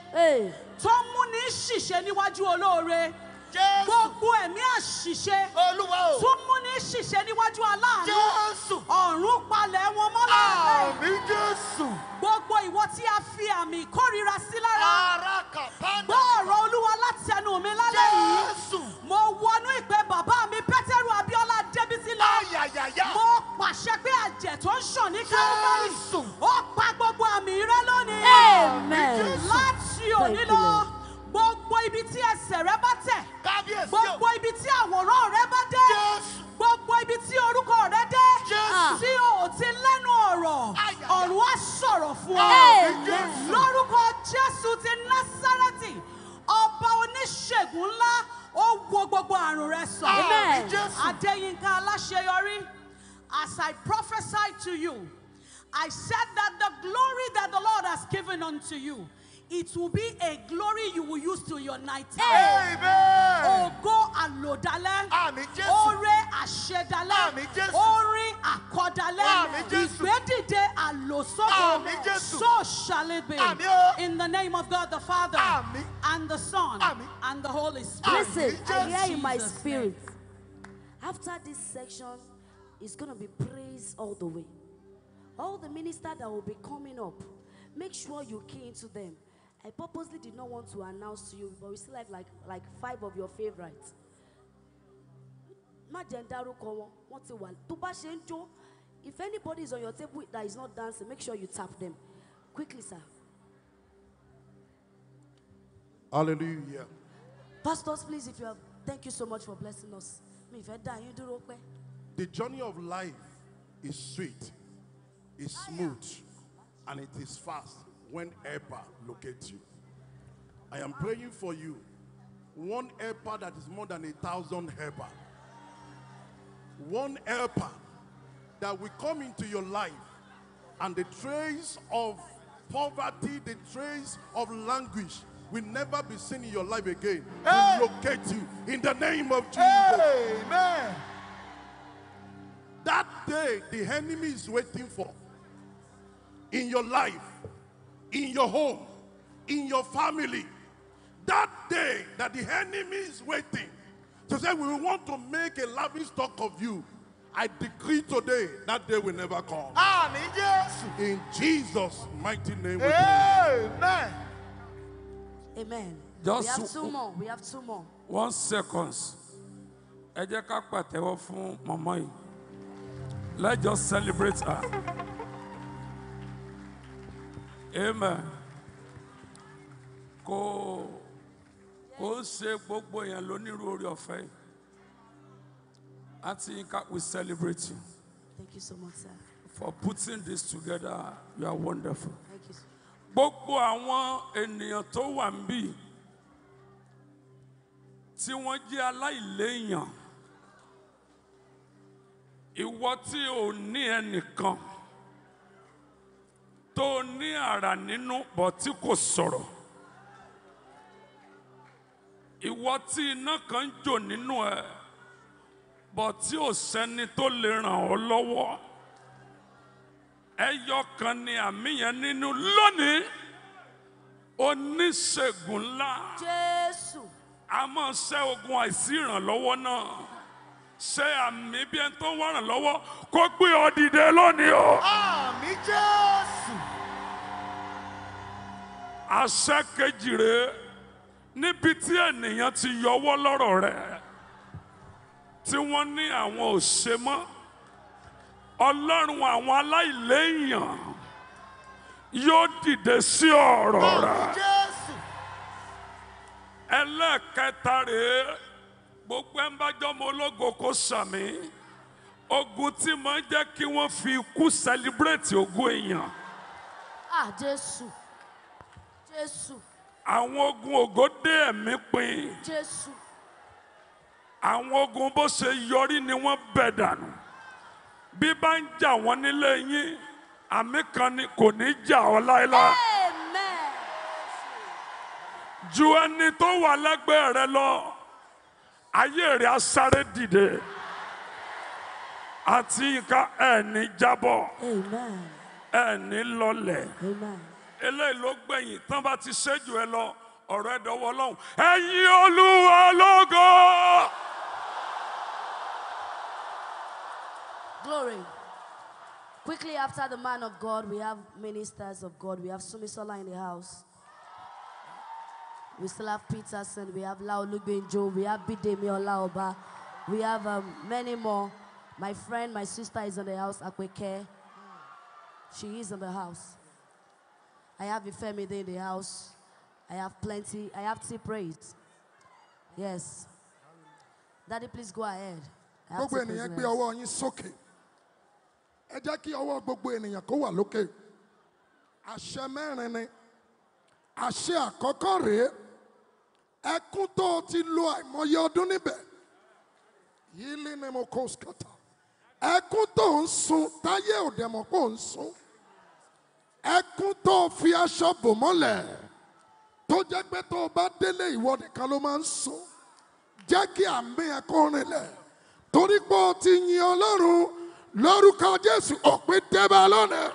tó ń múni ṣìṣe níwájú olóore. Jésù. Gbogbo ẹ̀mí àṣìṣe. Olúwa o. Tún mú ní ṣìṣe níwájú aláàánú. Jésù. Ọ̀run palẹ̀ wọn mọ́ láàárọ̀. Àmín Jésù. Gbogbo ìwọ tí a fi àmì ìkórira sí lára. Ara kàpánà. Gbọ́ ọ̀rọ̀ Olúwa láti ẹnu mi lálẹ́ yìí. Mo wọnú ìpè bàbá mi Pétérù Abíọ́lá Débísí lọ. Mo pàṣẹ pé àjẹ̀ tó ń ṣàn ní Kárúbárì. Jésù. Ó pa gbogbo àmì rẹ lónìí. Láti òní lọ. Gbogbo ibi tí ẹsẹ̀ rẹ bá tẹ̀. Kábíyèsí o. Gbogbo ibi tí àwòrán rẹ bá dé. Jésù. Gbogbo ibi tí orúkọ rẹ dé. Jésù. Ah, tí o ò ti lẹ́nu ọ̀rọ̀. Ọ̀run á sọ̀rọ̀ fún ọ. Lórúkọ Jésù ti Násárẹ́tì, ọba oníṣègùn ńlá, ó wo gbogbo àrùn rẹ sàn. Adéyínká aláṣeyọrí, as I prophesy to you, I said that the glory that the Lord has given unto you it will be a glory you will use to your night time. Amen. Ògo alodala. Àmì Jésù. Ore àṣẹdalẹ̀. Àmì Jésù. Orin àkọdalẹ̀. Àmì Jésù. Ìgbédìde àlòsókò. Àmì So shall it be. Àmì In the name of God the Father. Àmì. And the Son. Àmì. And the Holy Spirit. Listen, I hear in my spirit. After this section, it's going to be praise all the way. All the ministers that will be coming up, make sure you key into them. I purposely did not want to announce to you, but we still have like, like five of your favorites. Má jẹ́ ń dárúkọ wọn, wọ́n ti tó If anybody is on your table that is not dancing, make sure you tap them. Quickly, sir. Hallelujah. Pastors, please, if you have, thank you so much for blessing us. The journey of life is sweet, is smooth, and it is fast when locate locates you. I am praying for you. One helper that is more than a thousand helper. One helper that will come into your life and the trace of poverty, the trace of languish will never be seen in your life again. Hey. Will locate you in the name of Jesus. Amen. That day the enemy is waiting for in your life in your home, in your family. That day that the enemy is waiting to say, We want to make a lavish stock of you. I decree today that day will never come. Ah, in Jesus' mighty name. Amen. Amen. Just we have two more. We have two more. One seconds. Let's just celebrate her. amen kò kò ṣe gbogbo yẹn lónírúurú ọ̀fẹ́ yìí Auntie Inka we celebrate you. Thank you so much sir. For putting this together you are wonderful. Thank you sir. Gbogbo àwọn ènìyàn tó wà ń bì tí wọ́n jẹ́ aláìléèyàn ìwọ tí ò ní ẹnìkan tó ní àrà nínú bọ̀ tí kò sọ̀rọ̀ ìwọ tí iná kan ń jò nínú ẹ bọ̀ tí ò sẹ́ni tó lè ràn ọ́ lọ́wọ́ ẹyọ kan ni àmì yẹn nínú lónìí oníṣègùn ńlá Jésù a máa ṣẹ́ ogun àìsí ìrànlọ́wọ́ náà ṣe àmì bí ẹni tó ń wọ́ràn lọ́wọ́ kó gbé ọ dìde lónìí o. àmì jésù. àṣẹ kejì rèé níbi tí ènìyàn ti yọwọ́ lọ́rọ̀ rẹ̀ tí wọ́n ní àwọn ò ṣe mọ́ ọlọ́run àwọn aláìléèyàn yóò dìde sí ọ̀rọ̀ rẹ̀ ẹlẹ́ẹ̀kẹta rèé gbogbo ẹ̀ ń bá jọ́ mọ ológo kó sàmì ogun tí máa ń jẹ́ kí wọ́n fi ikú sẹlibrétì ogun èèyàn. à jésù jésù. àwọn ogun ògo dé ẹ̀mí pin. jésù. àwọn ogun bó ṣe yọrí ni wọ́n bẹ̀ dànù bí bá ń jà wọ́n nílé yín àmì kan ni kò ní jà ọ́ láéláé. ju ẹni tó wà lẹ́gbẹ̀ẹ́ rẹ lọ. ayé rẹ̀ á sáré dìde àti nǹkan ẹ̀ẹ́ni jábọ̀ eni lọlẹ̀ eléyìí ló gbẹ̀yìn tán bá ti ṣẹ́jú ẹ lọ ọ̀rọ̀ ẹ dọwọ́ lọ́hùn ẹ̀yin olúwa lógo. Glory. Quickly after the man of God, we have ministers of God. We have Sumisola in the house. We still have Peterson. We have Lao Lugbenjo. We have Bidemi Olaoba. We have um, many more. My friend, my sister is in the house, Akweke. She is in the house. I have Ifemide in the house. I have plenty. I have tea praise. Yes. Daddy, please go ahead. gbogbo ènìyàn gbé ọwọ́ yín sókè ẹ jẹ́ kí ọwọ́ gbogbo ènìyàn kó wà lókè àṣẹ mẹ́rin ni àṣẹ àkọ́kọ́ rèé. ẹkún tó ti lo àìmọye ọdún níbẹ̀ yìí lé ní mo kó skata ẹkún tó ń sun táyé òde mọ̀ kó ń sun ẹkún tó fi aṣọ bò mọ́lẹ̀ tó jẹ́ pé tó o bá délé ìwọ nìkan ló máa ń sun jẹ́ kí àmì ẹkún rinlẹ̀ torí pé o ti yin ọlọ́run lórúkọ jésù òpin débà lónìí.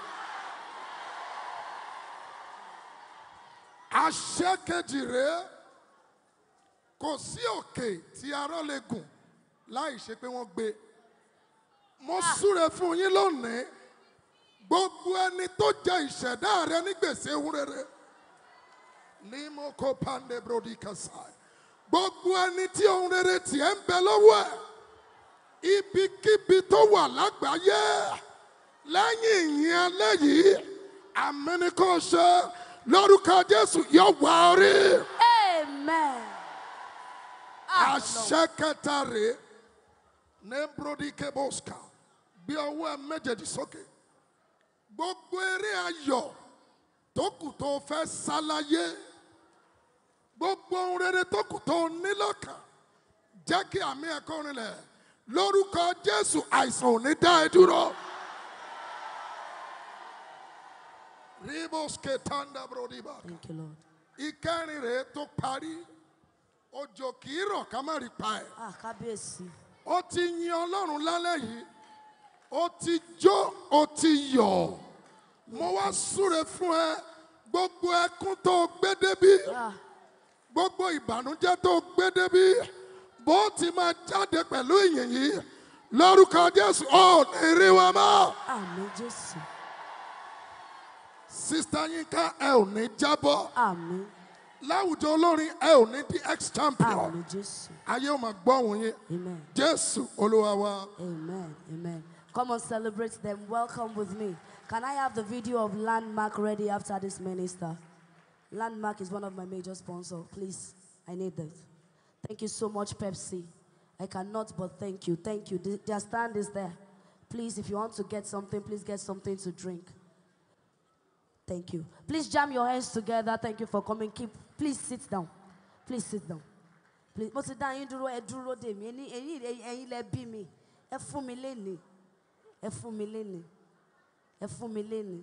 àṣẹ kejì rèé kò sí òkè tí arọ́ lè gùn láì ṣe pé wọ́n gbé mo ah. súre fún yín lónìí gbogbo ẹni tó jẹ ìṣẹ̀dá rẹ ní gbèsè wúrẹ́rẹ́ ní mo kó pande brodi kasa gbogbo ẹni tí ohun rere tiẹ̀ ń bẹ lọ́wọ́ ẹ̀ ibikíbi tó wà lágbàáyé lẹ́yìn ìyìn alẹ́ yìí àmì ni kò ṣe lórúkọ Jésù yóò wá rí. amen àṣẹkẹtàrè ah, nembrodikeboska gbé ọwọ́ ẹ méjèèjì sókè gbogbo eré ayọ̀ tó kù tó fẹ́ ṣàlàyé gbogbo ohun rere tó kù tó nílọ́kàn jẹ́ kí àmì ẹ̀kọ́ rinlẹ̀ lórúkọ Jésù àìsàn ò ní dá ẹ dúró. ribos ketanda brodiba ìkẹrin rèé tó parí òjò kì í rọ̀ ká má rí pa ẹ̀. àkábíyèsí. Ah, ó ti yin ọlọ́run lálẹ́ yìí ó ti jó ó ti yọ̀ mo wá súre fún ẹ gbogbo ẹkún tó gbé débí ah. gbogbo ìbànújẹ́ tó gbé débí bó ti máa jáde pẹ̀lú ìyìn yìí lórúkọ jésù ó ní wa mọ́. àmín jésù. sista yín ká ẹ ò ní jábọ́. àmín. láwùjọ olórin ẹ ò ní di ex champion ayé ò máa gbọ́ òun jésù olúwa wa. amen amen come on celebrate them welcome with me can i have the video of landmark ready after this minister landmark is one of my major sponsors please i need that thank you so much pepsi i cannot but thank you thank you their stand is there please if you want to get something please get something to drink. Thank you. Please jam your hands together. Thank you for coming. Keep please sit down please sit down please mo ti dá yín dúró ẹ dúró dè mí ẹni ẹ̀yin ẹ̀yin lẹ bí mi ẹ fún mi léni ẹ fún mi léni ẹ fún mi leni full. fun mi leni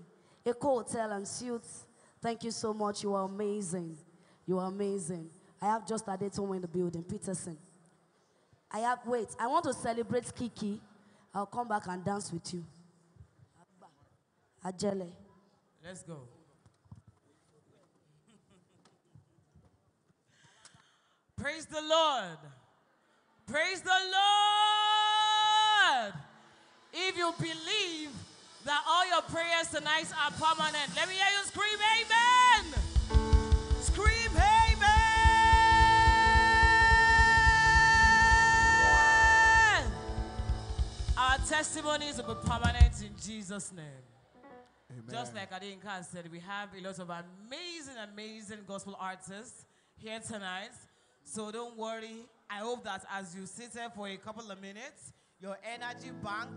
Eco Hotel and suits. thank you so much you are amazing you are amazing I have just Adetomo in the building Peterson I have wait I want to celebrate Kiki I'll come back and dance with you Ajele. Let's go. Praise the Lord. Praise the Lord. If you believe that all your prayers tonight are permanent, let me hear you scream, Amen. Scream, Amen. Our testimonies will be permanent in Jesus' name. Amen. Just like Adinka said, we have a lot of amazing, amazing gospel artists here tonight. So don't worry. I hope that as you sit here for a couple of minutes, your energy bank,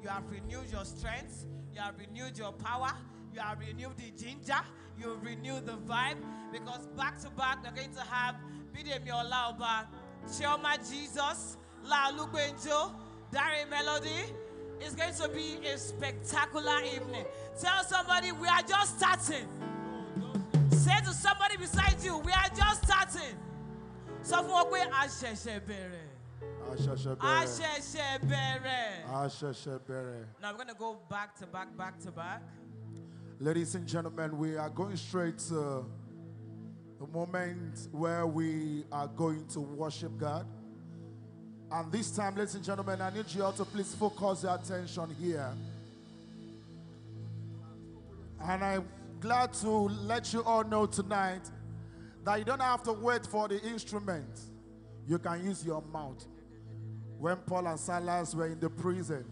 you have renewed your strength, you have renewed your power, you have renewed the ginger, you have renewed the vibe. Because back to back, we're going to have Bidemi Laoba, Chioma Jesus, La Benjo, Dari Melody. It's going to be a spectacular evening. Tell somebody we are just starting. Say to somebody beside you, we are just starting sọ fún wọn pé a ṣẹ̀ṣẹ̀ bẹ̀rẹ̀. Now we're going to go back to back, back to back. Ladies and gentlemen, we are going straight to the moment where we are going to worship God. And this time, ladies and gentlemen, I need you all to please focus your attention here. And I'm glad to let you all know tonight that you don't have to wait for the instrument. You can use your mouth. When Paul and Silas were in the prison,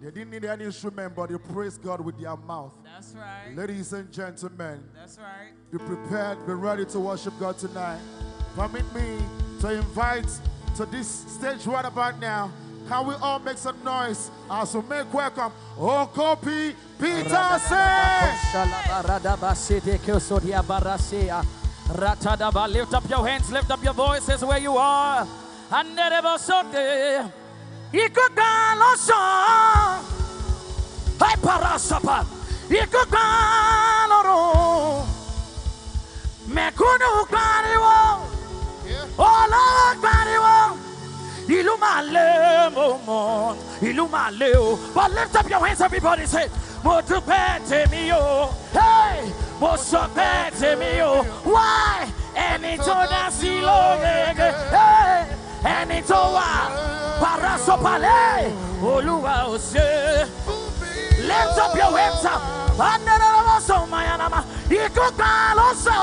they didn't need any instrument, but they praised God with their mouth. That's right. Ladies and gentlemen, that's right. Be prepared, be ready to worship God tonight. Permit me to invite to this stage right about now. Can we all make some noise as we make welcome Peter says. Ratadaba, lift up your hands, lift up your voices where you are. And never sote. Ikuka loso. Hai parasapa. Ikuka loro. Mekunu kariwo. Ola kariwo. Ilumale mo, Ilumale. But lift up your hands, everybody. Say mo dúpẹ́ tèmi o mo sọ pé tèmi ẹni tó dá sí lómege ẹni tó wà parasopalẹ̀ olúwa ò ṣe. lift up your hands up andarabasa mayanama ikú pa ló sọ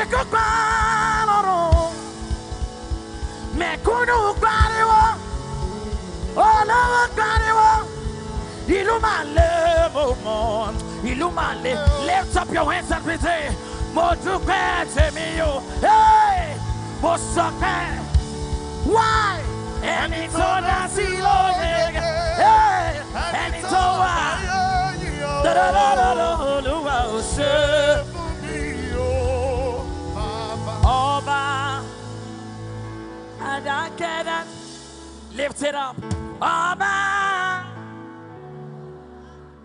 ikú pa lọ́rùn mẹ̀kúnnù pariwo olówó pariwo. Lift up your hands and we say, Mo dúpẹ́ tèmi o, mo sọ pé, why? Ẹni tó dá sí lóye, ẹni tó wà, Da da da da da, mi o, ọba adákẹ́dá, lift it up, ọba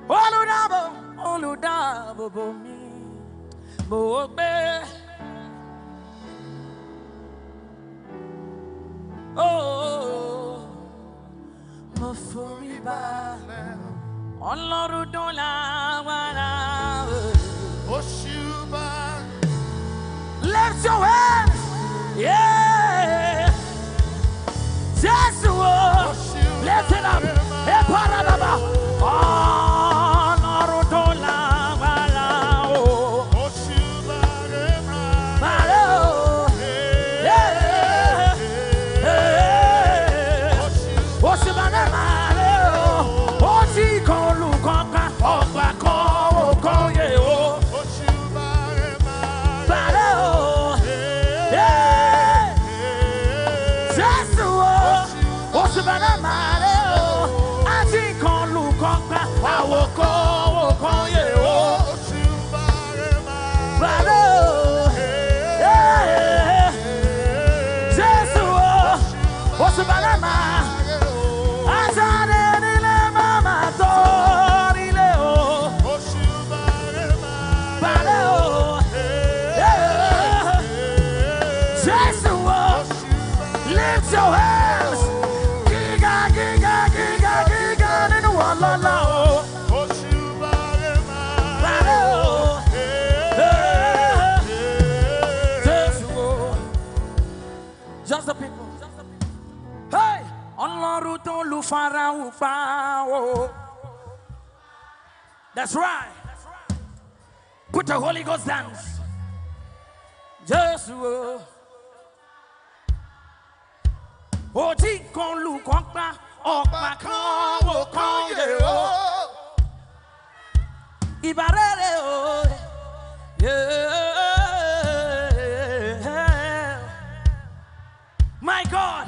olùdáàbò olùdáàbò bò mí bò ó gbé. Oh, mo forí balẹ̀ ọlọ́run dún lágbára. ó ṣùgbọ́n. lift your hands. Yeah. Jésù o. Oh. Lift it up. Ẹ para bàbá. Oh. That's right. Put the Holy Ghost dance. Joshua. Oji kan lu look pa ọ̀pá kan wo kan yẹ o. Ìbárẹ̀rẹ̀ o. My God.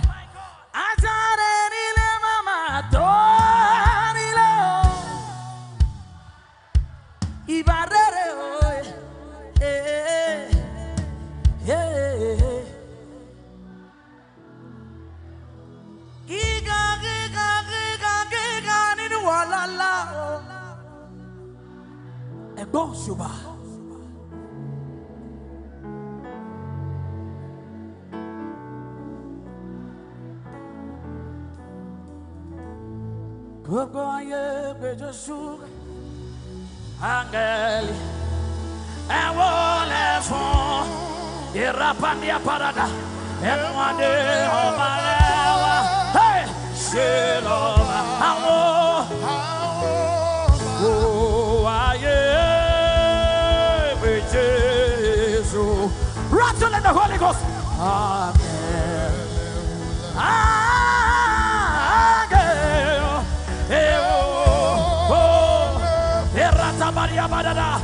negócio, vá. Kokoye bejosu angeli ewole fun irapandia parada emwade omalewa hey shelova awo awo battle the Holy Ghost. Amen. Amen. Amen.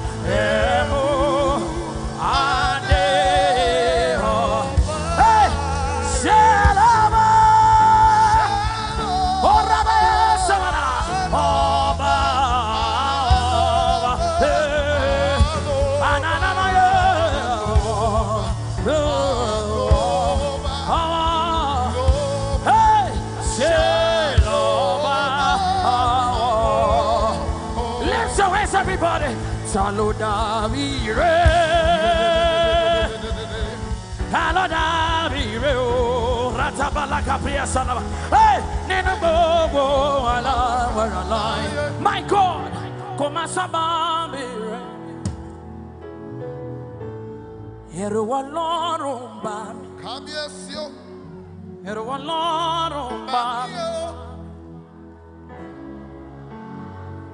Amen. Saluda saluda Salodamire Salodamire oh, Ratabala Capria Salama Hey Ninabobo Allah Waralai My God Komasabamire Erualorum Bam Cabiasio Erualorum Bam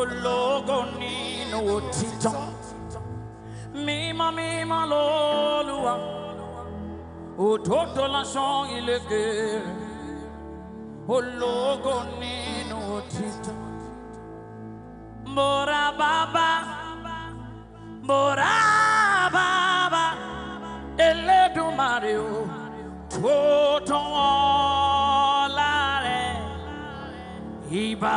ológonínú òtítọ́ mímọ́ mímọ́ lóluwà òtótó lásán ìlẹ́gẹ̀ rẹ̀ ológonínú òtítọ́ mọ́ra bàbá mọ́ra bàbá Elédùmarè o tó ìbá.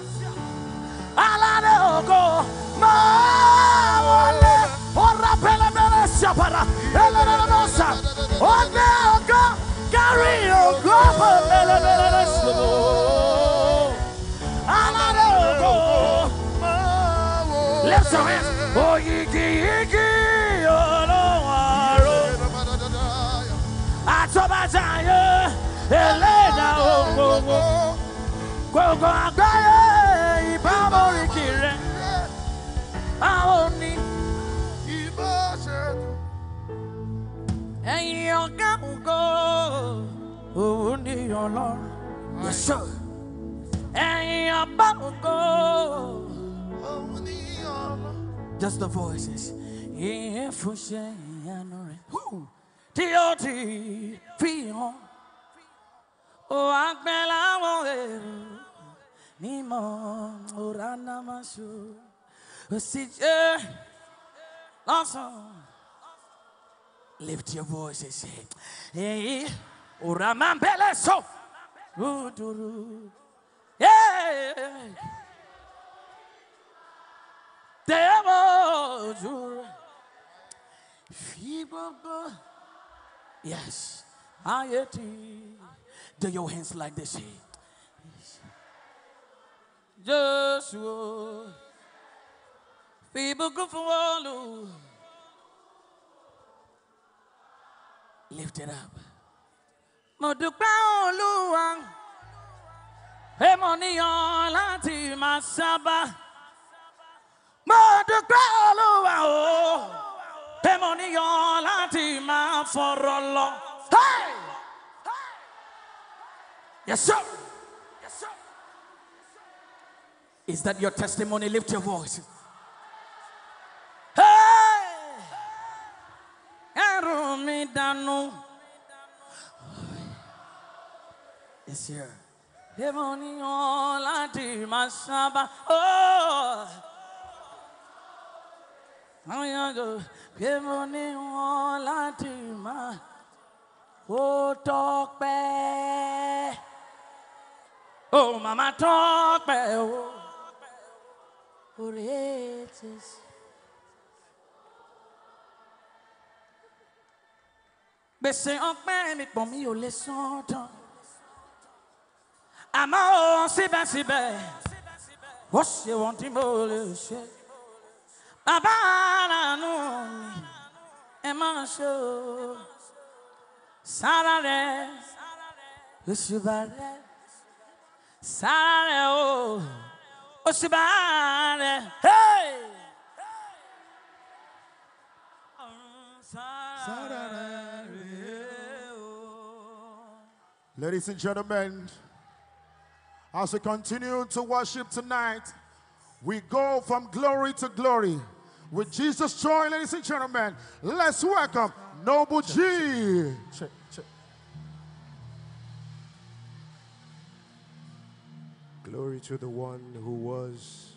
Alanoko, Mawale, Ora Pelebele Shapara, Elenosa, Oneoko, Gario, Globo, Pelebele Slobo, Alanoko, Lift your hands, O Yigi Yigi, Olowaro, Atobatayo, Elena Ogogo, Gogo Agbáyé. me aoni ìbáṣẹ̀tù ẹ̀yin ọ̀gá ògo òun ni ọlọ́run yẹ̀ṣọ́ ẹ̀yin ọba ògo only your Lord. just the voices ìyẹn fún ṣe ìyanu rẹ̀ tí ó ti fi hàn ó àgbẹ̀ láwọn èrò mímọ́ ọ̀rá náà máa ṣòro. CJ eh? Lawson. Lift your voice and say, Hey, Uramambele so. Yeah. Demo. Fibobo. Yes. I Do your hands like this. Joshua. People for all. Oh. Lift it up. Mo dúpẹ́ Olúwa, pé mo níyàn láti máa sábà. Mo dúpẹ́ Olúwa o, oh. pé mo for láti Hey! Yes, sir. Yes, sir. Is that your testimony? Lift your voice. dànù. It's here. Èèmọ̀ ni ọ̀làdì oh, oh, Àwọn èèyàn kò èèmọ̀ ni ọ̀làdì máa. Ó oh, o. tope oh, mama tope o oh, ree oh gbèsè ọpẹ́ mi pọ̀ mi ò lè san tán àmọ́ síbẹ̀síbẹ̀ ó ṣe wọn tí mo lè ṣe bàbá àánú mi ẹ máa ṣe o sára rẹ òṣùbà rẹ sára rẹ o òṣùbà rẹ. Hey! Sára rẹ. Ladies and gentlemen, as we continue to worship tonight, we go from glory to glory. With Jesus' joy, ladies and gentlemen, let's welcome Noble G. Glory to the one who was,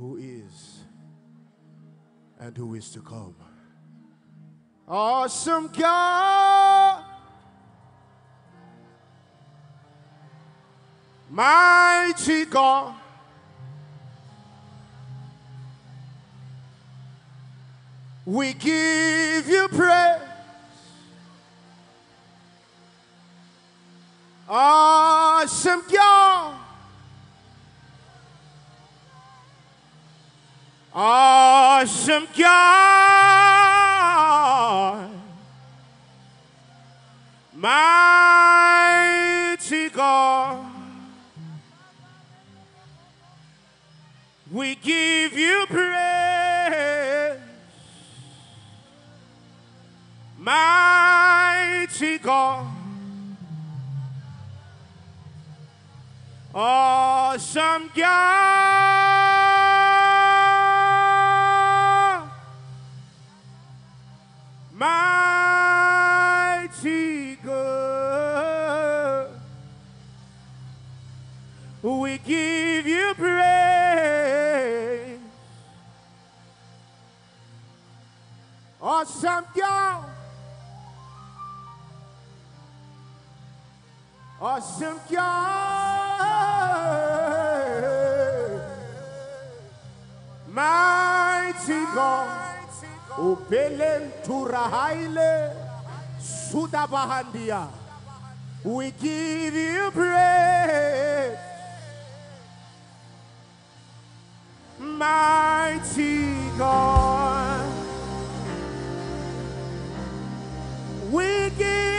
who is, and who is to come. Awesome God. Mighty God. We give you praise. Awesome God. Awesome God. Mighty God. We give you praise, mighty God, awesome God, my. Awesome, champion. Our God, Mighty God. Ubelen Turahaile Sudabahandia. We give you praise. Mighty God. We When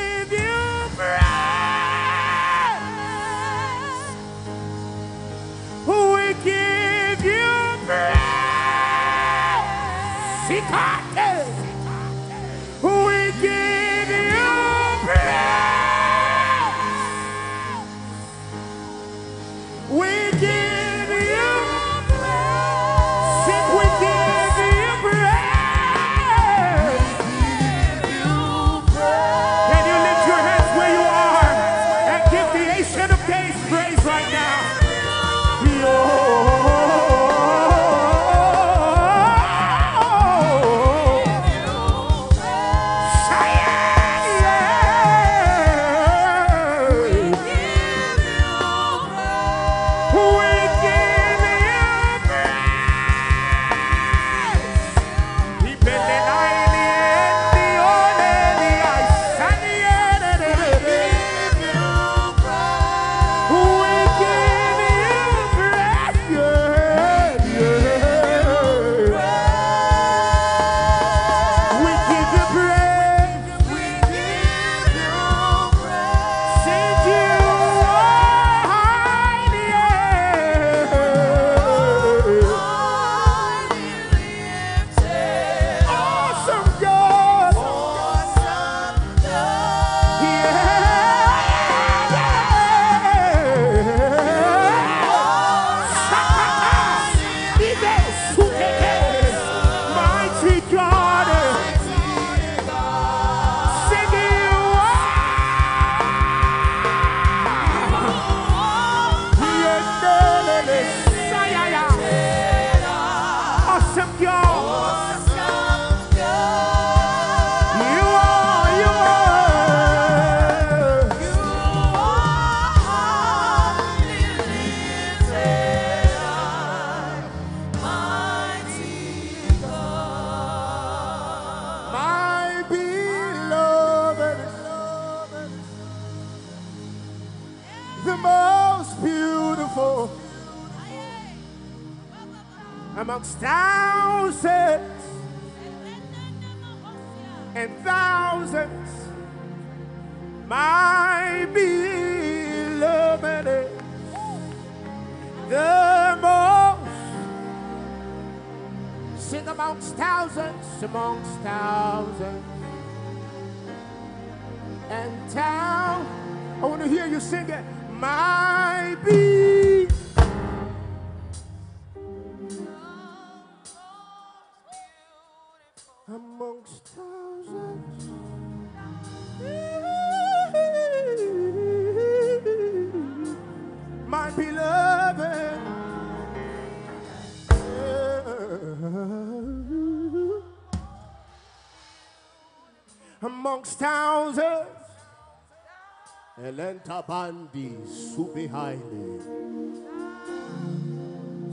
who behind me,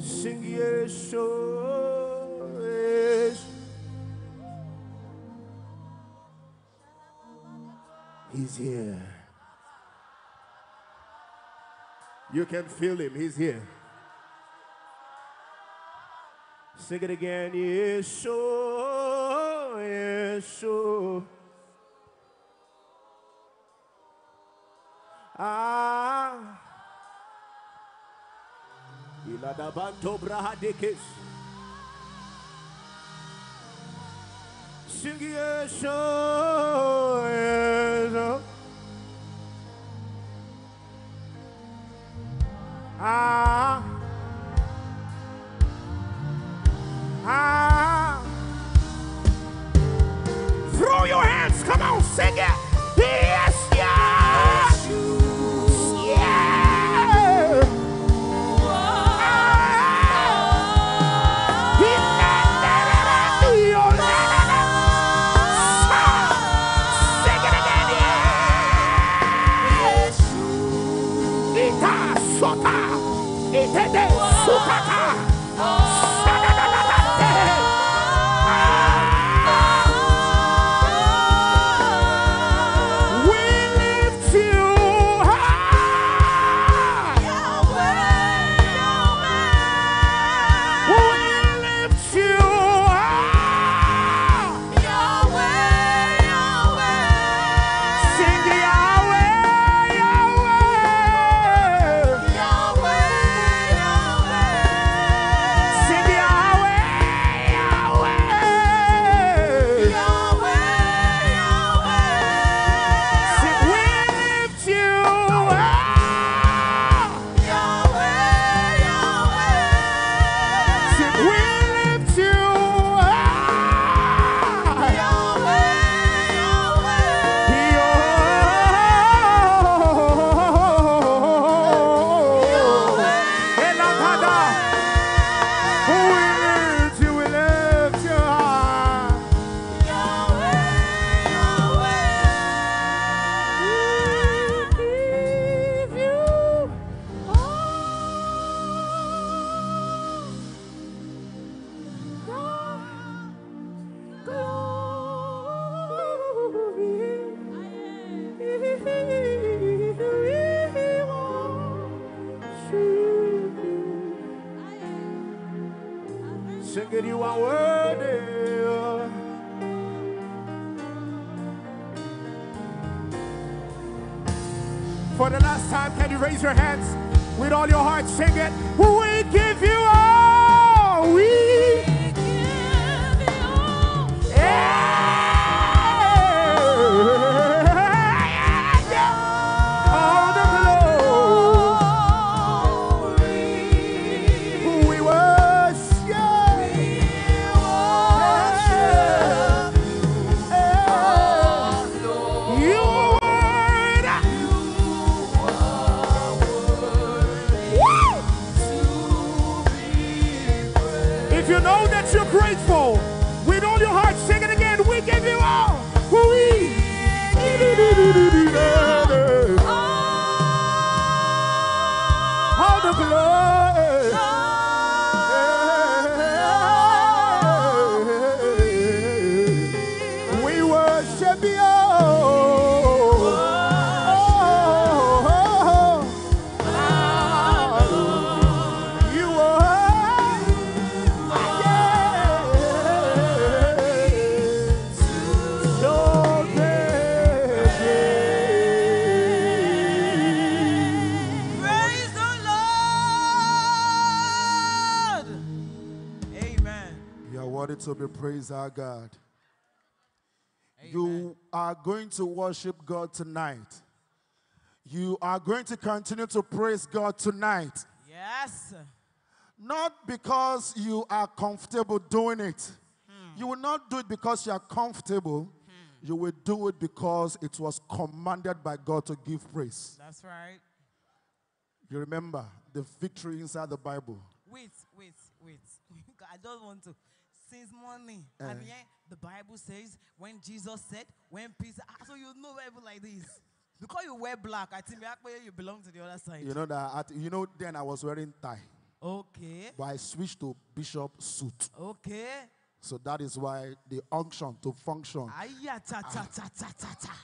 Sing yes, oh, yes. He's here. You can feel him. He's here. Sing it again. Yes, oh, I Ladabanto Brahadikis. Sing yes, oh, Ah, ah. Throw your hands, come on, sing it. Praise our God. Amen. You are going to worship God tonight. You are going to continue to praise God tonight. Yes. Not because you are comfortable doing it. Hmm. You will not do it because you are comfortable. Hmm. You will do it because it was commanded by God to give praise. That's right. You remember the victory inside the Bible. Wait, wait, wait. I don't want to money. Uh. Eh. the the Bible says when Jesus said, when peace. Ah, so you know people like this. Because you wear black, I think you belong to the other side. You know that. you know, then I was wearing tie. Okay. But I switched to bishop suit. Okay. So that is why the unction to function. Ayata, ah.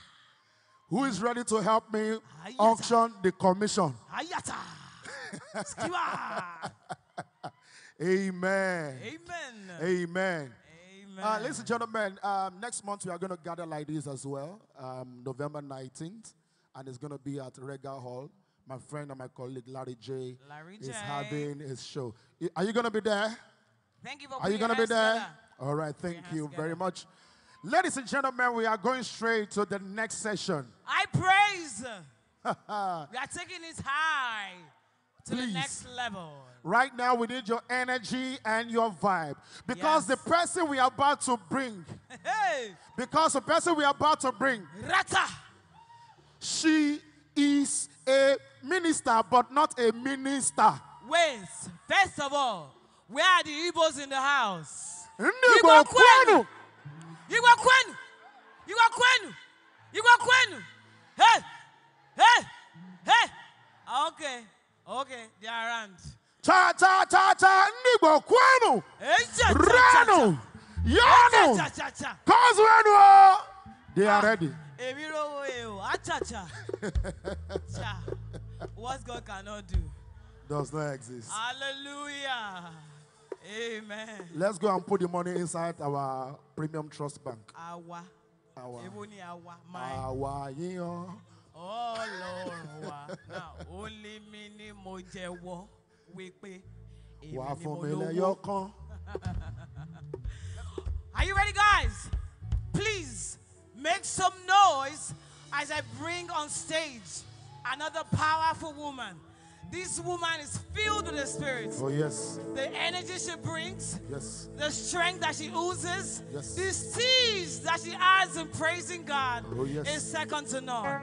Who is ready to help me unction the commission? Amen. Amen. Amen. Uh, ladies and gentlemen, um, next month we are going to gather like this as well, um, November 19th, and it's going to be at Regal Hall. My friend and my colleague Larry J Larry is having his show. Are you going to be there? Thank you Are you going to be there? Together. All right, thank you together. very much. Ladies and gentlemen, we are going straight to the next session. I praise. we are taking it high to Please. the next level. Right now, we need your energy and your vibe. Because yes. the person we are about to bring, hey. because the person we are about to bring, Rata. she is a minister, but not a minister. Where's? First of all, where are the evils in the house? Igbo Kwenu! Igbo Kwenu! Igbo Kwenu! Igbo Kwenu! Hey! Hey! Hey! Ah, okay. Okay, they are around. Cha cha cha cha Nigbo Kwenu Renu Yanu Cause They are ah, ready. Eh, oh. ah, what God cannot do does not exist. Hallelujah. Amen. Let's go and put the money inside our premium trust bank. Awa. Awa. Awa. Awa ó lé mi ní mo jẹ́wọ́ wípé èmi ni mo wipe emi wàá Are you ready, guys? Please make some noise as I bring on stage another powerful woman. This woman is filled with the Spirit. Oh, yes. The energy she brings. Yes. The strength that she oozes. Yes. The tears that she adds in praising God oh, yes. is second to none.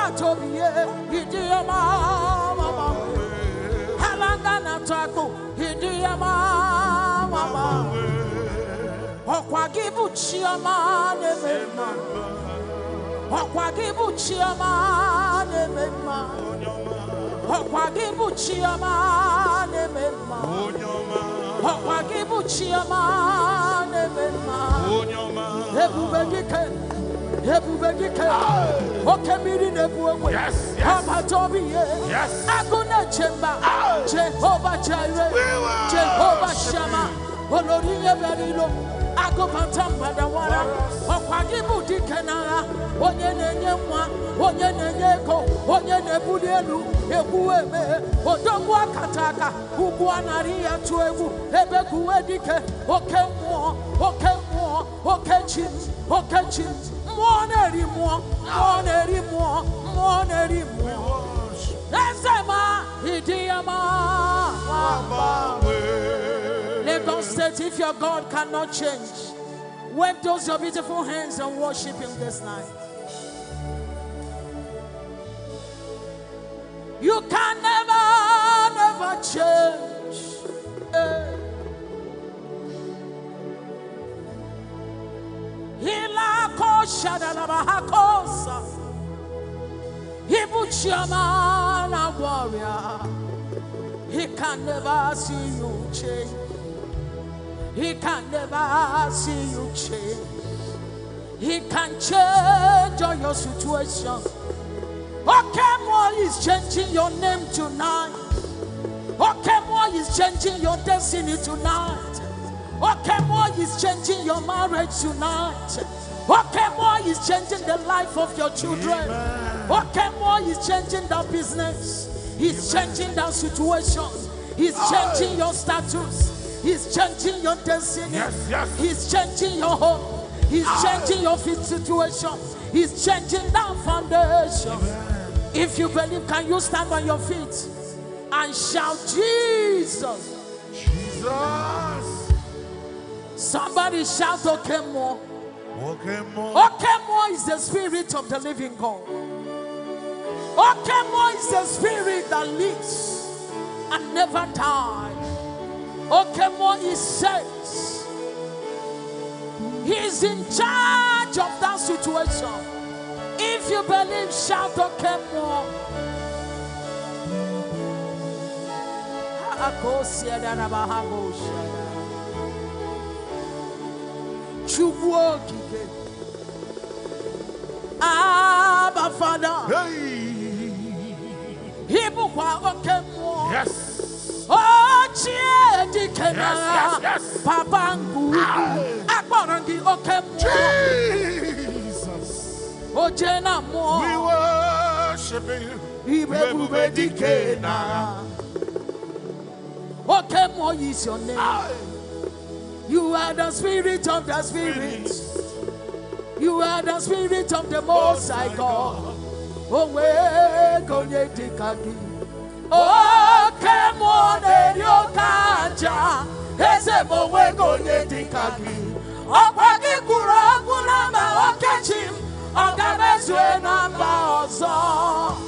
na tobiye hidiye mama halanda na tako hidiye ma mama okwagibu chioma nemema okwagibu chioma nemema okwagibu chioma nemema okwagibu chioma nemema ebube dike Yes, yes. Yes. Jehovah Jireh, Jehovah Shammah, Oloriye Berilo, agụbata mgbadawara ọkwa gị bụ dike n'agha onye na-enye nwa onye na-enye ego onye na-ebuli elu egbuwe emeghe odogwu akata aka ugwu anarị ya tụọ egwu ebe guwe dike oke mmụọ oke mmụọ oke chi oke chi Mmụọ na-eri mmụọ, mmụọ na-eri mmụọ, mmụọ na-eri mmụọ. Ezema Let Lagos State, if your God cannot change, wave those your beautiful hands and worship Him this night. You can never, never change. He puts your man a warrior. He can never see you change. He can never see you change. He can change all your situation. Okay, boy is changing your name tonight. Okay, boy is changing your destiny tonight. Okemo is changing your marriage tonight. Okemo is changing the life of your children. Okemo is changing the business. He's changing the situation. He's changing your status. He's changing your destiny. Yes, yes. He's changing your home. He's changing your situation. He's changing that foundation. If you believe, can you stand on your feet and shout, Jesus? Jesus. Somebody shout, Okemo. Okemo. Okemo is the spirit of the living God. Okemo is the spirit that lives and never dies. Okemo is saints. He is in charge of that situation. If you believe, shout Okemo. You walk again. Abba, Father. Hey. Yes. Oh, yes, yes, yes. Papa, ah. Jesus. Oh, Jenna, we worship you. Ibebube Dikena. Okay, more is your name. You are the spirit of the spirit. You are the spirit of the most high God. Oh Onwe konye dikagi. O kemo ne yokaja. Ese mowe konye dikagi. Ọkpagi kwuru okwu na ma okechim. Ọ ga-emezue na mba ọzọ.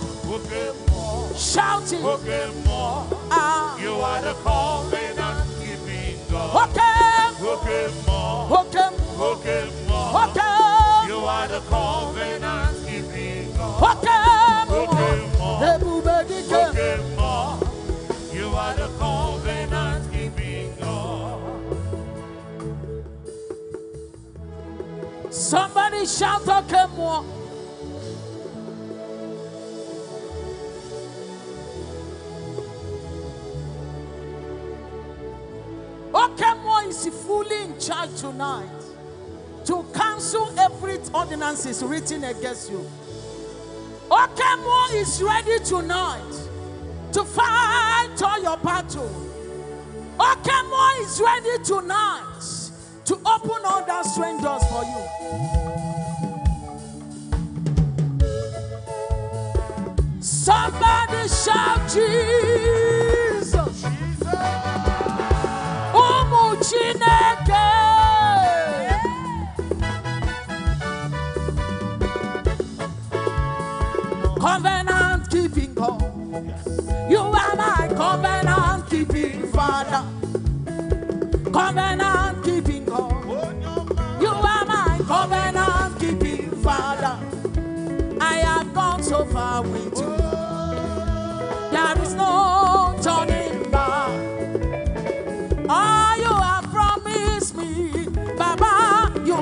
Shouting. Okay, more. Ah. You are the covenant giving God. Okay. Pokemon. Pokemon. Pokemon. Pokemon. You are the covenant keeping God. Pokemon. Pokemon. Pokemon. You are the covenant keeping God. Somebody shout Pokemon. Okemo is fully in charge tonight to cancel every ordinances written against you. Okemo is ready tonight to fight all your battle. Okemo is ready tonight to open all that strange doors for you. Somebody shout Jesus. Jesus covenant keeping God you are my covenant keeping father covenant keeping God you are my covenant keeping father I have gone so far with you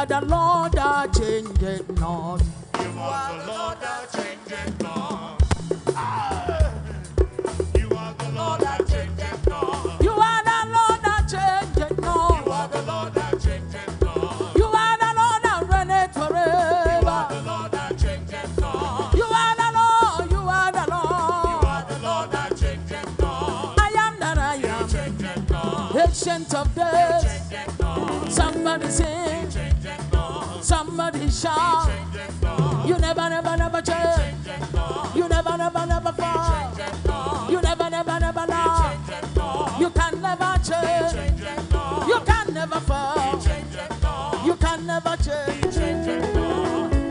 are the Lord that changeth not. You are the Lord that changeth not. Ah. You are the Lord that changeth not. You are the Lord that changeth not. You are the Lord that changeth not. You are the Lord that reigneth forever. You are the Lord that changeth not. You are the Lord. You are the Lord. You are the Lord that changeth not. I am that I am. Ancient of days. Somebody say body shout. You never, never, never change. You never, never, never fall. You never, never, never know. You can never change. You can never fall. You can never change.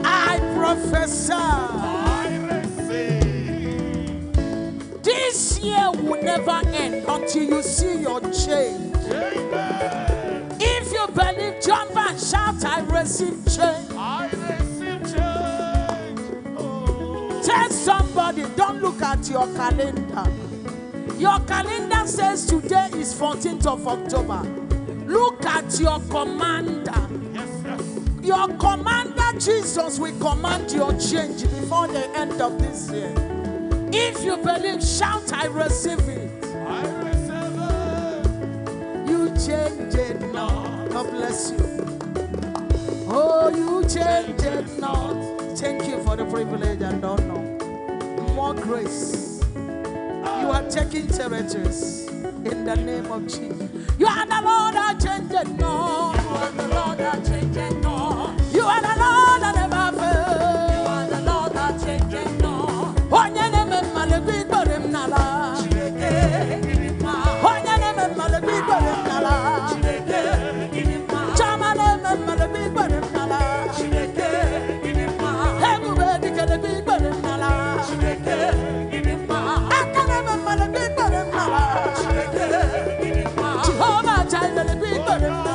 I professor. This year will never end until you see your change. Amen. Shout, I receive change. I receive change. Oh. Tell somebody, don't look at your calendar. Your calendar says today is 14th of October. Look at your commander. Yes, yes. Your commander, Jesus, will command your change before the end of this year. If you believe, shout, I receive it. I receive it. You change it now. God bless you. Oh, you changed it not. Thank you for the privilege and honor. More grace. You are taking territories in the name of Jesus. You are the Lord that changed it not. You are the Lord it Jehovah, child, the big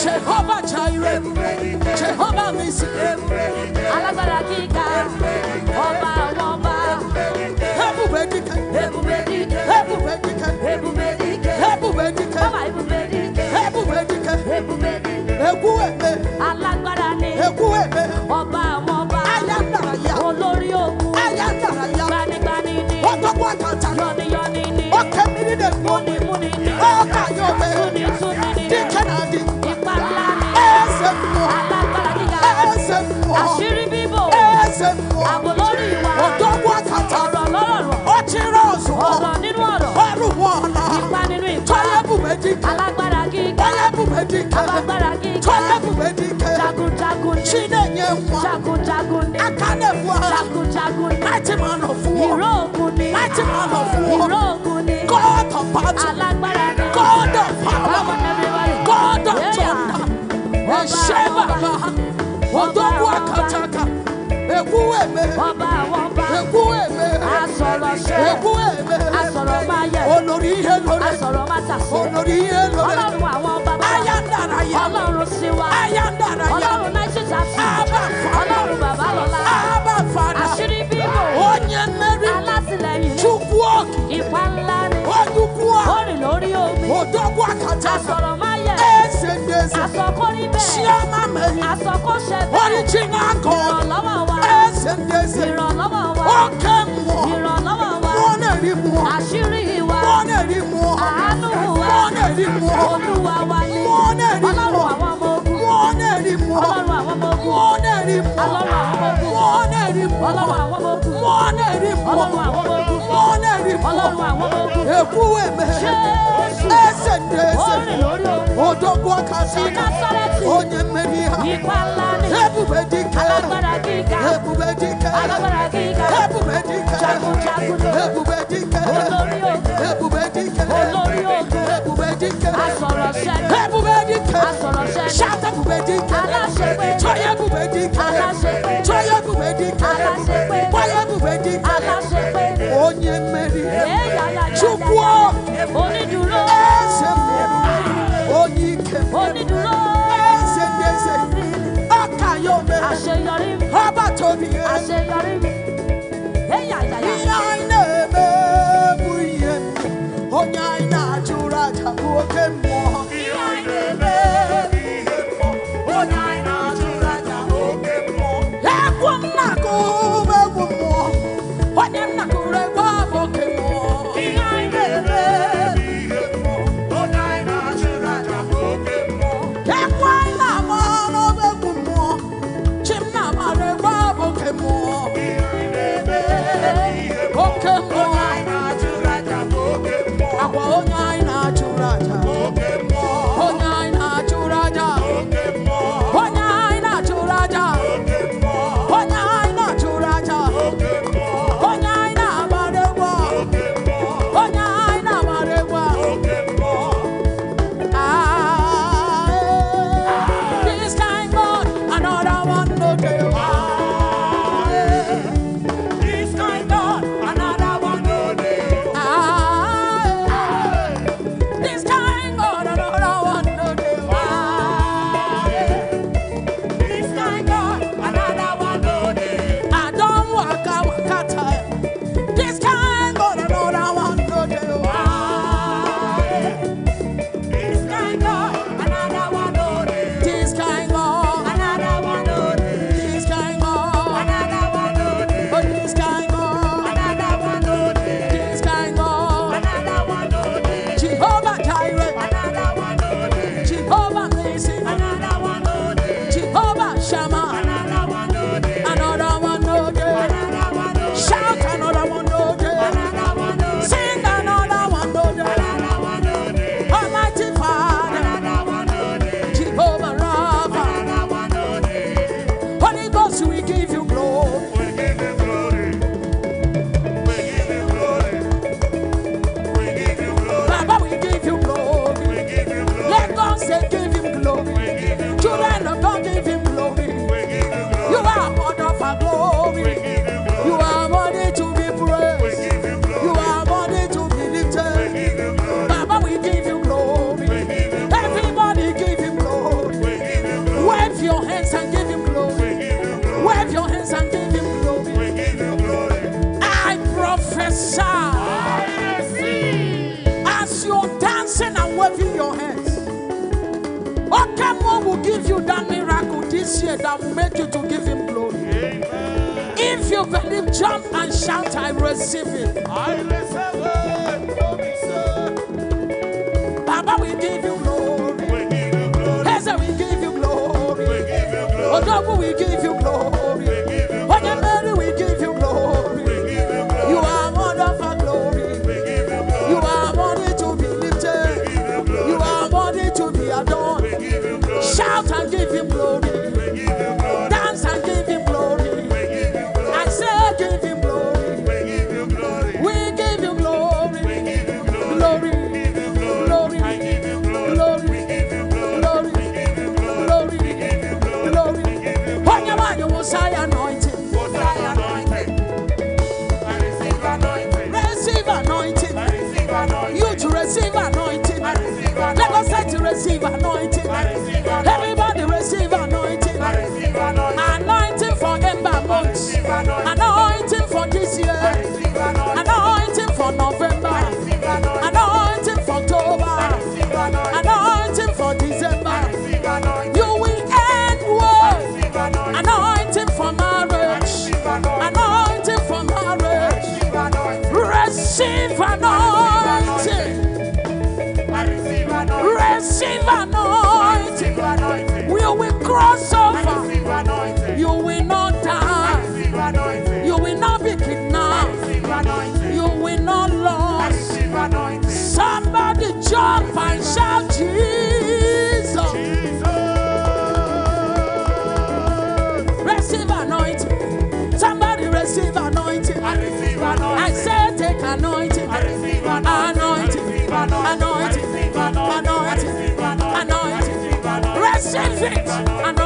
Jehovah Jireh, Eku ègbé. Alágbára ni. Eku ègbé. Ọba àwọn ọba. Ayátàráyà. Olórí ogun. Ayátàráyà. Gbanigbani ni. Ọ̀tọ́kùn àtàtà. ni. Ọ̀kẹ́ mi ni. Ọ̀kà yóò bẹ̀. Túnitúni ni. Díkẹ́ náà di. ni. Ẹ̀ẹ́sẹ̀ mú ọ. Alágbára gíga. Ẹ̀ẹ́sẹ̀ mú ọ. Àṣírí bíbò. Ẹ̀ẹ́sẹ̀ mú ọ. Àbò lórí ìwà. Ọ̀tọ́kùn àtàtà. Ọ̀rọ̀ lọ́rọ̀ ọ̀rọ̀ nínú ọ̀rọ̀. Ọ̀rùn tọ́lẹ́bù méjìké tọ́lẹ́bù méjìké ṣídẹ̀yẹ wọn akálẹ̀bù ọ láti máa lọ fún ọ láti máa lọ fún ọ God of battle God of power God of thunder ẹ ṣé bàbá ọdọ́gbù akátaka ẹkú èmi ẹkú èmi ẹkú èmi olórí ihe lórí olórí ihe lórí dára yá. ọlọ́run sí wa. ẹ̀yà dára yá. ọlọ́run náà ṣe ṣàṣì. àbá fara. ọlọ́run bàbá lọ́la. àbá fara. ìrànlọ́wọ́ wa. ìrànlọ́wọ́ wa. ìrànlọ́wọ́ wa lè rí mu ọ. àṣírí wa wọ́n lè rí mu àánú wa wọ́n lè rí mu olúwa wa ni ọlọ́run àwọn ọmọ ogun wọ́n lè rí mu ọ. ọlọ́run àwọn ọmọ ogun. Wọ́n náà rí mú. Ọlọ́run àwọn ọmọ ogun. Wọ́n náà rí mú. Ọlọ́run àwọn ọmọ ogun. Wọ́n náà rí mú. Ọlọ́run àwọn ọmọ ogun. Wọ́n náà rí mú. Ọlọ́run àwọn ọmọ ogun. Èkú èmè. Ẹsẹ̀ ní ẹsẹ̀. Odogun akasa. Onye mmeri ha. Ipa ńlá ni. Ebube dike. Alágbára gíga. Ebube dike. Alágbára gíga. Ebube dike. Jagunjagun. Ebube dike. Olórí ògo. Ebube dike. Olórí ògo dinke. Asọ̀rọ̀ ṣẹ́gun. Ebube dinke. Asọ̀rọ̀ ṣẹ́gun. Ṣáta bube dinke. Aláṣepé. Tọ́yẹ bube dinke. Aláṣepé. Tọ́yẹ bube dinke. Aláṣepé. Bọ́yẹ bube dinke. Eze mmeri. Onye ike mmeri. Onídùúró. Eze ndị eze. Ọka ya omere. Àṣeyọrí mi. Ọba tóbi. Àṣeyọrí mi. Eyala yala. one year that will make you to give him glory. Amen. If you believe, jump and shout, I receive it. I receive it. Promise. Baba, we give you glory. We give you glory. Heza, we give you glory. We give you glory. Odogu, we give you glory. and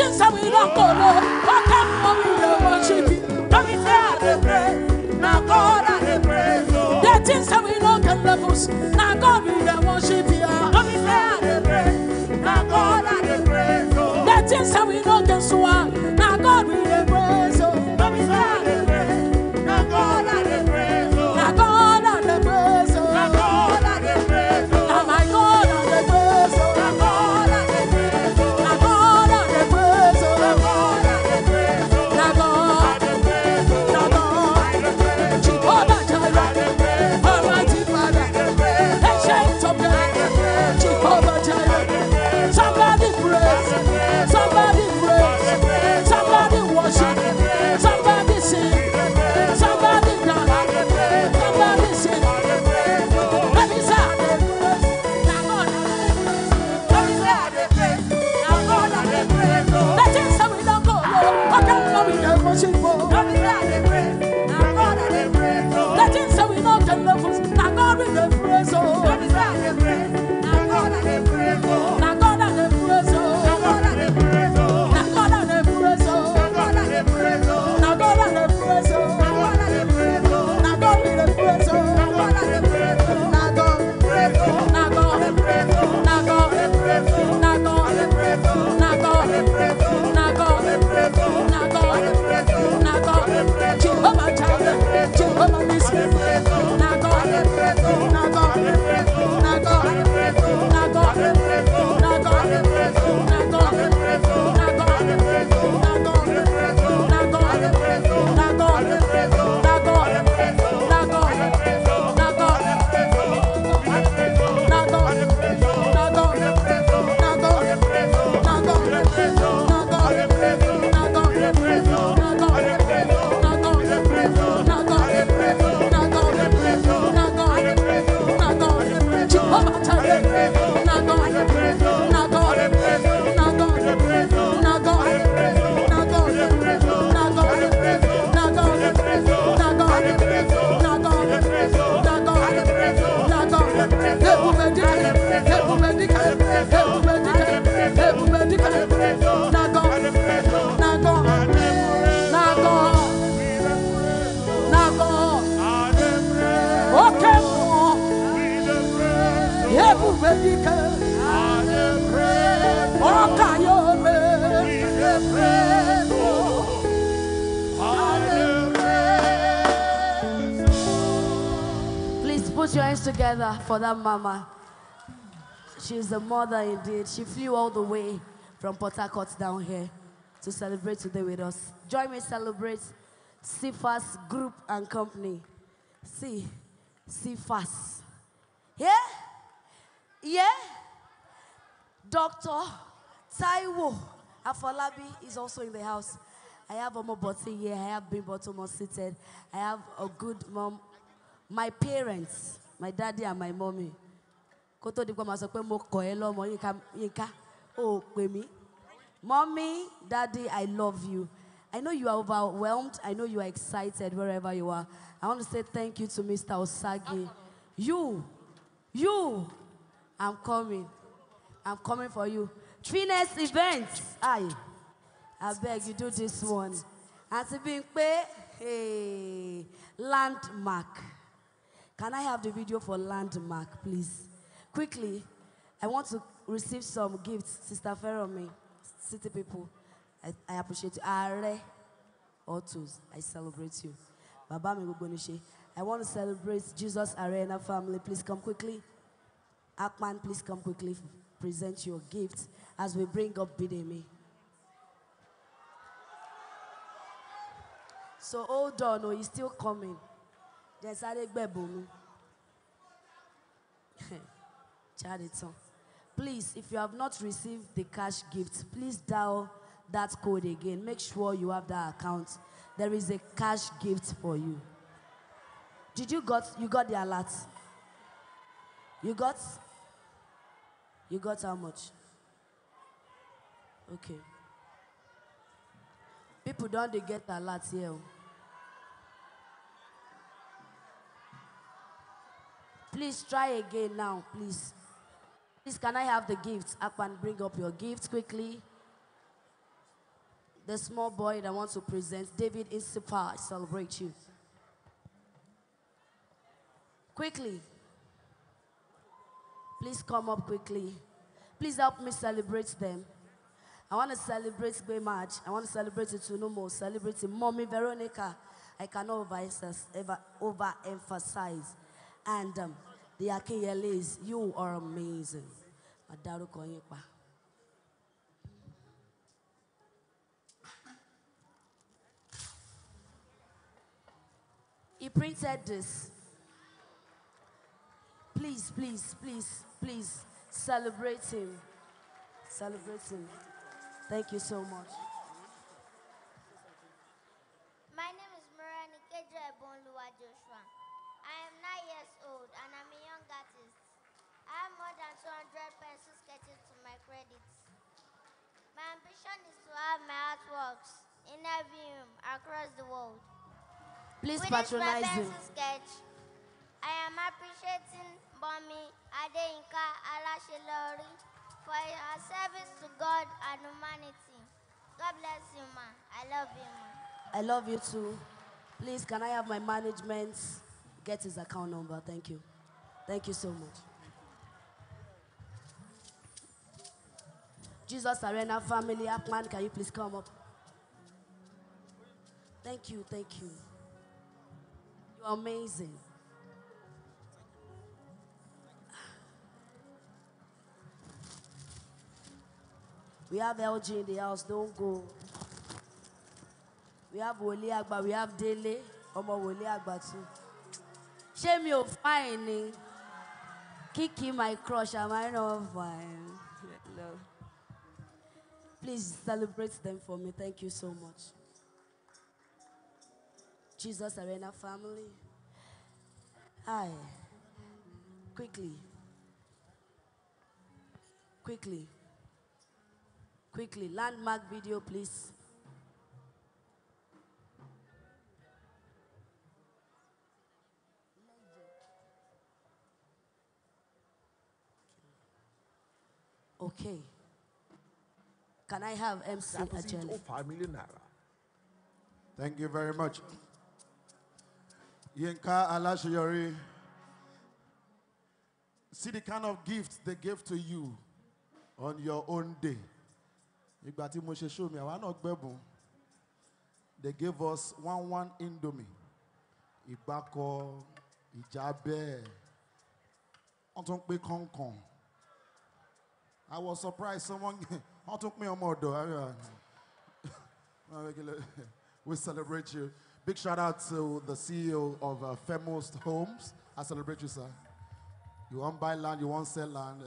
since I will not go, come up with the worship. Come in there, they pray. Now God, pray. The things that we know can levels. Now God, we the worship. Come in there, they pray. Now God, pray. The things that we know can swallow. together for that mama. She's a mother indeed. She flew all the way from Port Harcourt down here to celebrate today with us. Join me celebrate CFAS Group and Company. See, CFAS. Yeah? Yeah? Dr. Taiwo Afolabi is also in the house. I have a Omoboti here. I have Bimbo Tomo seated. I have a good mom. My parents my daddy and my mommy kó tó di pé màá sọ pé mo kọ̀ ẹ́ lọ́mọ yínká yínká ó pè mí mommy daddy i love you i know you are overwhelmed i know you are excited wherever you are i want to say thank you to mr osagi you you i'm coming i'm coming for you three next events I. i beg you do this one àti bí n landmark. Can I have the video for Landmark, please? Quickly, I want to receive some gifts, Sister Feromi, city people. I, I appreciate you. Are Autos, I celebrate you. Baba Migugunishe, I want to celebrate Jesus Arena family. Please come quickly. Akman, please come quickly. Present your gifts as we bring up Bidemi. So hold on, oh, he's still coming. Please, if you have not received the cash gift, please dial that code again. Make sure you have that account. There is a cash gift for you. Did you got you got the alert? You got you got how much? Okay. People don't they get alert here. Please try again now, please. Please, can I have the gifts? and bring up your gifts quickly. The small boy that wants to present, David Isipa, I celebrate you. Quickly. Please come up quickly. Please help me celebrate them. I want to celebrate Gbemaj. I want to celebrate more. celebrate Mommy Veronica. I cannot overemphasize and um, the is you are amazing. Mà dárúkọ yín He printed this. Please, please, please, please celebrate him. Celebrate him. Thank you so much. credits. My ambition is to have my artworks in every room across the world. Please With patronize this pencil sketch, I am appreciating Bomi Adeinka Alashelori for her service to God and humanity. God bless you, ma. I love you, ma. I love you too. Please, can I have my management get his account number? Thank you. Thank you so much. Jesus Arena family, man! can you please come up? Thank you, thank you. You are amazing. We have LG in the house, don't go. We have Wole Agba, we have Dele, ọmọ Wole Agba too. Shame you're fine Kicking Kiki my crush, am I not fine? Please celebrate them for me. Thank you so much. Jesus Arena family. Hi. Quickly. Quickly. Quickly. Landmark video, please. Okay. Can I have MC Ajele? Oh, Thank you very much. Yinka Alashiyori, see the kind of gifts they gave to you on your own day. mo show They gave us one one indomie. Ibako, ìjábẹ́, wọ́n kong kong. I was surprised someone I wọ́n me pín more though. Uh, we celebrate you. Big shout out to the CEO of uh, Homes. I celebrate you, sir. You won't buy land, you won't sell land. Uh,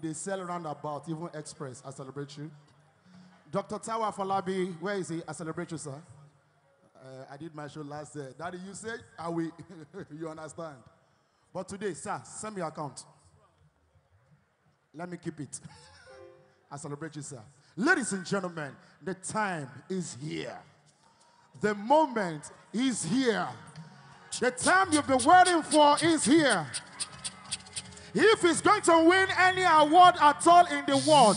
they sell roundabout, even express. I celebrate you. Dr. Tawa Falabi, where is he? I celebrate you, sir. Uh, I did my show last day. Daddy, you say, are we? you understand. But today, sir, send me your account. Let me keep it. I celebrate you, sir. Ladies and gentlemen, the time is here. The moment is here. The time you've been waiting for is here. If he's going to win any award at all in the world,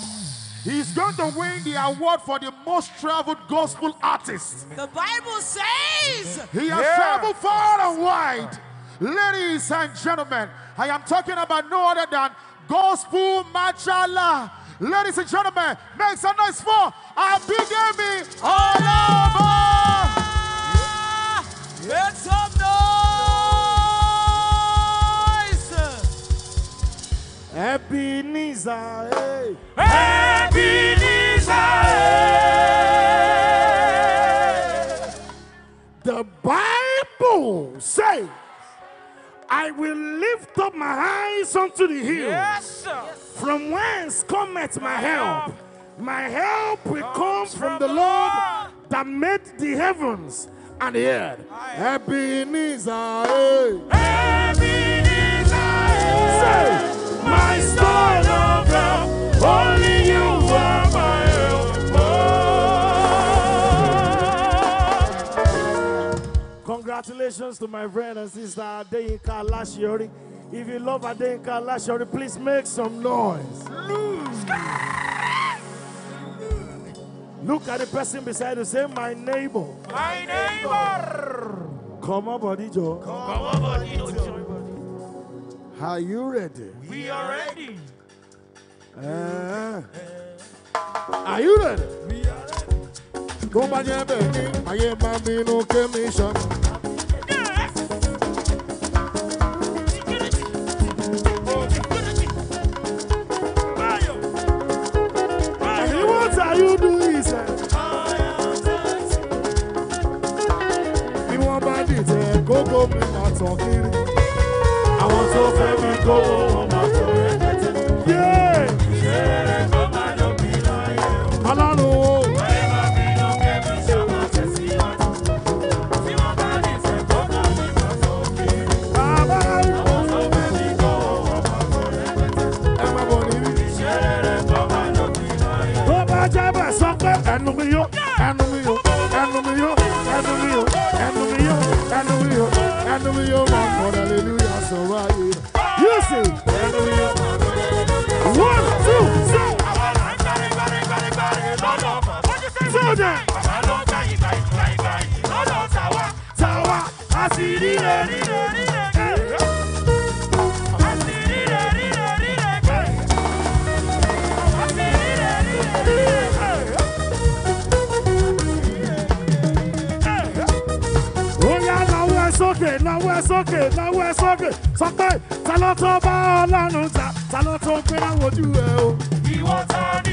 he's going to win the award for the most traveled gospel artist. The Bible says he has yeah. traveled far and wide. Ladies and gentlemen, I am talking about no other than Gospel Machala. Ladies and gentlemen, make some noise for our big enemy all over. Make some noise. Happy Hey. Happy Hey. The Bible says. I will lift up my eyes unto the hills. Yes, from whence cometh my help? My help will come from, the Lord, that made the heavens and the earth. Ebenezer. Ebenezer. Say, my stone of only you are my Congratulations to my friend and sister Adeyinka Alashiori. If you love Adeyinka Alashiori, please make some noise. Look at the person beside you. Say, my neighbor. My neighbor. Come on, buddy Joe. Come on, buddy Joe. Are you ready? We are ready. Uh, are you ready? We are ready. Go back, baby. I am commission. sọ kiri. àwọn tó fẹ́ mi kówó every young man, Lord, hallelujah, so are you. You see, every young man, one, two, three. Soldier. Tawa, Asiri, Asiri, Asiri. nawọ́ ẹ sókè nawọ́ ẹ sókè sọ pé ta bá Ọlọ́run ta ta ló tó gbéra ẹ o. ìwọ ta ni.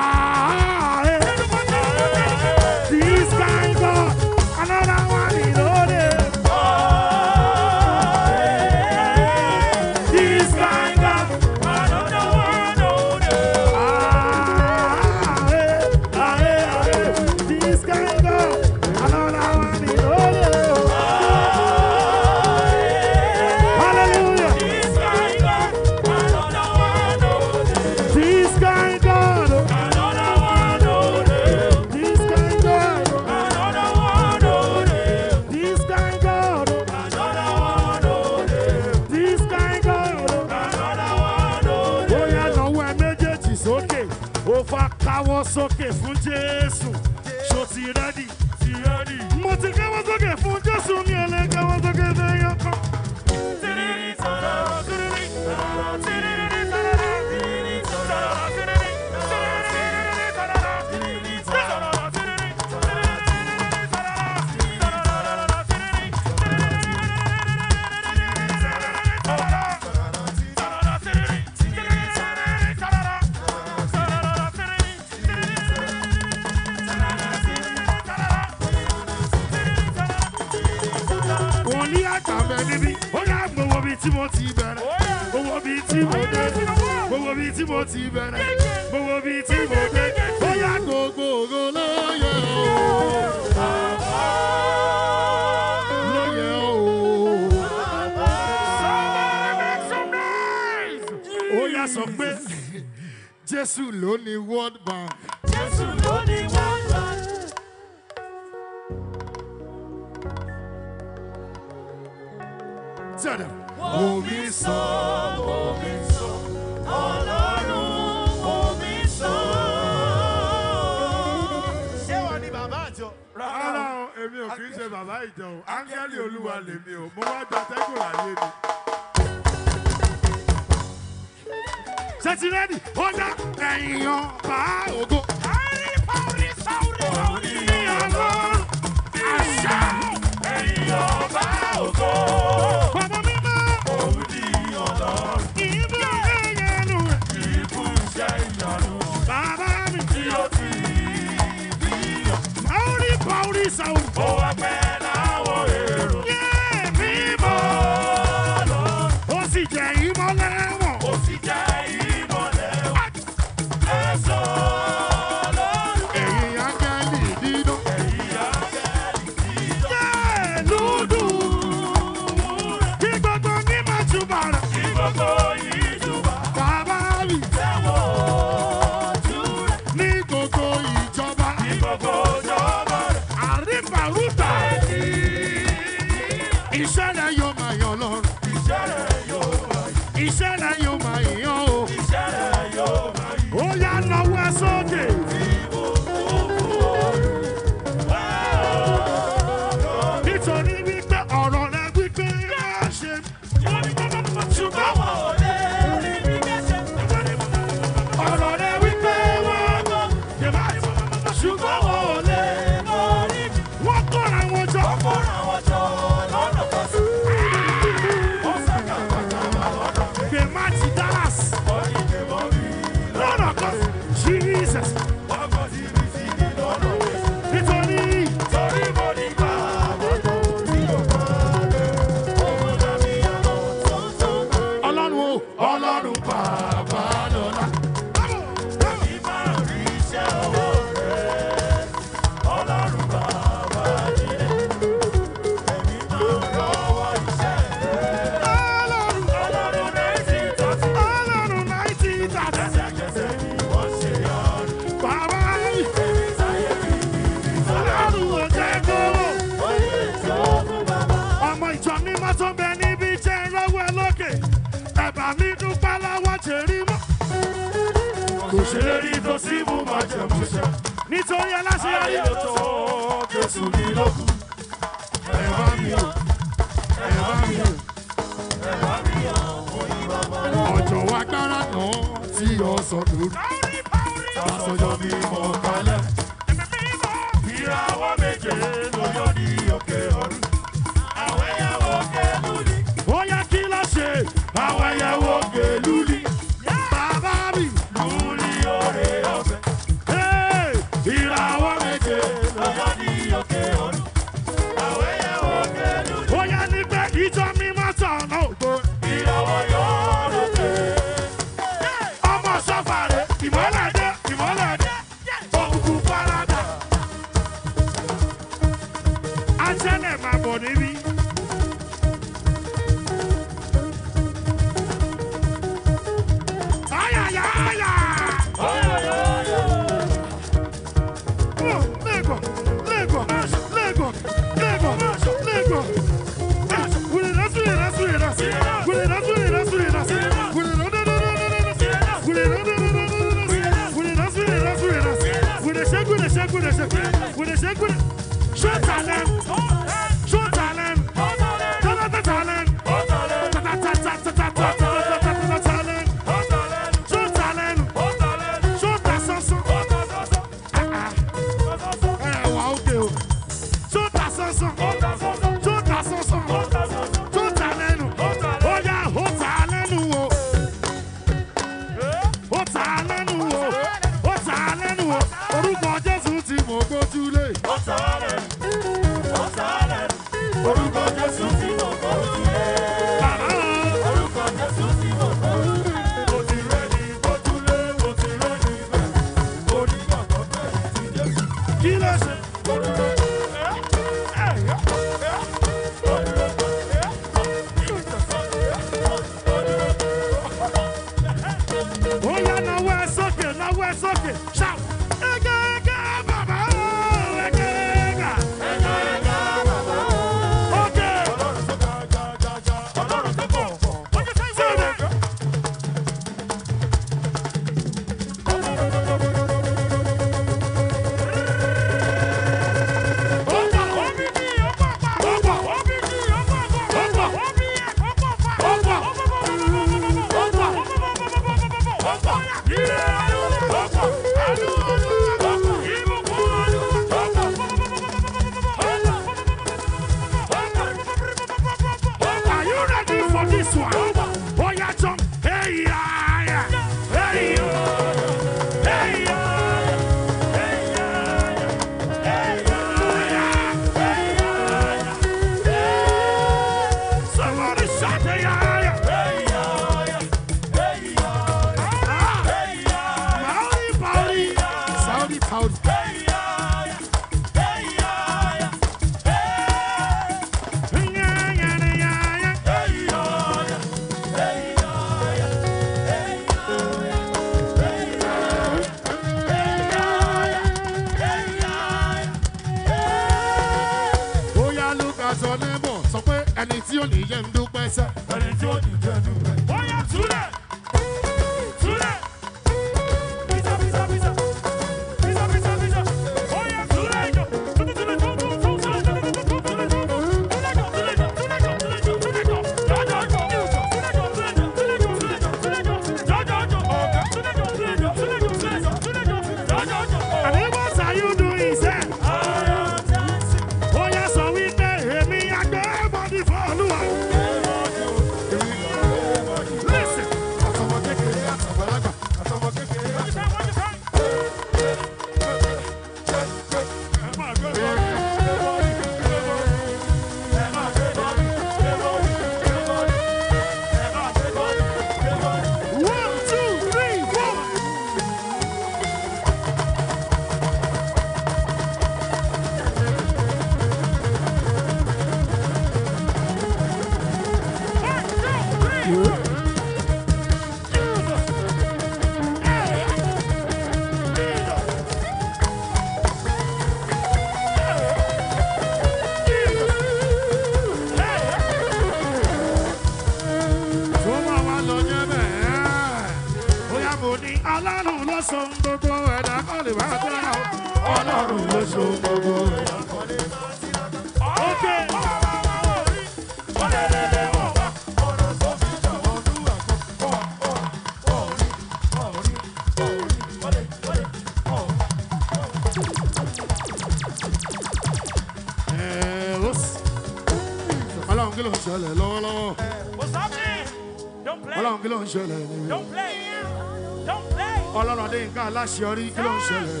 aláṣeyọrí kí ló ń ṣẹlẹ̀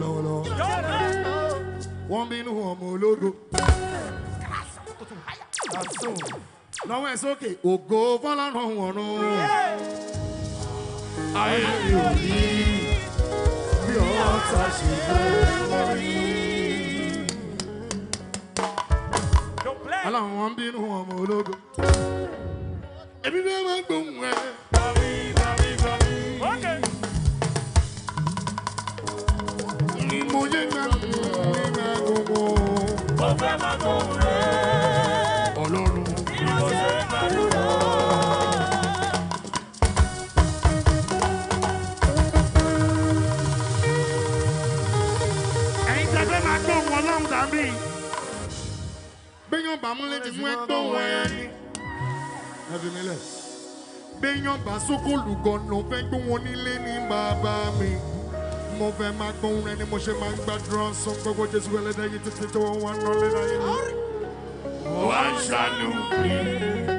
lọ́wọ́lọ́wọ́ bínú ọmọ ológo lọ́wọ́ ẹ̀ sókè ògo fọlọ́run ọ̀run ayé mi ò ní. fẹ́ my gbóhùn and mo ṣe máa ń gbàdúrà sún gbogbo jésù ẹlẹ́dẹ́ yìí tó wọ́n wá ń lọ lẹ́dá yìí. wọ́n ṣàlùkù.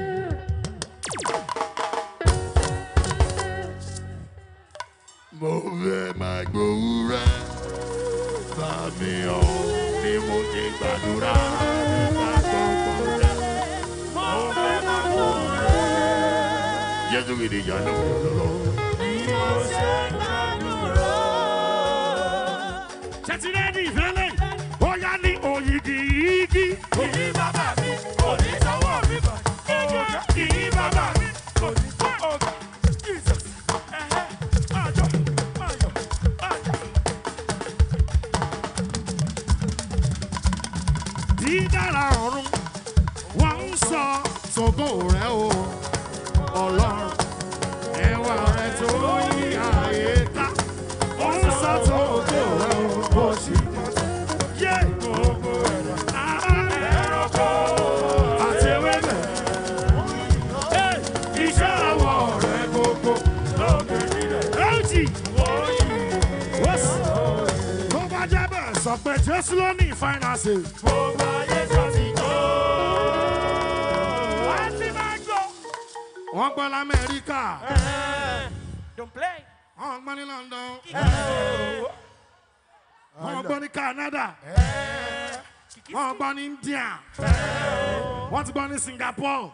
de Singapore.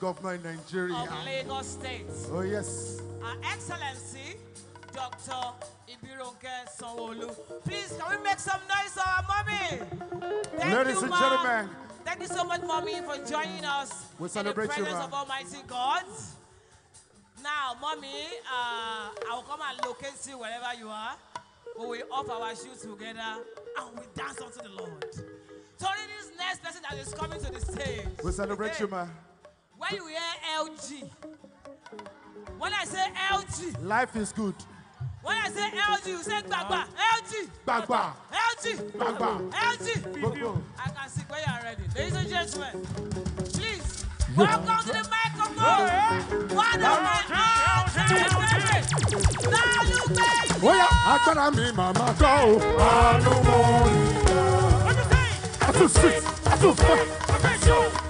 governor in Nigeria. Of Lagos State. Oh, yes. Our Excellency, Dr. Ibironke Sanwolu. Please, can we make some noise for our mommy? Thank Ladies you, and gentlemen. Thank you so much, mommy, for joining us. We celebrate in the presence you, of Almighty God. Now, mommy, uh, I will come and locate you wherever you are. We will off our shoes together and we dance unto the Lord. Today, this next person that is coming to the stage. We celebrate okay? you, ma. When you hear LG, when I say LG, life is good. When I say LG, you say Gbagba. LG. Gbagba. LG. Gbagba. LG. I can see where you are ready. Ladies and gentlemen, please welcome to the microphone. One of my all-time favorites. Now you make Oya, agbára mi màmá gbọ́ o. Àánú mo rí i. Ọdún sẹ́yìn. Àtúnṣe. Àtúnṣe. Àfẹ́ṣọ́.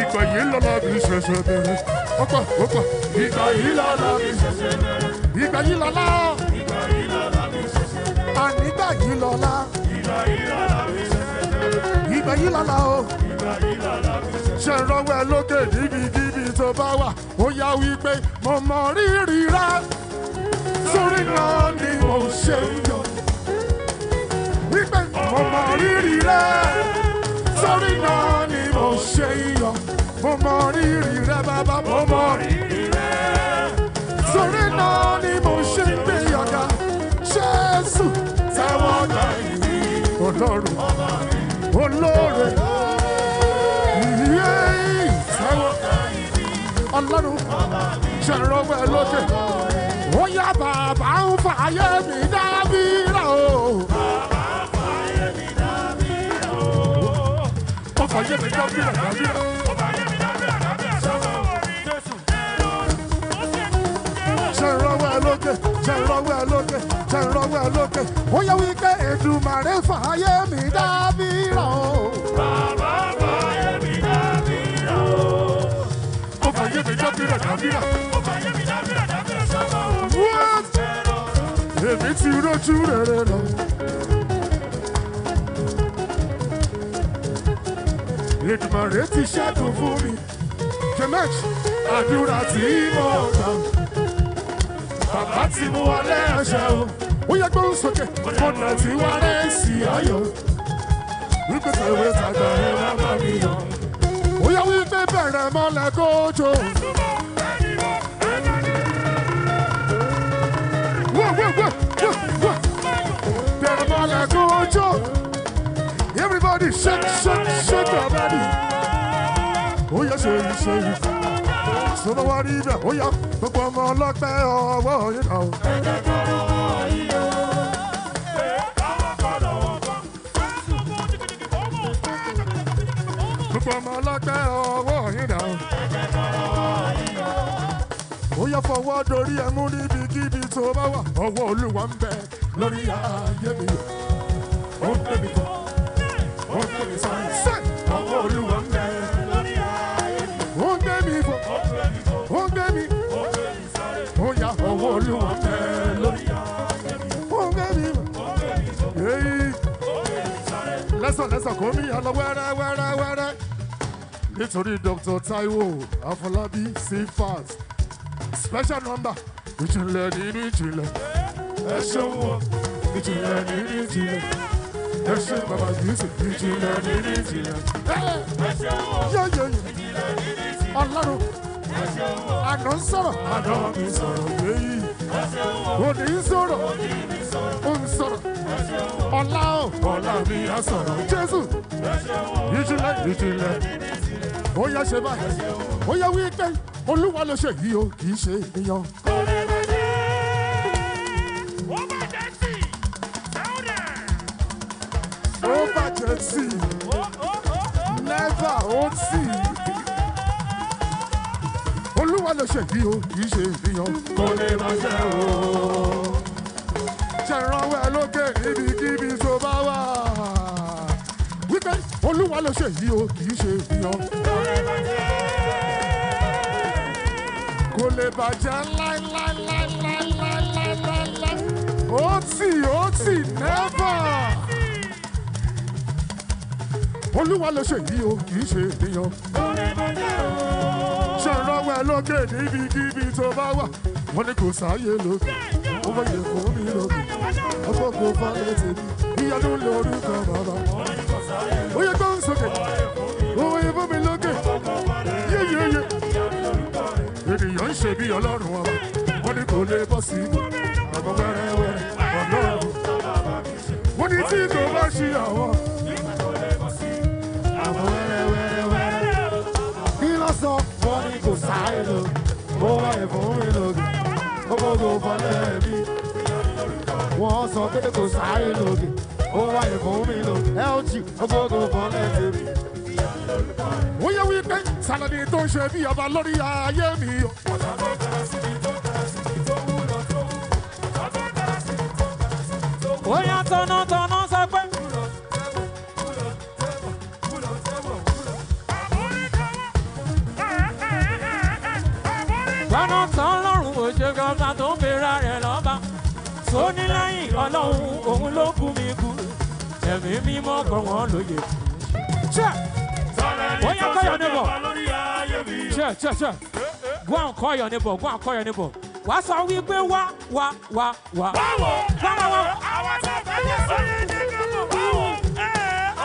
Ìgbà yìí lọ́la bí ṣẹ̀ṣẹ̀ bẹ̀rẹ̀. Ọ̀pá ọ̀pá. Ìgbà yìí lọ́la bí ṣẹ̀ṣẹ̀ bẹ̀rẹ̀. Ìgbà yìí lọ́la. Ìgbà yìí lọ́la bí ṣẹ̀ṣẹ̀ bẹ̀rẹ̀. Ànígbà yìí lọ́la. Ìgbà yìí lọ́la bí ṣẹ̀ṣẹ̀ bẹ̀rẹ̀. Ìgbà yìí lọ́la o. Ìgbà yìí lọ́la bí ṣẹ̀ṣẹ̀ bẹ̀rẹ̀. Ṣé ń rọwọ́ ẹ lókè níbikíbi tó bá wà? Ó yá wípé mo mọ rírì rẹ̀. Sórí náà ni mo ṣe ń yọ̀ wípé mo mọ rírì rẹ sórí náà ni mo ṣe iyọ̀ mo mọ rírì rẹ bàbá mo mọ rírì rẹ sórí náà ni mo ṣe gbé yọ̀gá Jésù tẹ́wọ́ gbà yìí olóore olóore yé tẹ́wọ́ ọlọ́run ṣẹ̀rọ pẹ̀ lókè ó yá bàbá ń fààyè mi dábìrà o. ọkọ̀ yé mi dábìrà dábìrà. ọba yé mi dábìrà dábìrà sọ́wọ́ orí jésù. ṣe ń rọwọ́ ẹ lókè ṣe ń rọwọ́ ẹ lókè ṣe ń rọwọ́ ẹ lókè. ó yẹ wípé Èdùmàrè fàáyé mi dábìrà o. bàbá lọ. Elédùmarè ti ṣẹ́dùn fún mi jemex àdúrà tí mo gbà bàbá tí mo wà lẹ́ẹ̀ṣẹ̀ o ó yẹ gbóhùn sókè ọ̀nà tí wà lẹ́ẹ̀sì ayọ̀ wípé tẹ̀wé tàgbà ẹ̀ má bá mi yọ. ó yẹ wípé bẹ̀rẹ̀ mọ́lẹ̀ kójó. wọ́n wọ́n wọ́n wọ́n bẹ̀rẹ̀ mọ́lẹ̀ kójó body, shake, shake, shake your body. oh, Ó yá ṣe yìí ṣe yìí. Sọ́dọ̀ wá rí ibẹ̀, oh, yá gbogbo ọmọ ọlọ́pẹ́ ọwọ́ yìí náà. Ẹ̀jẹ̀ tó lọ́wọ́ yìí o. Gbogbo ọmọ ọlọ́pẹ́ ọwọ́ yìí náà. Ẹ̀jẹ̀ tó lọ́wọ́ yìí o. Ó yá fọwọ́ dorí ẹ mú níbikíbi tó bá wà. Ọwọ́ Olúwa ń bẹ lórí ayé mi. Ó ń bẹ mi kọ́. lẹ́sọ̀lẹ́sọ̀ kò mí àlọ́ wẹ́rẹ́ wẹ́rẹ́ wẹ́rẹ́ nítorí Dr. Taiwo Afọlábí cfas special number ìjìnlẹ̀ nínú ìjìnlẹ̀ ẹ ṣeun o ìjìnlẹ̀ nínú ìjìnlẹ̀. ẹ ṣe bàbá yìí ti di jìnnà. yóyóyó ọlọ́run àná sọ̀rọ̀ àná mi sọ̀rọ̀ yéyí òní sọ̀rọ̀ ó sọ̀rọ̀ ọlá o ọlá mi á sọ̀rọ̀ jésù ìjìnlẹ̀ ìjìnlẹ̀ ó yá ṣe báyìí ó wí pé olúwa ló ṣe yìí o kì í ṣe èèyàn. see. Never won't oh, see. Olúwa ló ṣe bí o, kì í ṣe ìfihàn. Kò lè má ṣe o. Ṣèrànwẹ́ lókè níbikíbi tó bá wà. Wípé Olúwa ló ṣe yí o, kì í ṣe ìfihàn. Kò lè má ṣe o. Kò lè bàjẹ́ láíláíláíláíláíláíláí. Ó tì, ó tì, náà. olúwa ló ṣe yìí o kì í ṣe ènìyàn. o. ṣe ìrànwọ́ ẹ lókè níbikíbi tó bá wà wọ́n ní kò sáàyè lókè ó bá yẹ kó mi lókè ọgbọ́n kò falẹ̀ tèmi ìyanu lórúkọ bàbá. ó yẹ kó ń sókè owó ibú mi lókè yéyéyé ènìyàn ń ṣe bí ọlọ́run ọba wọ́n ní kò lè bọ́ sí ibú àgbọ̀n wẹ́rẹ́wẹ́rẹ́ ọlọ́run wọ́n ní tí kò bá ṣe àwọn. to sáré lọ ó wáyé fún mi lòdì ó gbógo fọlẹ́ mi. wọ́n sọ pé kò sáré lòdì ó wáyé fún mi lòdì lg ó gbógo fọlẹ́ mi. wọ́n yẹ wípé sàlàdì tó ń ṣe bí ọba lórí ayé mi. ọ̀sán tó tẹ̀lé sí mi tó tẹ̀lé lọ́nà tán lọ́rùn òjò gọba tó ń pera rẹ̀ lọ́ba tó ní lẹ́yìn ọlọ́run òun ló kú mi kú ẹ̀mí mímọ́ kọ́ wọn lóye. wọ́n yá kọ́ yọ níbọ̀ go and call your neighbor go and call your neighbor wà á sọ wípé wá wá wá wá. báwo àwọn tó fẹ́ yẹ ní kíkọ́ báwo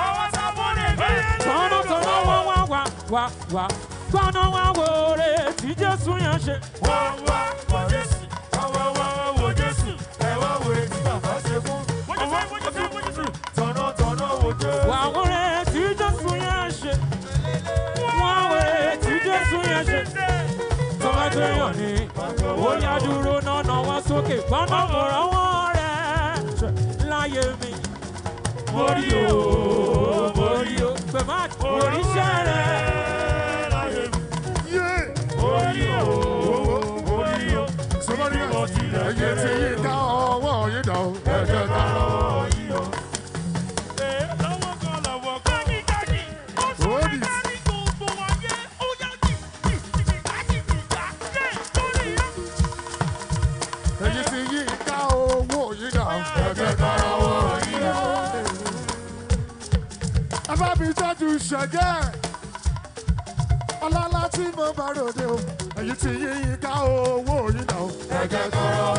ọwọ́ sábọ́n ní ìgbéyàwó. tọ́nà tọ́nà wá wá wá wá tọ́nà wá wo re tí Jésù yẹn ṣe. wá wá wo Jésù wá wá wá wo Jésù ẹ wá wo re tí bàbá ṣe fún. wọ́n wá wo Jésù tọ́nà tọ́nà wo Jésù. wá wo re tí Jésù yẹn ṣe. wá wo re tí Jésù yẹn ṣe. tọ́lá yàn ní ó yá dúró nánà wá sókè gbọ́nà mọ̀ràn wọ́n rẹ̀ láyé mi. Morio, Morio, Morio, Morio, Morio, Morio, Morio, ẹyẹ tí yí dá ọwọ́ yí dá o. ẹjẹ ta lọ́wọ́ yí o. lọ́wọ́ kan lọ́wọ́ kan. kájíkájí ó sì ń ká ní gbogbo wa yé ó yá jì jì jì kájí jì já yé lórí. ẹyẹ tí yí dá ọwọ́ yí dá o. ẹjẹ ọlọ́lá tí mo bá ròde o èyí tí yíyí ká owó yín dà ó. ẹ jẹ́ kọ́rọ́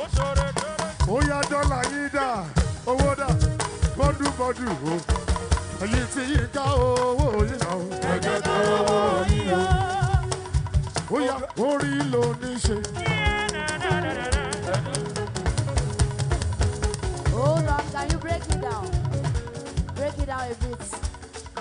ó ṣoore ṣoore. ó yá dọ́là yín dà owó dà bọ́dúbọ́dù o. èyí tí yíyí ká owó yín dà ó. ẹ jẹ́ ó yá orí ló ní ṣe. Hold on, can you break it down? Break it down a bit.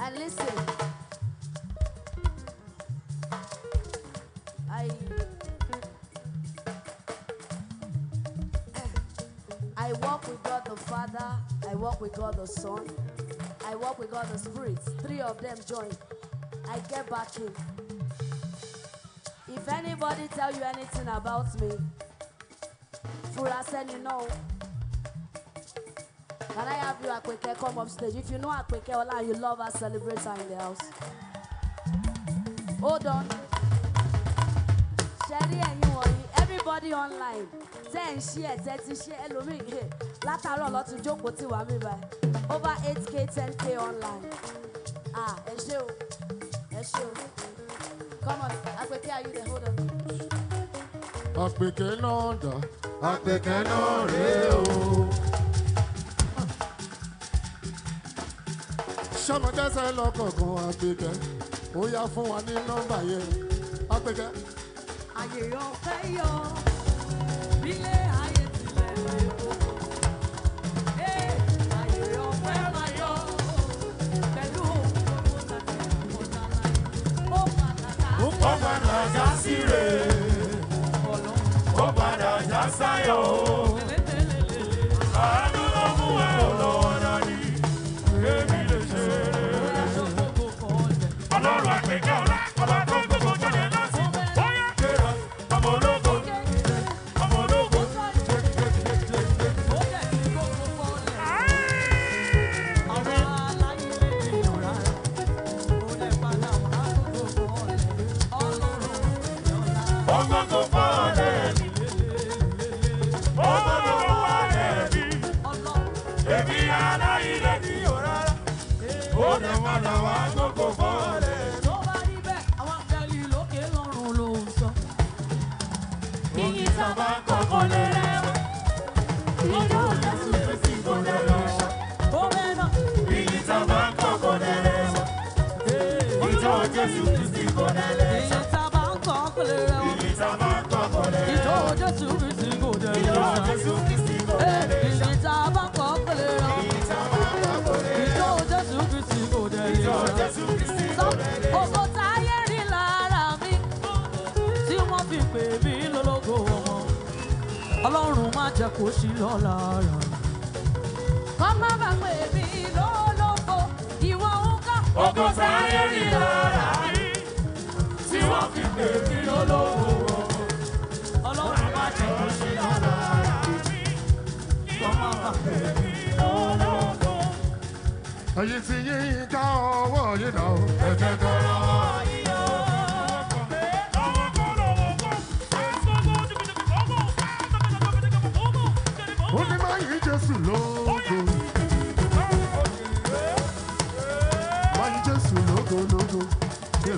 And listen, I I walk with God the Father. I walk with God the Son. I walk with God the Spirit. Three of them join. I get back in. If anybody tell you anything about me, Fura said you know Can I have you, Akweke, come up stage? If you know Akweke Ola, you love her, celebrate her in the house. Hold on. Sherry and you, everybody online. Ten share, thirty share, hello ẹlòmíì. Látàárọ̀ ló of jókòó tì wá mi báyìí. Over 8K, 10K online. Ah, ẹ ṣé o. Ẹ Come on, Akweke, are you there? Hold on. Akweke náà dà, Akweke náà rèé sọmọdẹ́sẹ̀ lọ́kọ̀ọ̀kan àgbẹ̀dẹ́ ó yá fún wa ní nọ́mbà yẹn àgbẹ̀dẹ́. àyè ọ̀fẹ́ yọ nílé ayé tilẹ̀ èkó. Ó padà já síre, ó padà já sáyọ̀. Chicago. ọlọ́run má jẹ́ kó sí lọ́la rà. kọ́má bá pè mí lólobó ìwọ ń ká. ọkọ sáyé rí lára rí tí wọ́n fi pè mí lólobó. ọlọ́run má jẹ́ kó sí lọ́la rà rí kọ́má bá pè mí lólobó. ẹ̀yin ti yí ká ọwọ́ yìí náà ẹ̀jẹ̀ tó lọ́wọ́.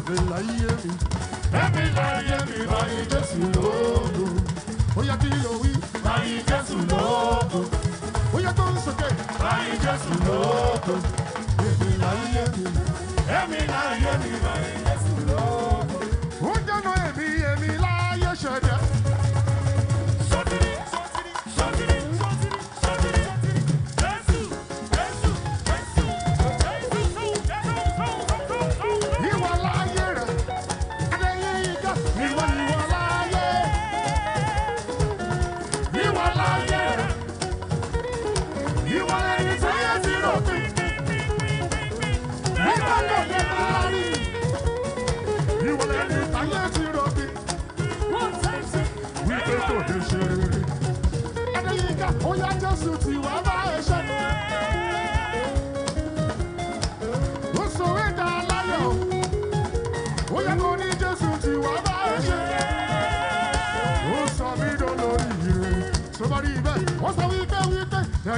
èmi láyé mi. èmi láyé mi báyìí Jésù lógo. ó yẹ kí ló wí. báyìí Jésù lógo. ó yẹ tó ń sókè. báyìí Jésù lógo. èmi láyé mi. èmi láyé mi.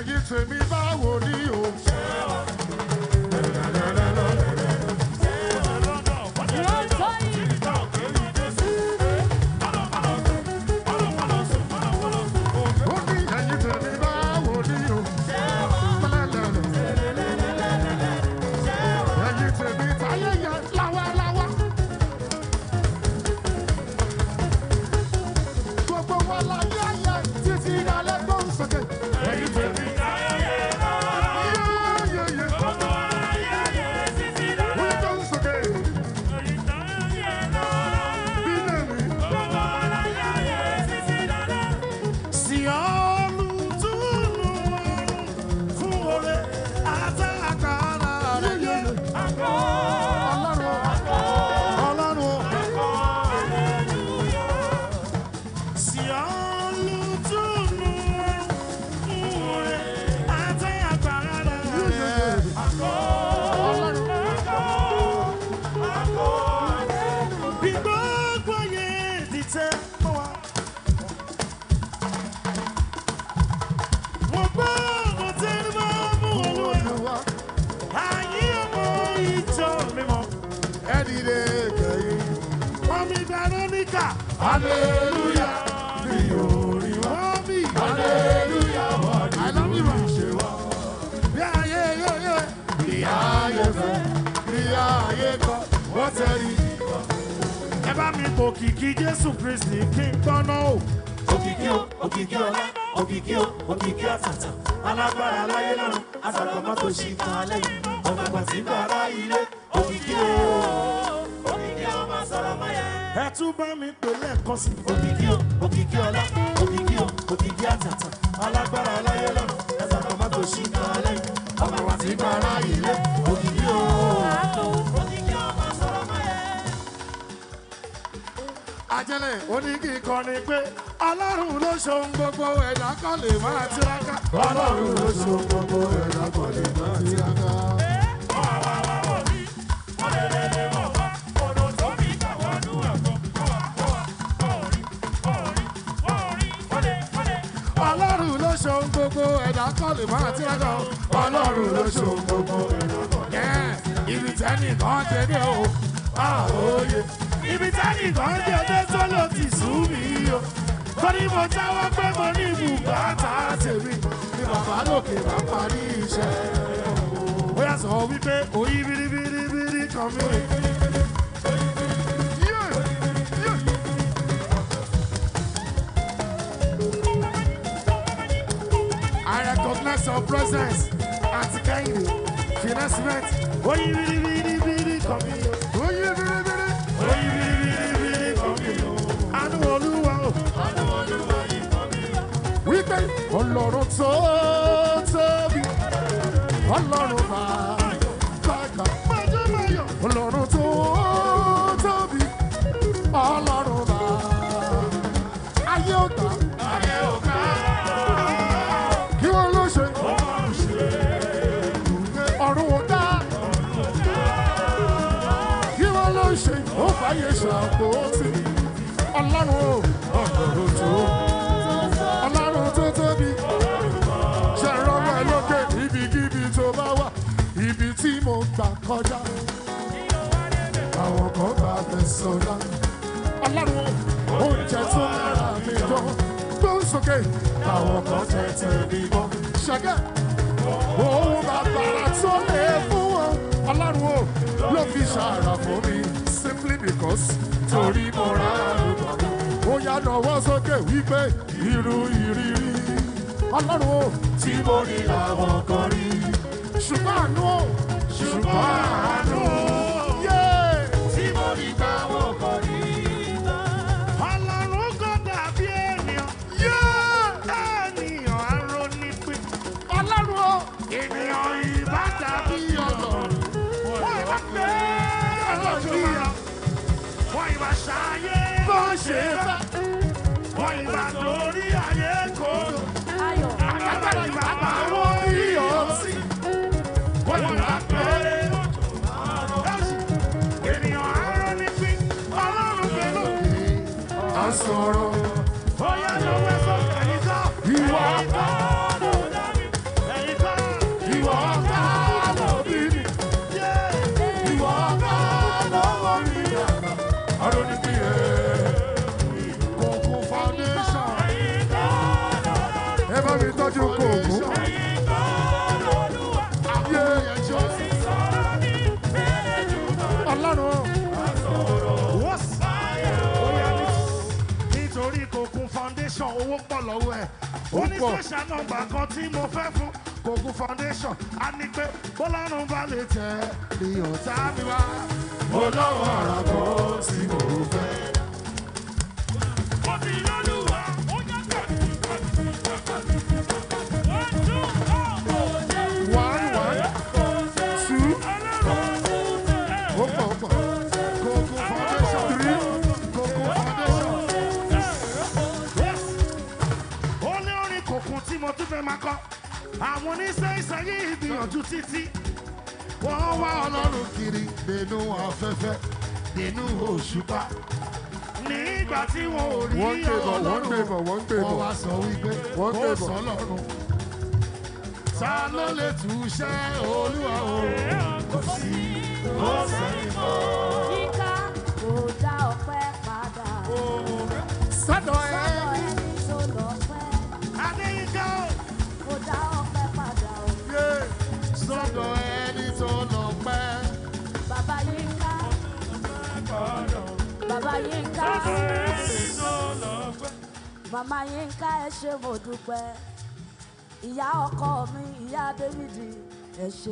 kàyí me my ni.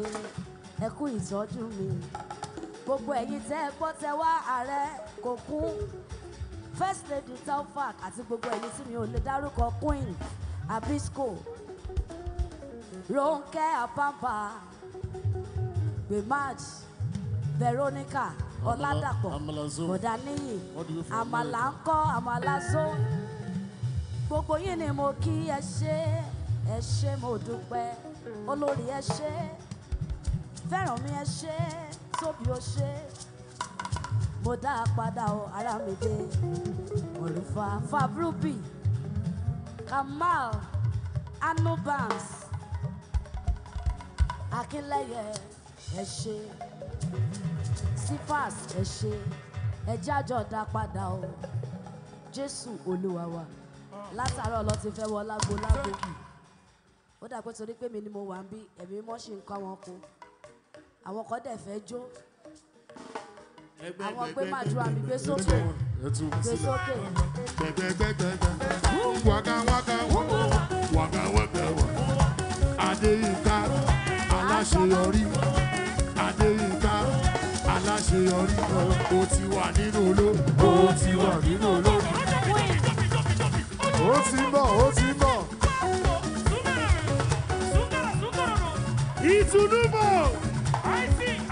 ṣe ẹ kú ìtọ́jú mi gbogbo ẹ̀yin tẹ́ ẹ gbọ́ tẹ́ wá ààrẹ kò kún first lady taofak àti gbogbo ẹ̀yin tí mi ò lè dárúkọ queen abisco ronke apampa gbemaj veronica ọládàpọ̀ bọ̀dáníyì àmàlàńkọ́ àmàlàzó gbogbo yín ni mo kí ẹ ṣé ẹ ṣé mo dúpẹ́ olórí ẹ ṣé fẹ́ràn mi ẹ ṣe tóbi ó ṣe mo dá a padà o ara mi dé olùfà fabrubi kamal anubans akínlẹ́yẹ ẹ ṣe sifas ẹ ṣe ẹ jájọ dá padà o jésù olúwa wa látàárọ̀ lọ ti fẹ́ wọ lágbo lágbo ó dà pé torí pé mi ni mo wà ń bí ẹ̀mí mọ́ ṣì ń kọ́ wọn kú àwọn kan dẹ̀ fẹ́ jó àwọn gbé màdúrà mi gbé sókè gbé sókè. waka waka waka waka Adéyínká aláṣeyọrí Adéyínká aláṣeyọrí o ti wà nínú olórí o ti wà nínú olórí ó ti ń bọ̀ ó ti ń bọ̀. ìtùnú bọ̀.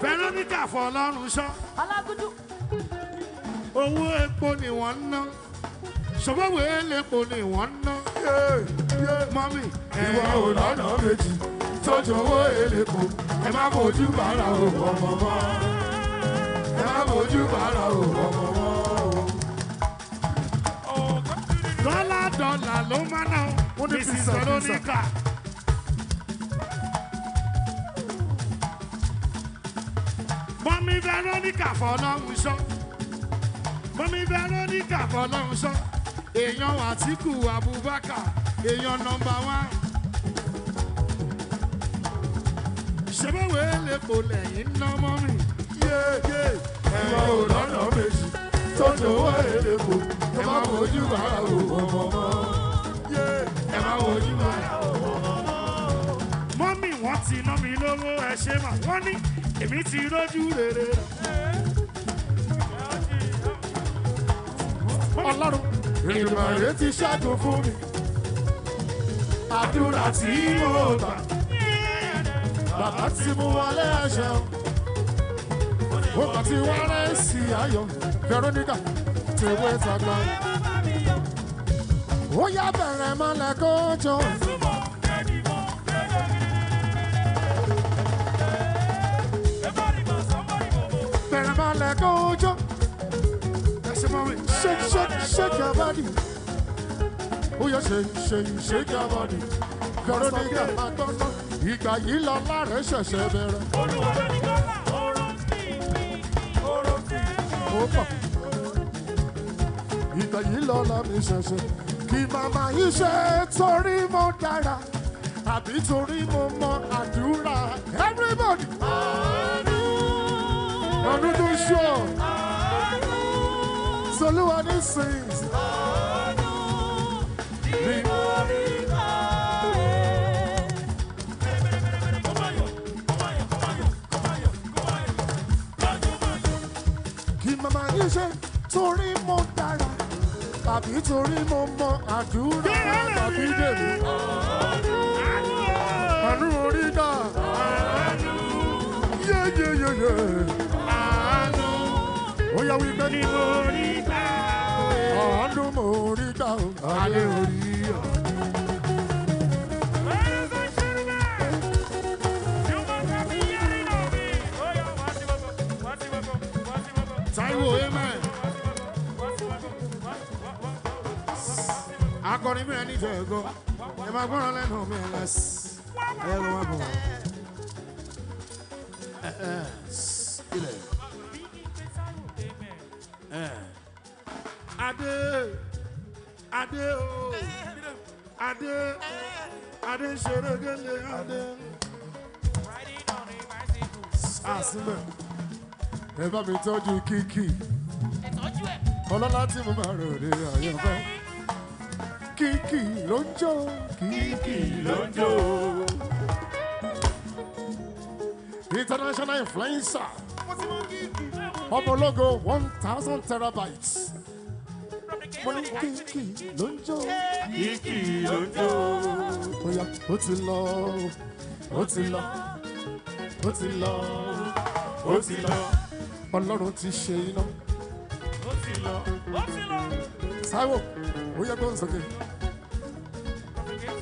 Veronica fọlọ́run sọ. owó epo ni wọ́n ń ná sọ́wọ́wé elépo ni wọ́n ń ná. mọ́mí ìwọ ò lọ́nà méjì tọ́jú owó elépo ẹ má bójú bàrà o ọmọ mọ́ ẹ má bójú bàrà o ọmọ mọ́. dọ́là dọ́là ló máa ná Mrs. Veronica. Mami Veronica fọlọ́run sọ mami Veronica fọlọ́run sọ èèyàn Àtíkù Abubakar èèyàn nọmba wán ṣẹ́bẹ̀wé lèpo lẹ́yìn ná mọ́mí yéèyé ẹ̀rọ ò lọ́nà méjì tó dòwó èlèpo ẹ má wojú ara wò ọmọ mọ́ ẹ má wojú ara wò ọmọ mọ́ mọ́mí wọ́n ti ná mi lówó ẹ ṣe mà wọ́n ní èmi ti rójú rere ọlọ́run ìrìnà rẹ ti ṣẹ́gun fún mi àdúrà tí mo gbà bàbá tí mo wọlé ẹ̀ṣẹ̀ o kò tí wọ́n rẹ̀ sí ayọ̀ Veronica tèwé tàgbà ó yá bẹ̀rẹ̀ mọ́lẹ̀ kó jọ. bẹ̀rẹ̀ balẹ̀ like, o jó. Ẹsẹ̀ mọ̀ mi. Shake shake shake your body. Ó yẹ shake shake shake your body. Yọ̀rọ̀ ní ìgbà máa gbọ́ tán. Ìgbà yìí lọ láàrẹ̀ ṣẹ̀ṣẹ̀ bẹ̀rẹ̀. Olúwa ló ní kọ́lá oró sí mi. Oró sí mi. Ó pọ̀. Ìgbà yìí lọ láàrẹ̀ ṣẹ̀ṣẹ̀. Kì màmá yìí ṣe torí mo dára àbí torí mo mọ àdúrà everybody. Oh. Ọdún tó ṣọ́. Solúwa ní sins. Ọdún tí mo rí kọ́ ẹ. Kì màmá yìí ṣe torí mo dára tàbí torí mo mọ àdúrà tàbí dèrò. Àánú orí náà. Yé yé yé yé ó yẹ wípé ní mo rí gbà ó ọ̀hún dún mo rí gbà ó alẹ́ orí ọ̀. Taiwo amen. Akọrin mi ẹni jẹ ẹgọ, ẹ máa gbọ́ràn lẹ́nu mi ẹ̀ lẹ́sì, ẹ yẹ kó máa bọ̀ wá. Eh, Ilẹ̀. Eh. Eh. adé adé o adé adé ṣeré gẹ́lẹ́ adé. àsìmẹ̀ ẹ bá mi tọ́jú kíkì ọlọ́lá tí mo máa rò lè àyànfẹ́ kíkì ló ń jó kíkì ló ń jó international influencer ọmọlógo one thousand terabytes. mo ní kìkì ló ń jó. kìkì ló ń jó. bóyá ó ti lọ ó ti lọ ó ti lọ ó ti lọ. ọlọ́run ti ṣe iná. ó ti lọ ó ti lọ. Táíwò ó yẹ kó ń sókè.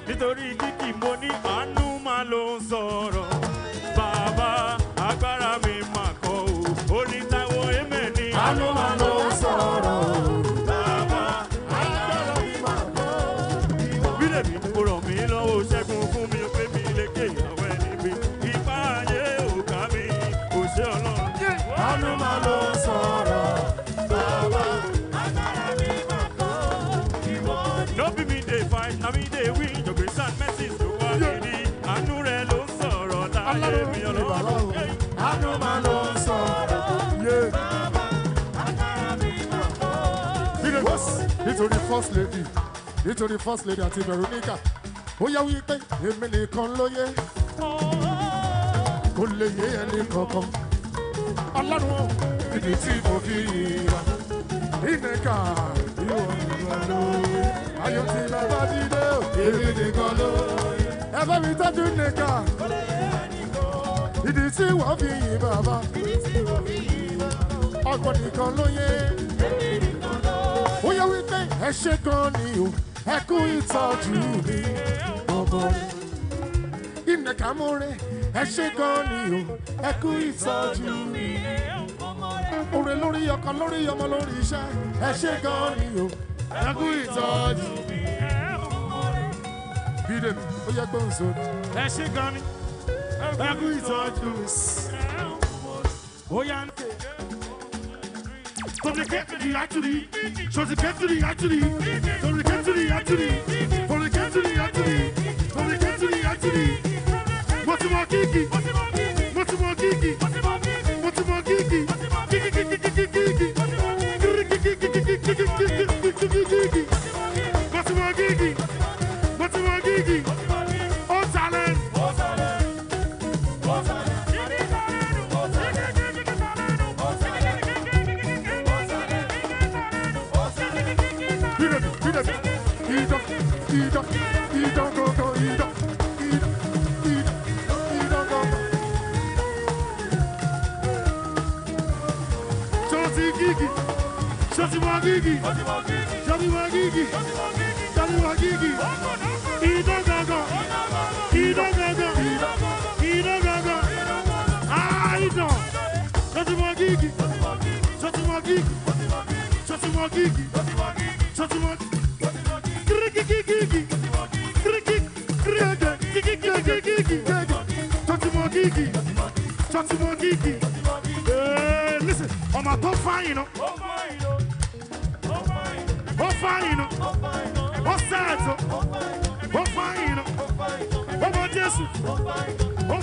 nítorí kìkì mo ní àánú máa ló ń sọ̀rọ̀ bàbá agbára mi. first lady nítorí first lady àti veronica ó yá wípé èmi nìkan ló yé kò lè yé ẹni kankan ọlọ́run ìdí tí mo fi ra ìnẹ̀ka ìwọ nìkan ló ayọ̀ tí bàbá dídé èmi nìkan ló ẹ bá mi tọ́jú nìka ìdí tí wọ́n fi yìn bàbá ọgbọ́n nìkan ló yé ẹ ṣe gan ni o ẹ kú ìtọ́jú mi gbogbo ìmẹ̀kámúrẹ́ ẹ ṣe gan ni o ẹ kú ìtọ́jú mi òrè lórí ọkọ lórí ọmọ lórí iṣẹ́ ẹ ṣe gan ni o ẹ kú ìtọ́jú mi bídè mi ó yẹ gbóhùn sódì. ẹ ṣe gan ni ẹ kú ìtọ́jú mi ó yá ń From the gate to the archery. From the gate to the archery. From the gate to the archery. From the gate to the archery. From the gate to the archery. What's the more kiki? What's the more kiki? What's the more kiki? Kiki kiki kiki kiki. What's the more kiki? What's the more kiki? What's the more kiki? Wagigi, Johnny Wagigi, Johnny Wagigi, Ida Gaga, Ida Gaga, Ida Gaga, Aida, ah, Johnny Wagigi, Johnny Wagigi, Johnny Wagigi, Johnny Wagigi, Gigi, talk to more Listen, top fine, you know. Oh oh oh fine, fine, faino, ó santo, oh fine, oh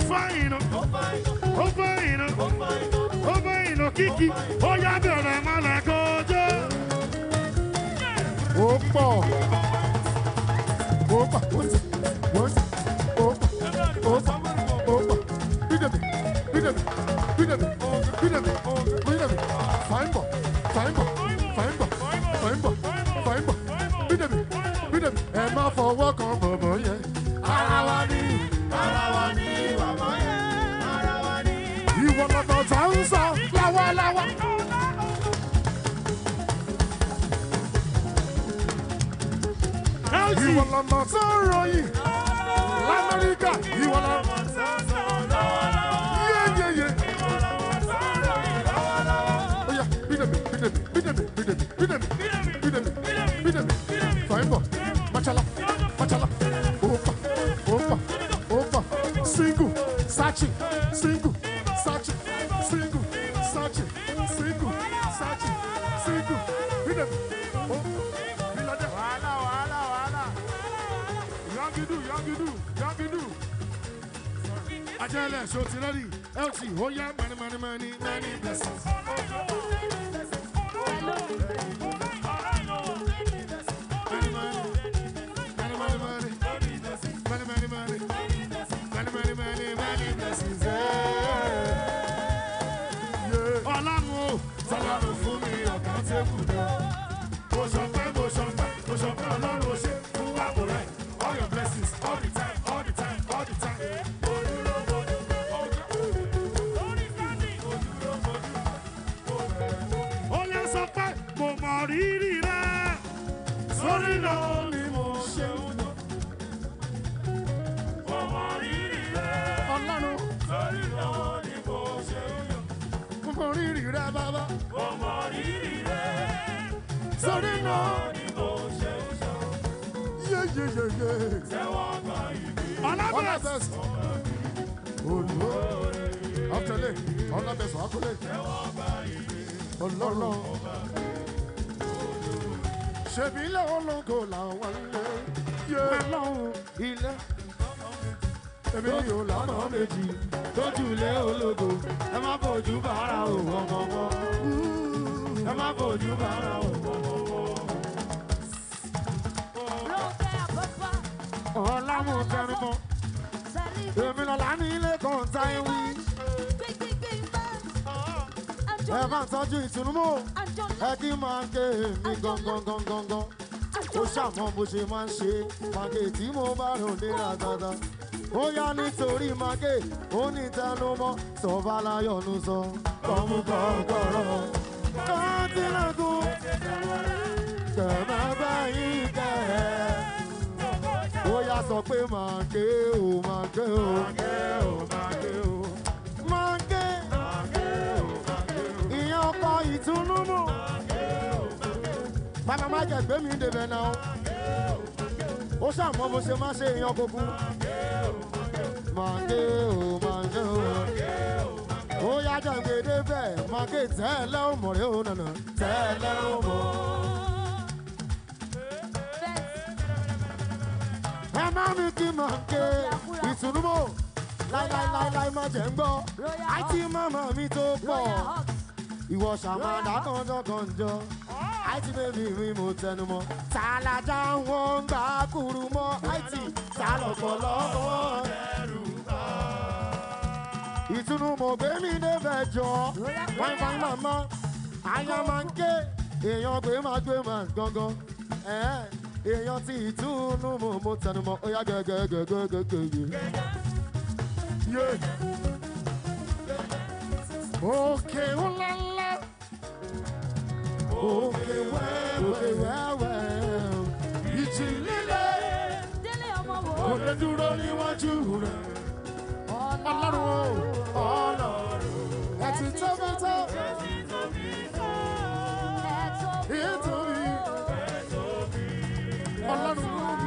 fine, oh fine, oh fine, oh fine, oh kiki, oh ya bẹ̀rẹ̀ malagojo. Ó pọ̀, ó pọ̀, ó ti, ó ti. ọ̀pọ̀lọpọ̀ tó ń ròyìn. yagidu yagidu yagidu. ajẹ́lẹ̀ ṣòtì lọ́rí lt ó yá mẹ́rin mẹ́rin mẹ́rin mẹ́rin blessings. lọ. ṣèbí làwọn ń lé. ilé. èmi yóò lọ́nà méjì lójú ilé ológo. ẹ má fojú bára o ọmọ ẹ má fojú bára o ọmọ wọn. ọ̀la mo mọ́. ẹ bá ń tọ́jú ìtùnú mú ẹ kí máa ké mi gangan gangan gan ó ṣàmọ́ bó ṣe máa ń ṣe màkè tí mo bá ròde ràdàdà ó yá nítorí màkè ó ní ìtanumọ́ sọ̀bálayọ̀nù sọ. ọmú kọ̀ọ̀kọ̀rọ̀ kọ́ńtínlẹ̀kùn kẹ̀mẹ́ báyìí kẹ́ ẹ̀ ó yá sọ pé màkè ó màkè ó màkè ó màkè. ìtùnú nù. Bàbá má jẹ́ gbé mi débẹ̀ náà. Ó ṣàmọ́ bó ṣe má ṣe èèyàn kúkú. Màgé o màgé o. Ó yájọ́ gbèdé Màgé tẹ́lẹ̀ ò mọ̀ rí o nànà. Tẹ́lẹ̀ ò mọ̀. Ẹ má mi kí màgé ìtùnú mọ̀. Láíláíláí má jẹ́ ń gbọ́. Àìtí màmá mi tó pọ̀ ìwọ ṣàmàdà kànjọ kànjọ àìtí bèbí mi mo tẹnu mọ́ tàlàjà wọn ń gbà kúrú mọ́ àìtí tàlọpọlọpọ ẹrù bá. ìtùnú mo gbé mi débẹ̀ jọ wáyé wáyé màmá àyà máa ń ké èèyàn gbé máa gbé máa gangan èèyàn ti ìtùnú mo mo tẹnu mọ́ ó yá gẹ́gẹ́gẹ́gẹ́gẹ́gẹ́. òkè ńlá ńlá òkè wẹ́wẹ́ òkè wẹ́wẹ́ ìjì líle kò lè dúró níwájú rẹ̀ ọlọ́run ọlọ́run ẹ̀tì tó fi tó ìtòbí ọlọ́run.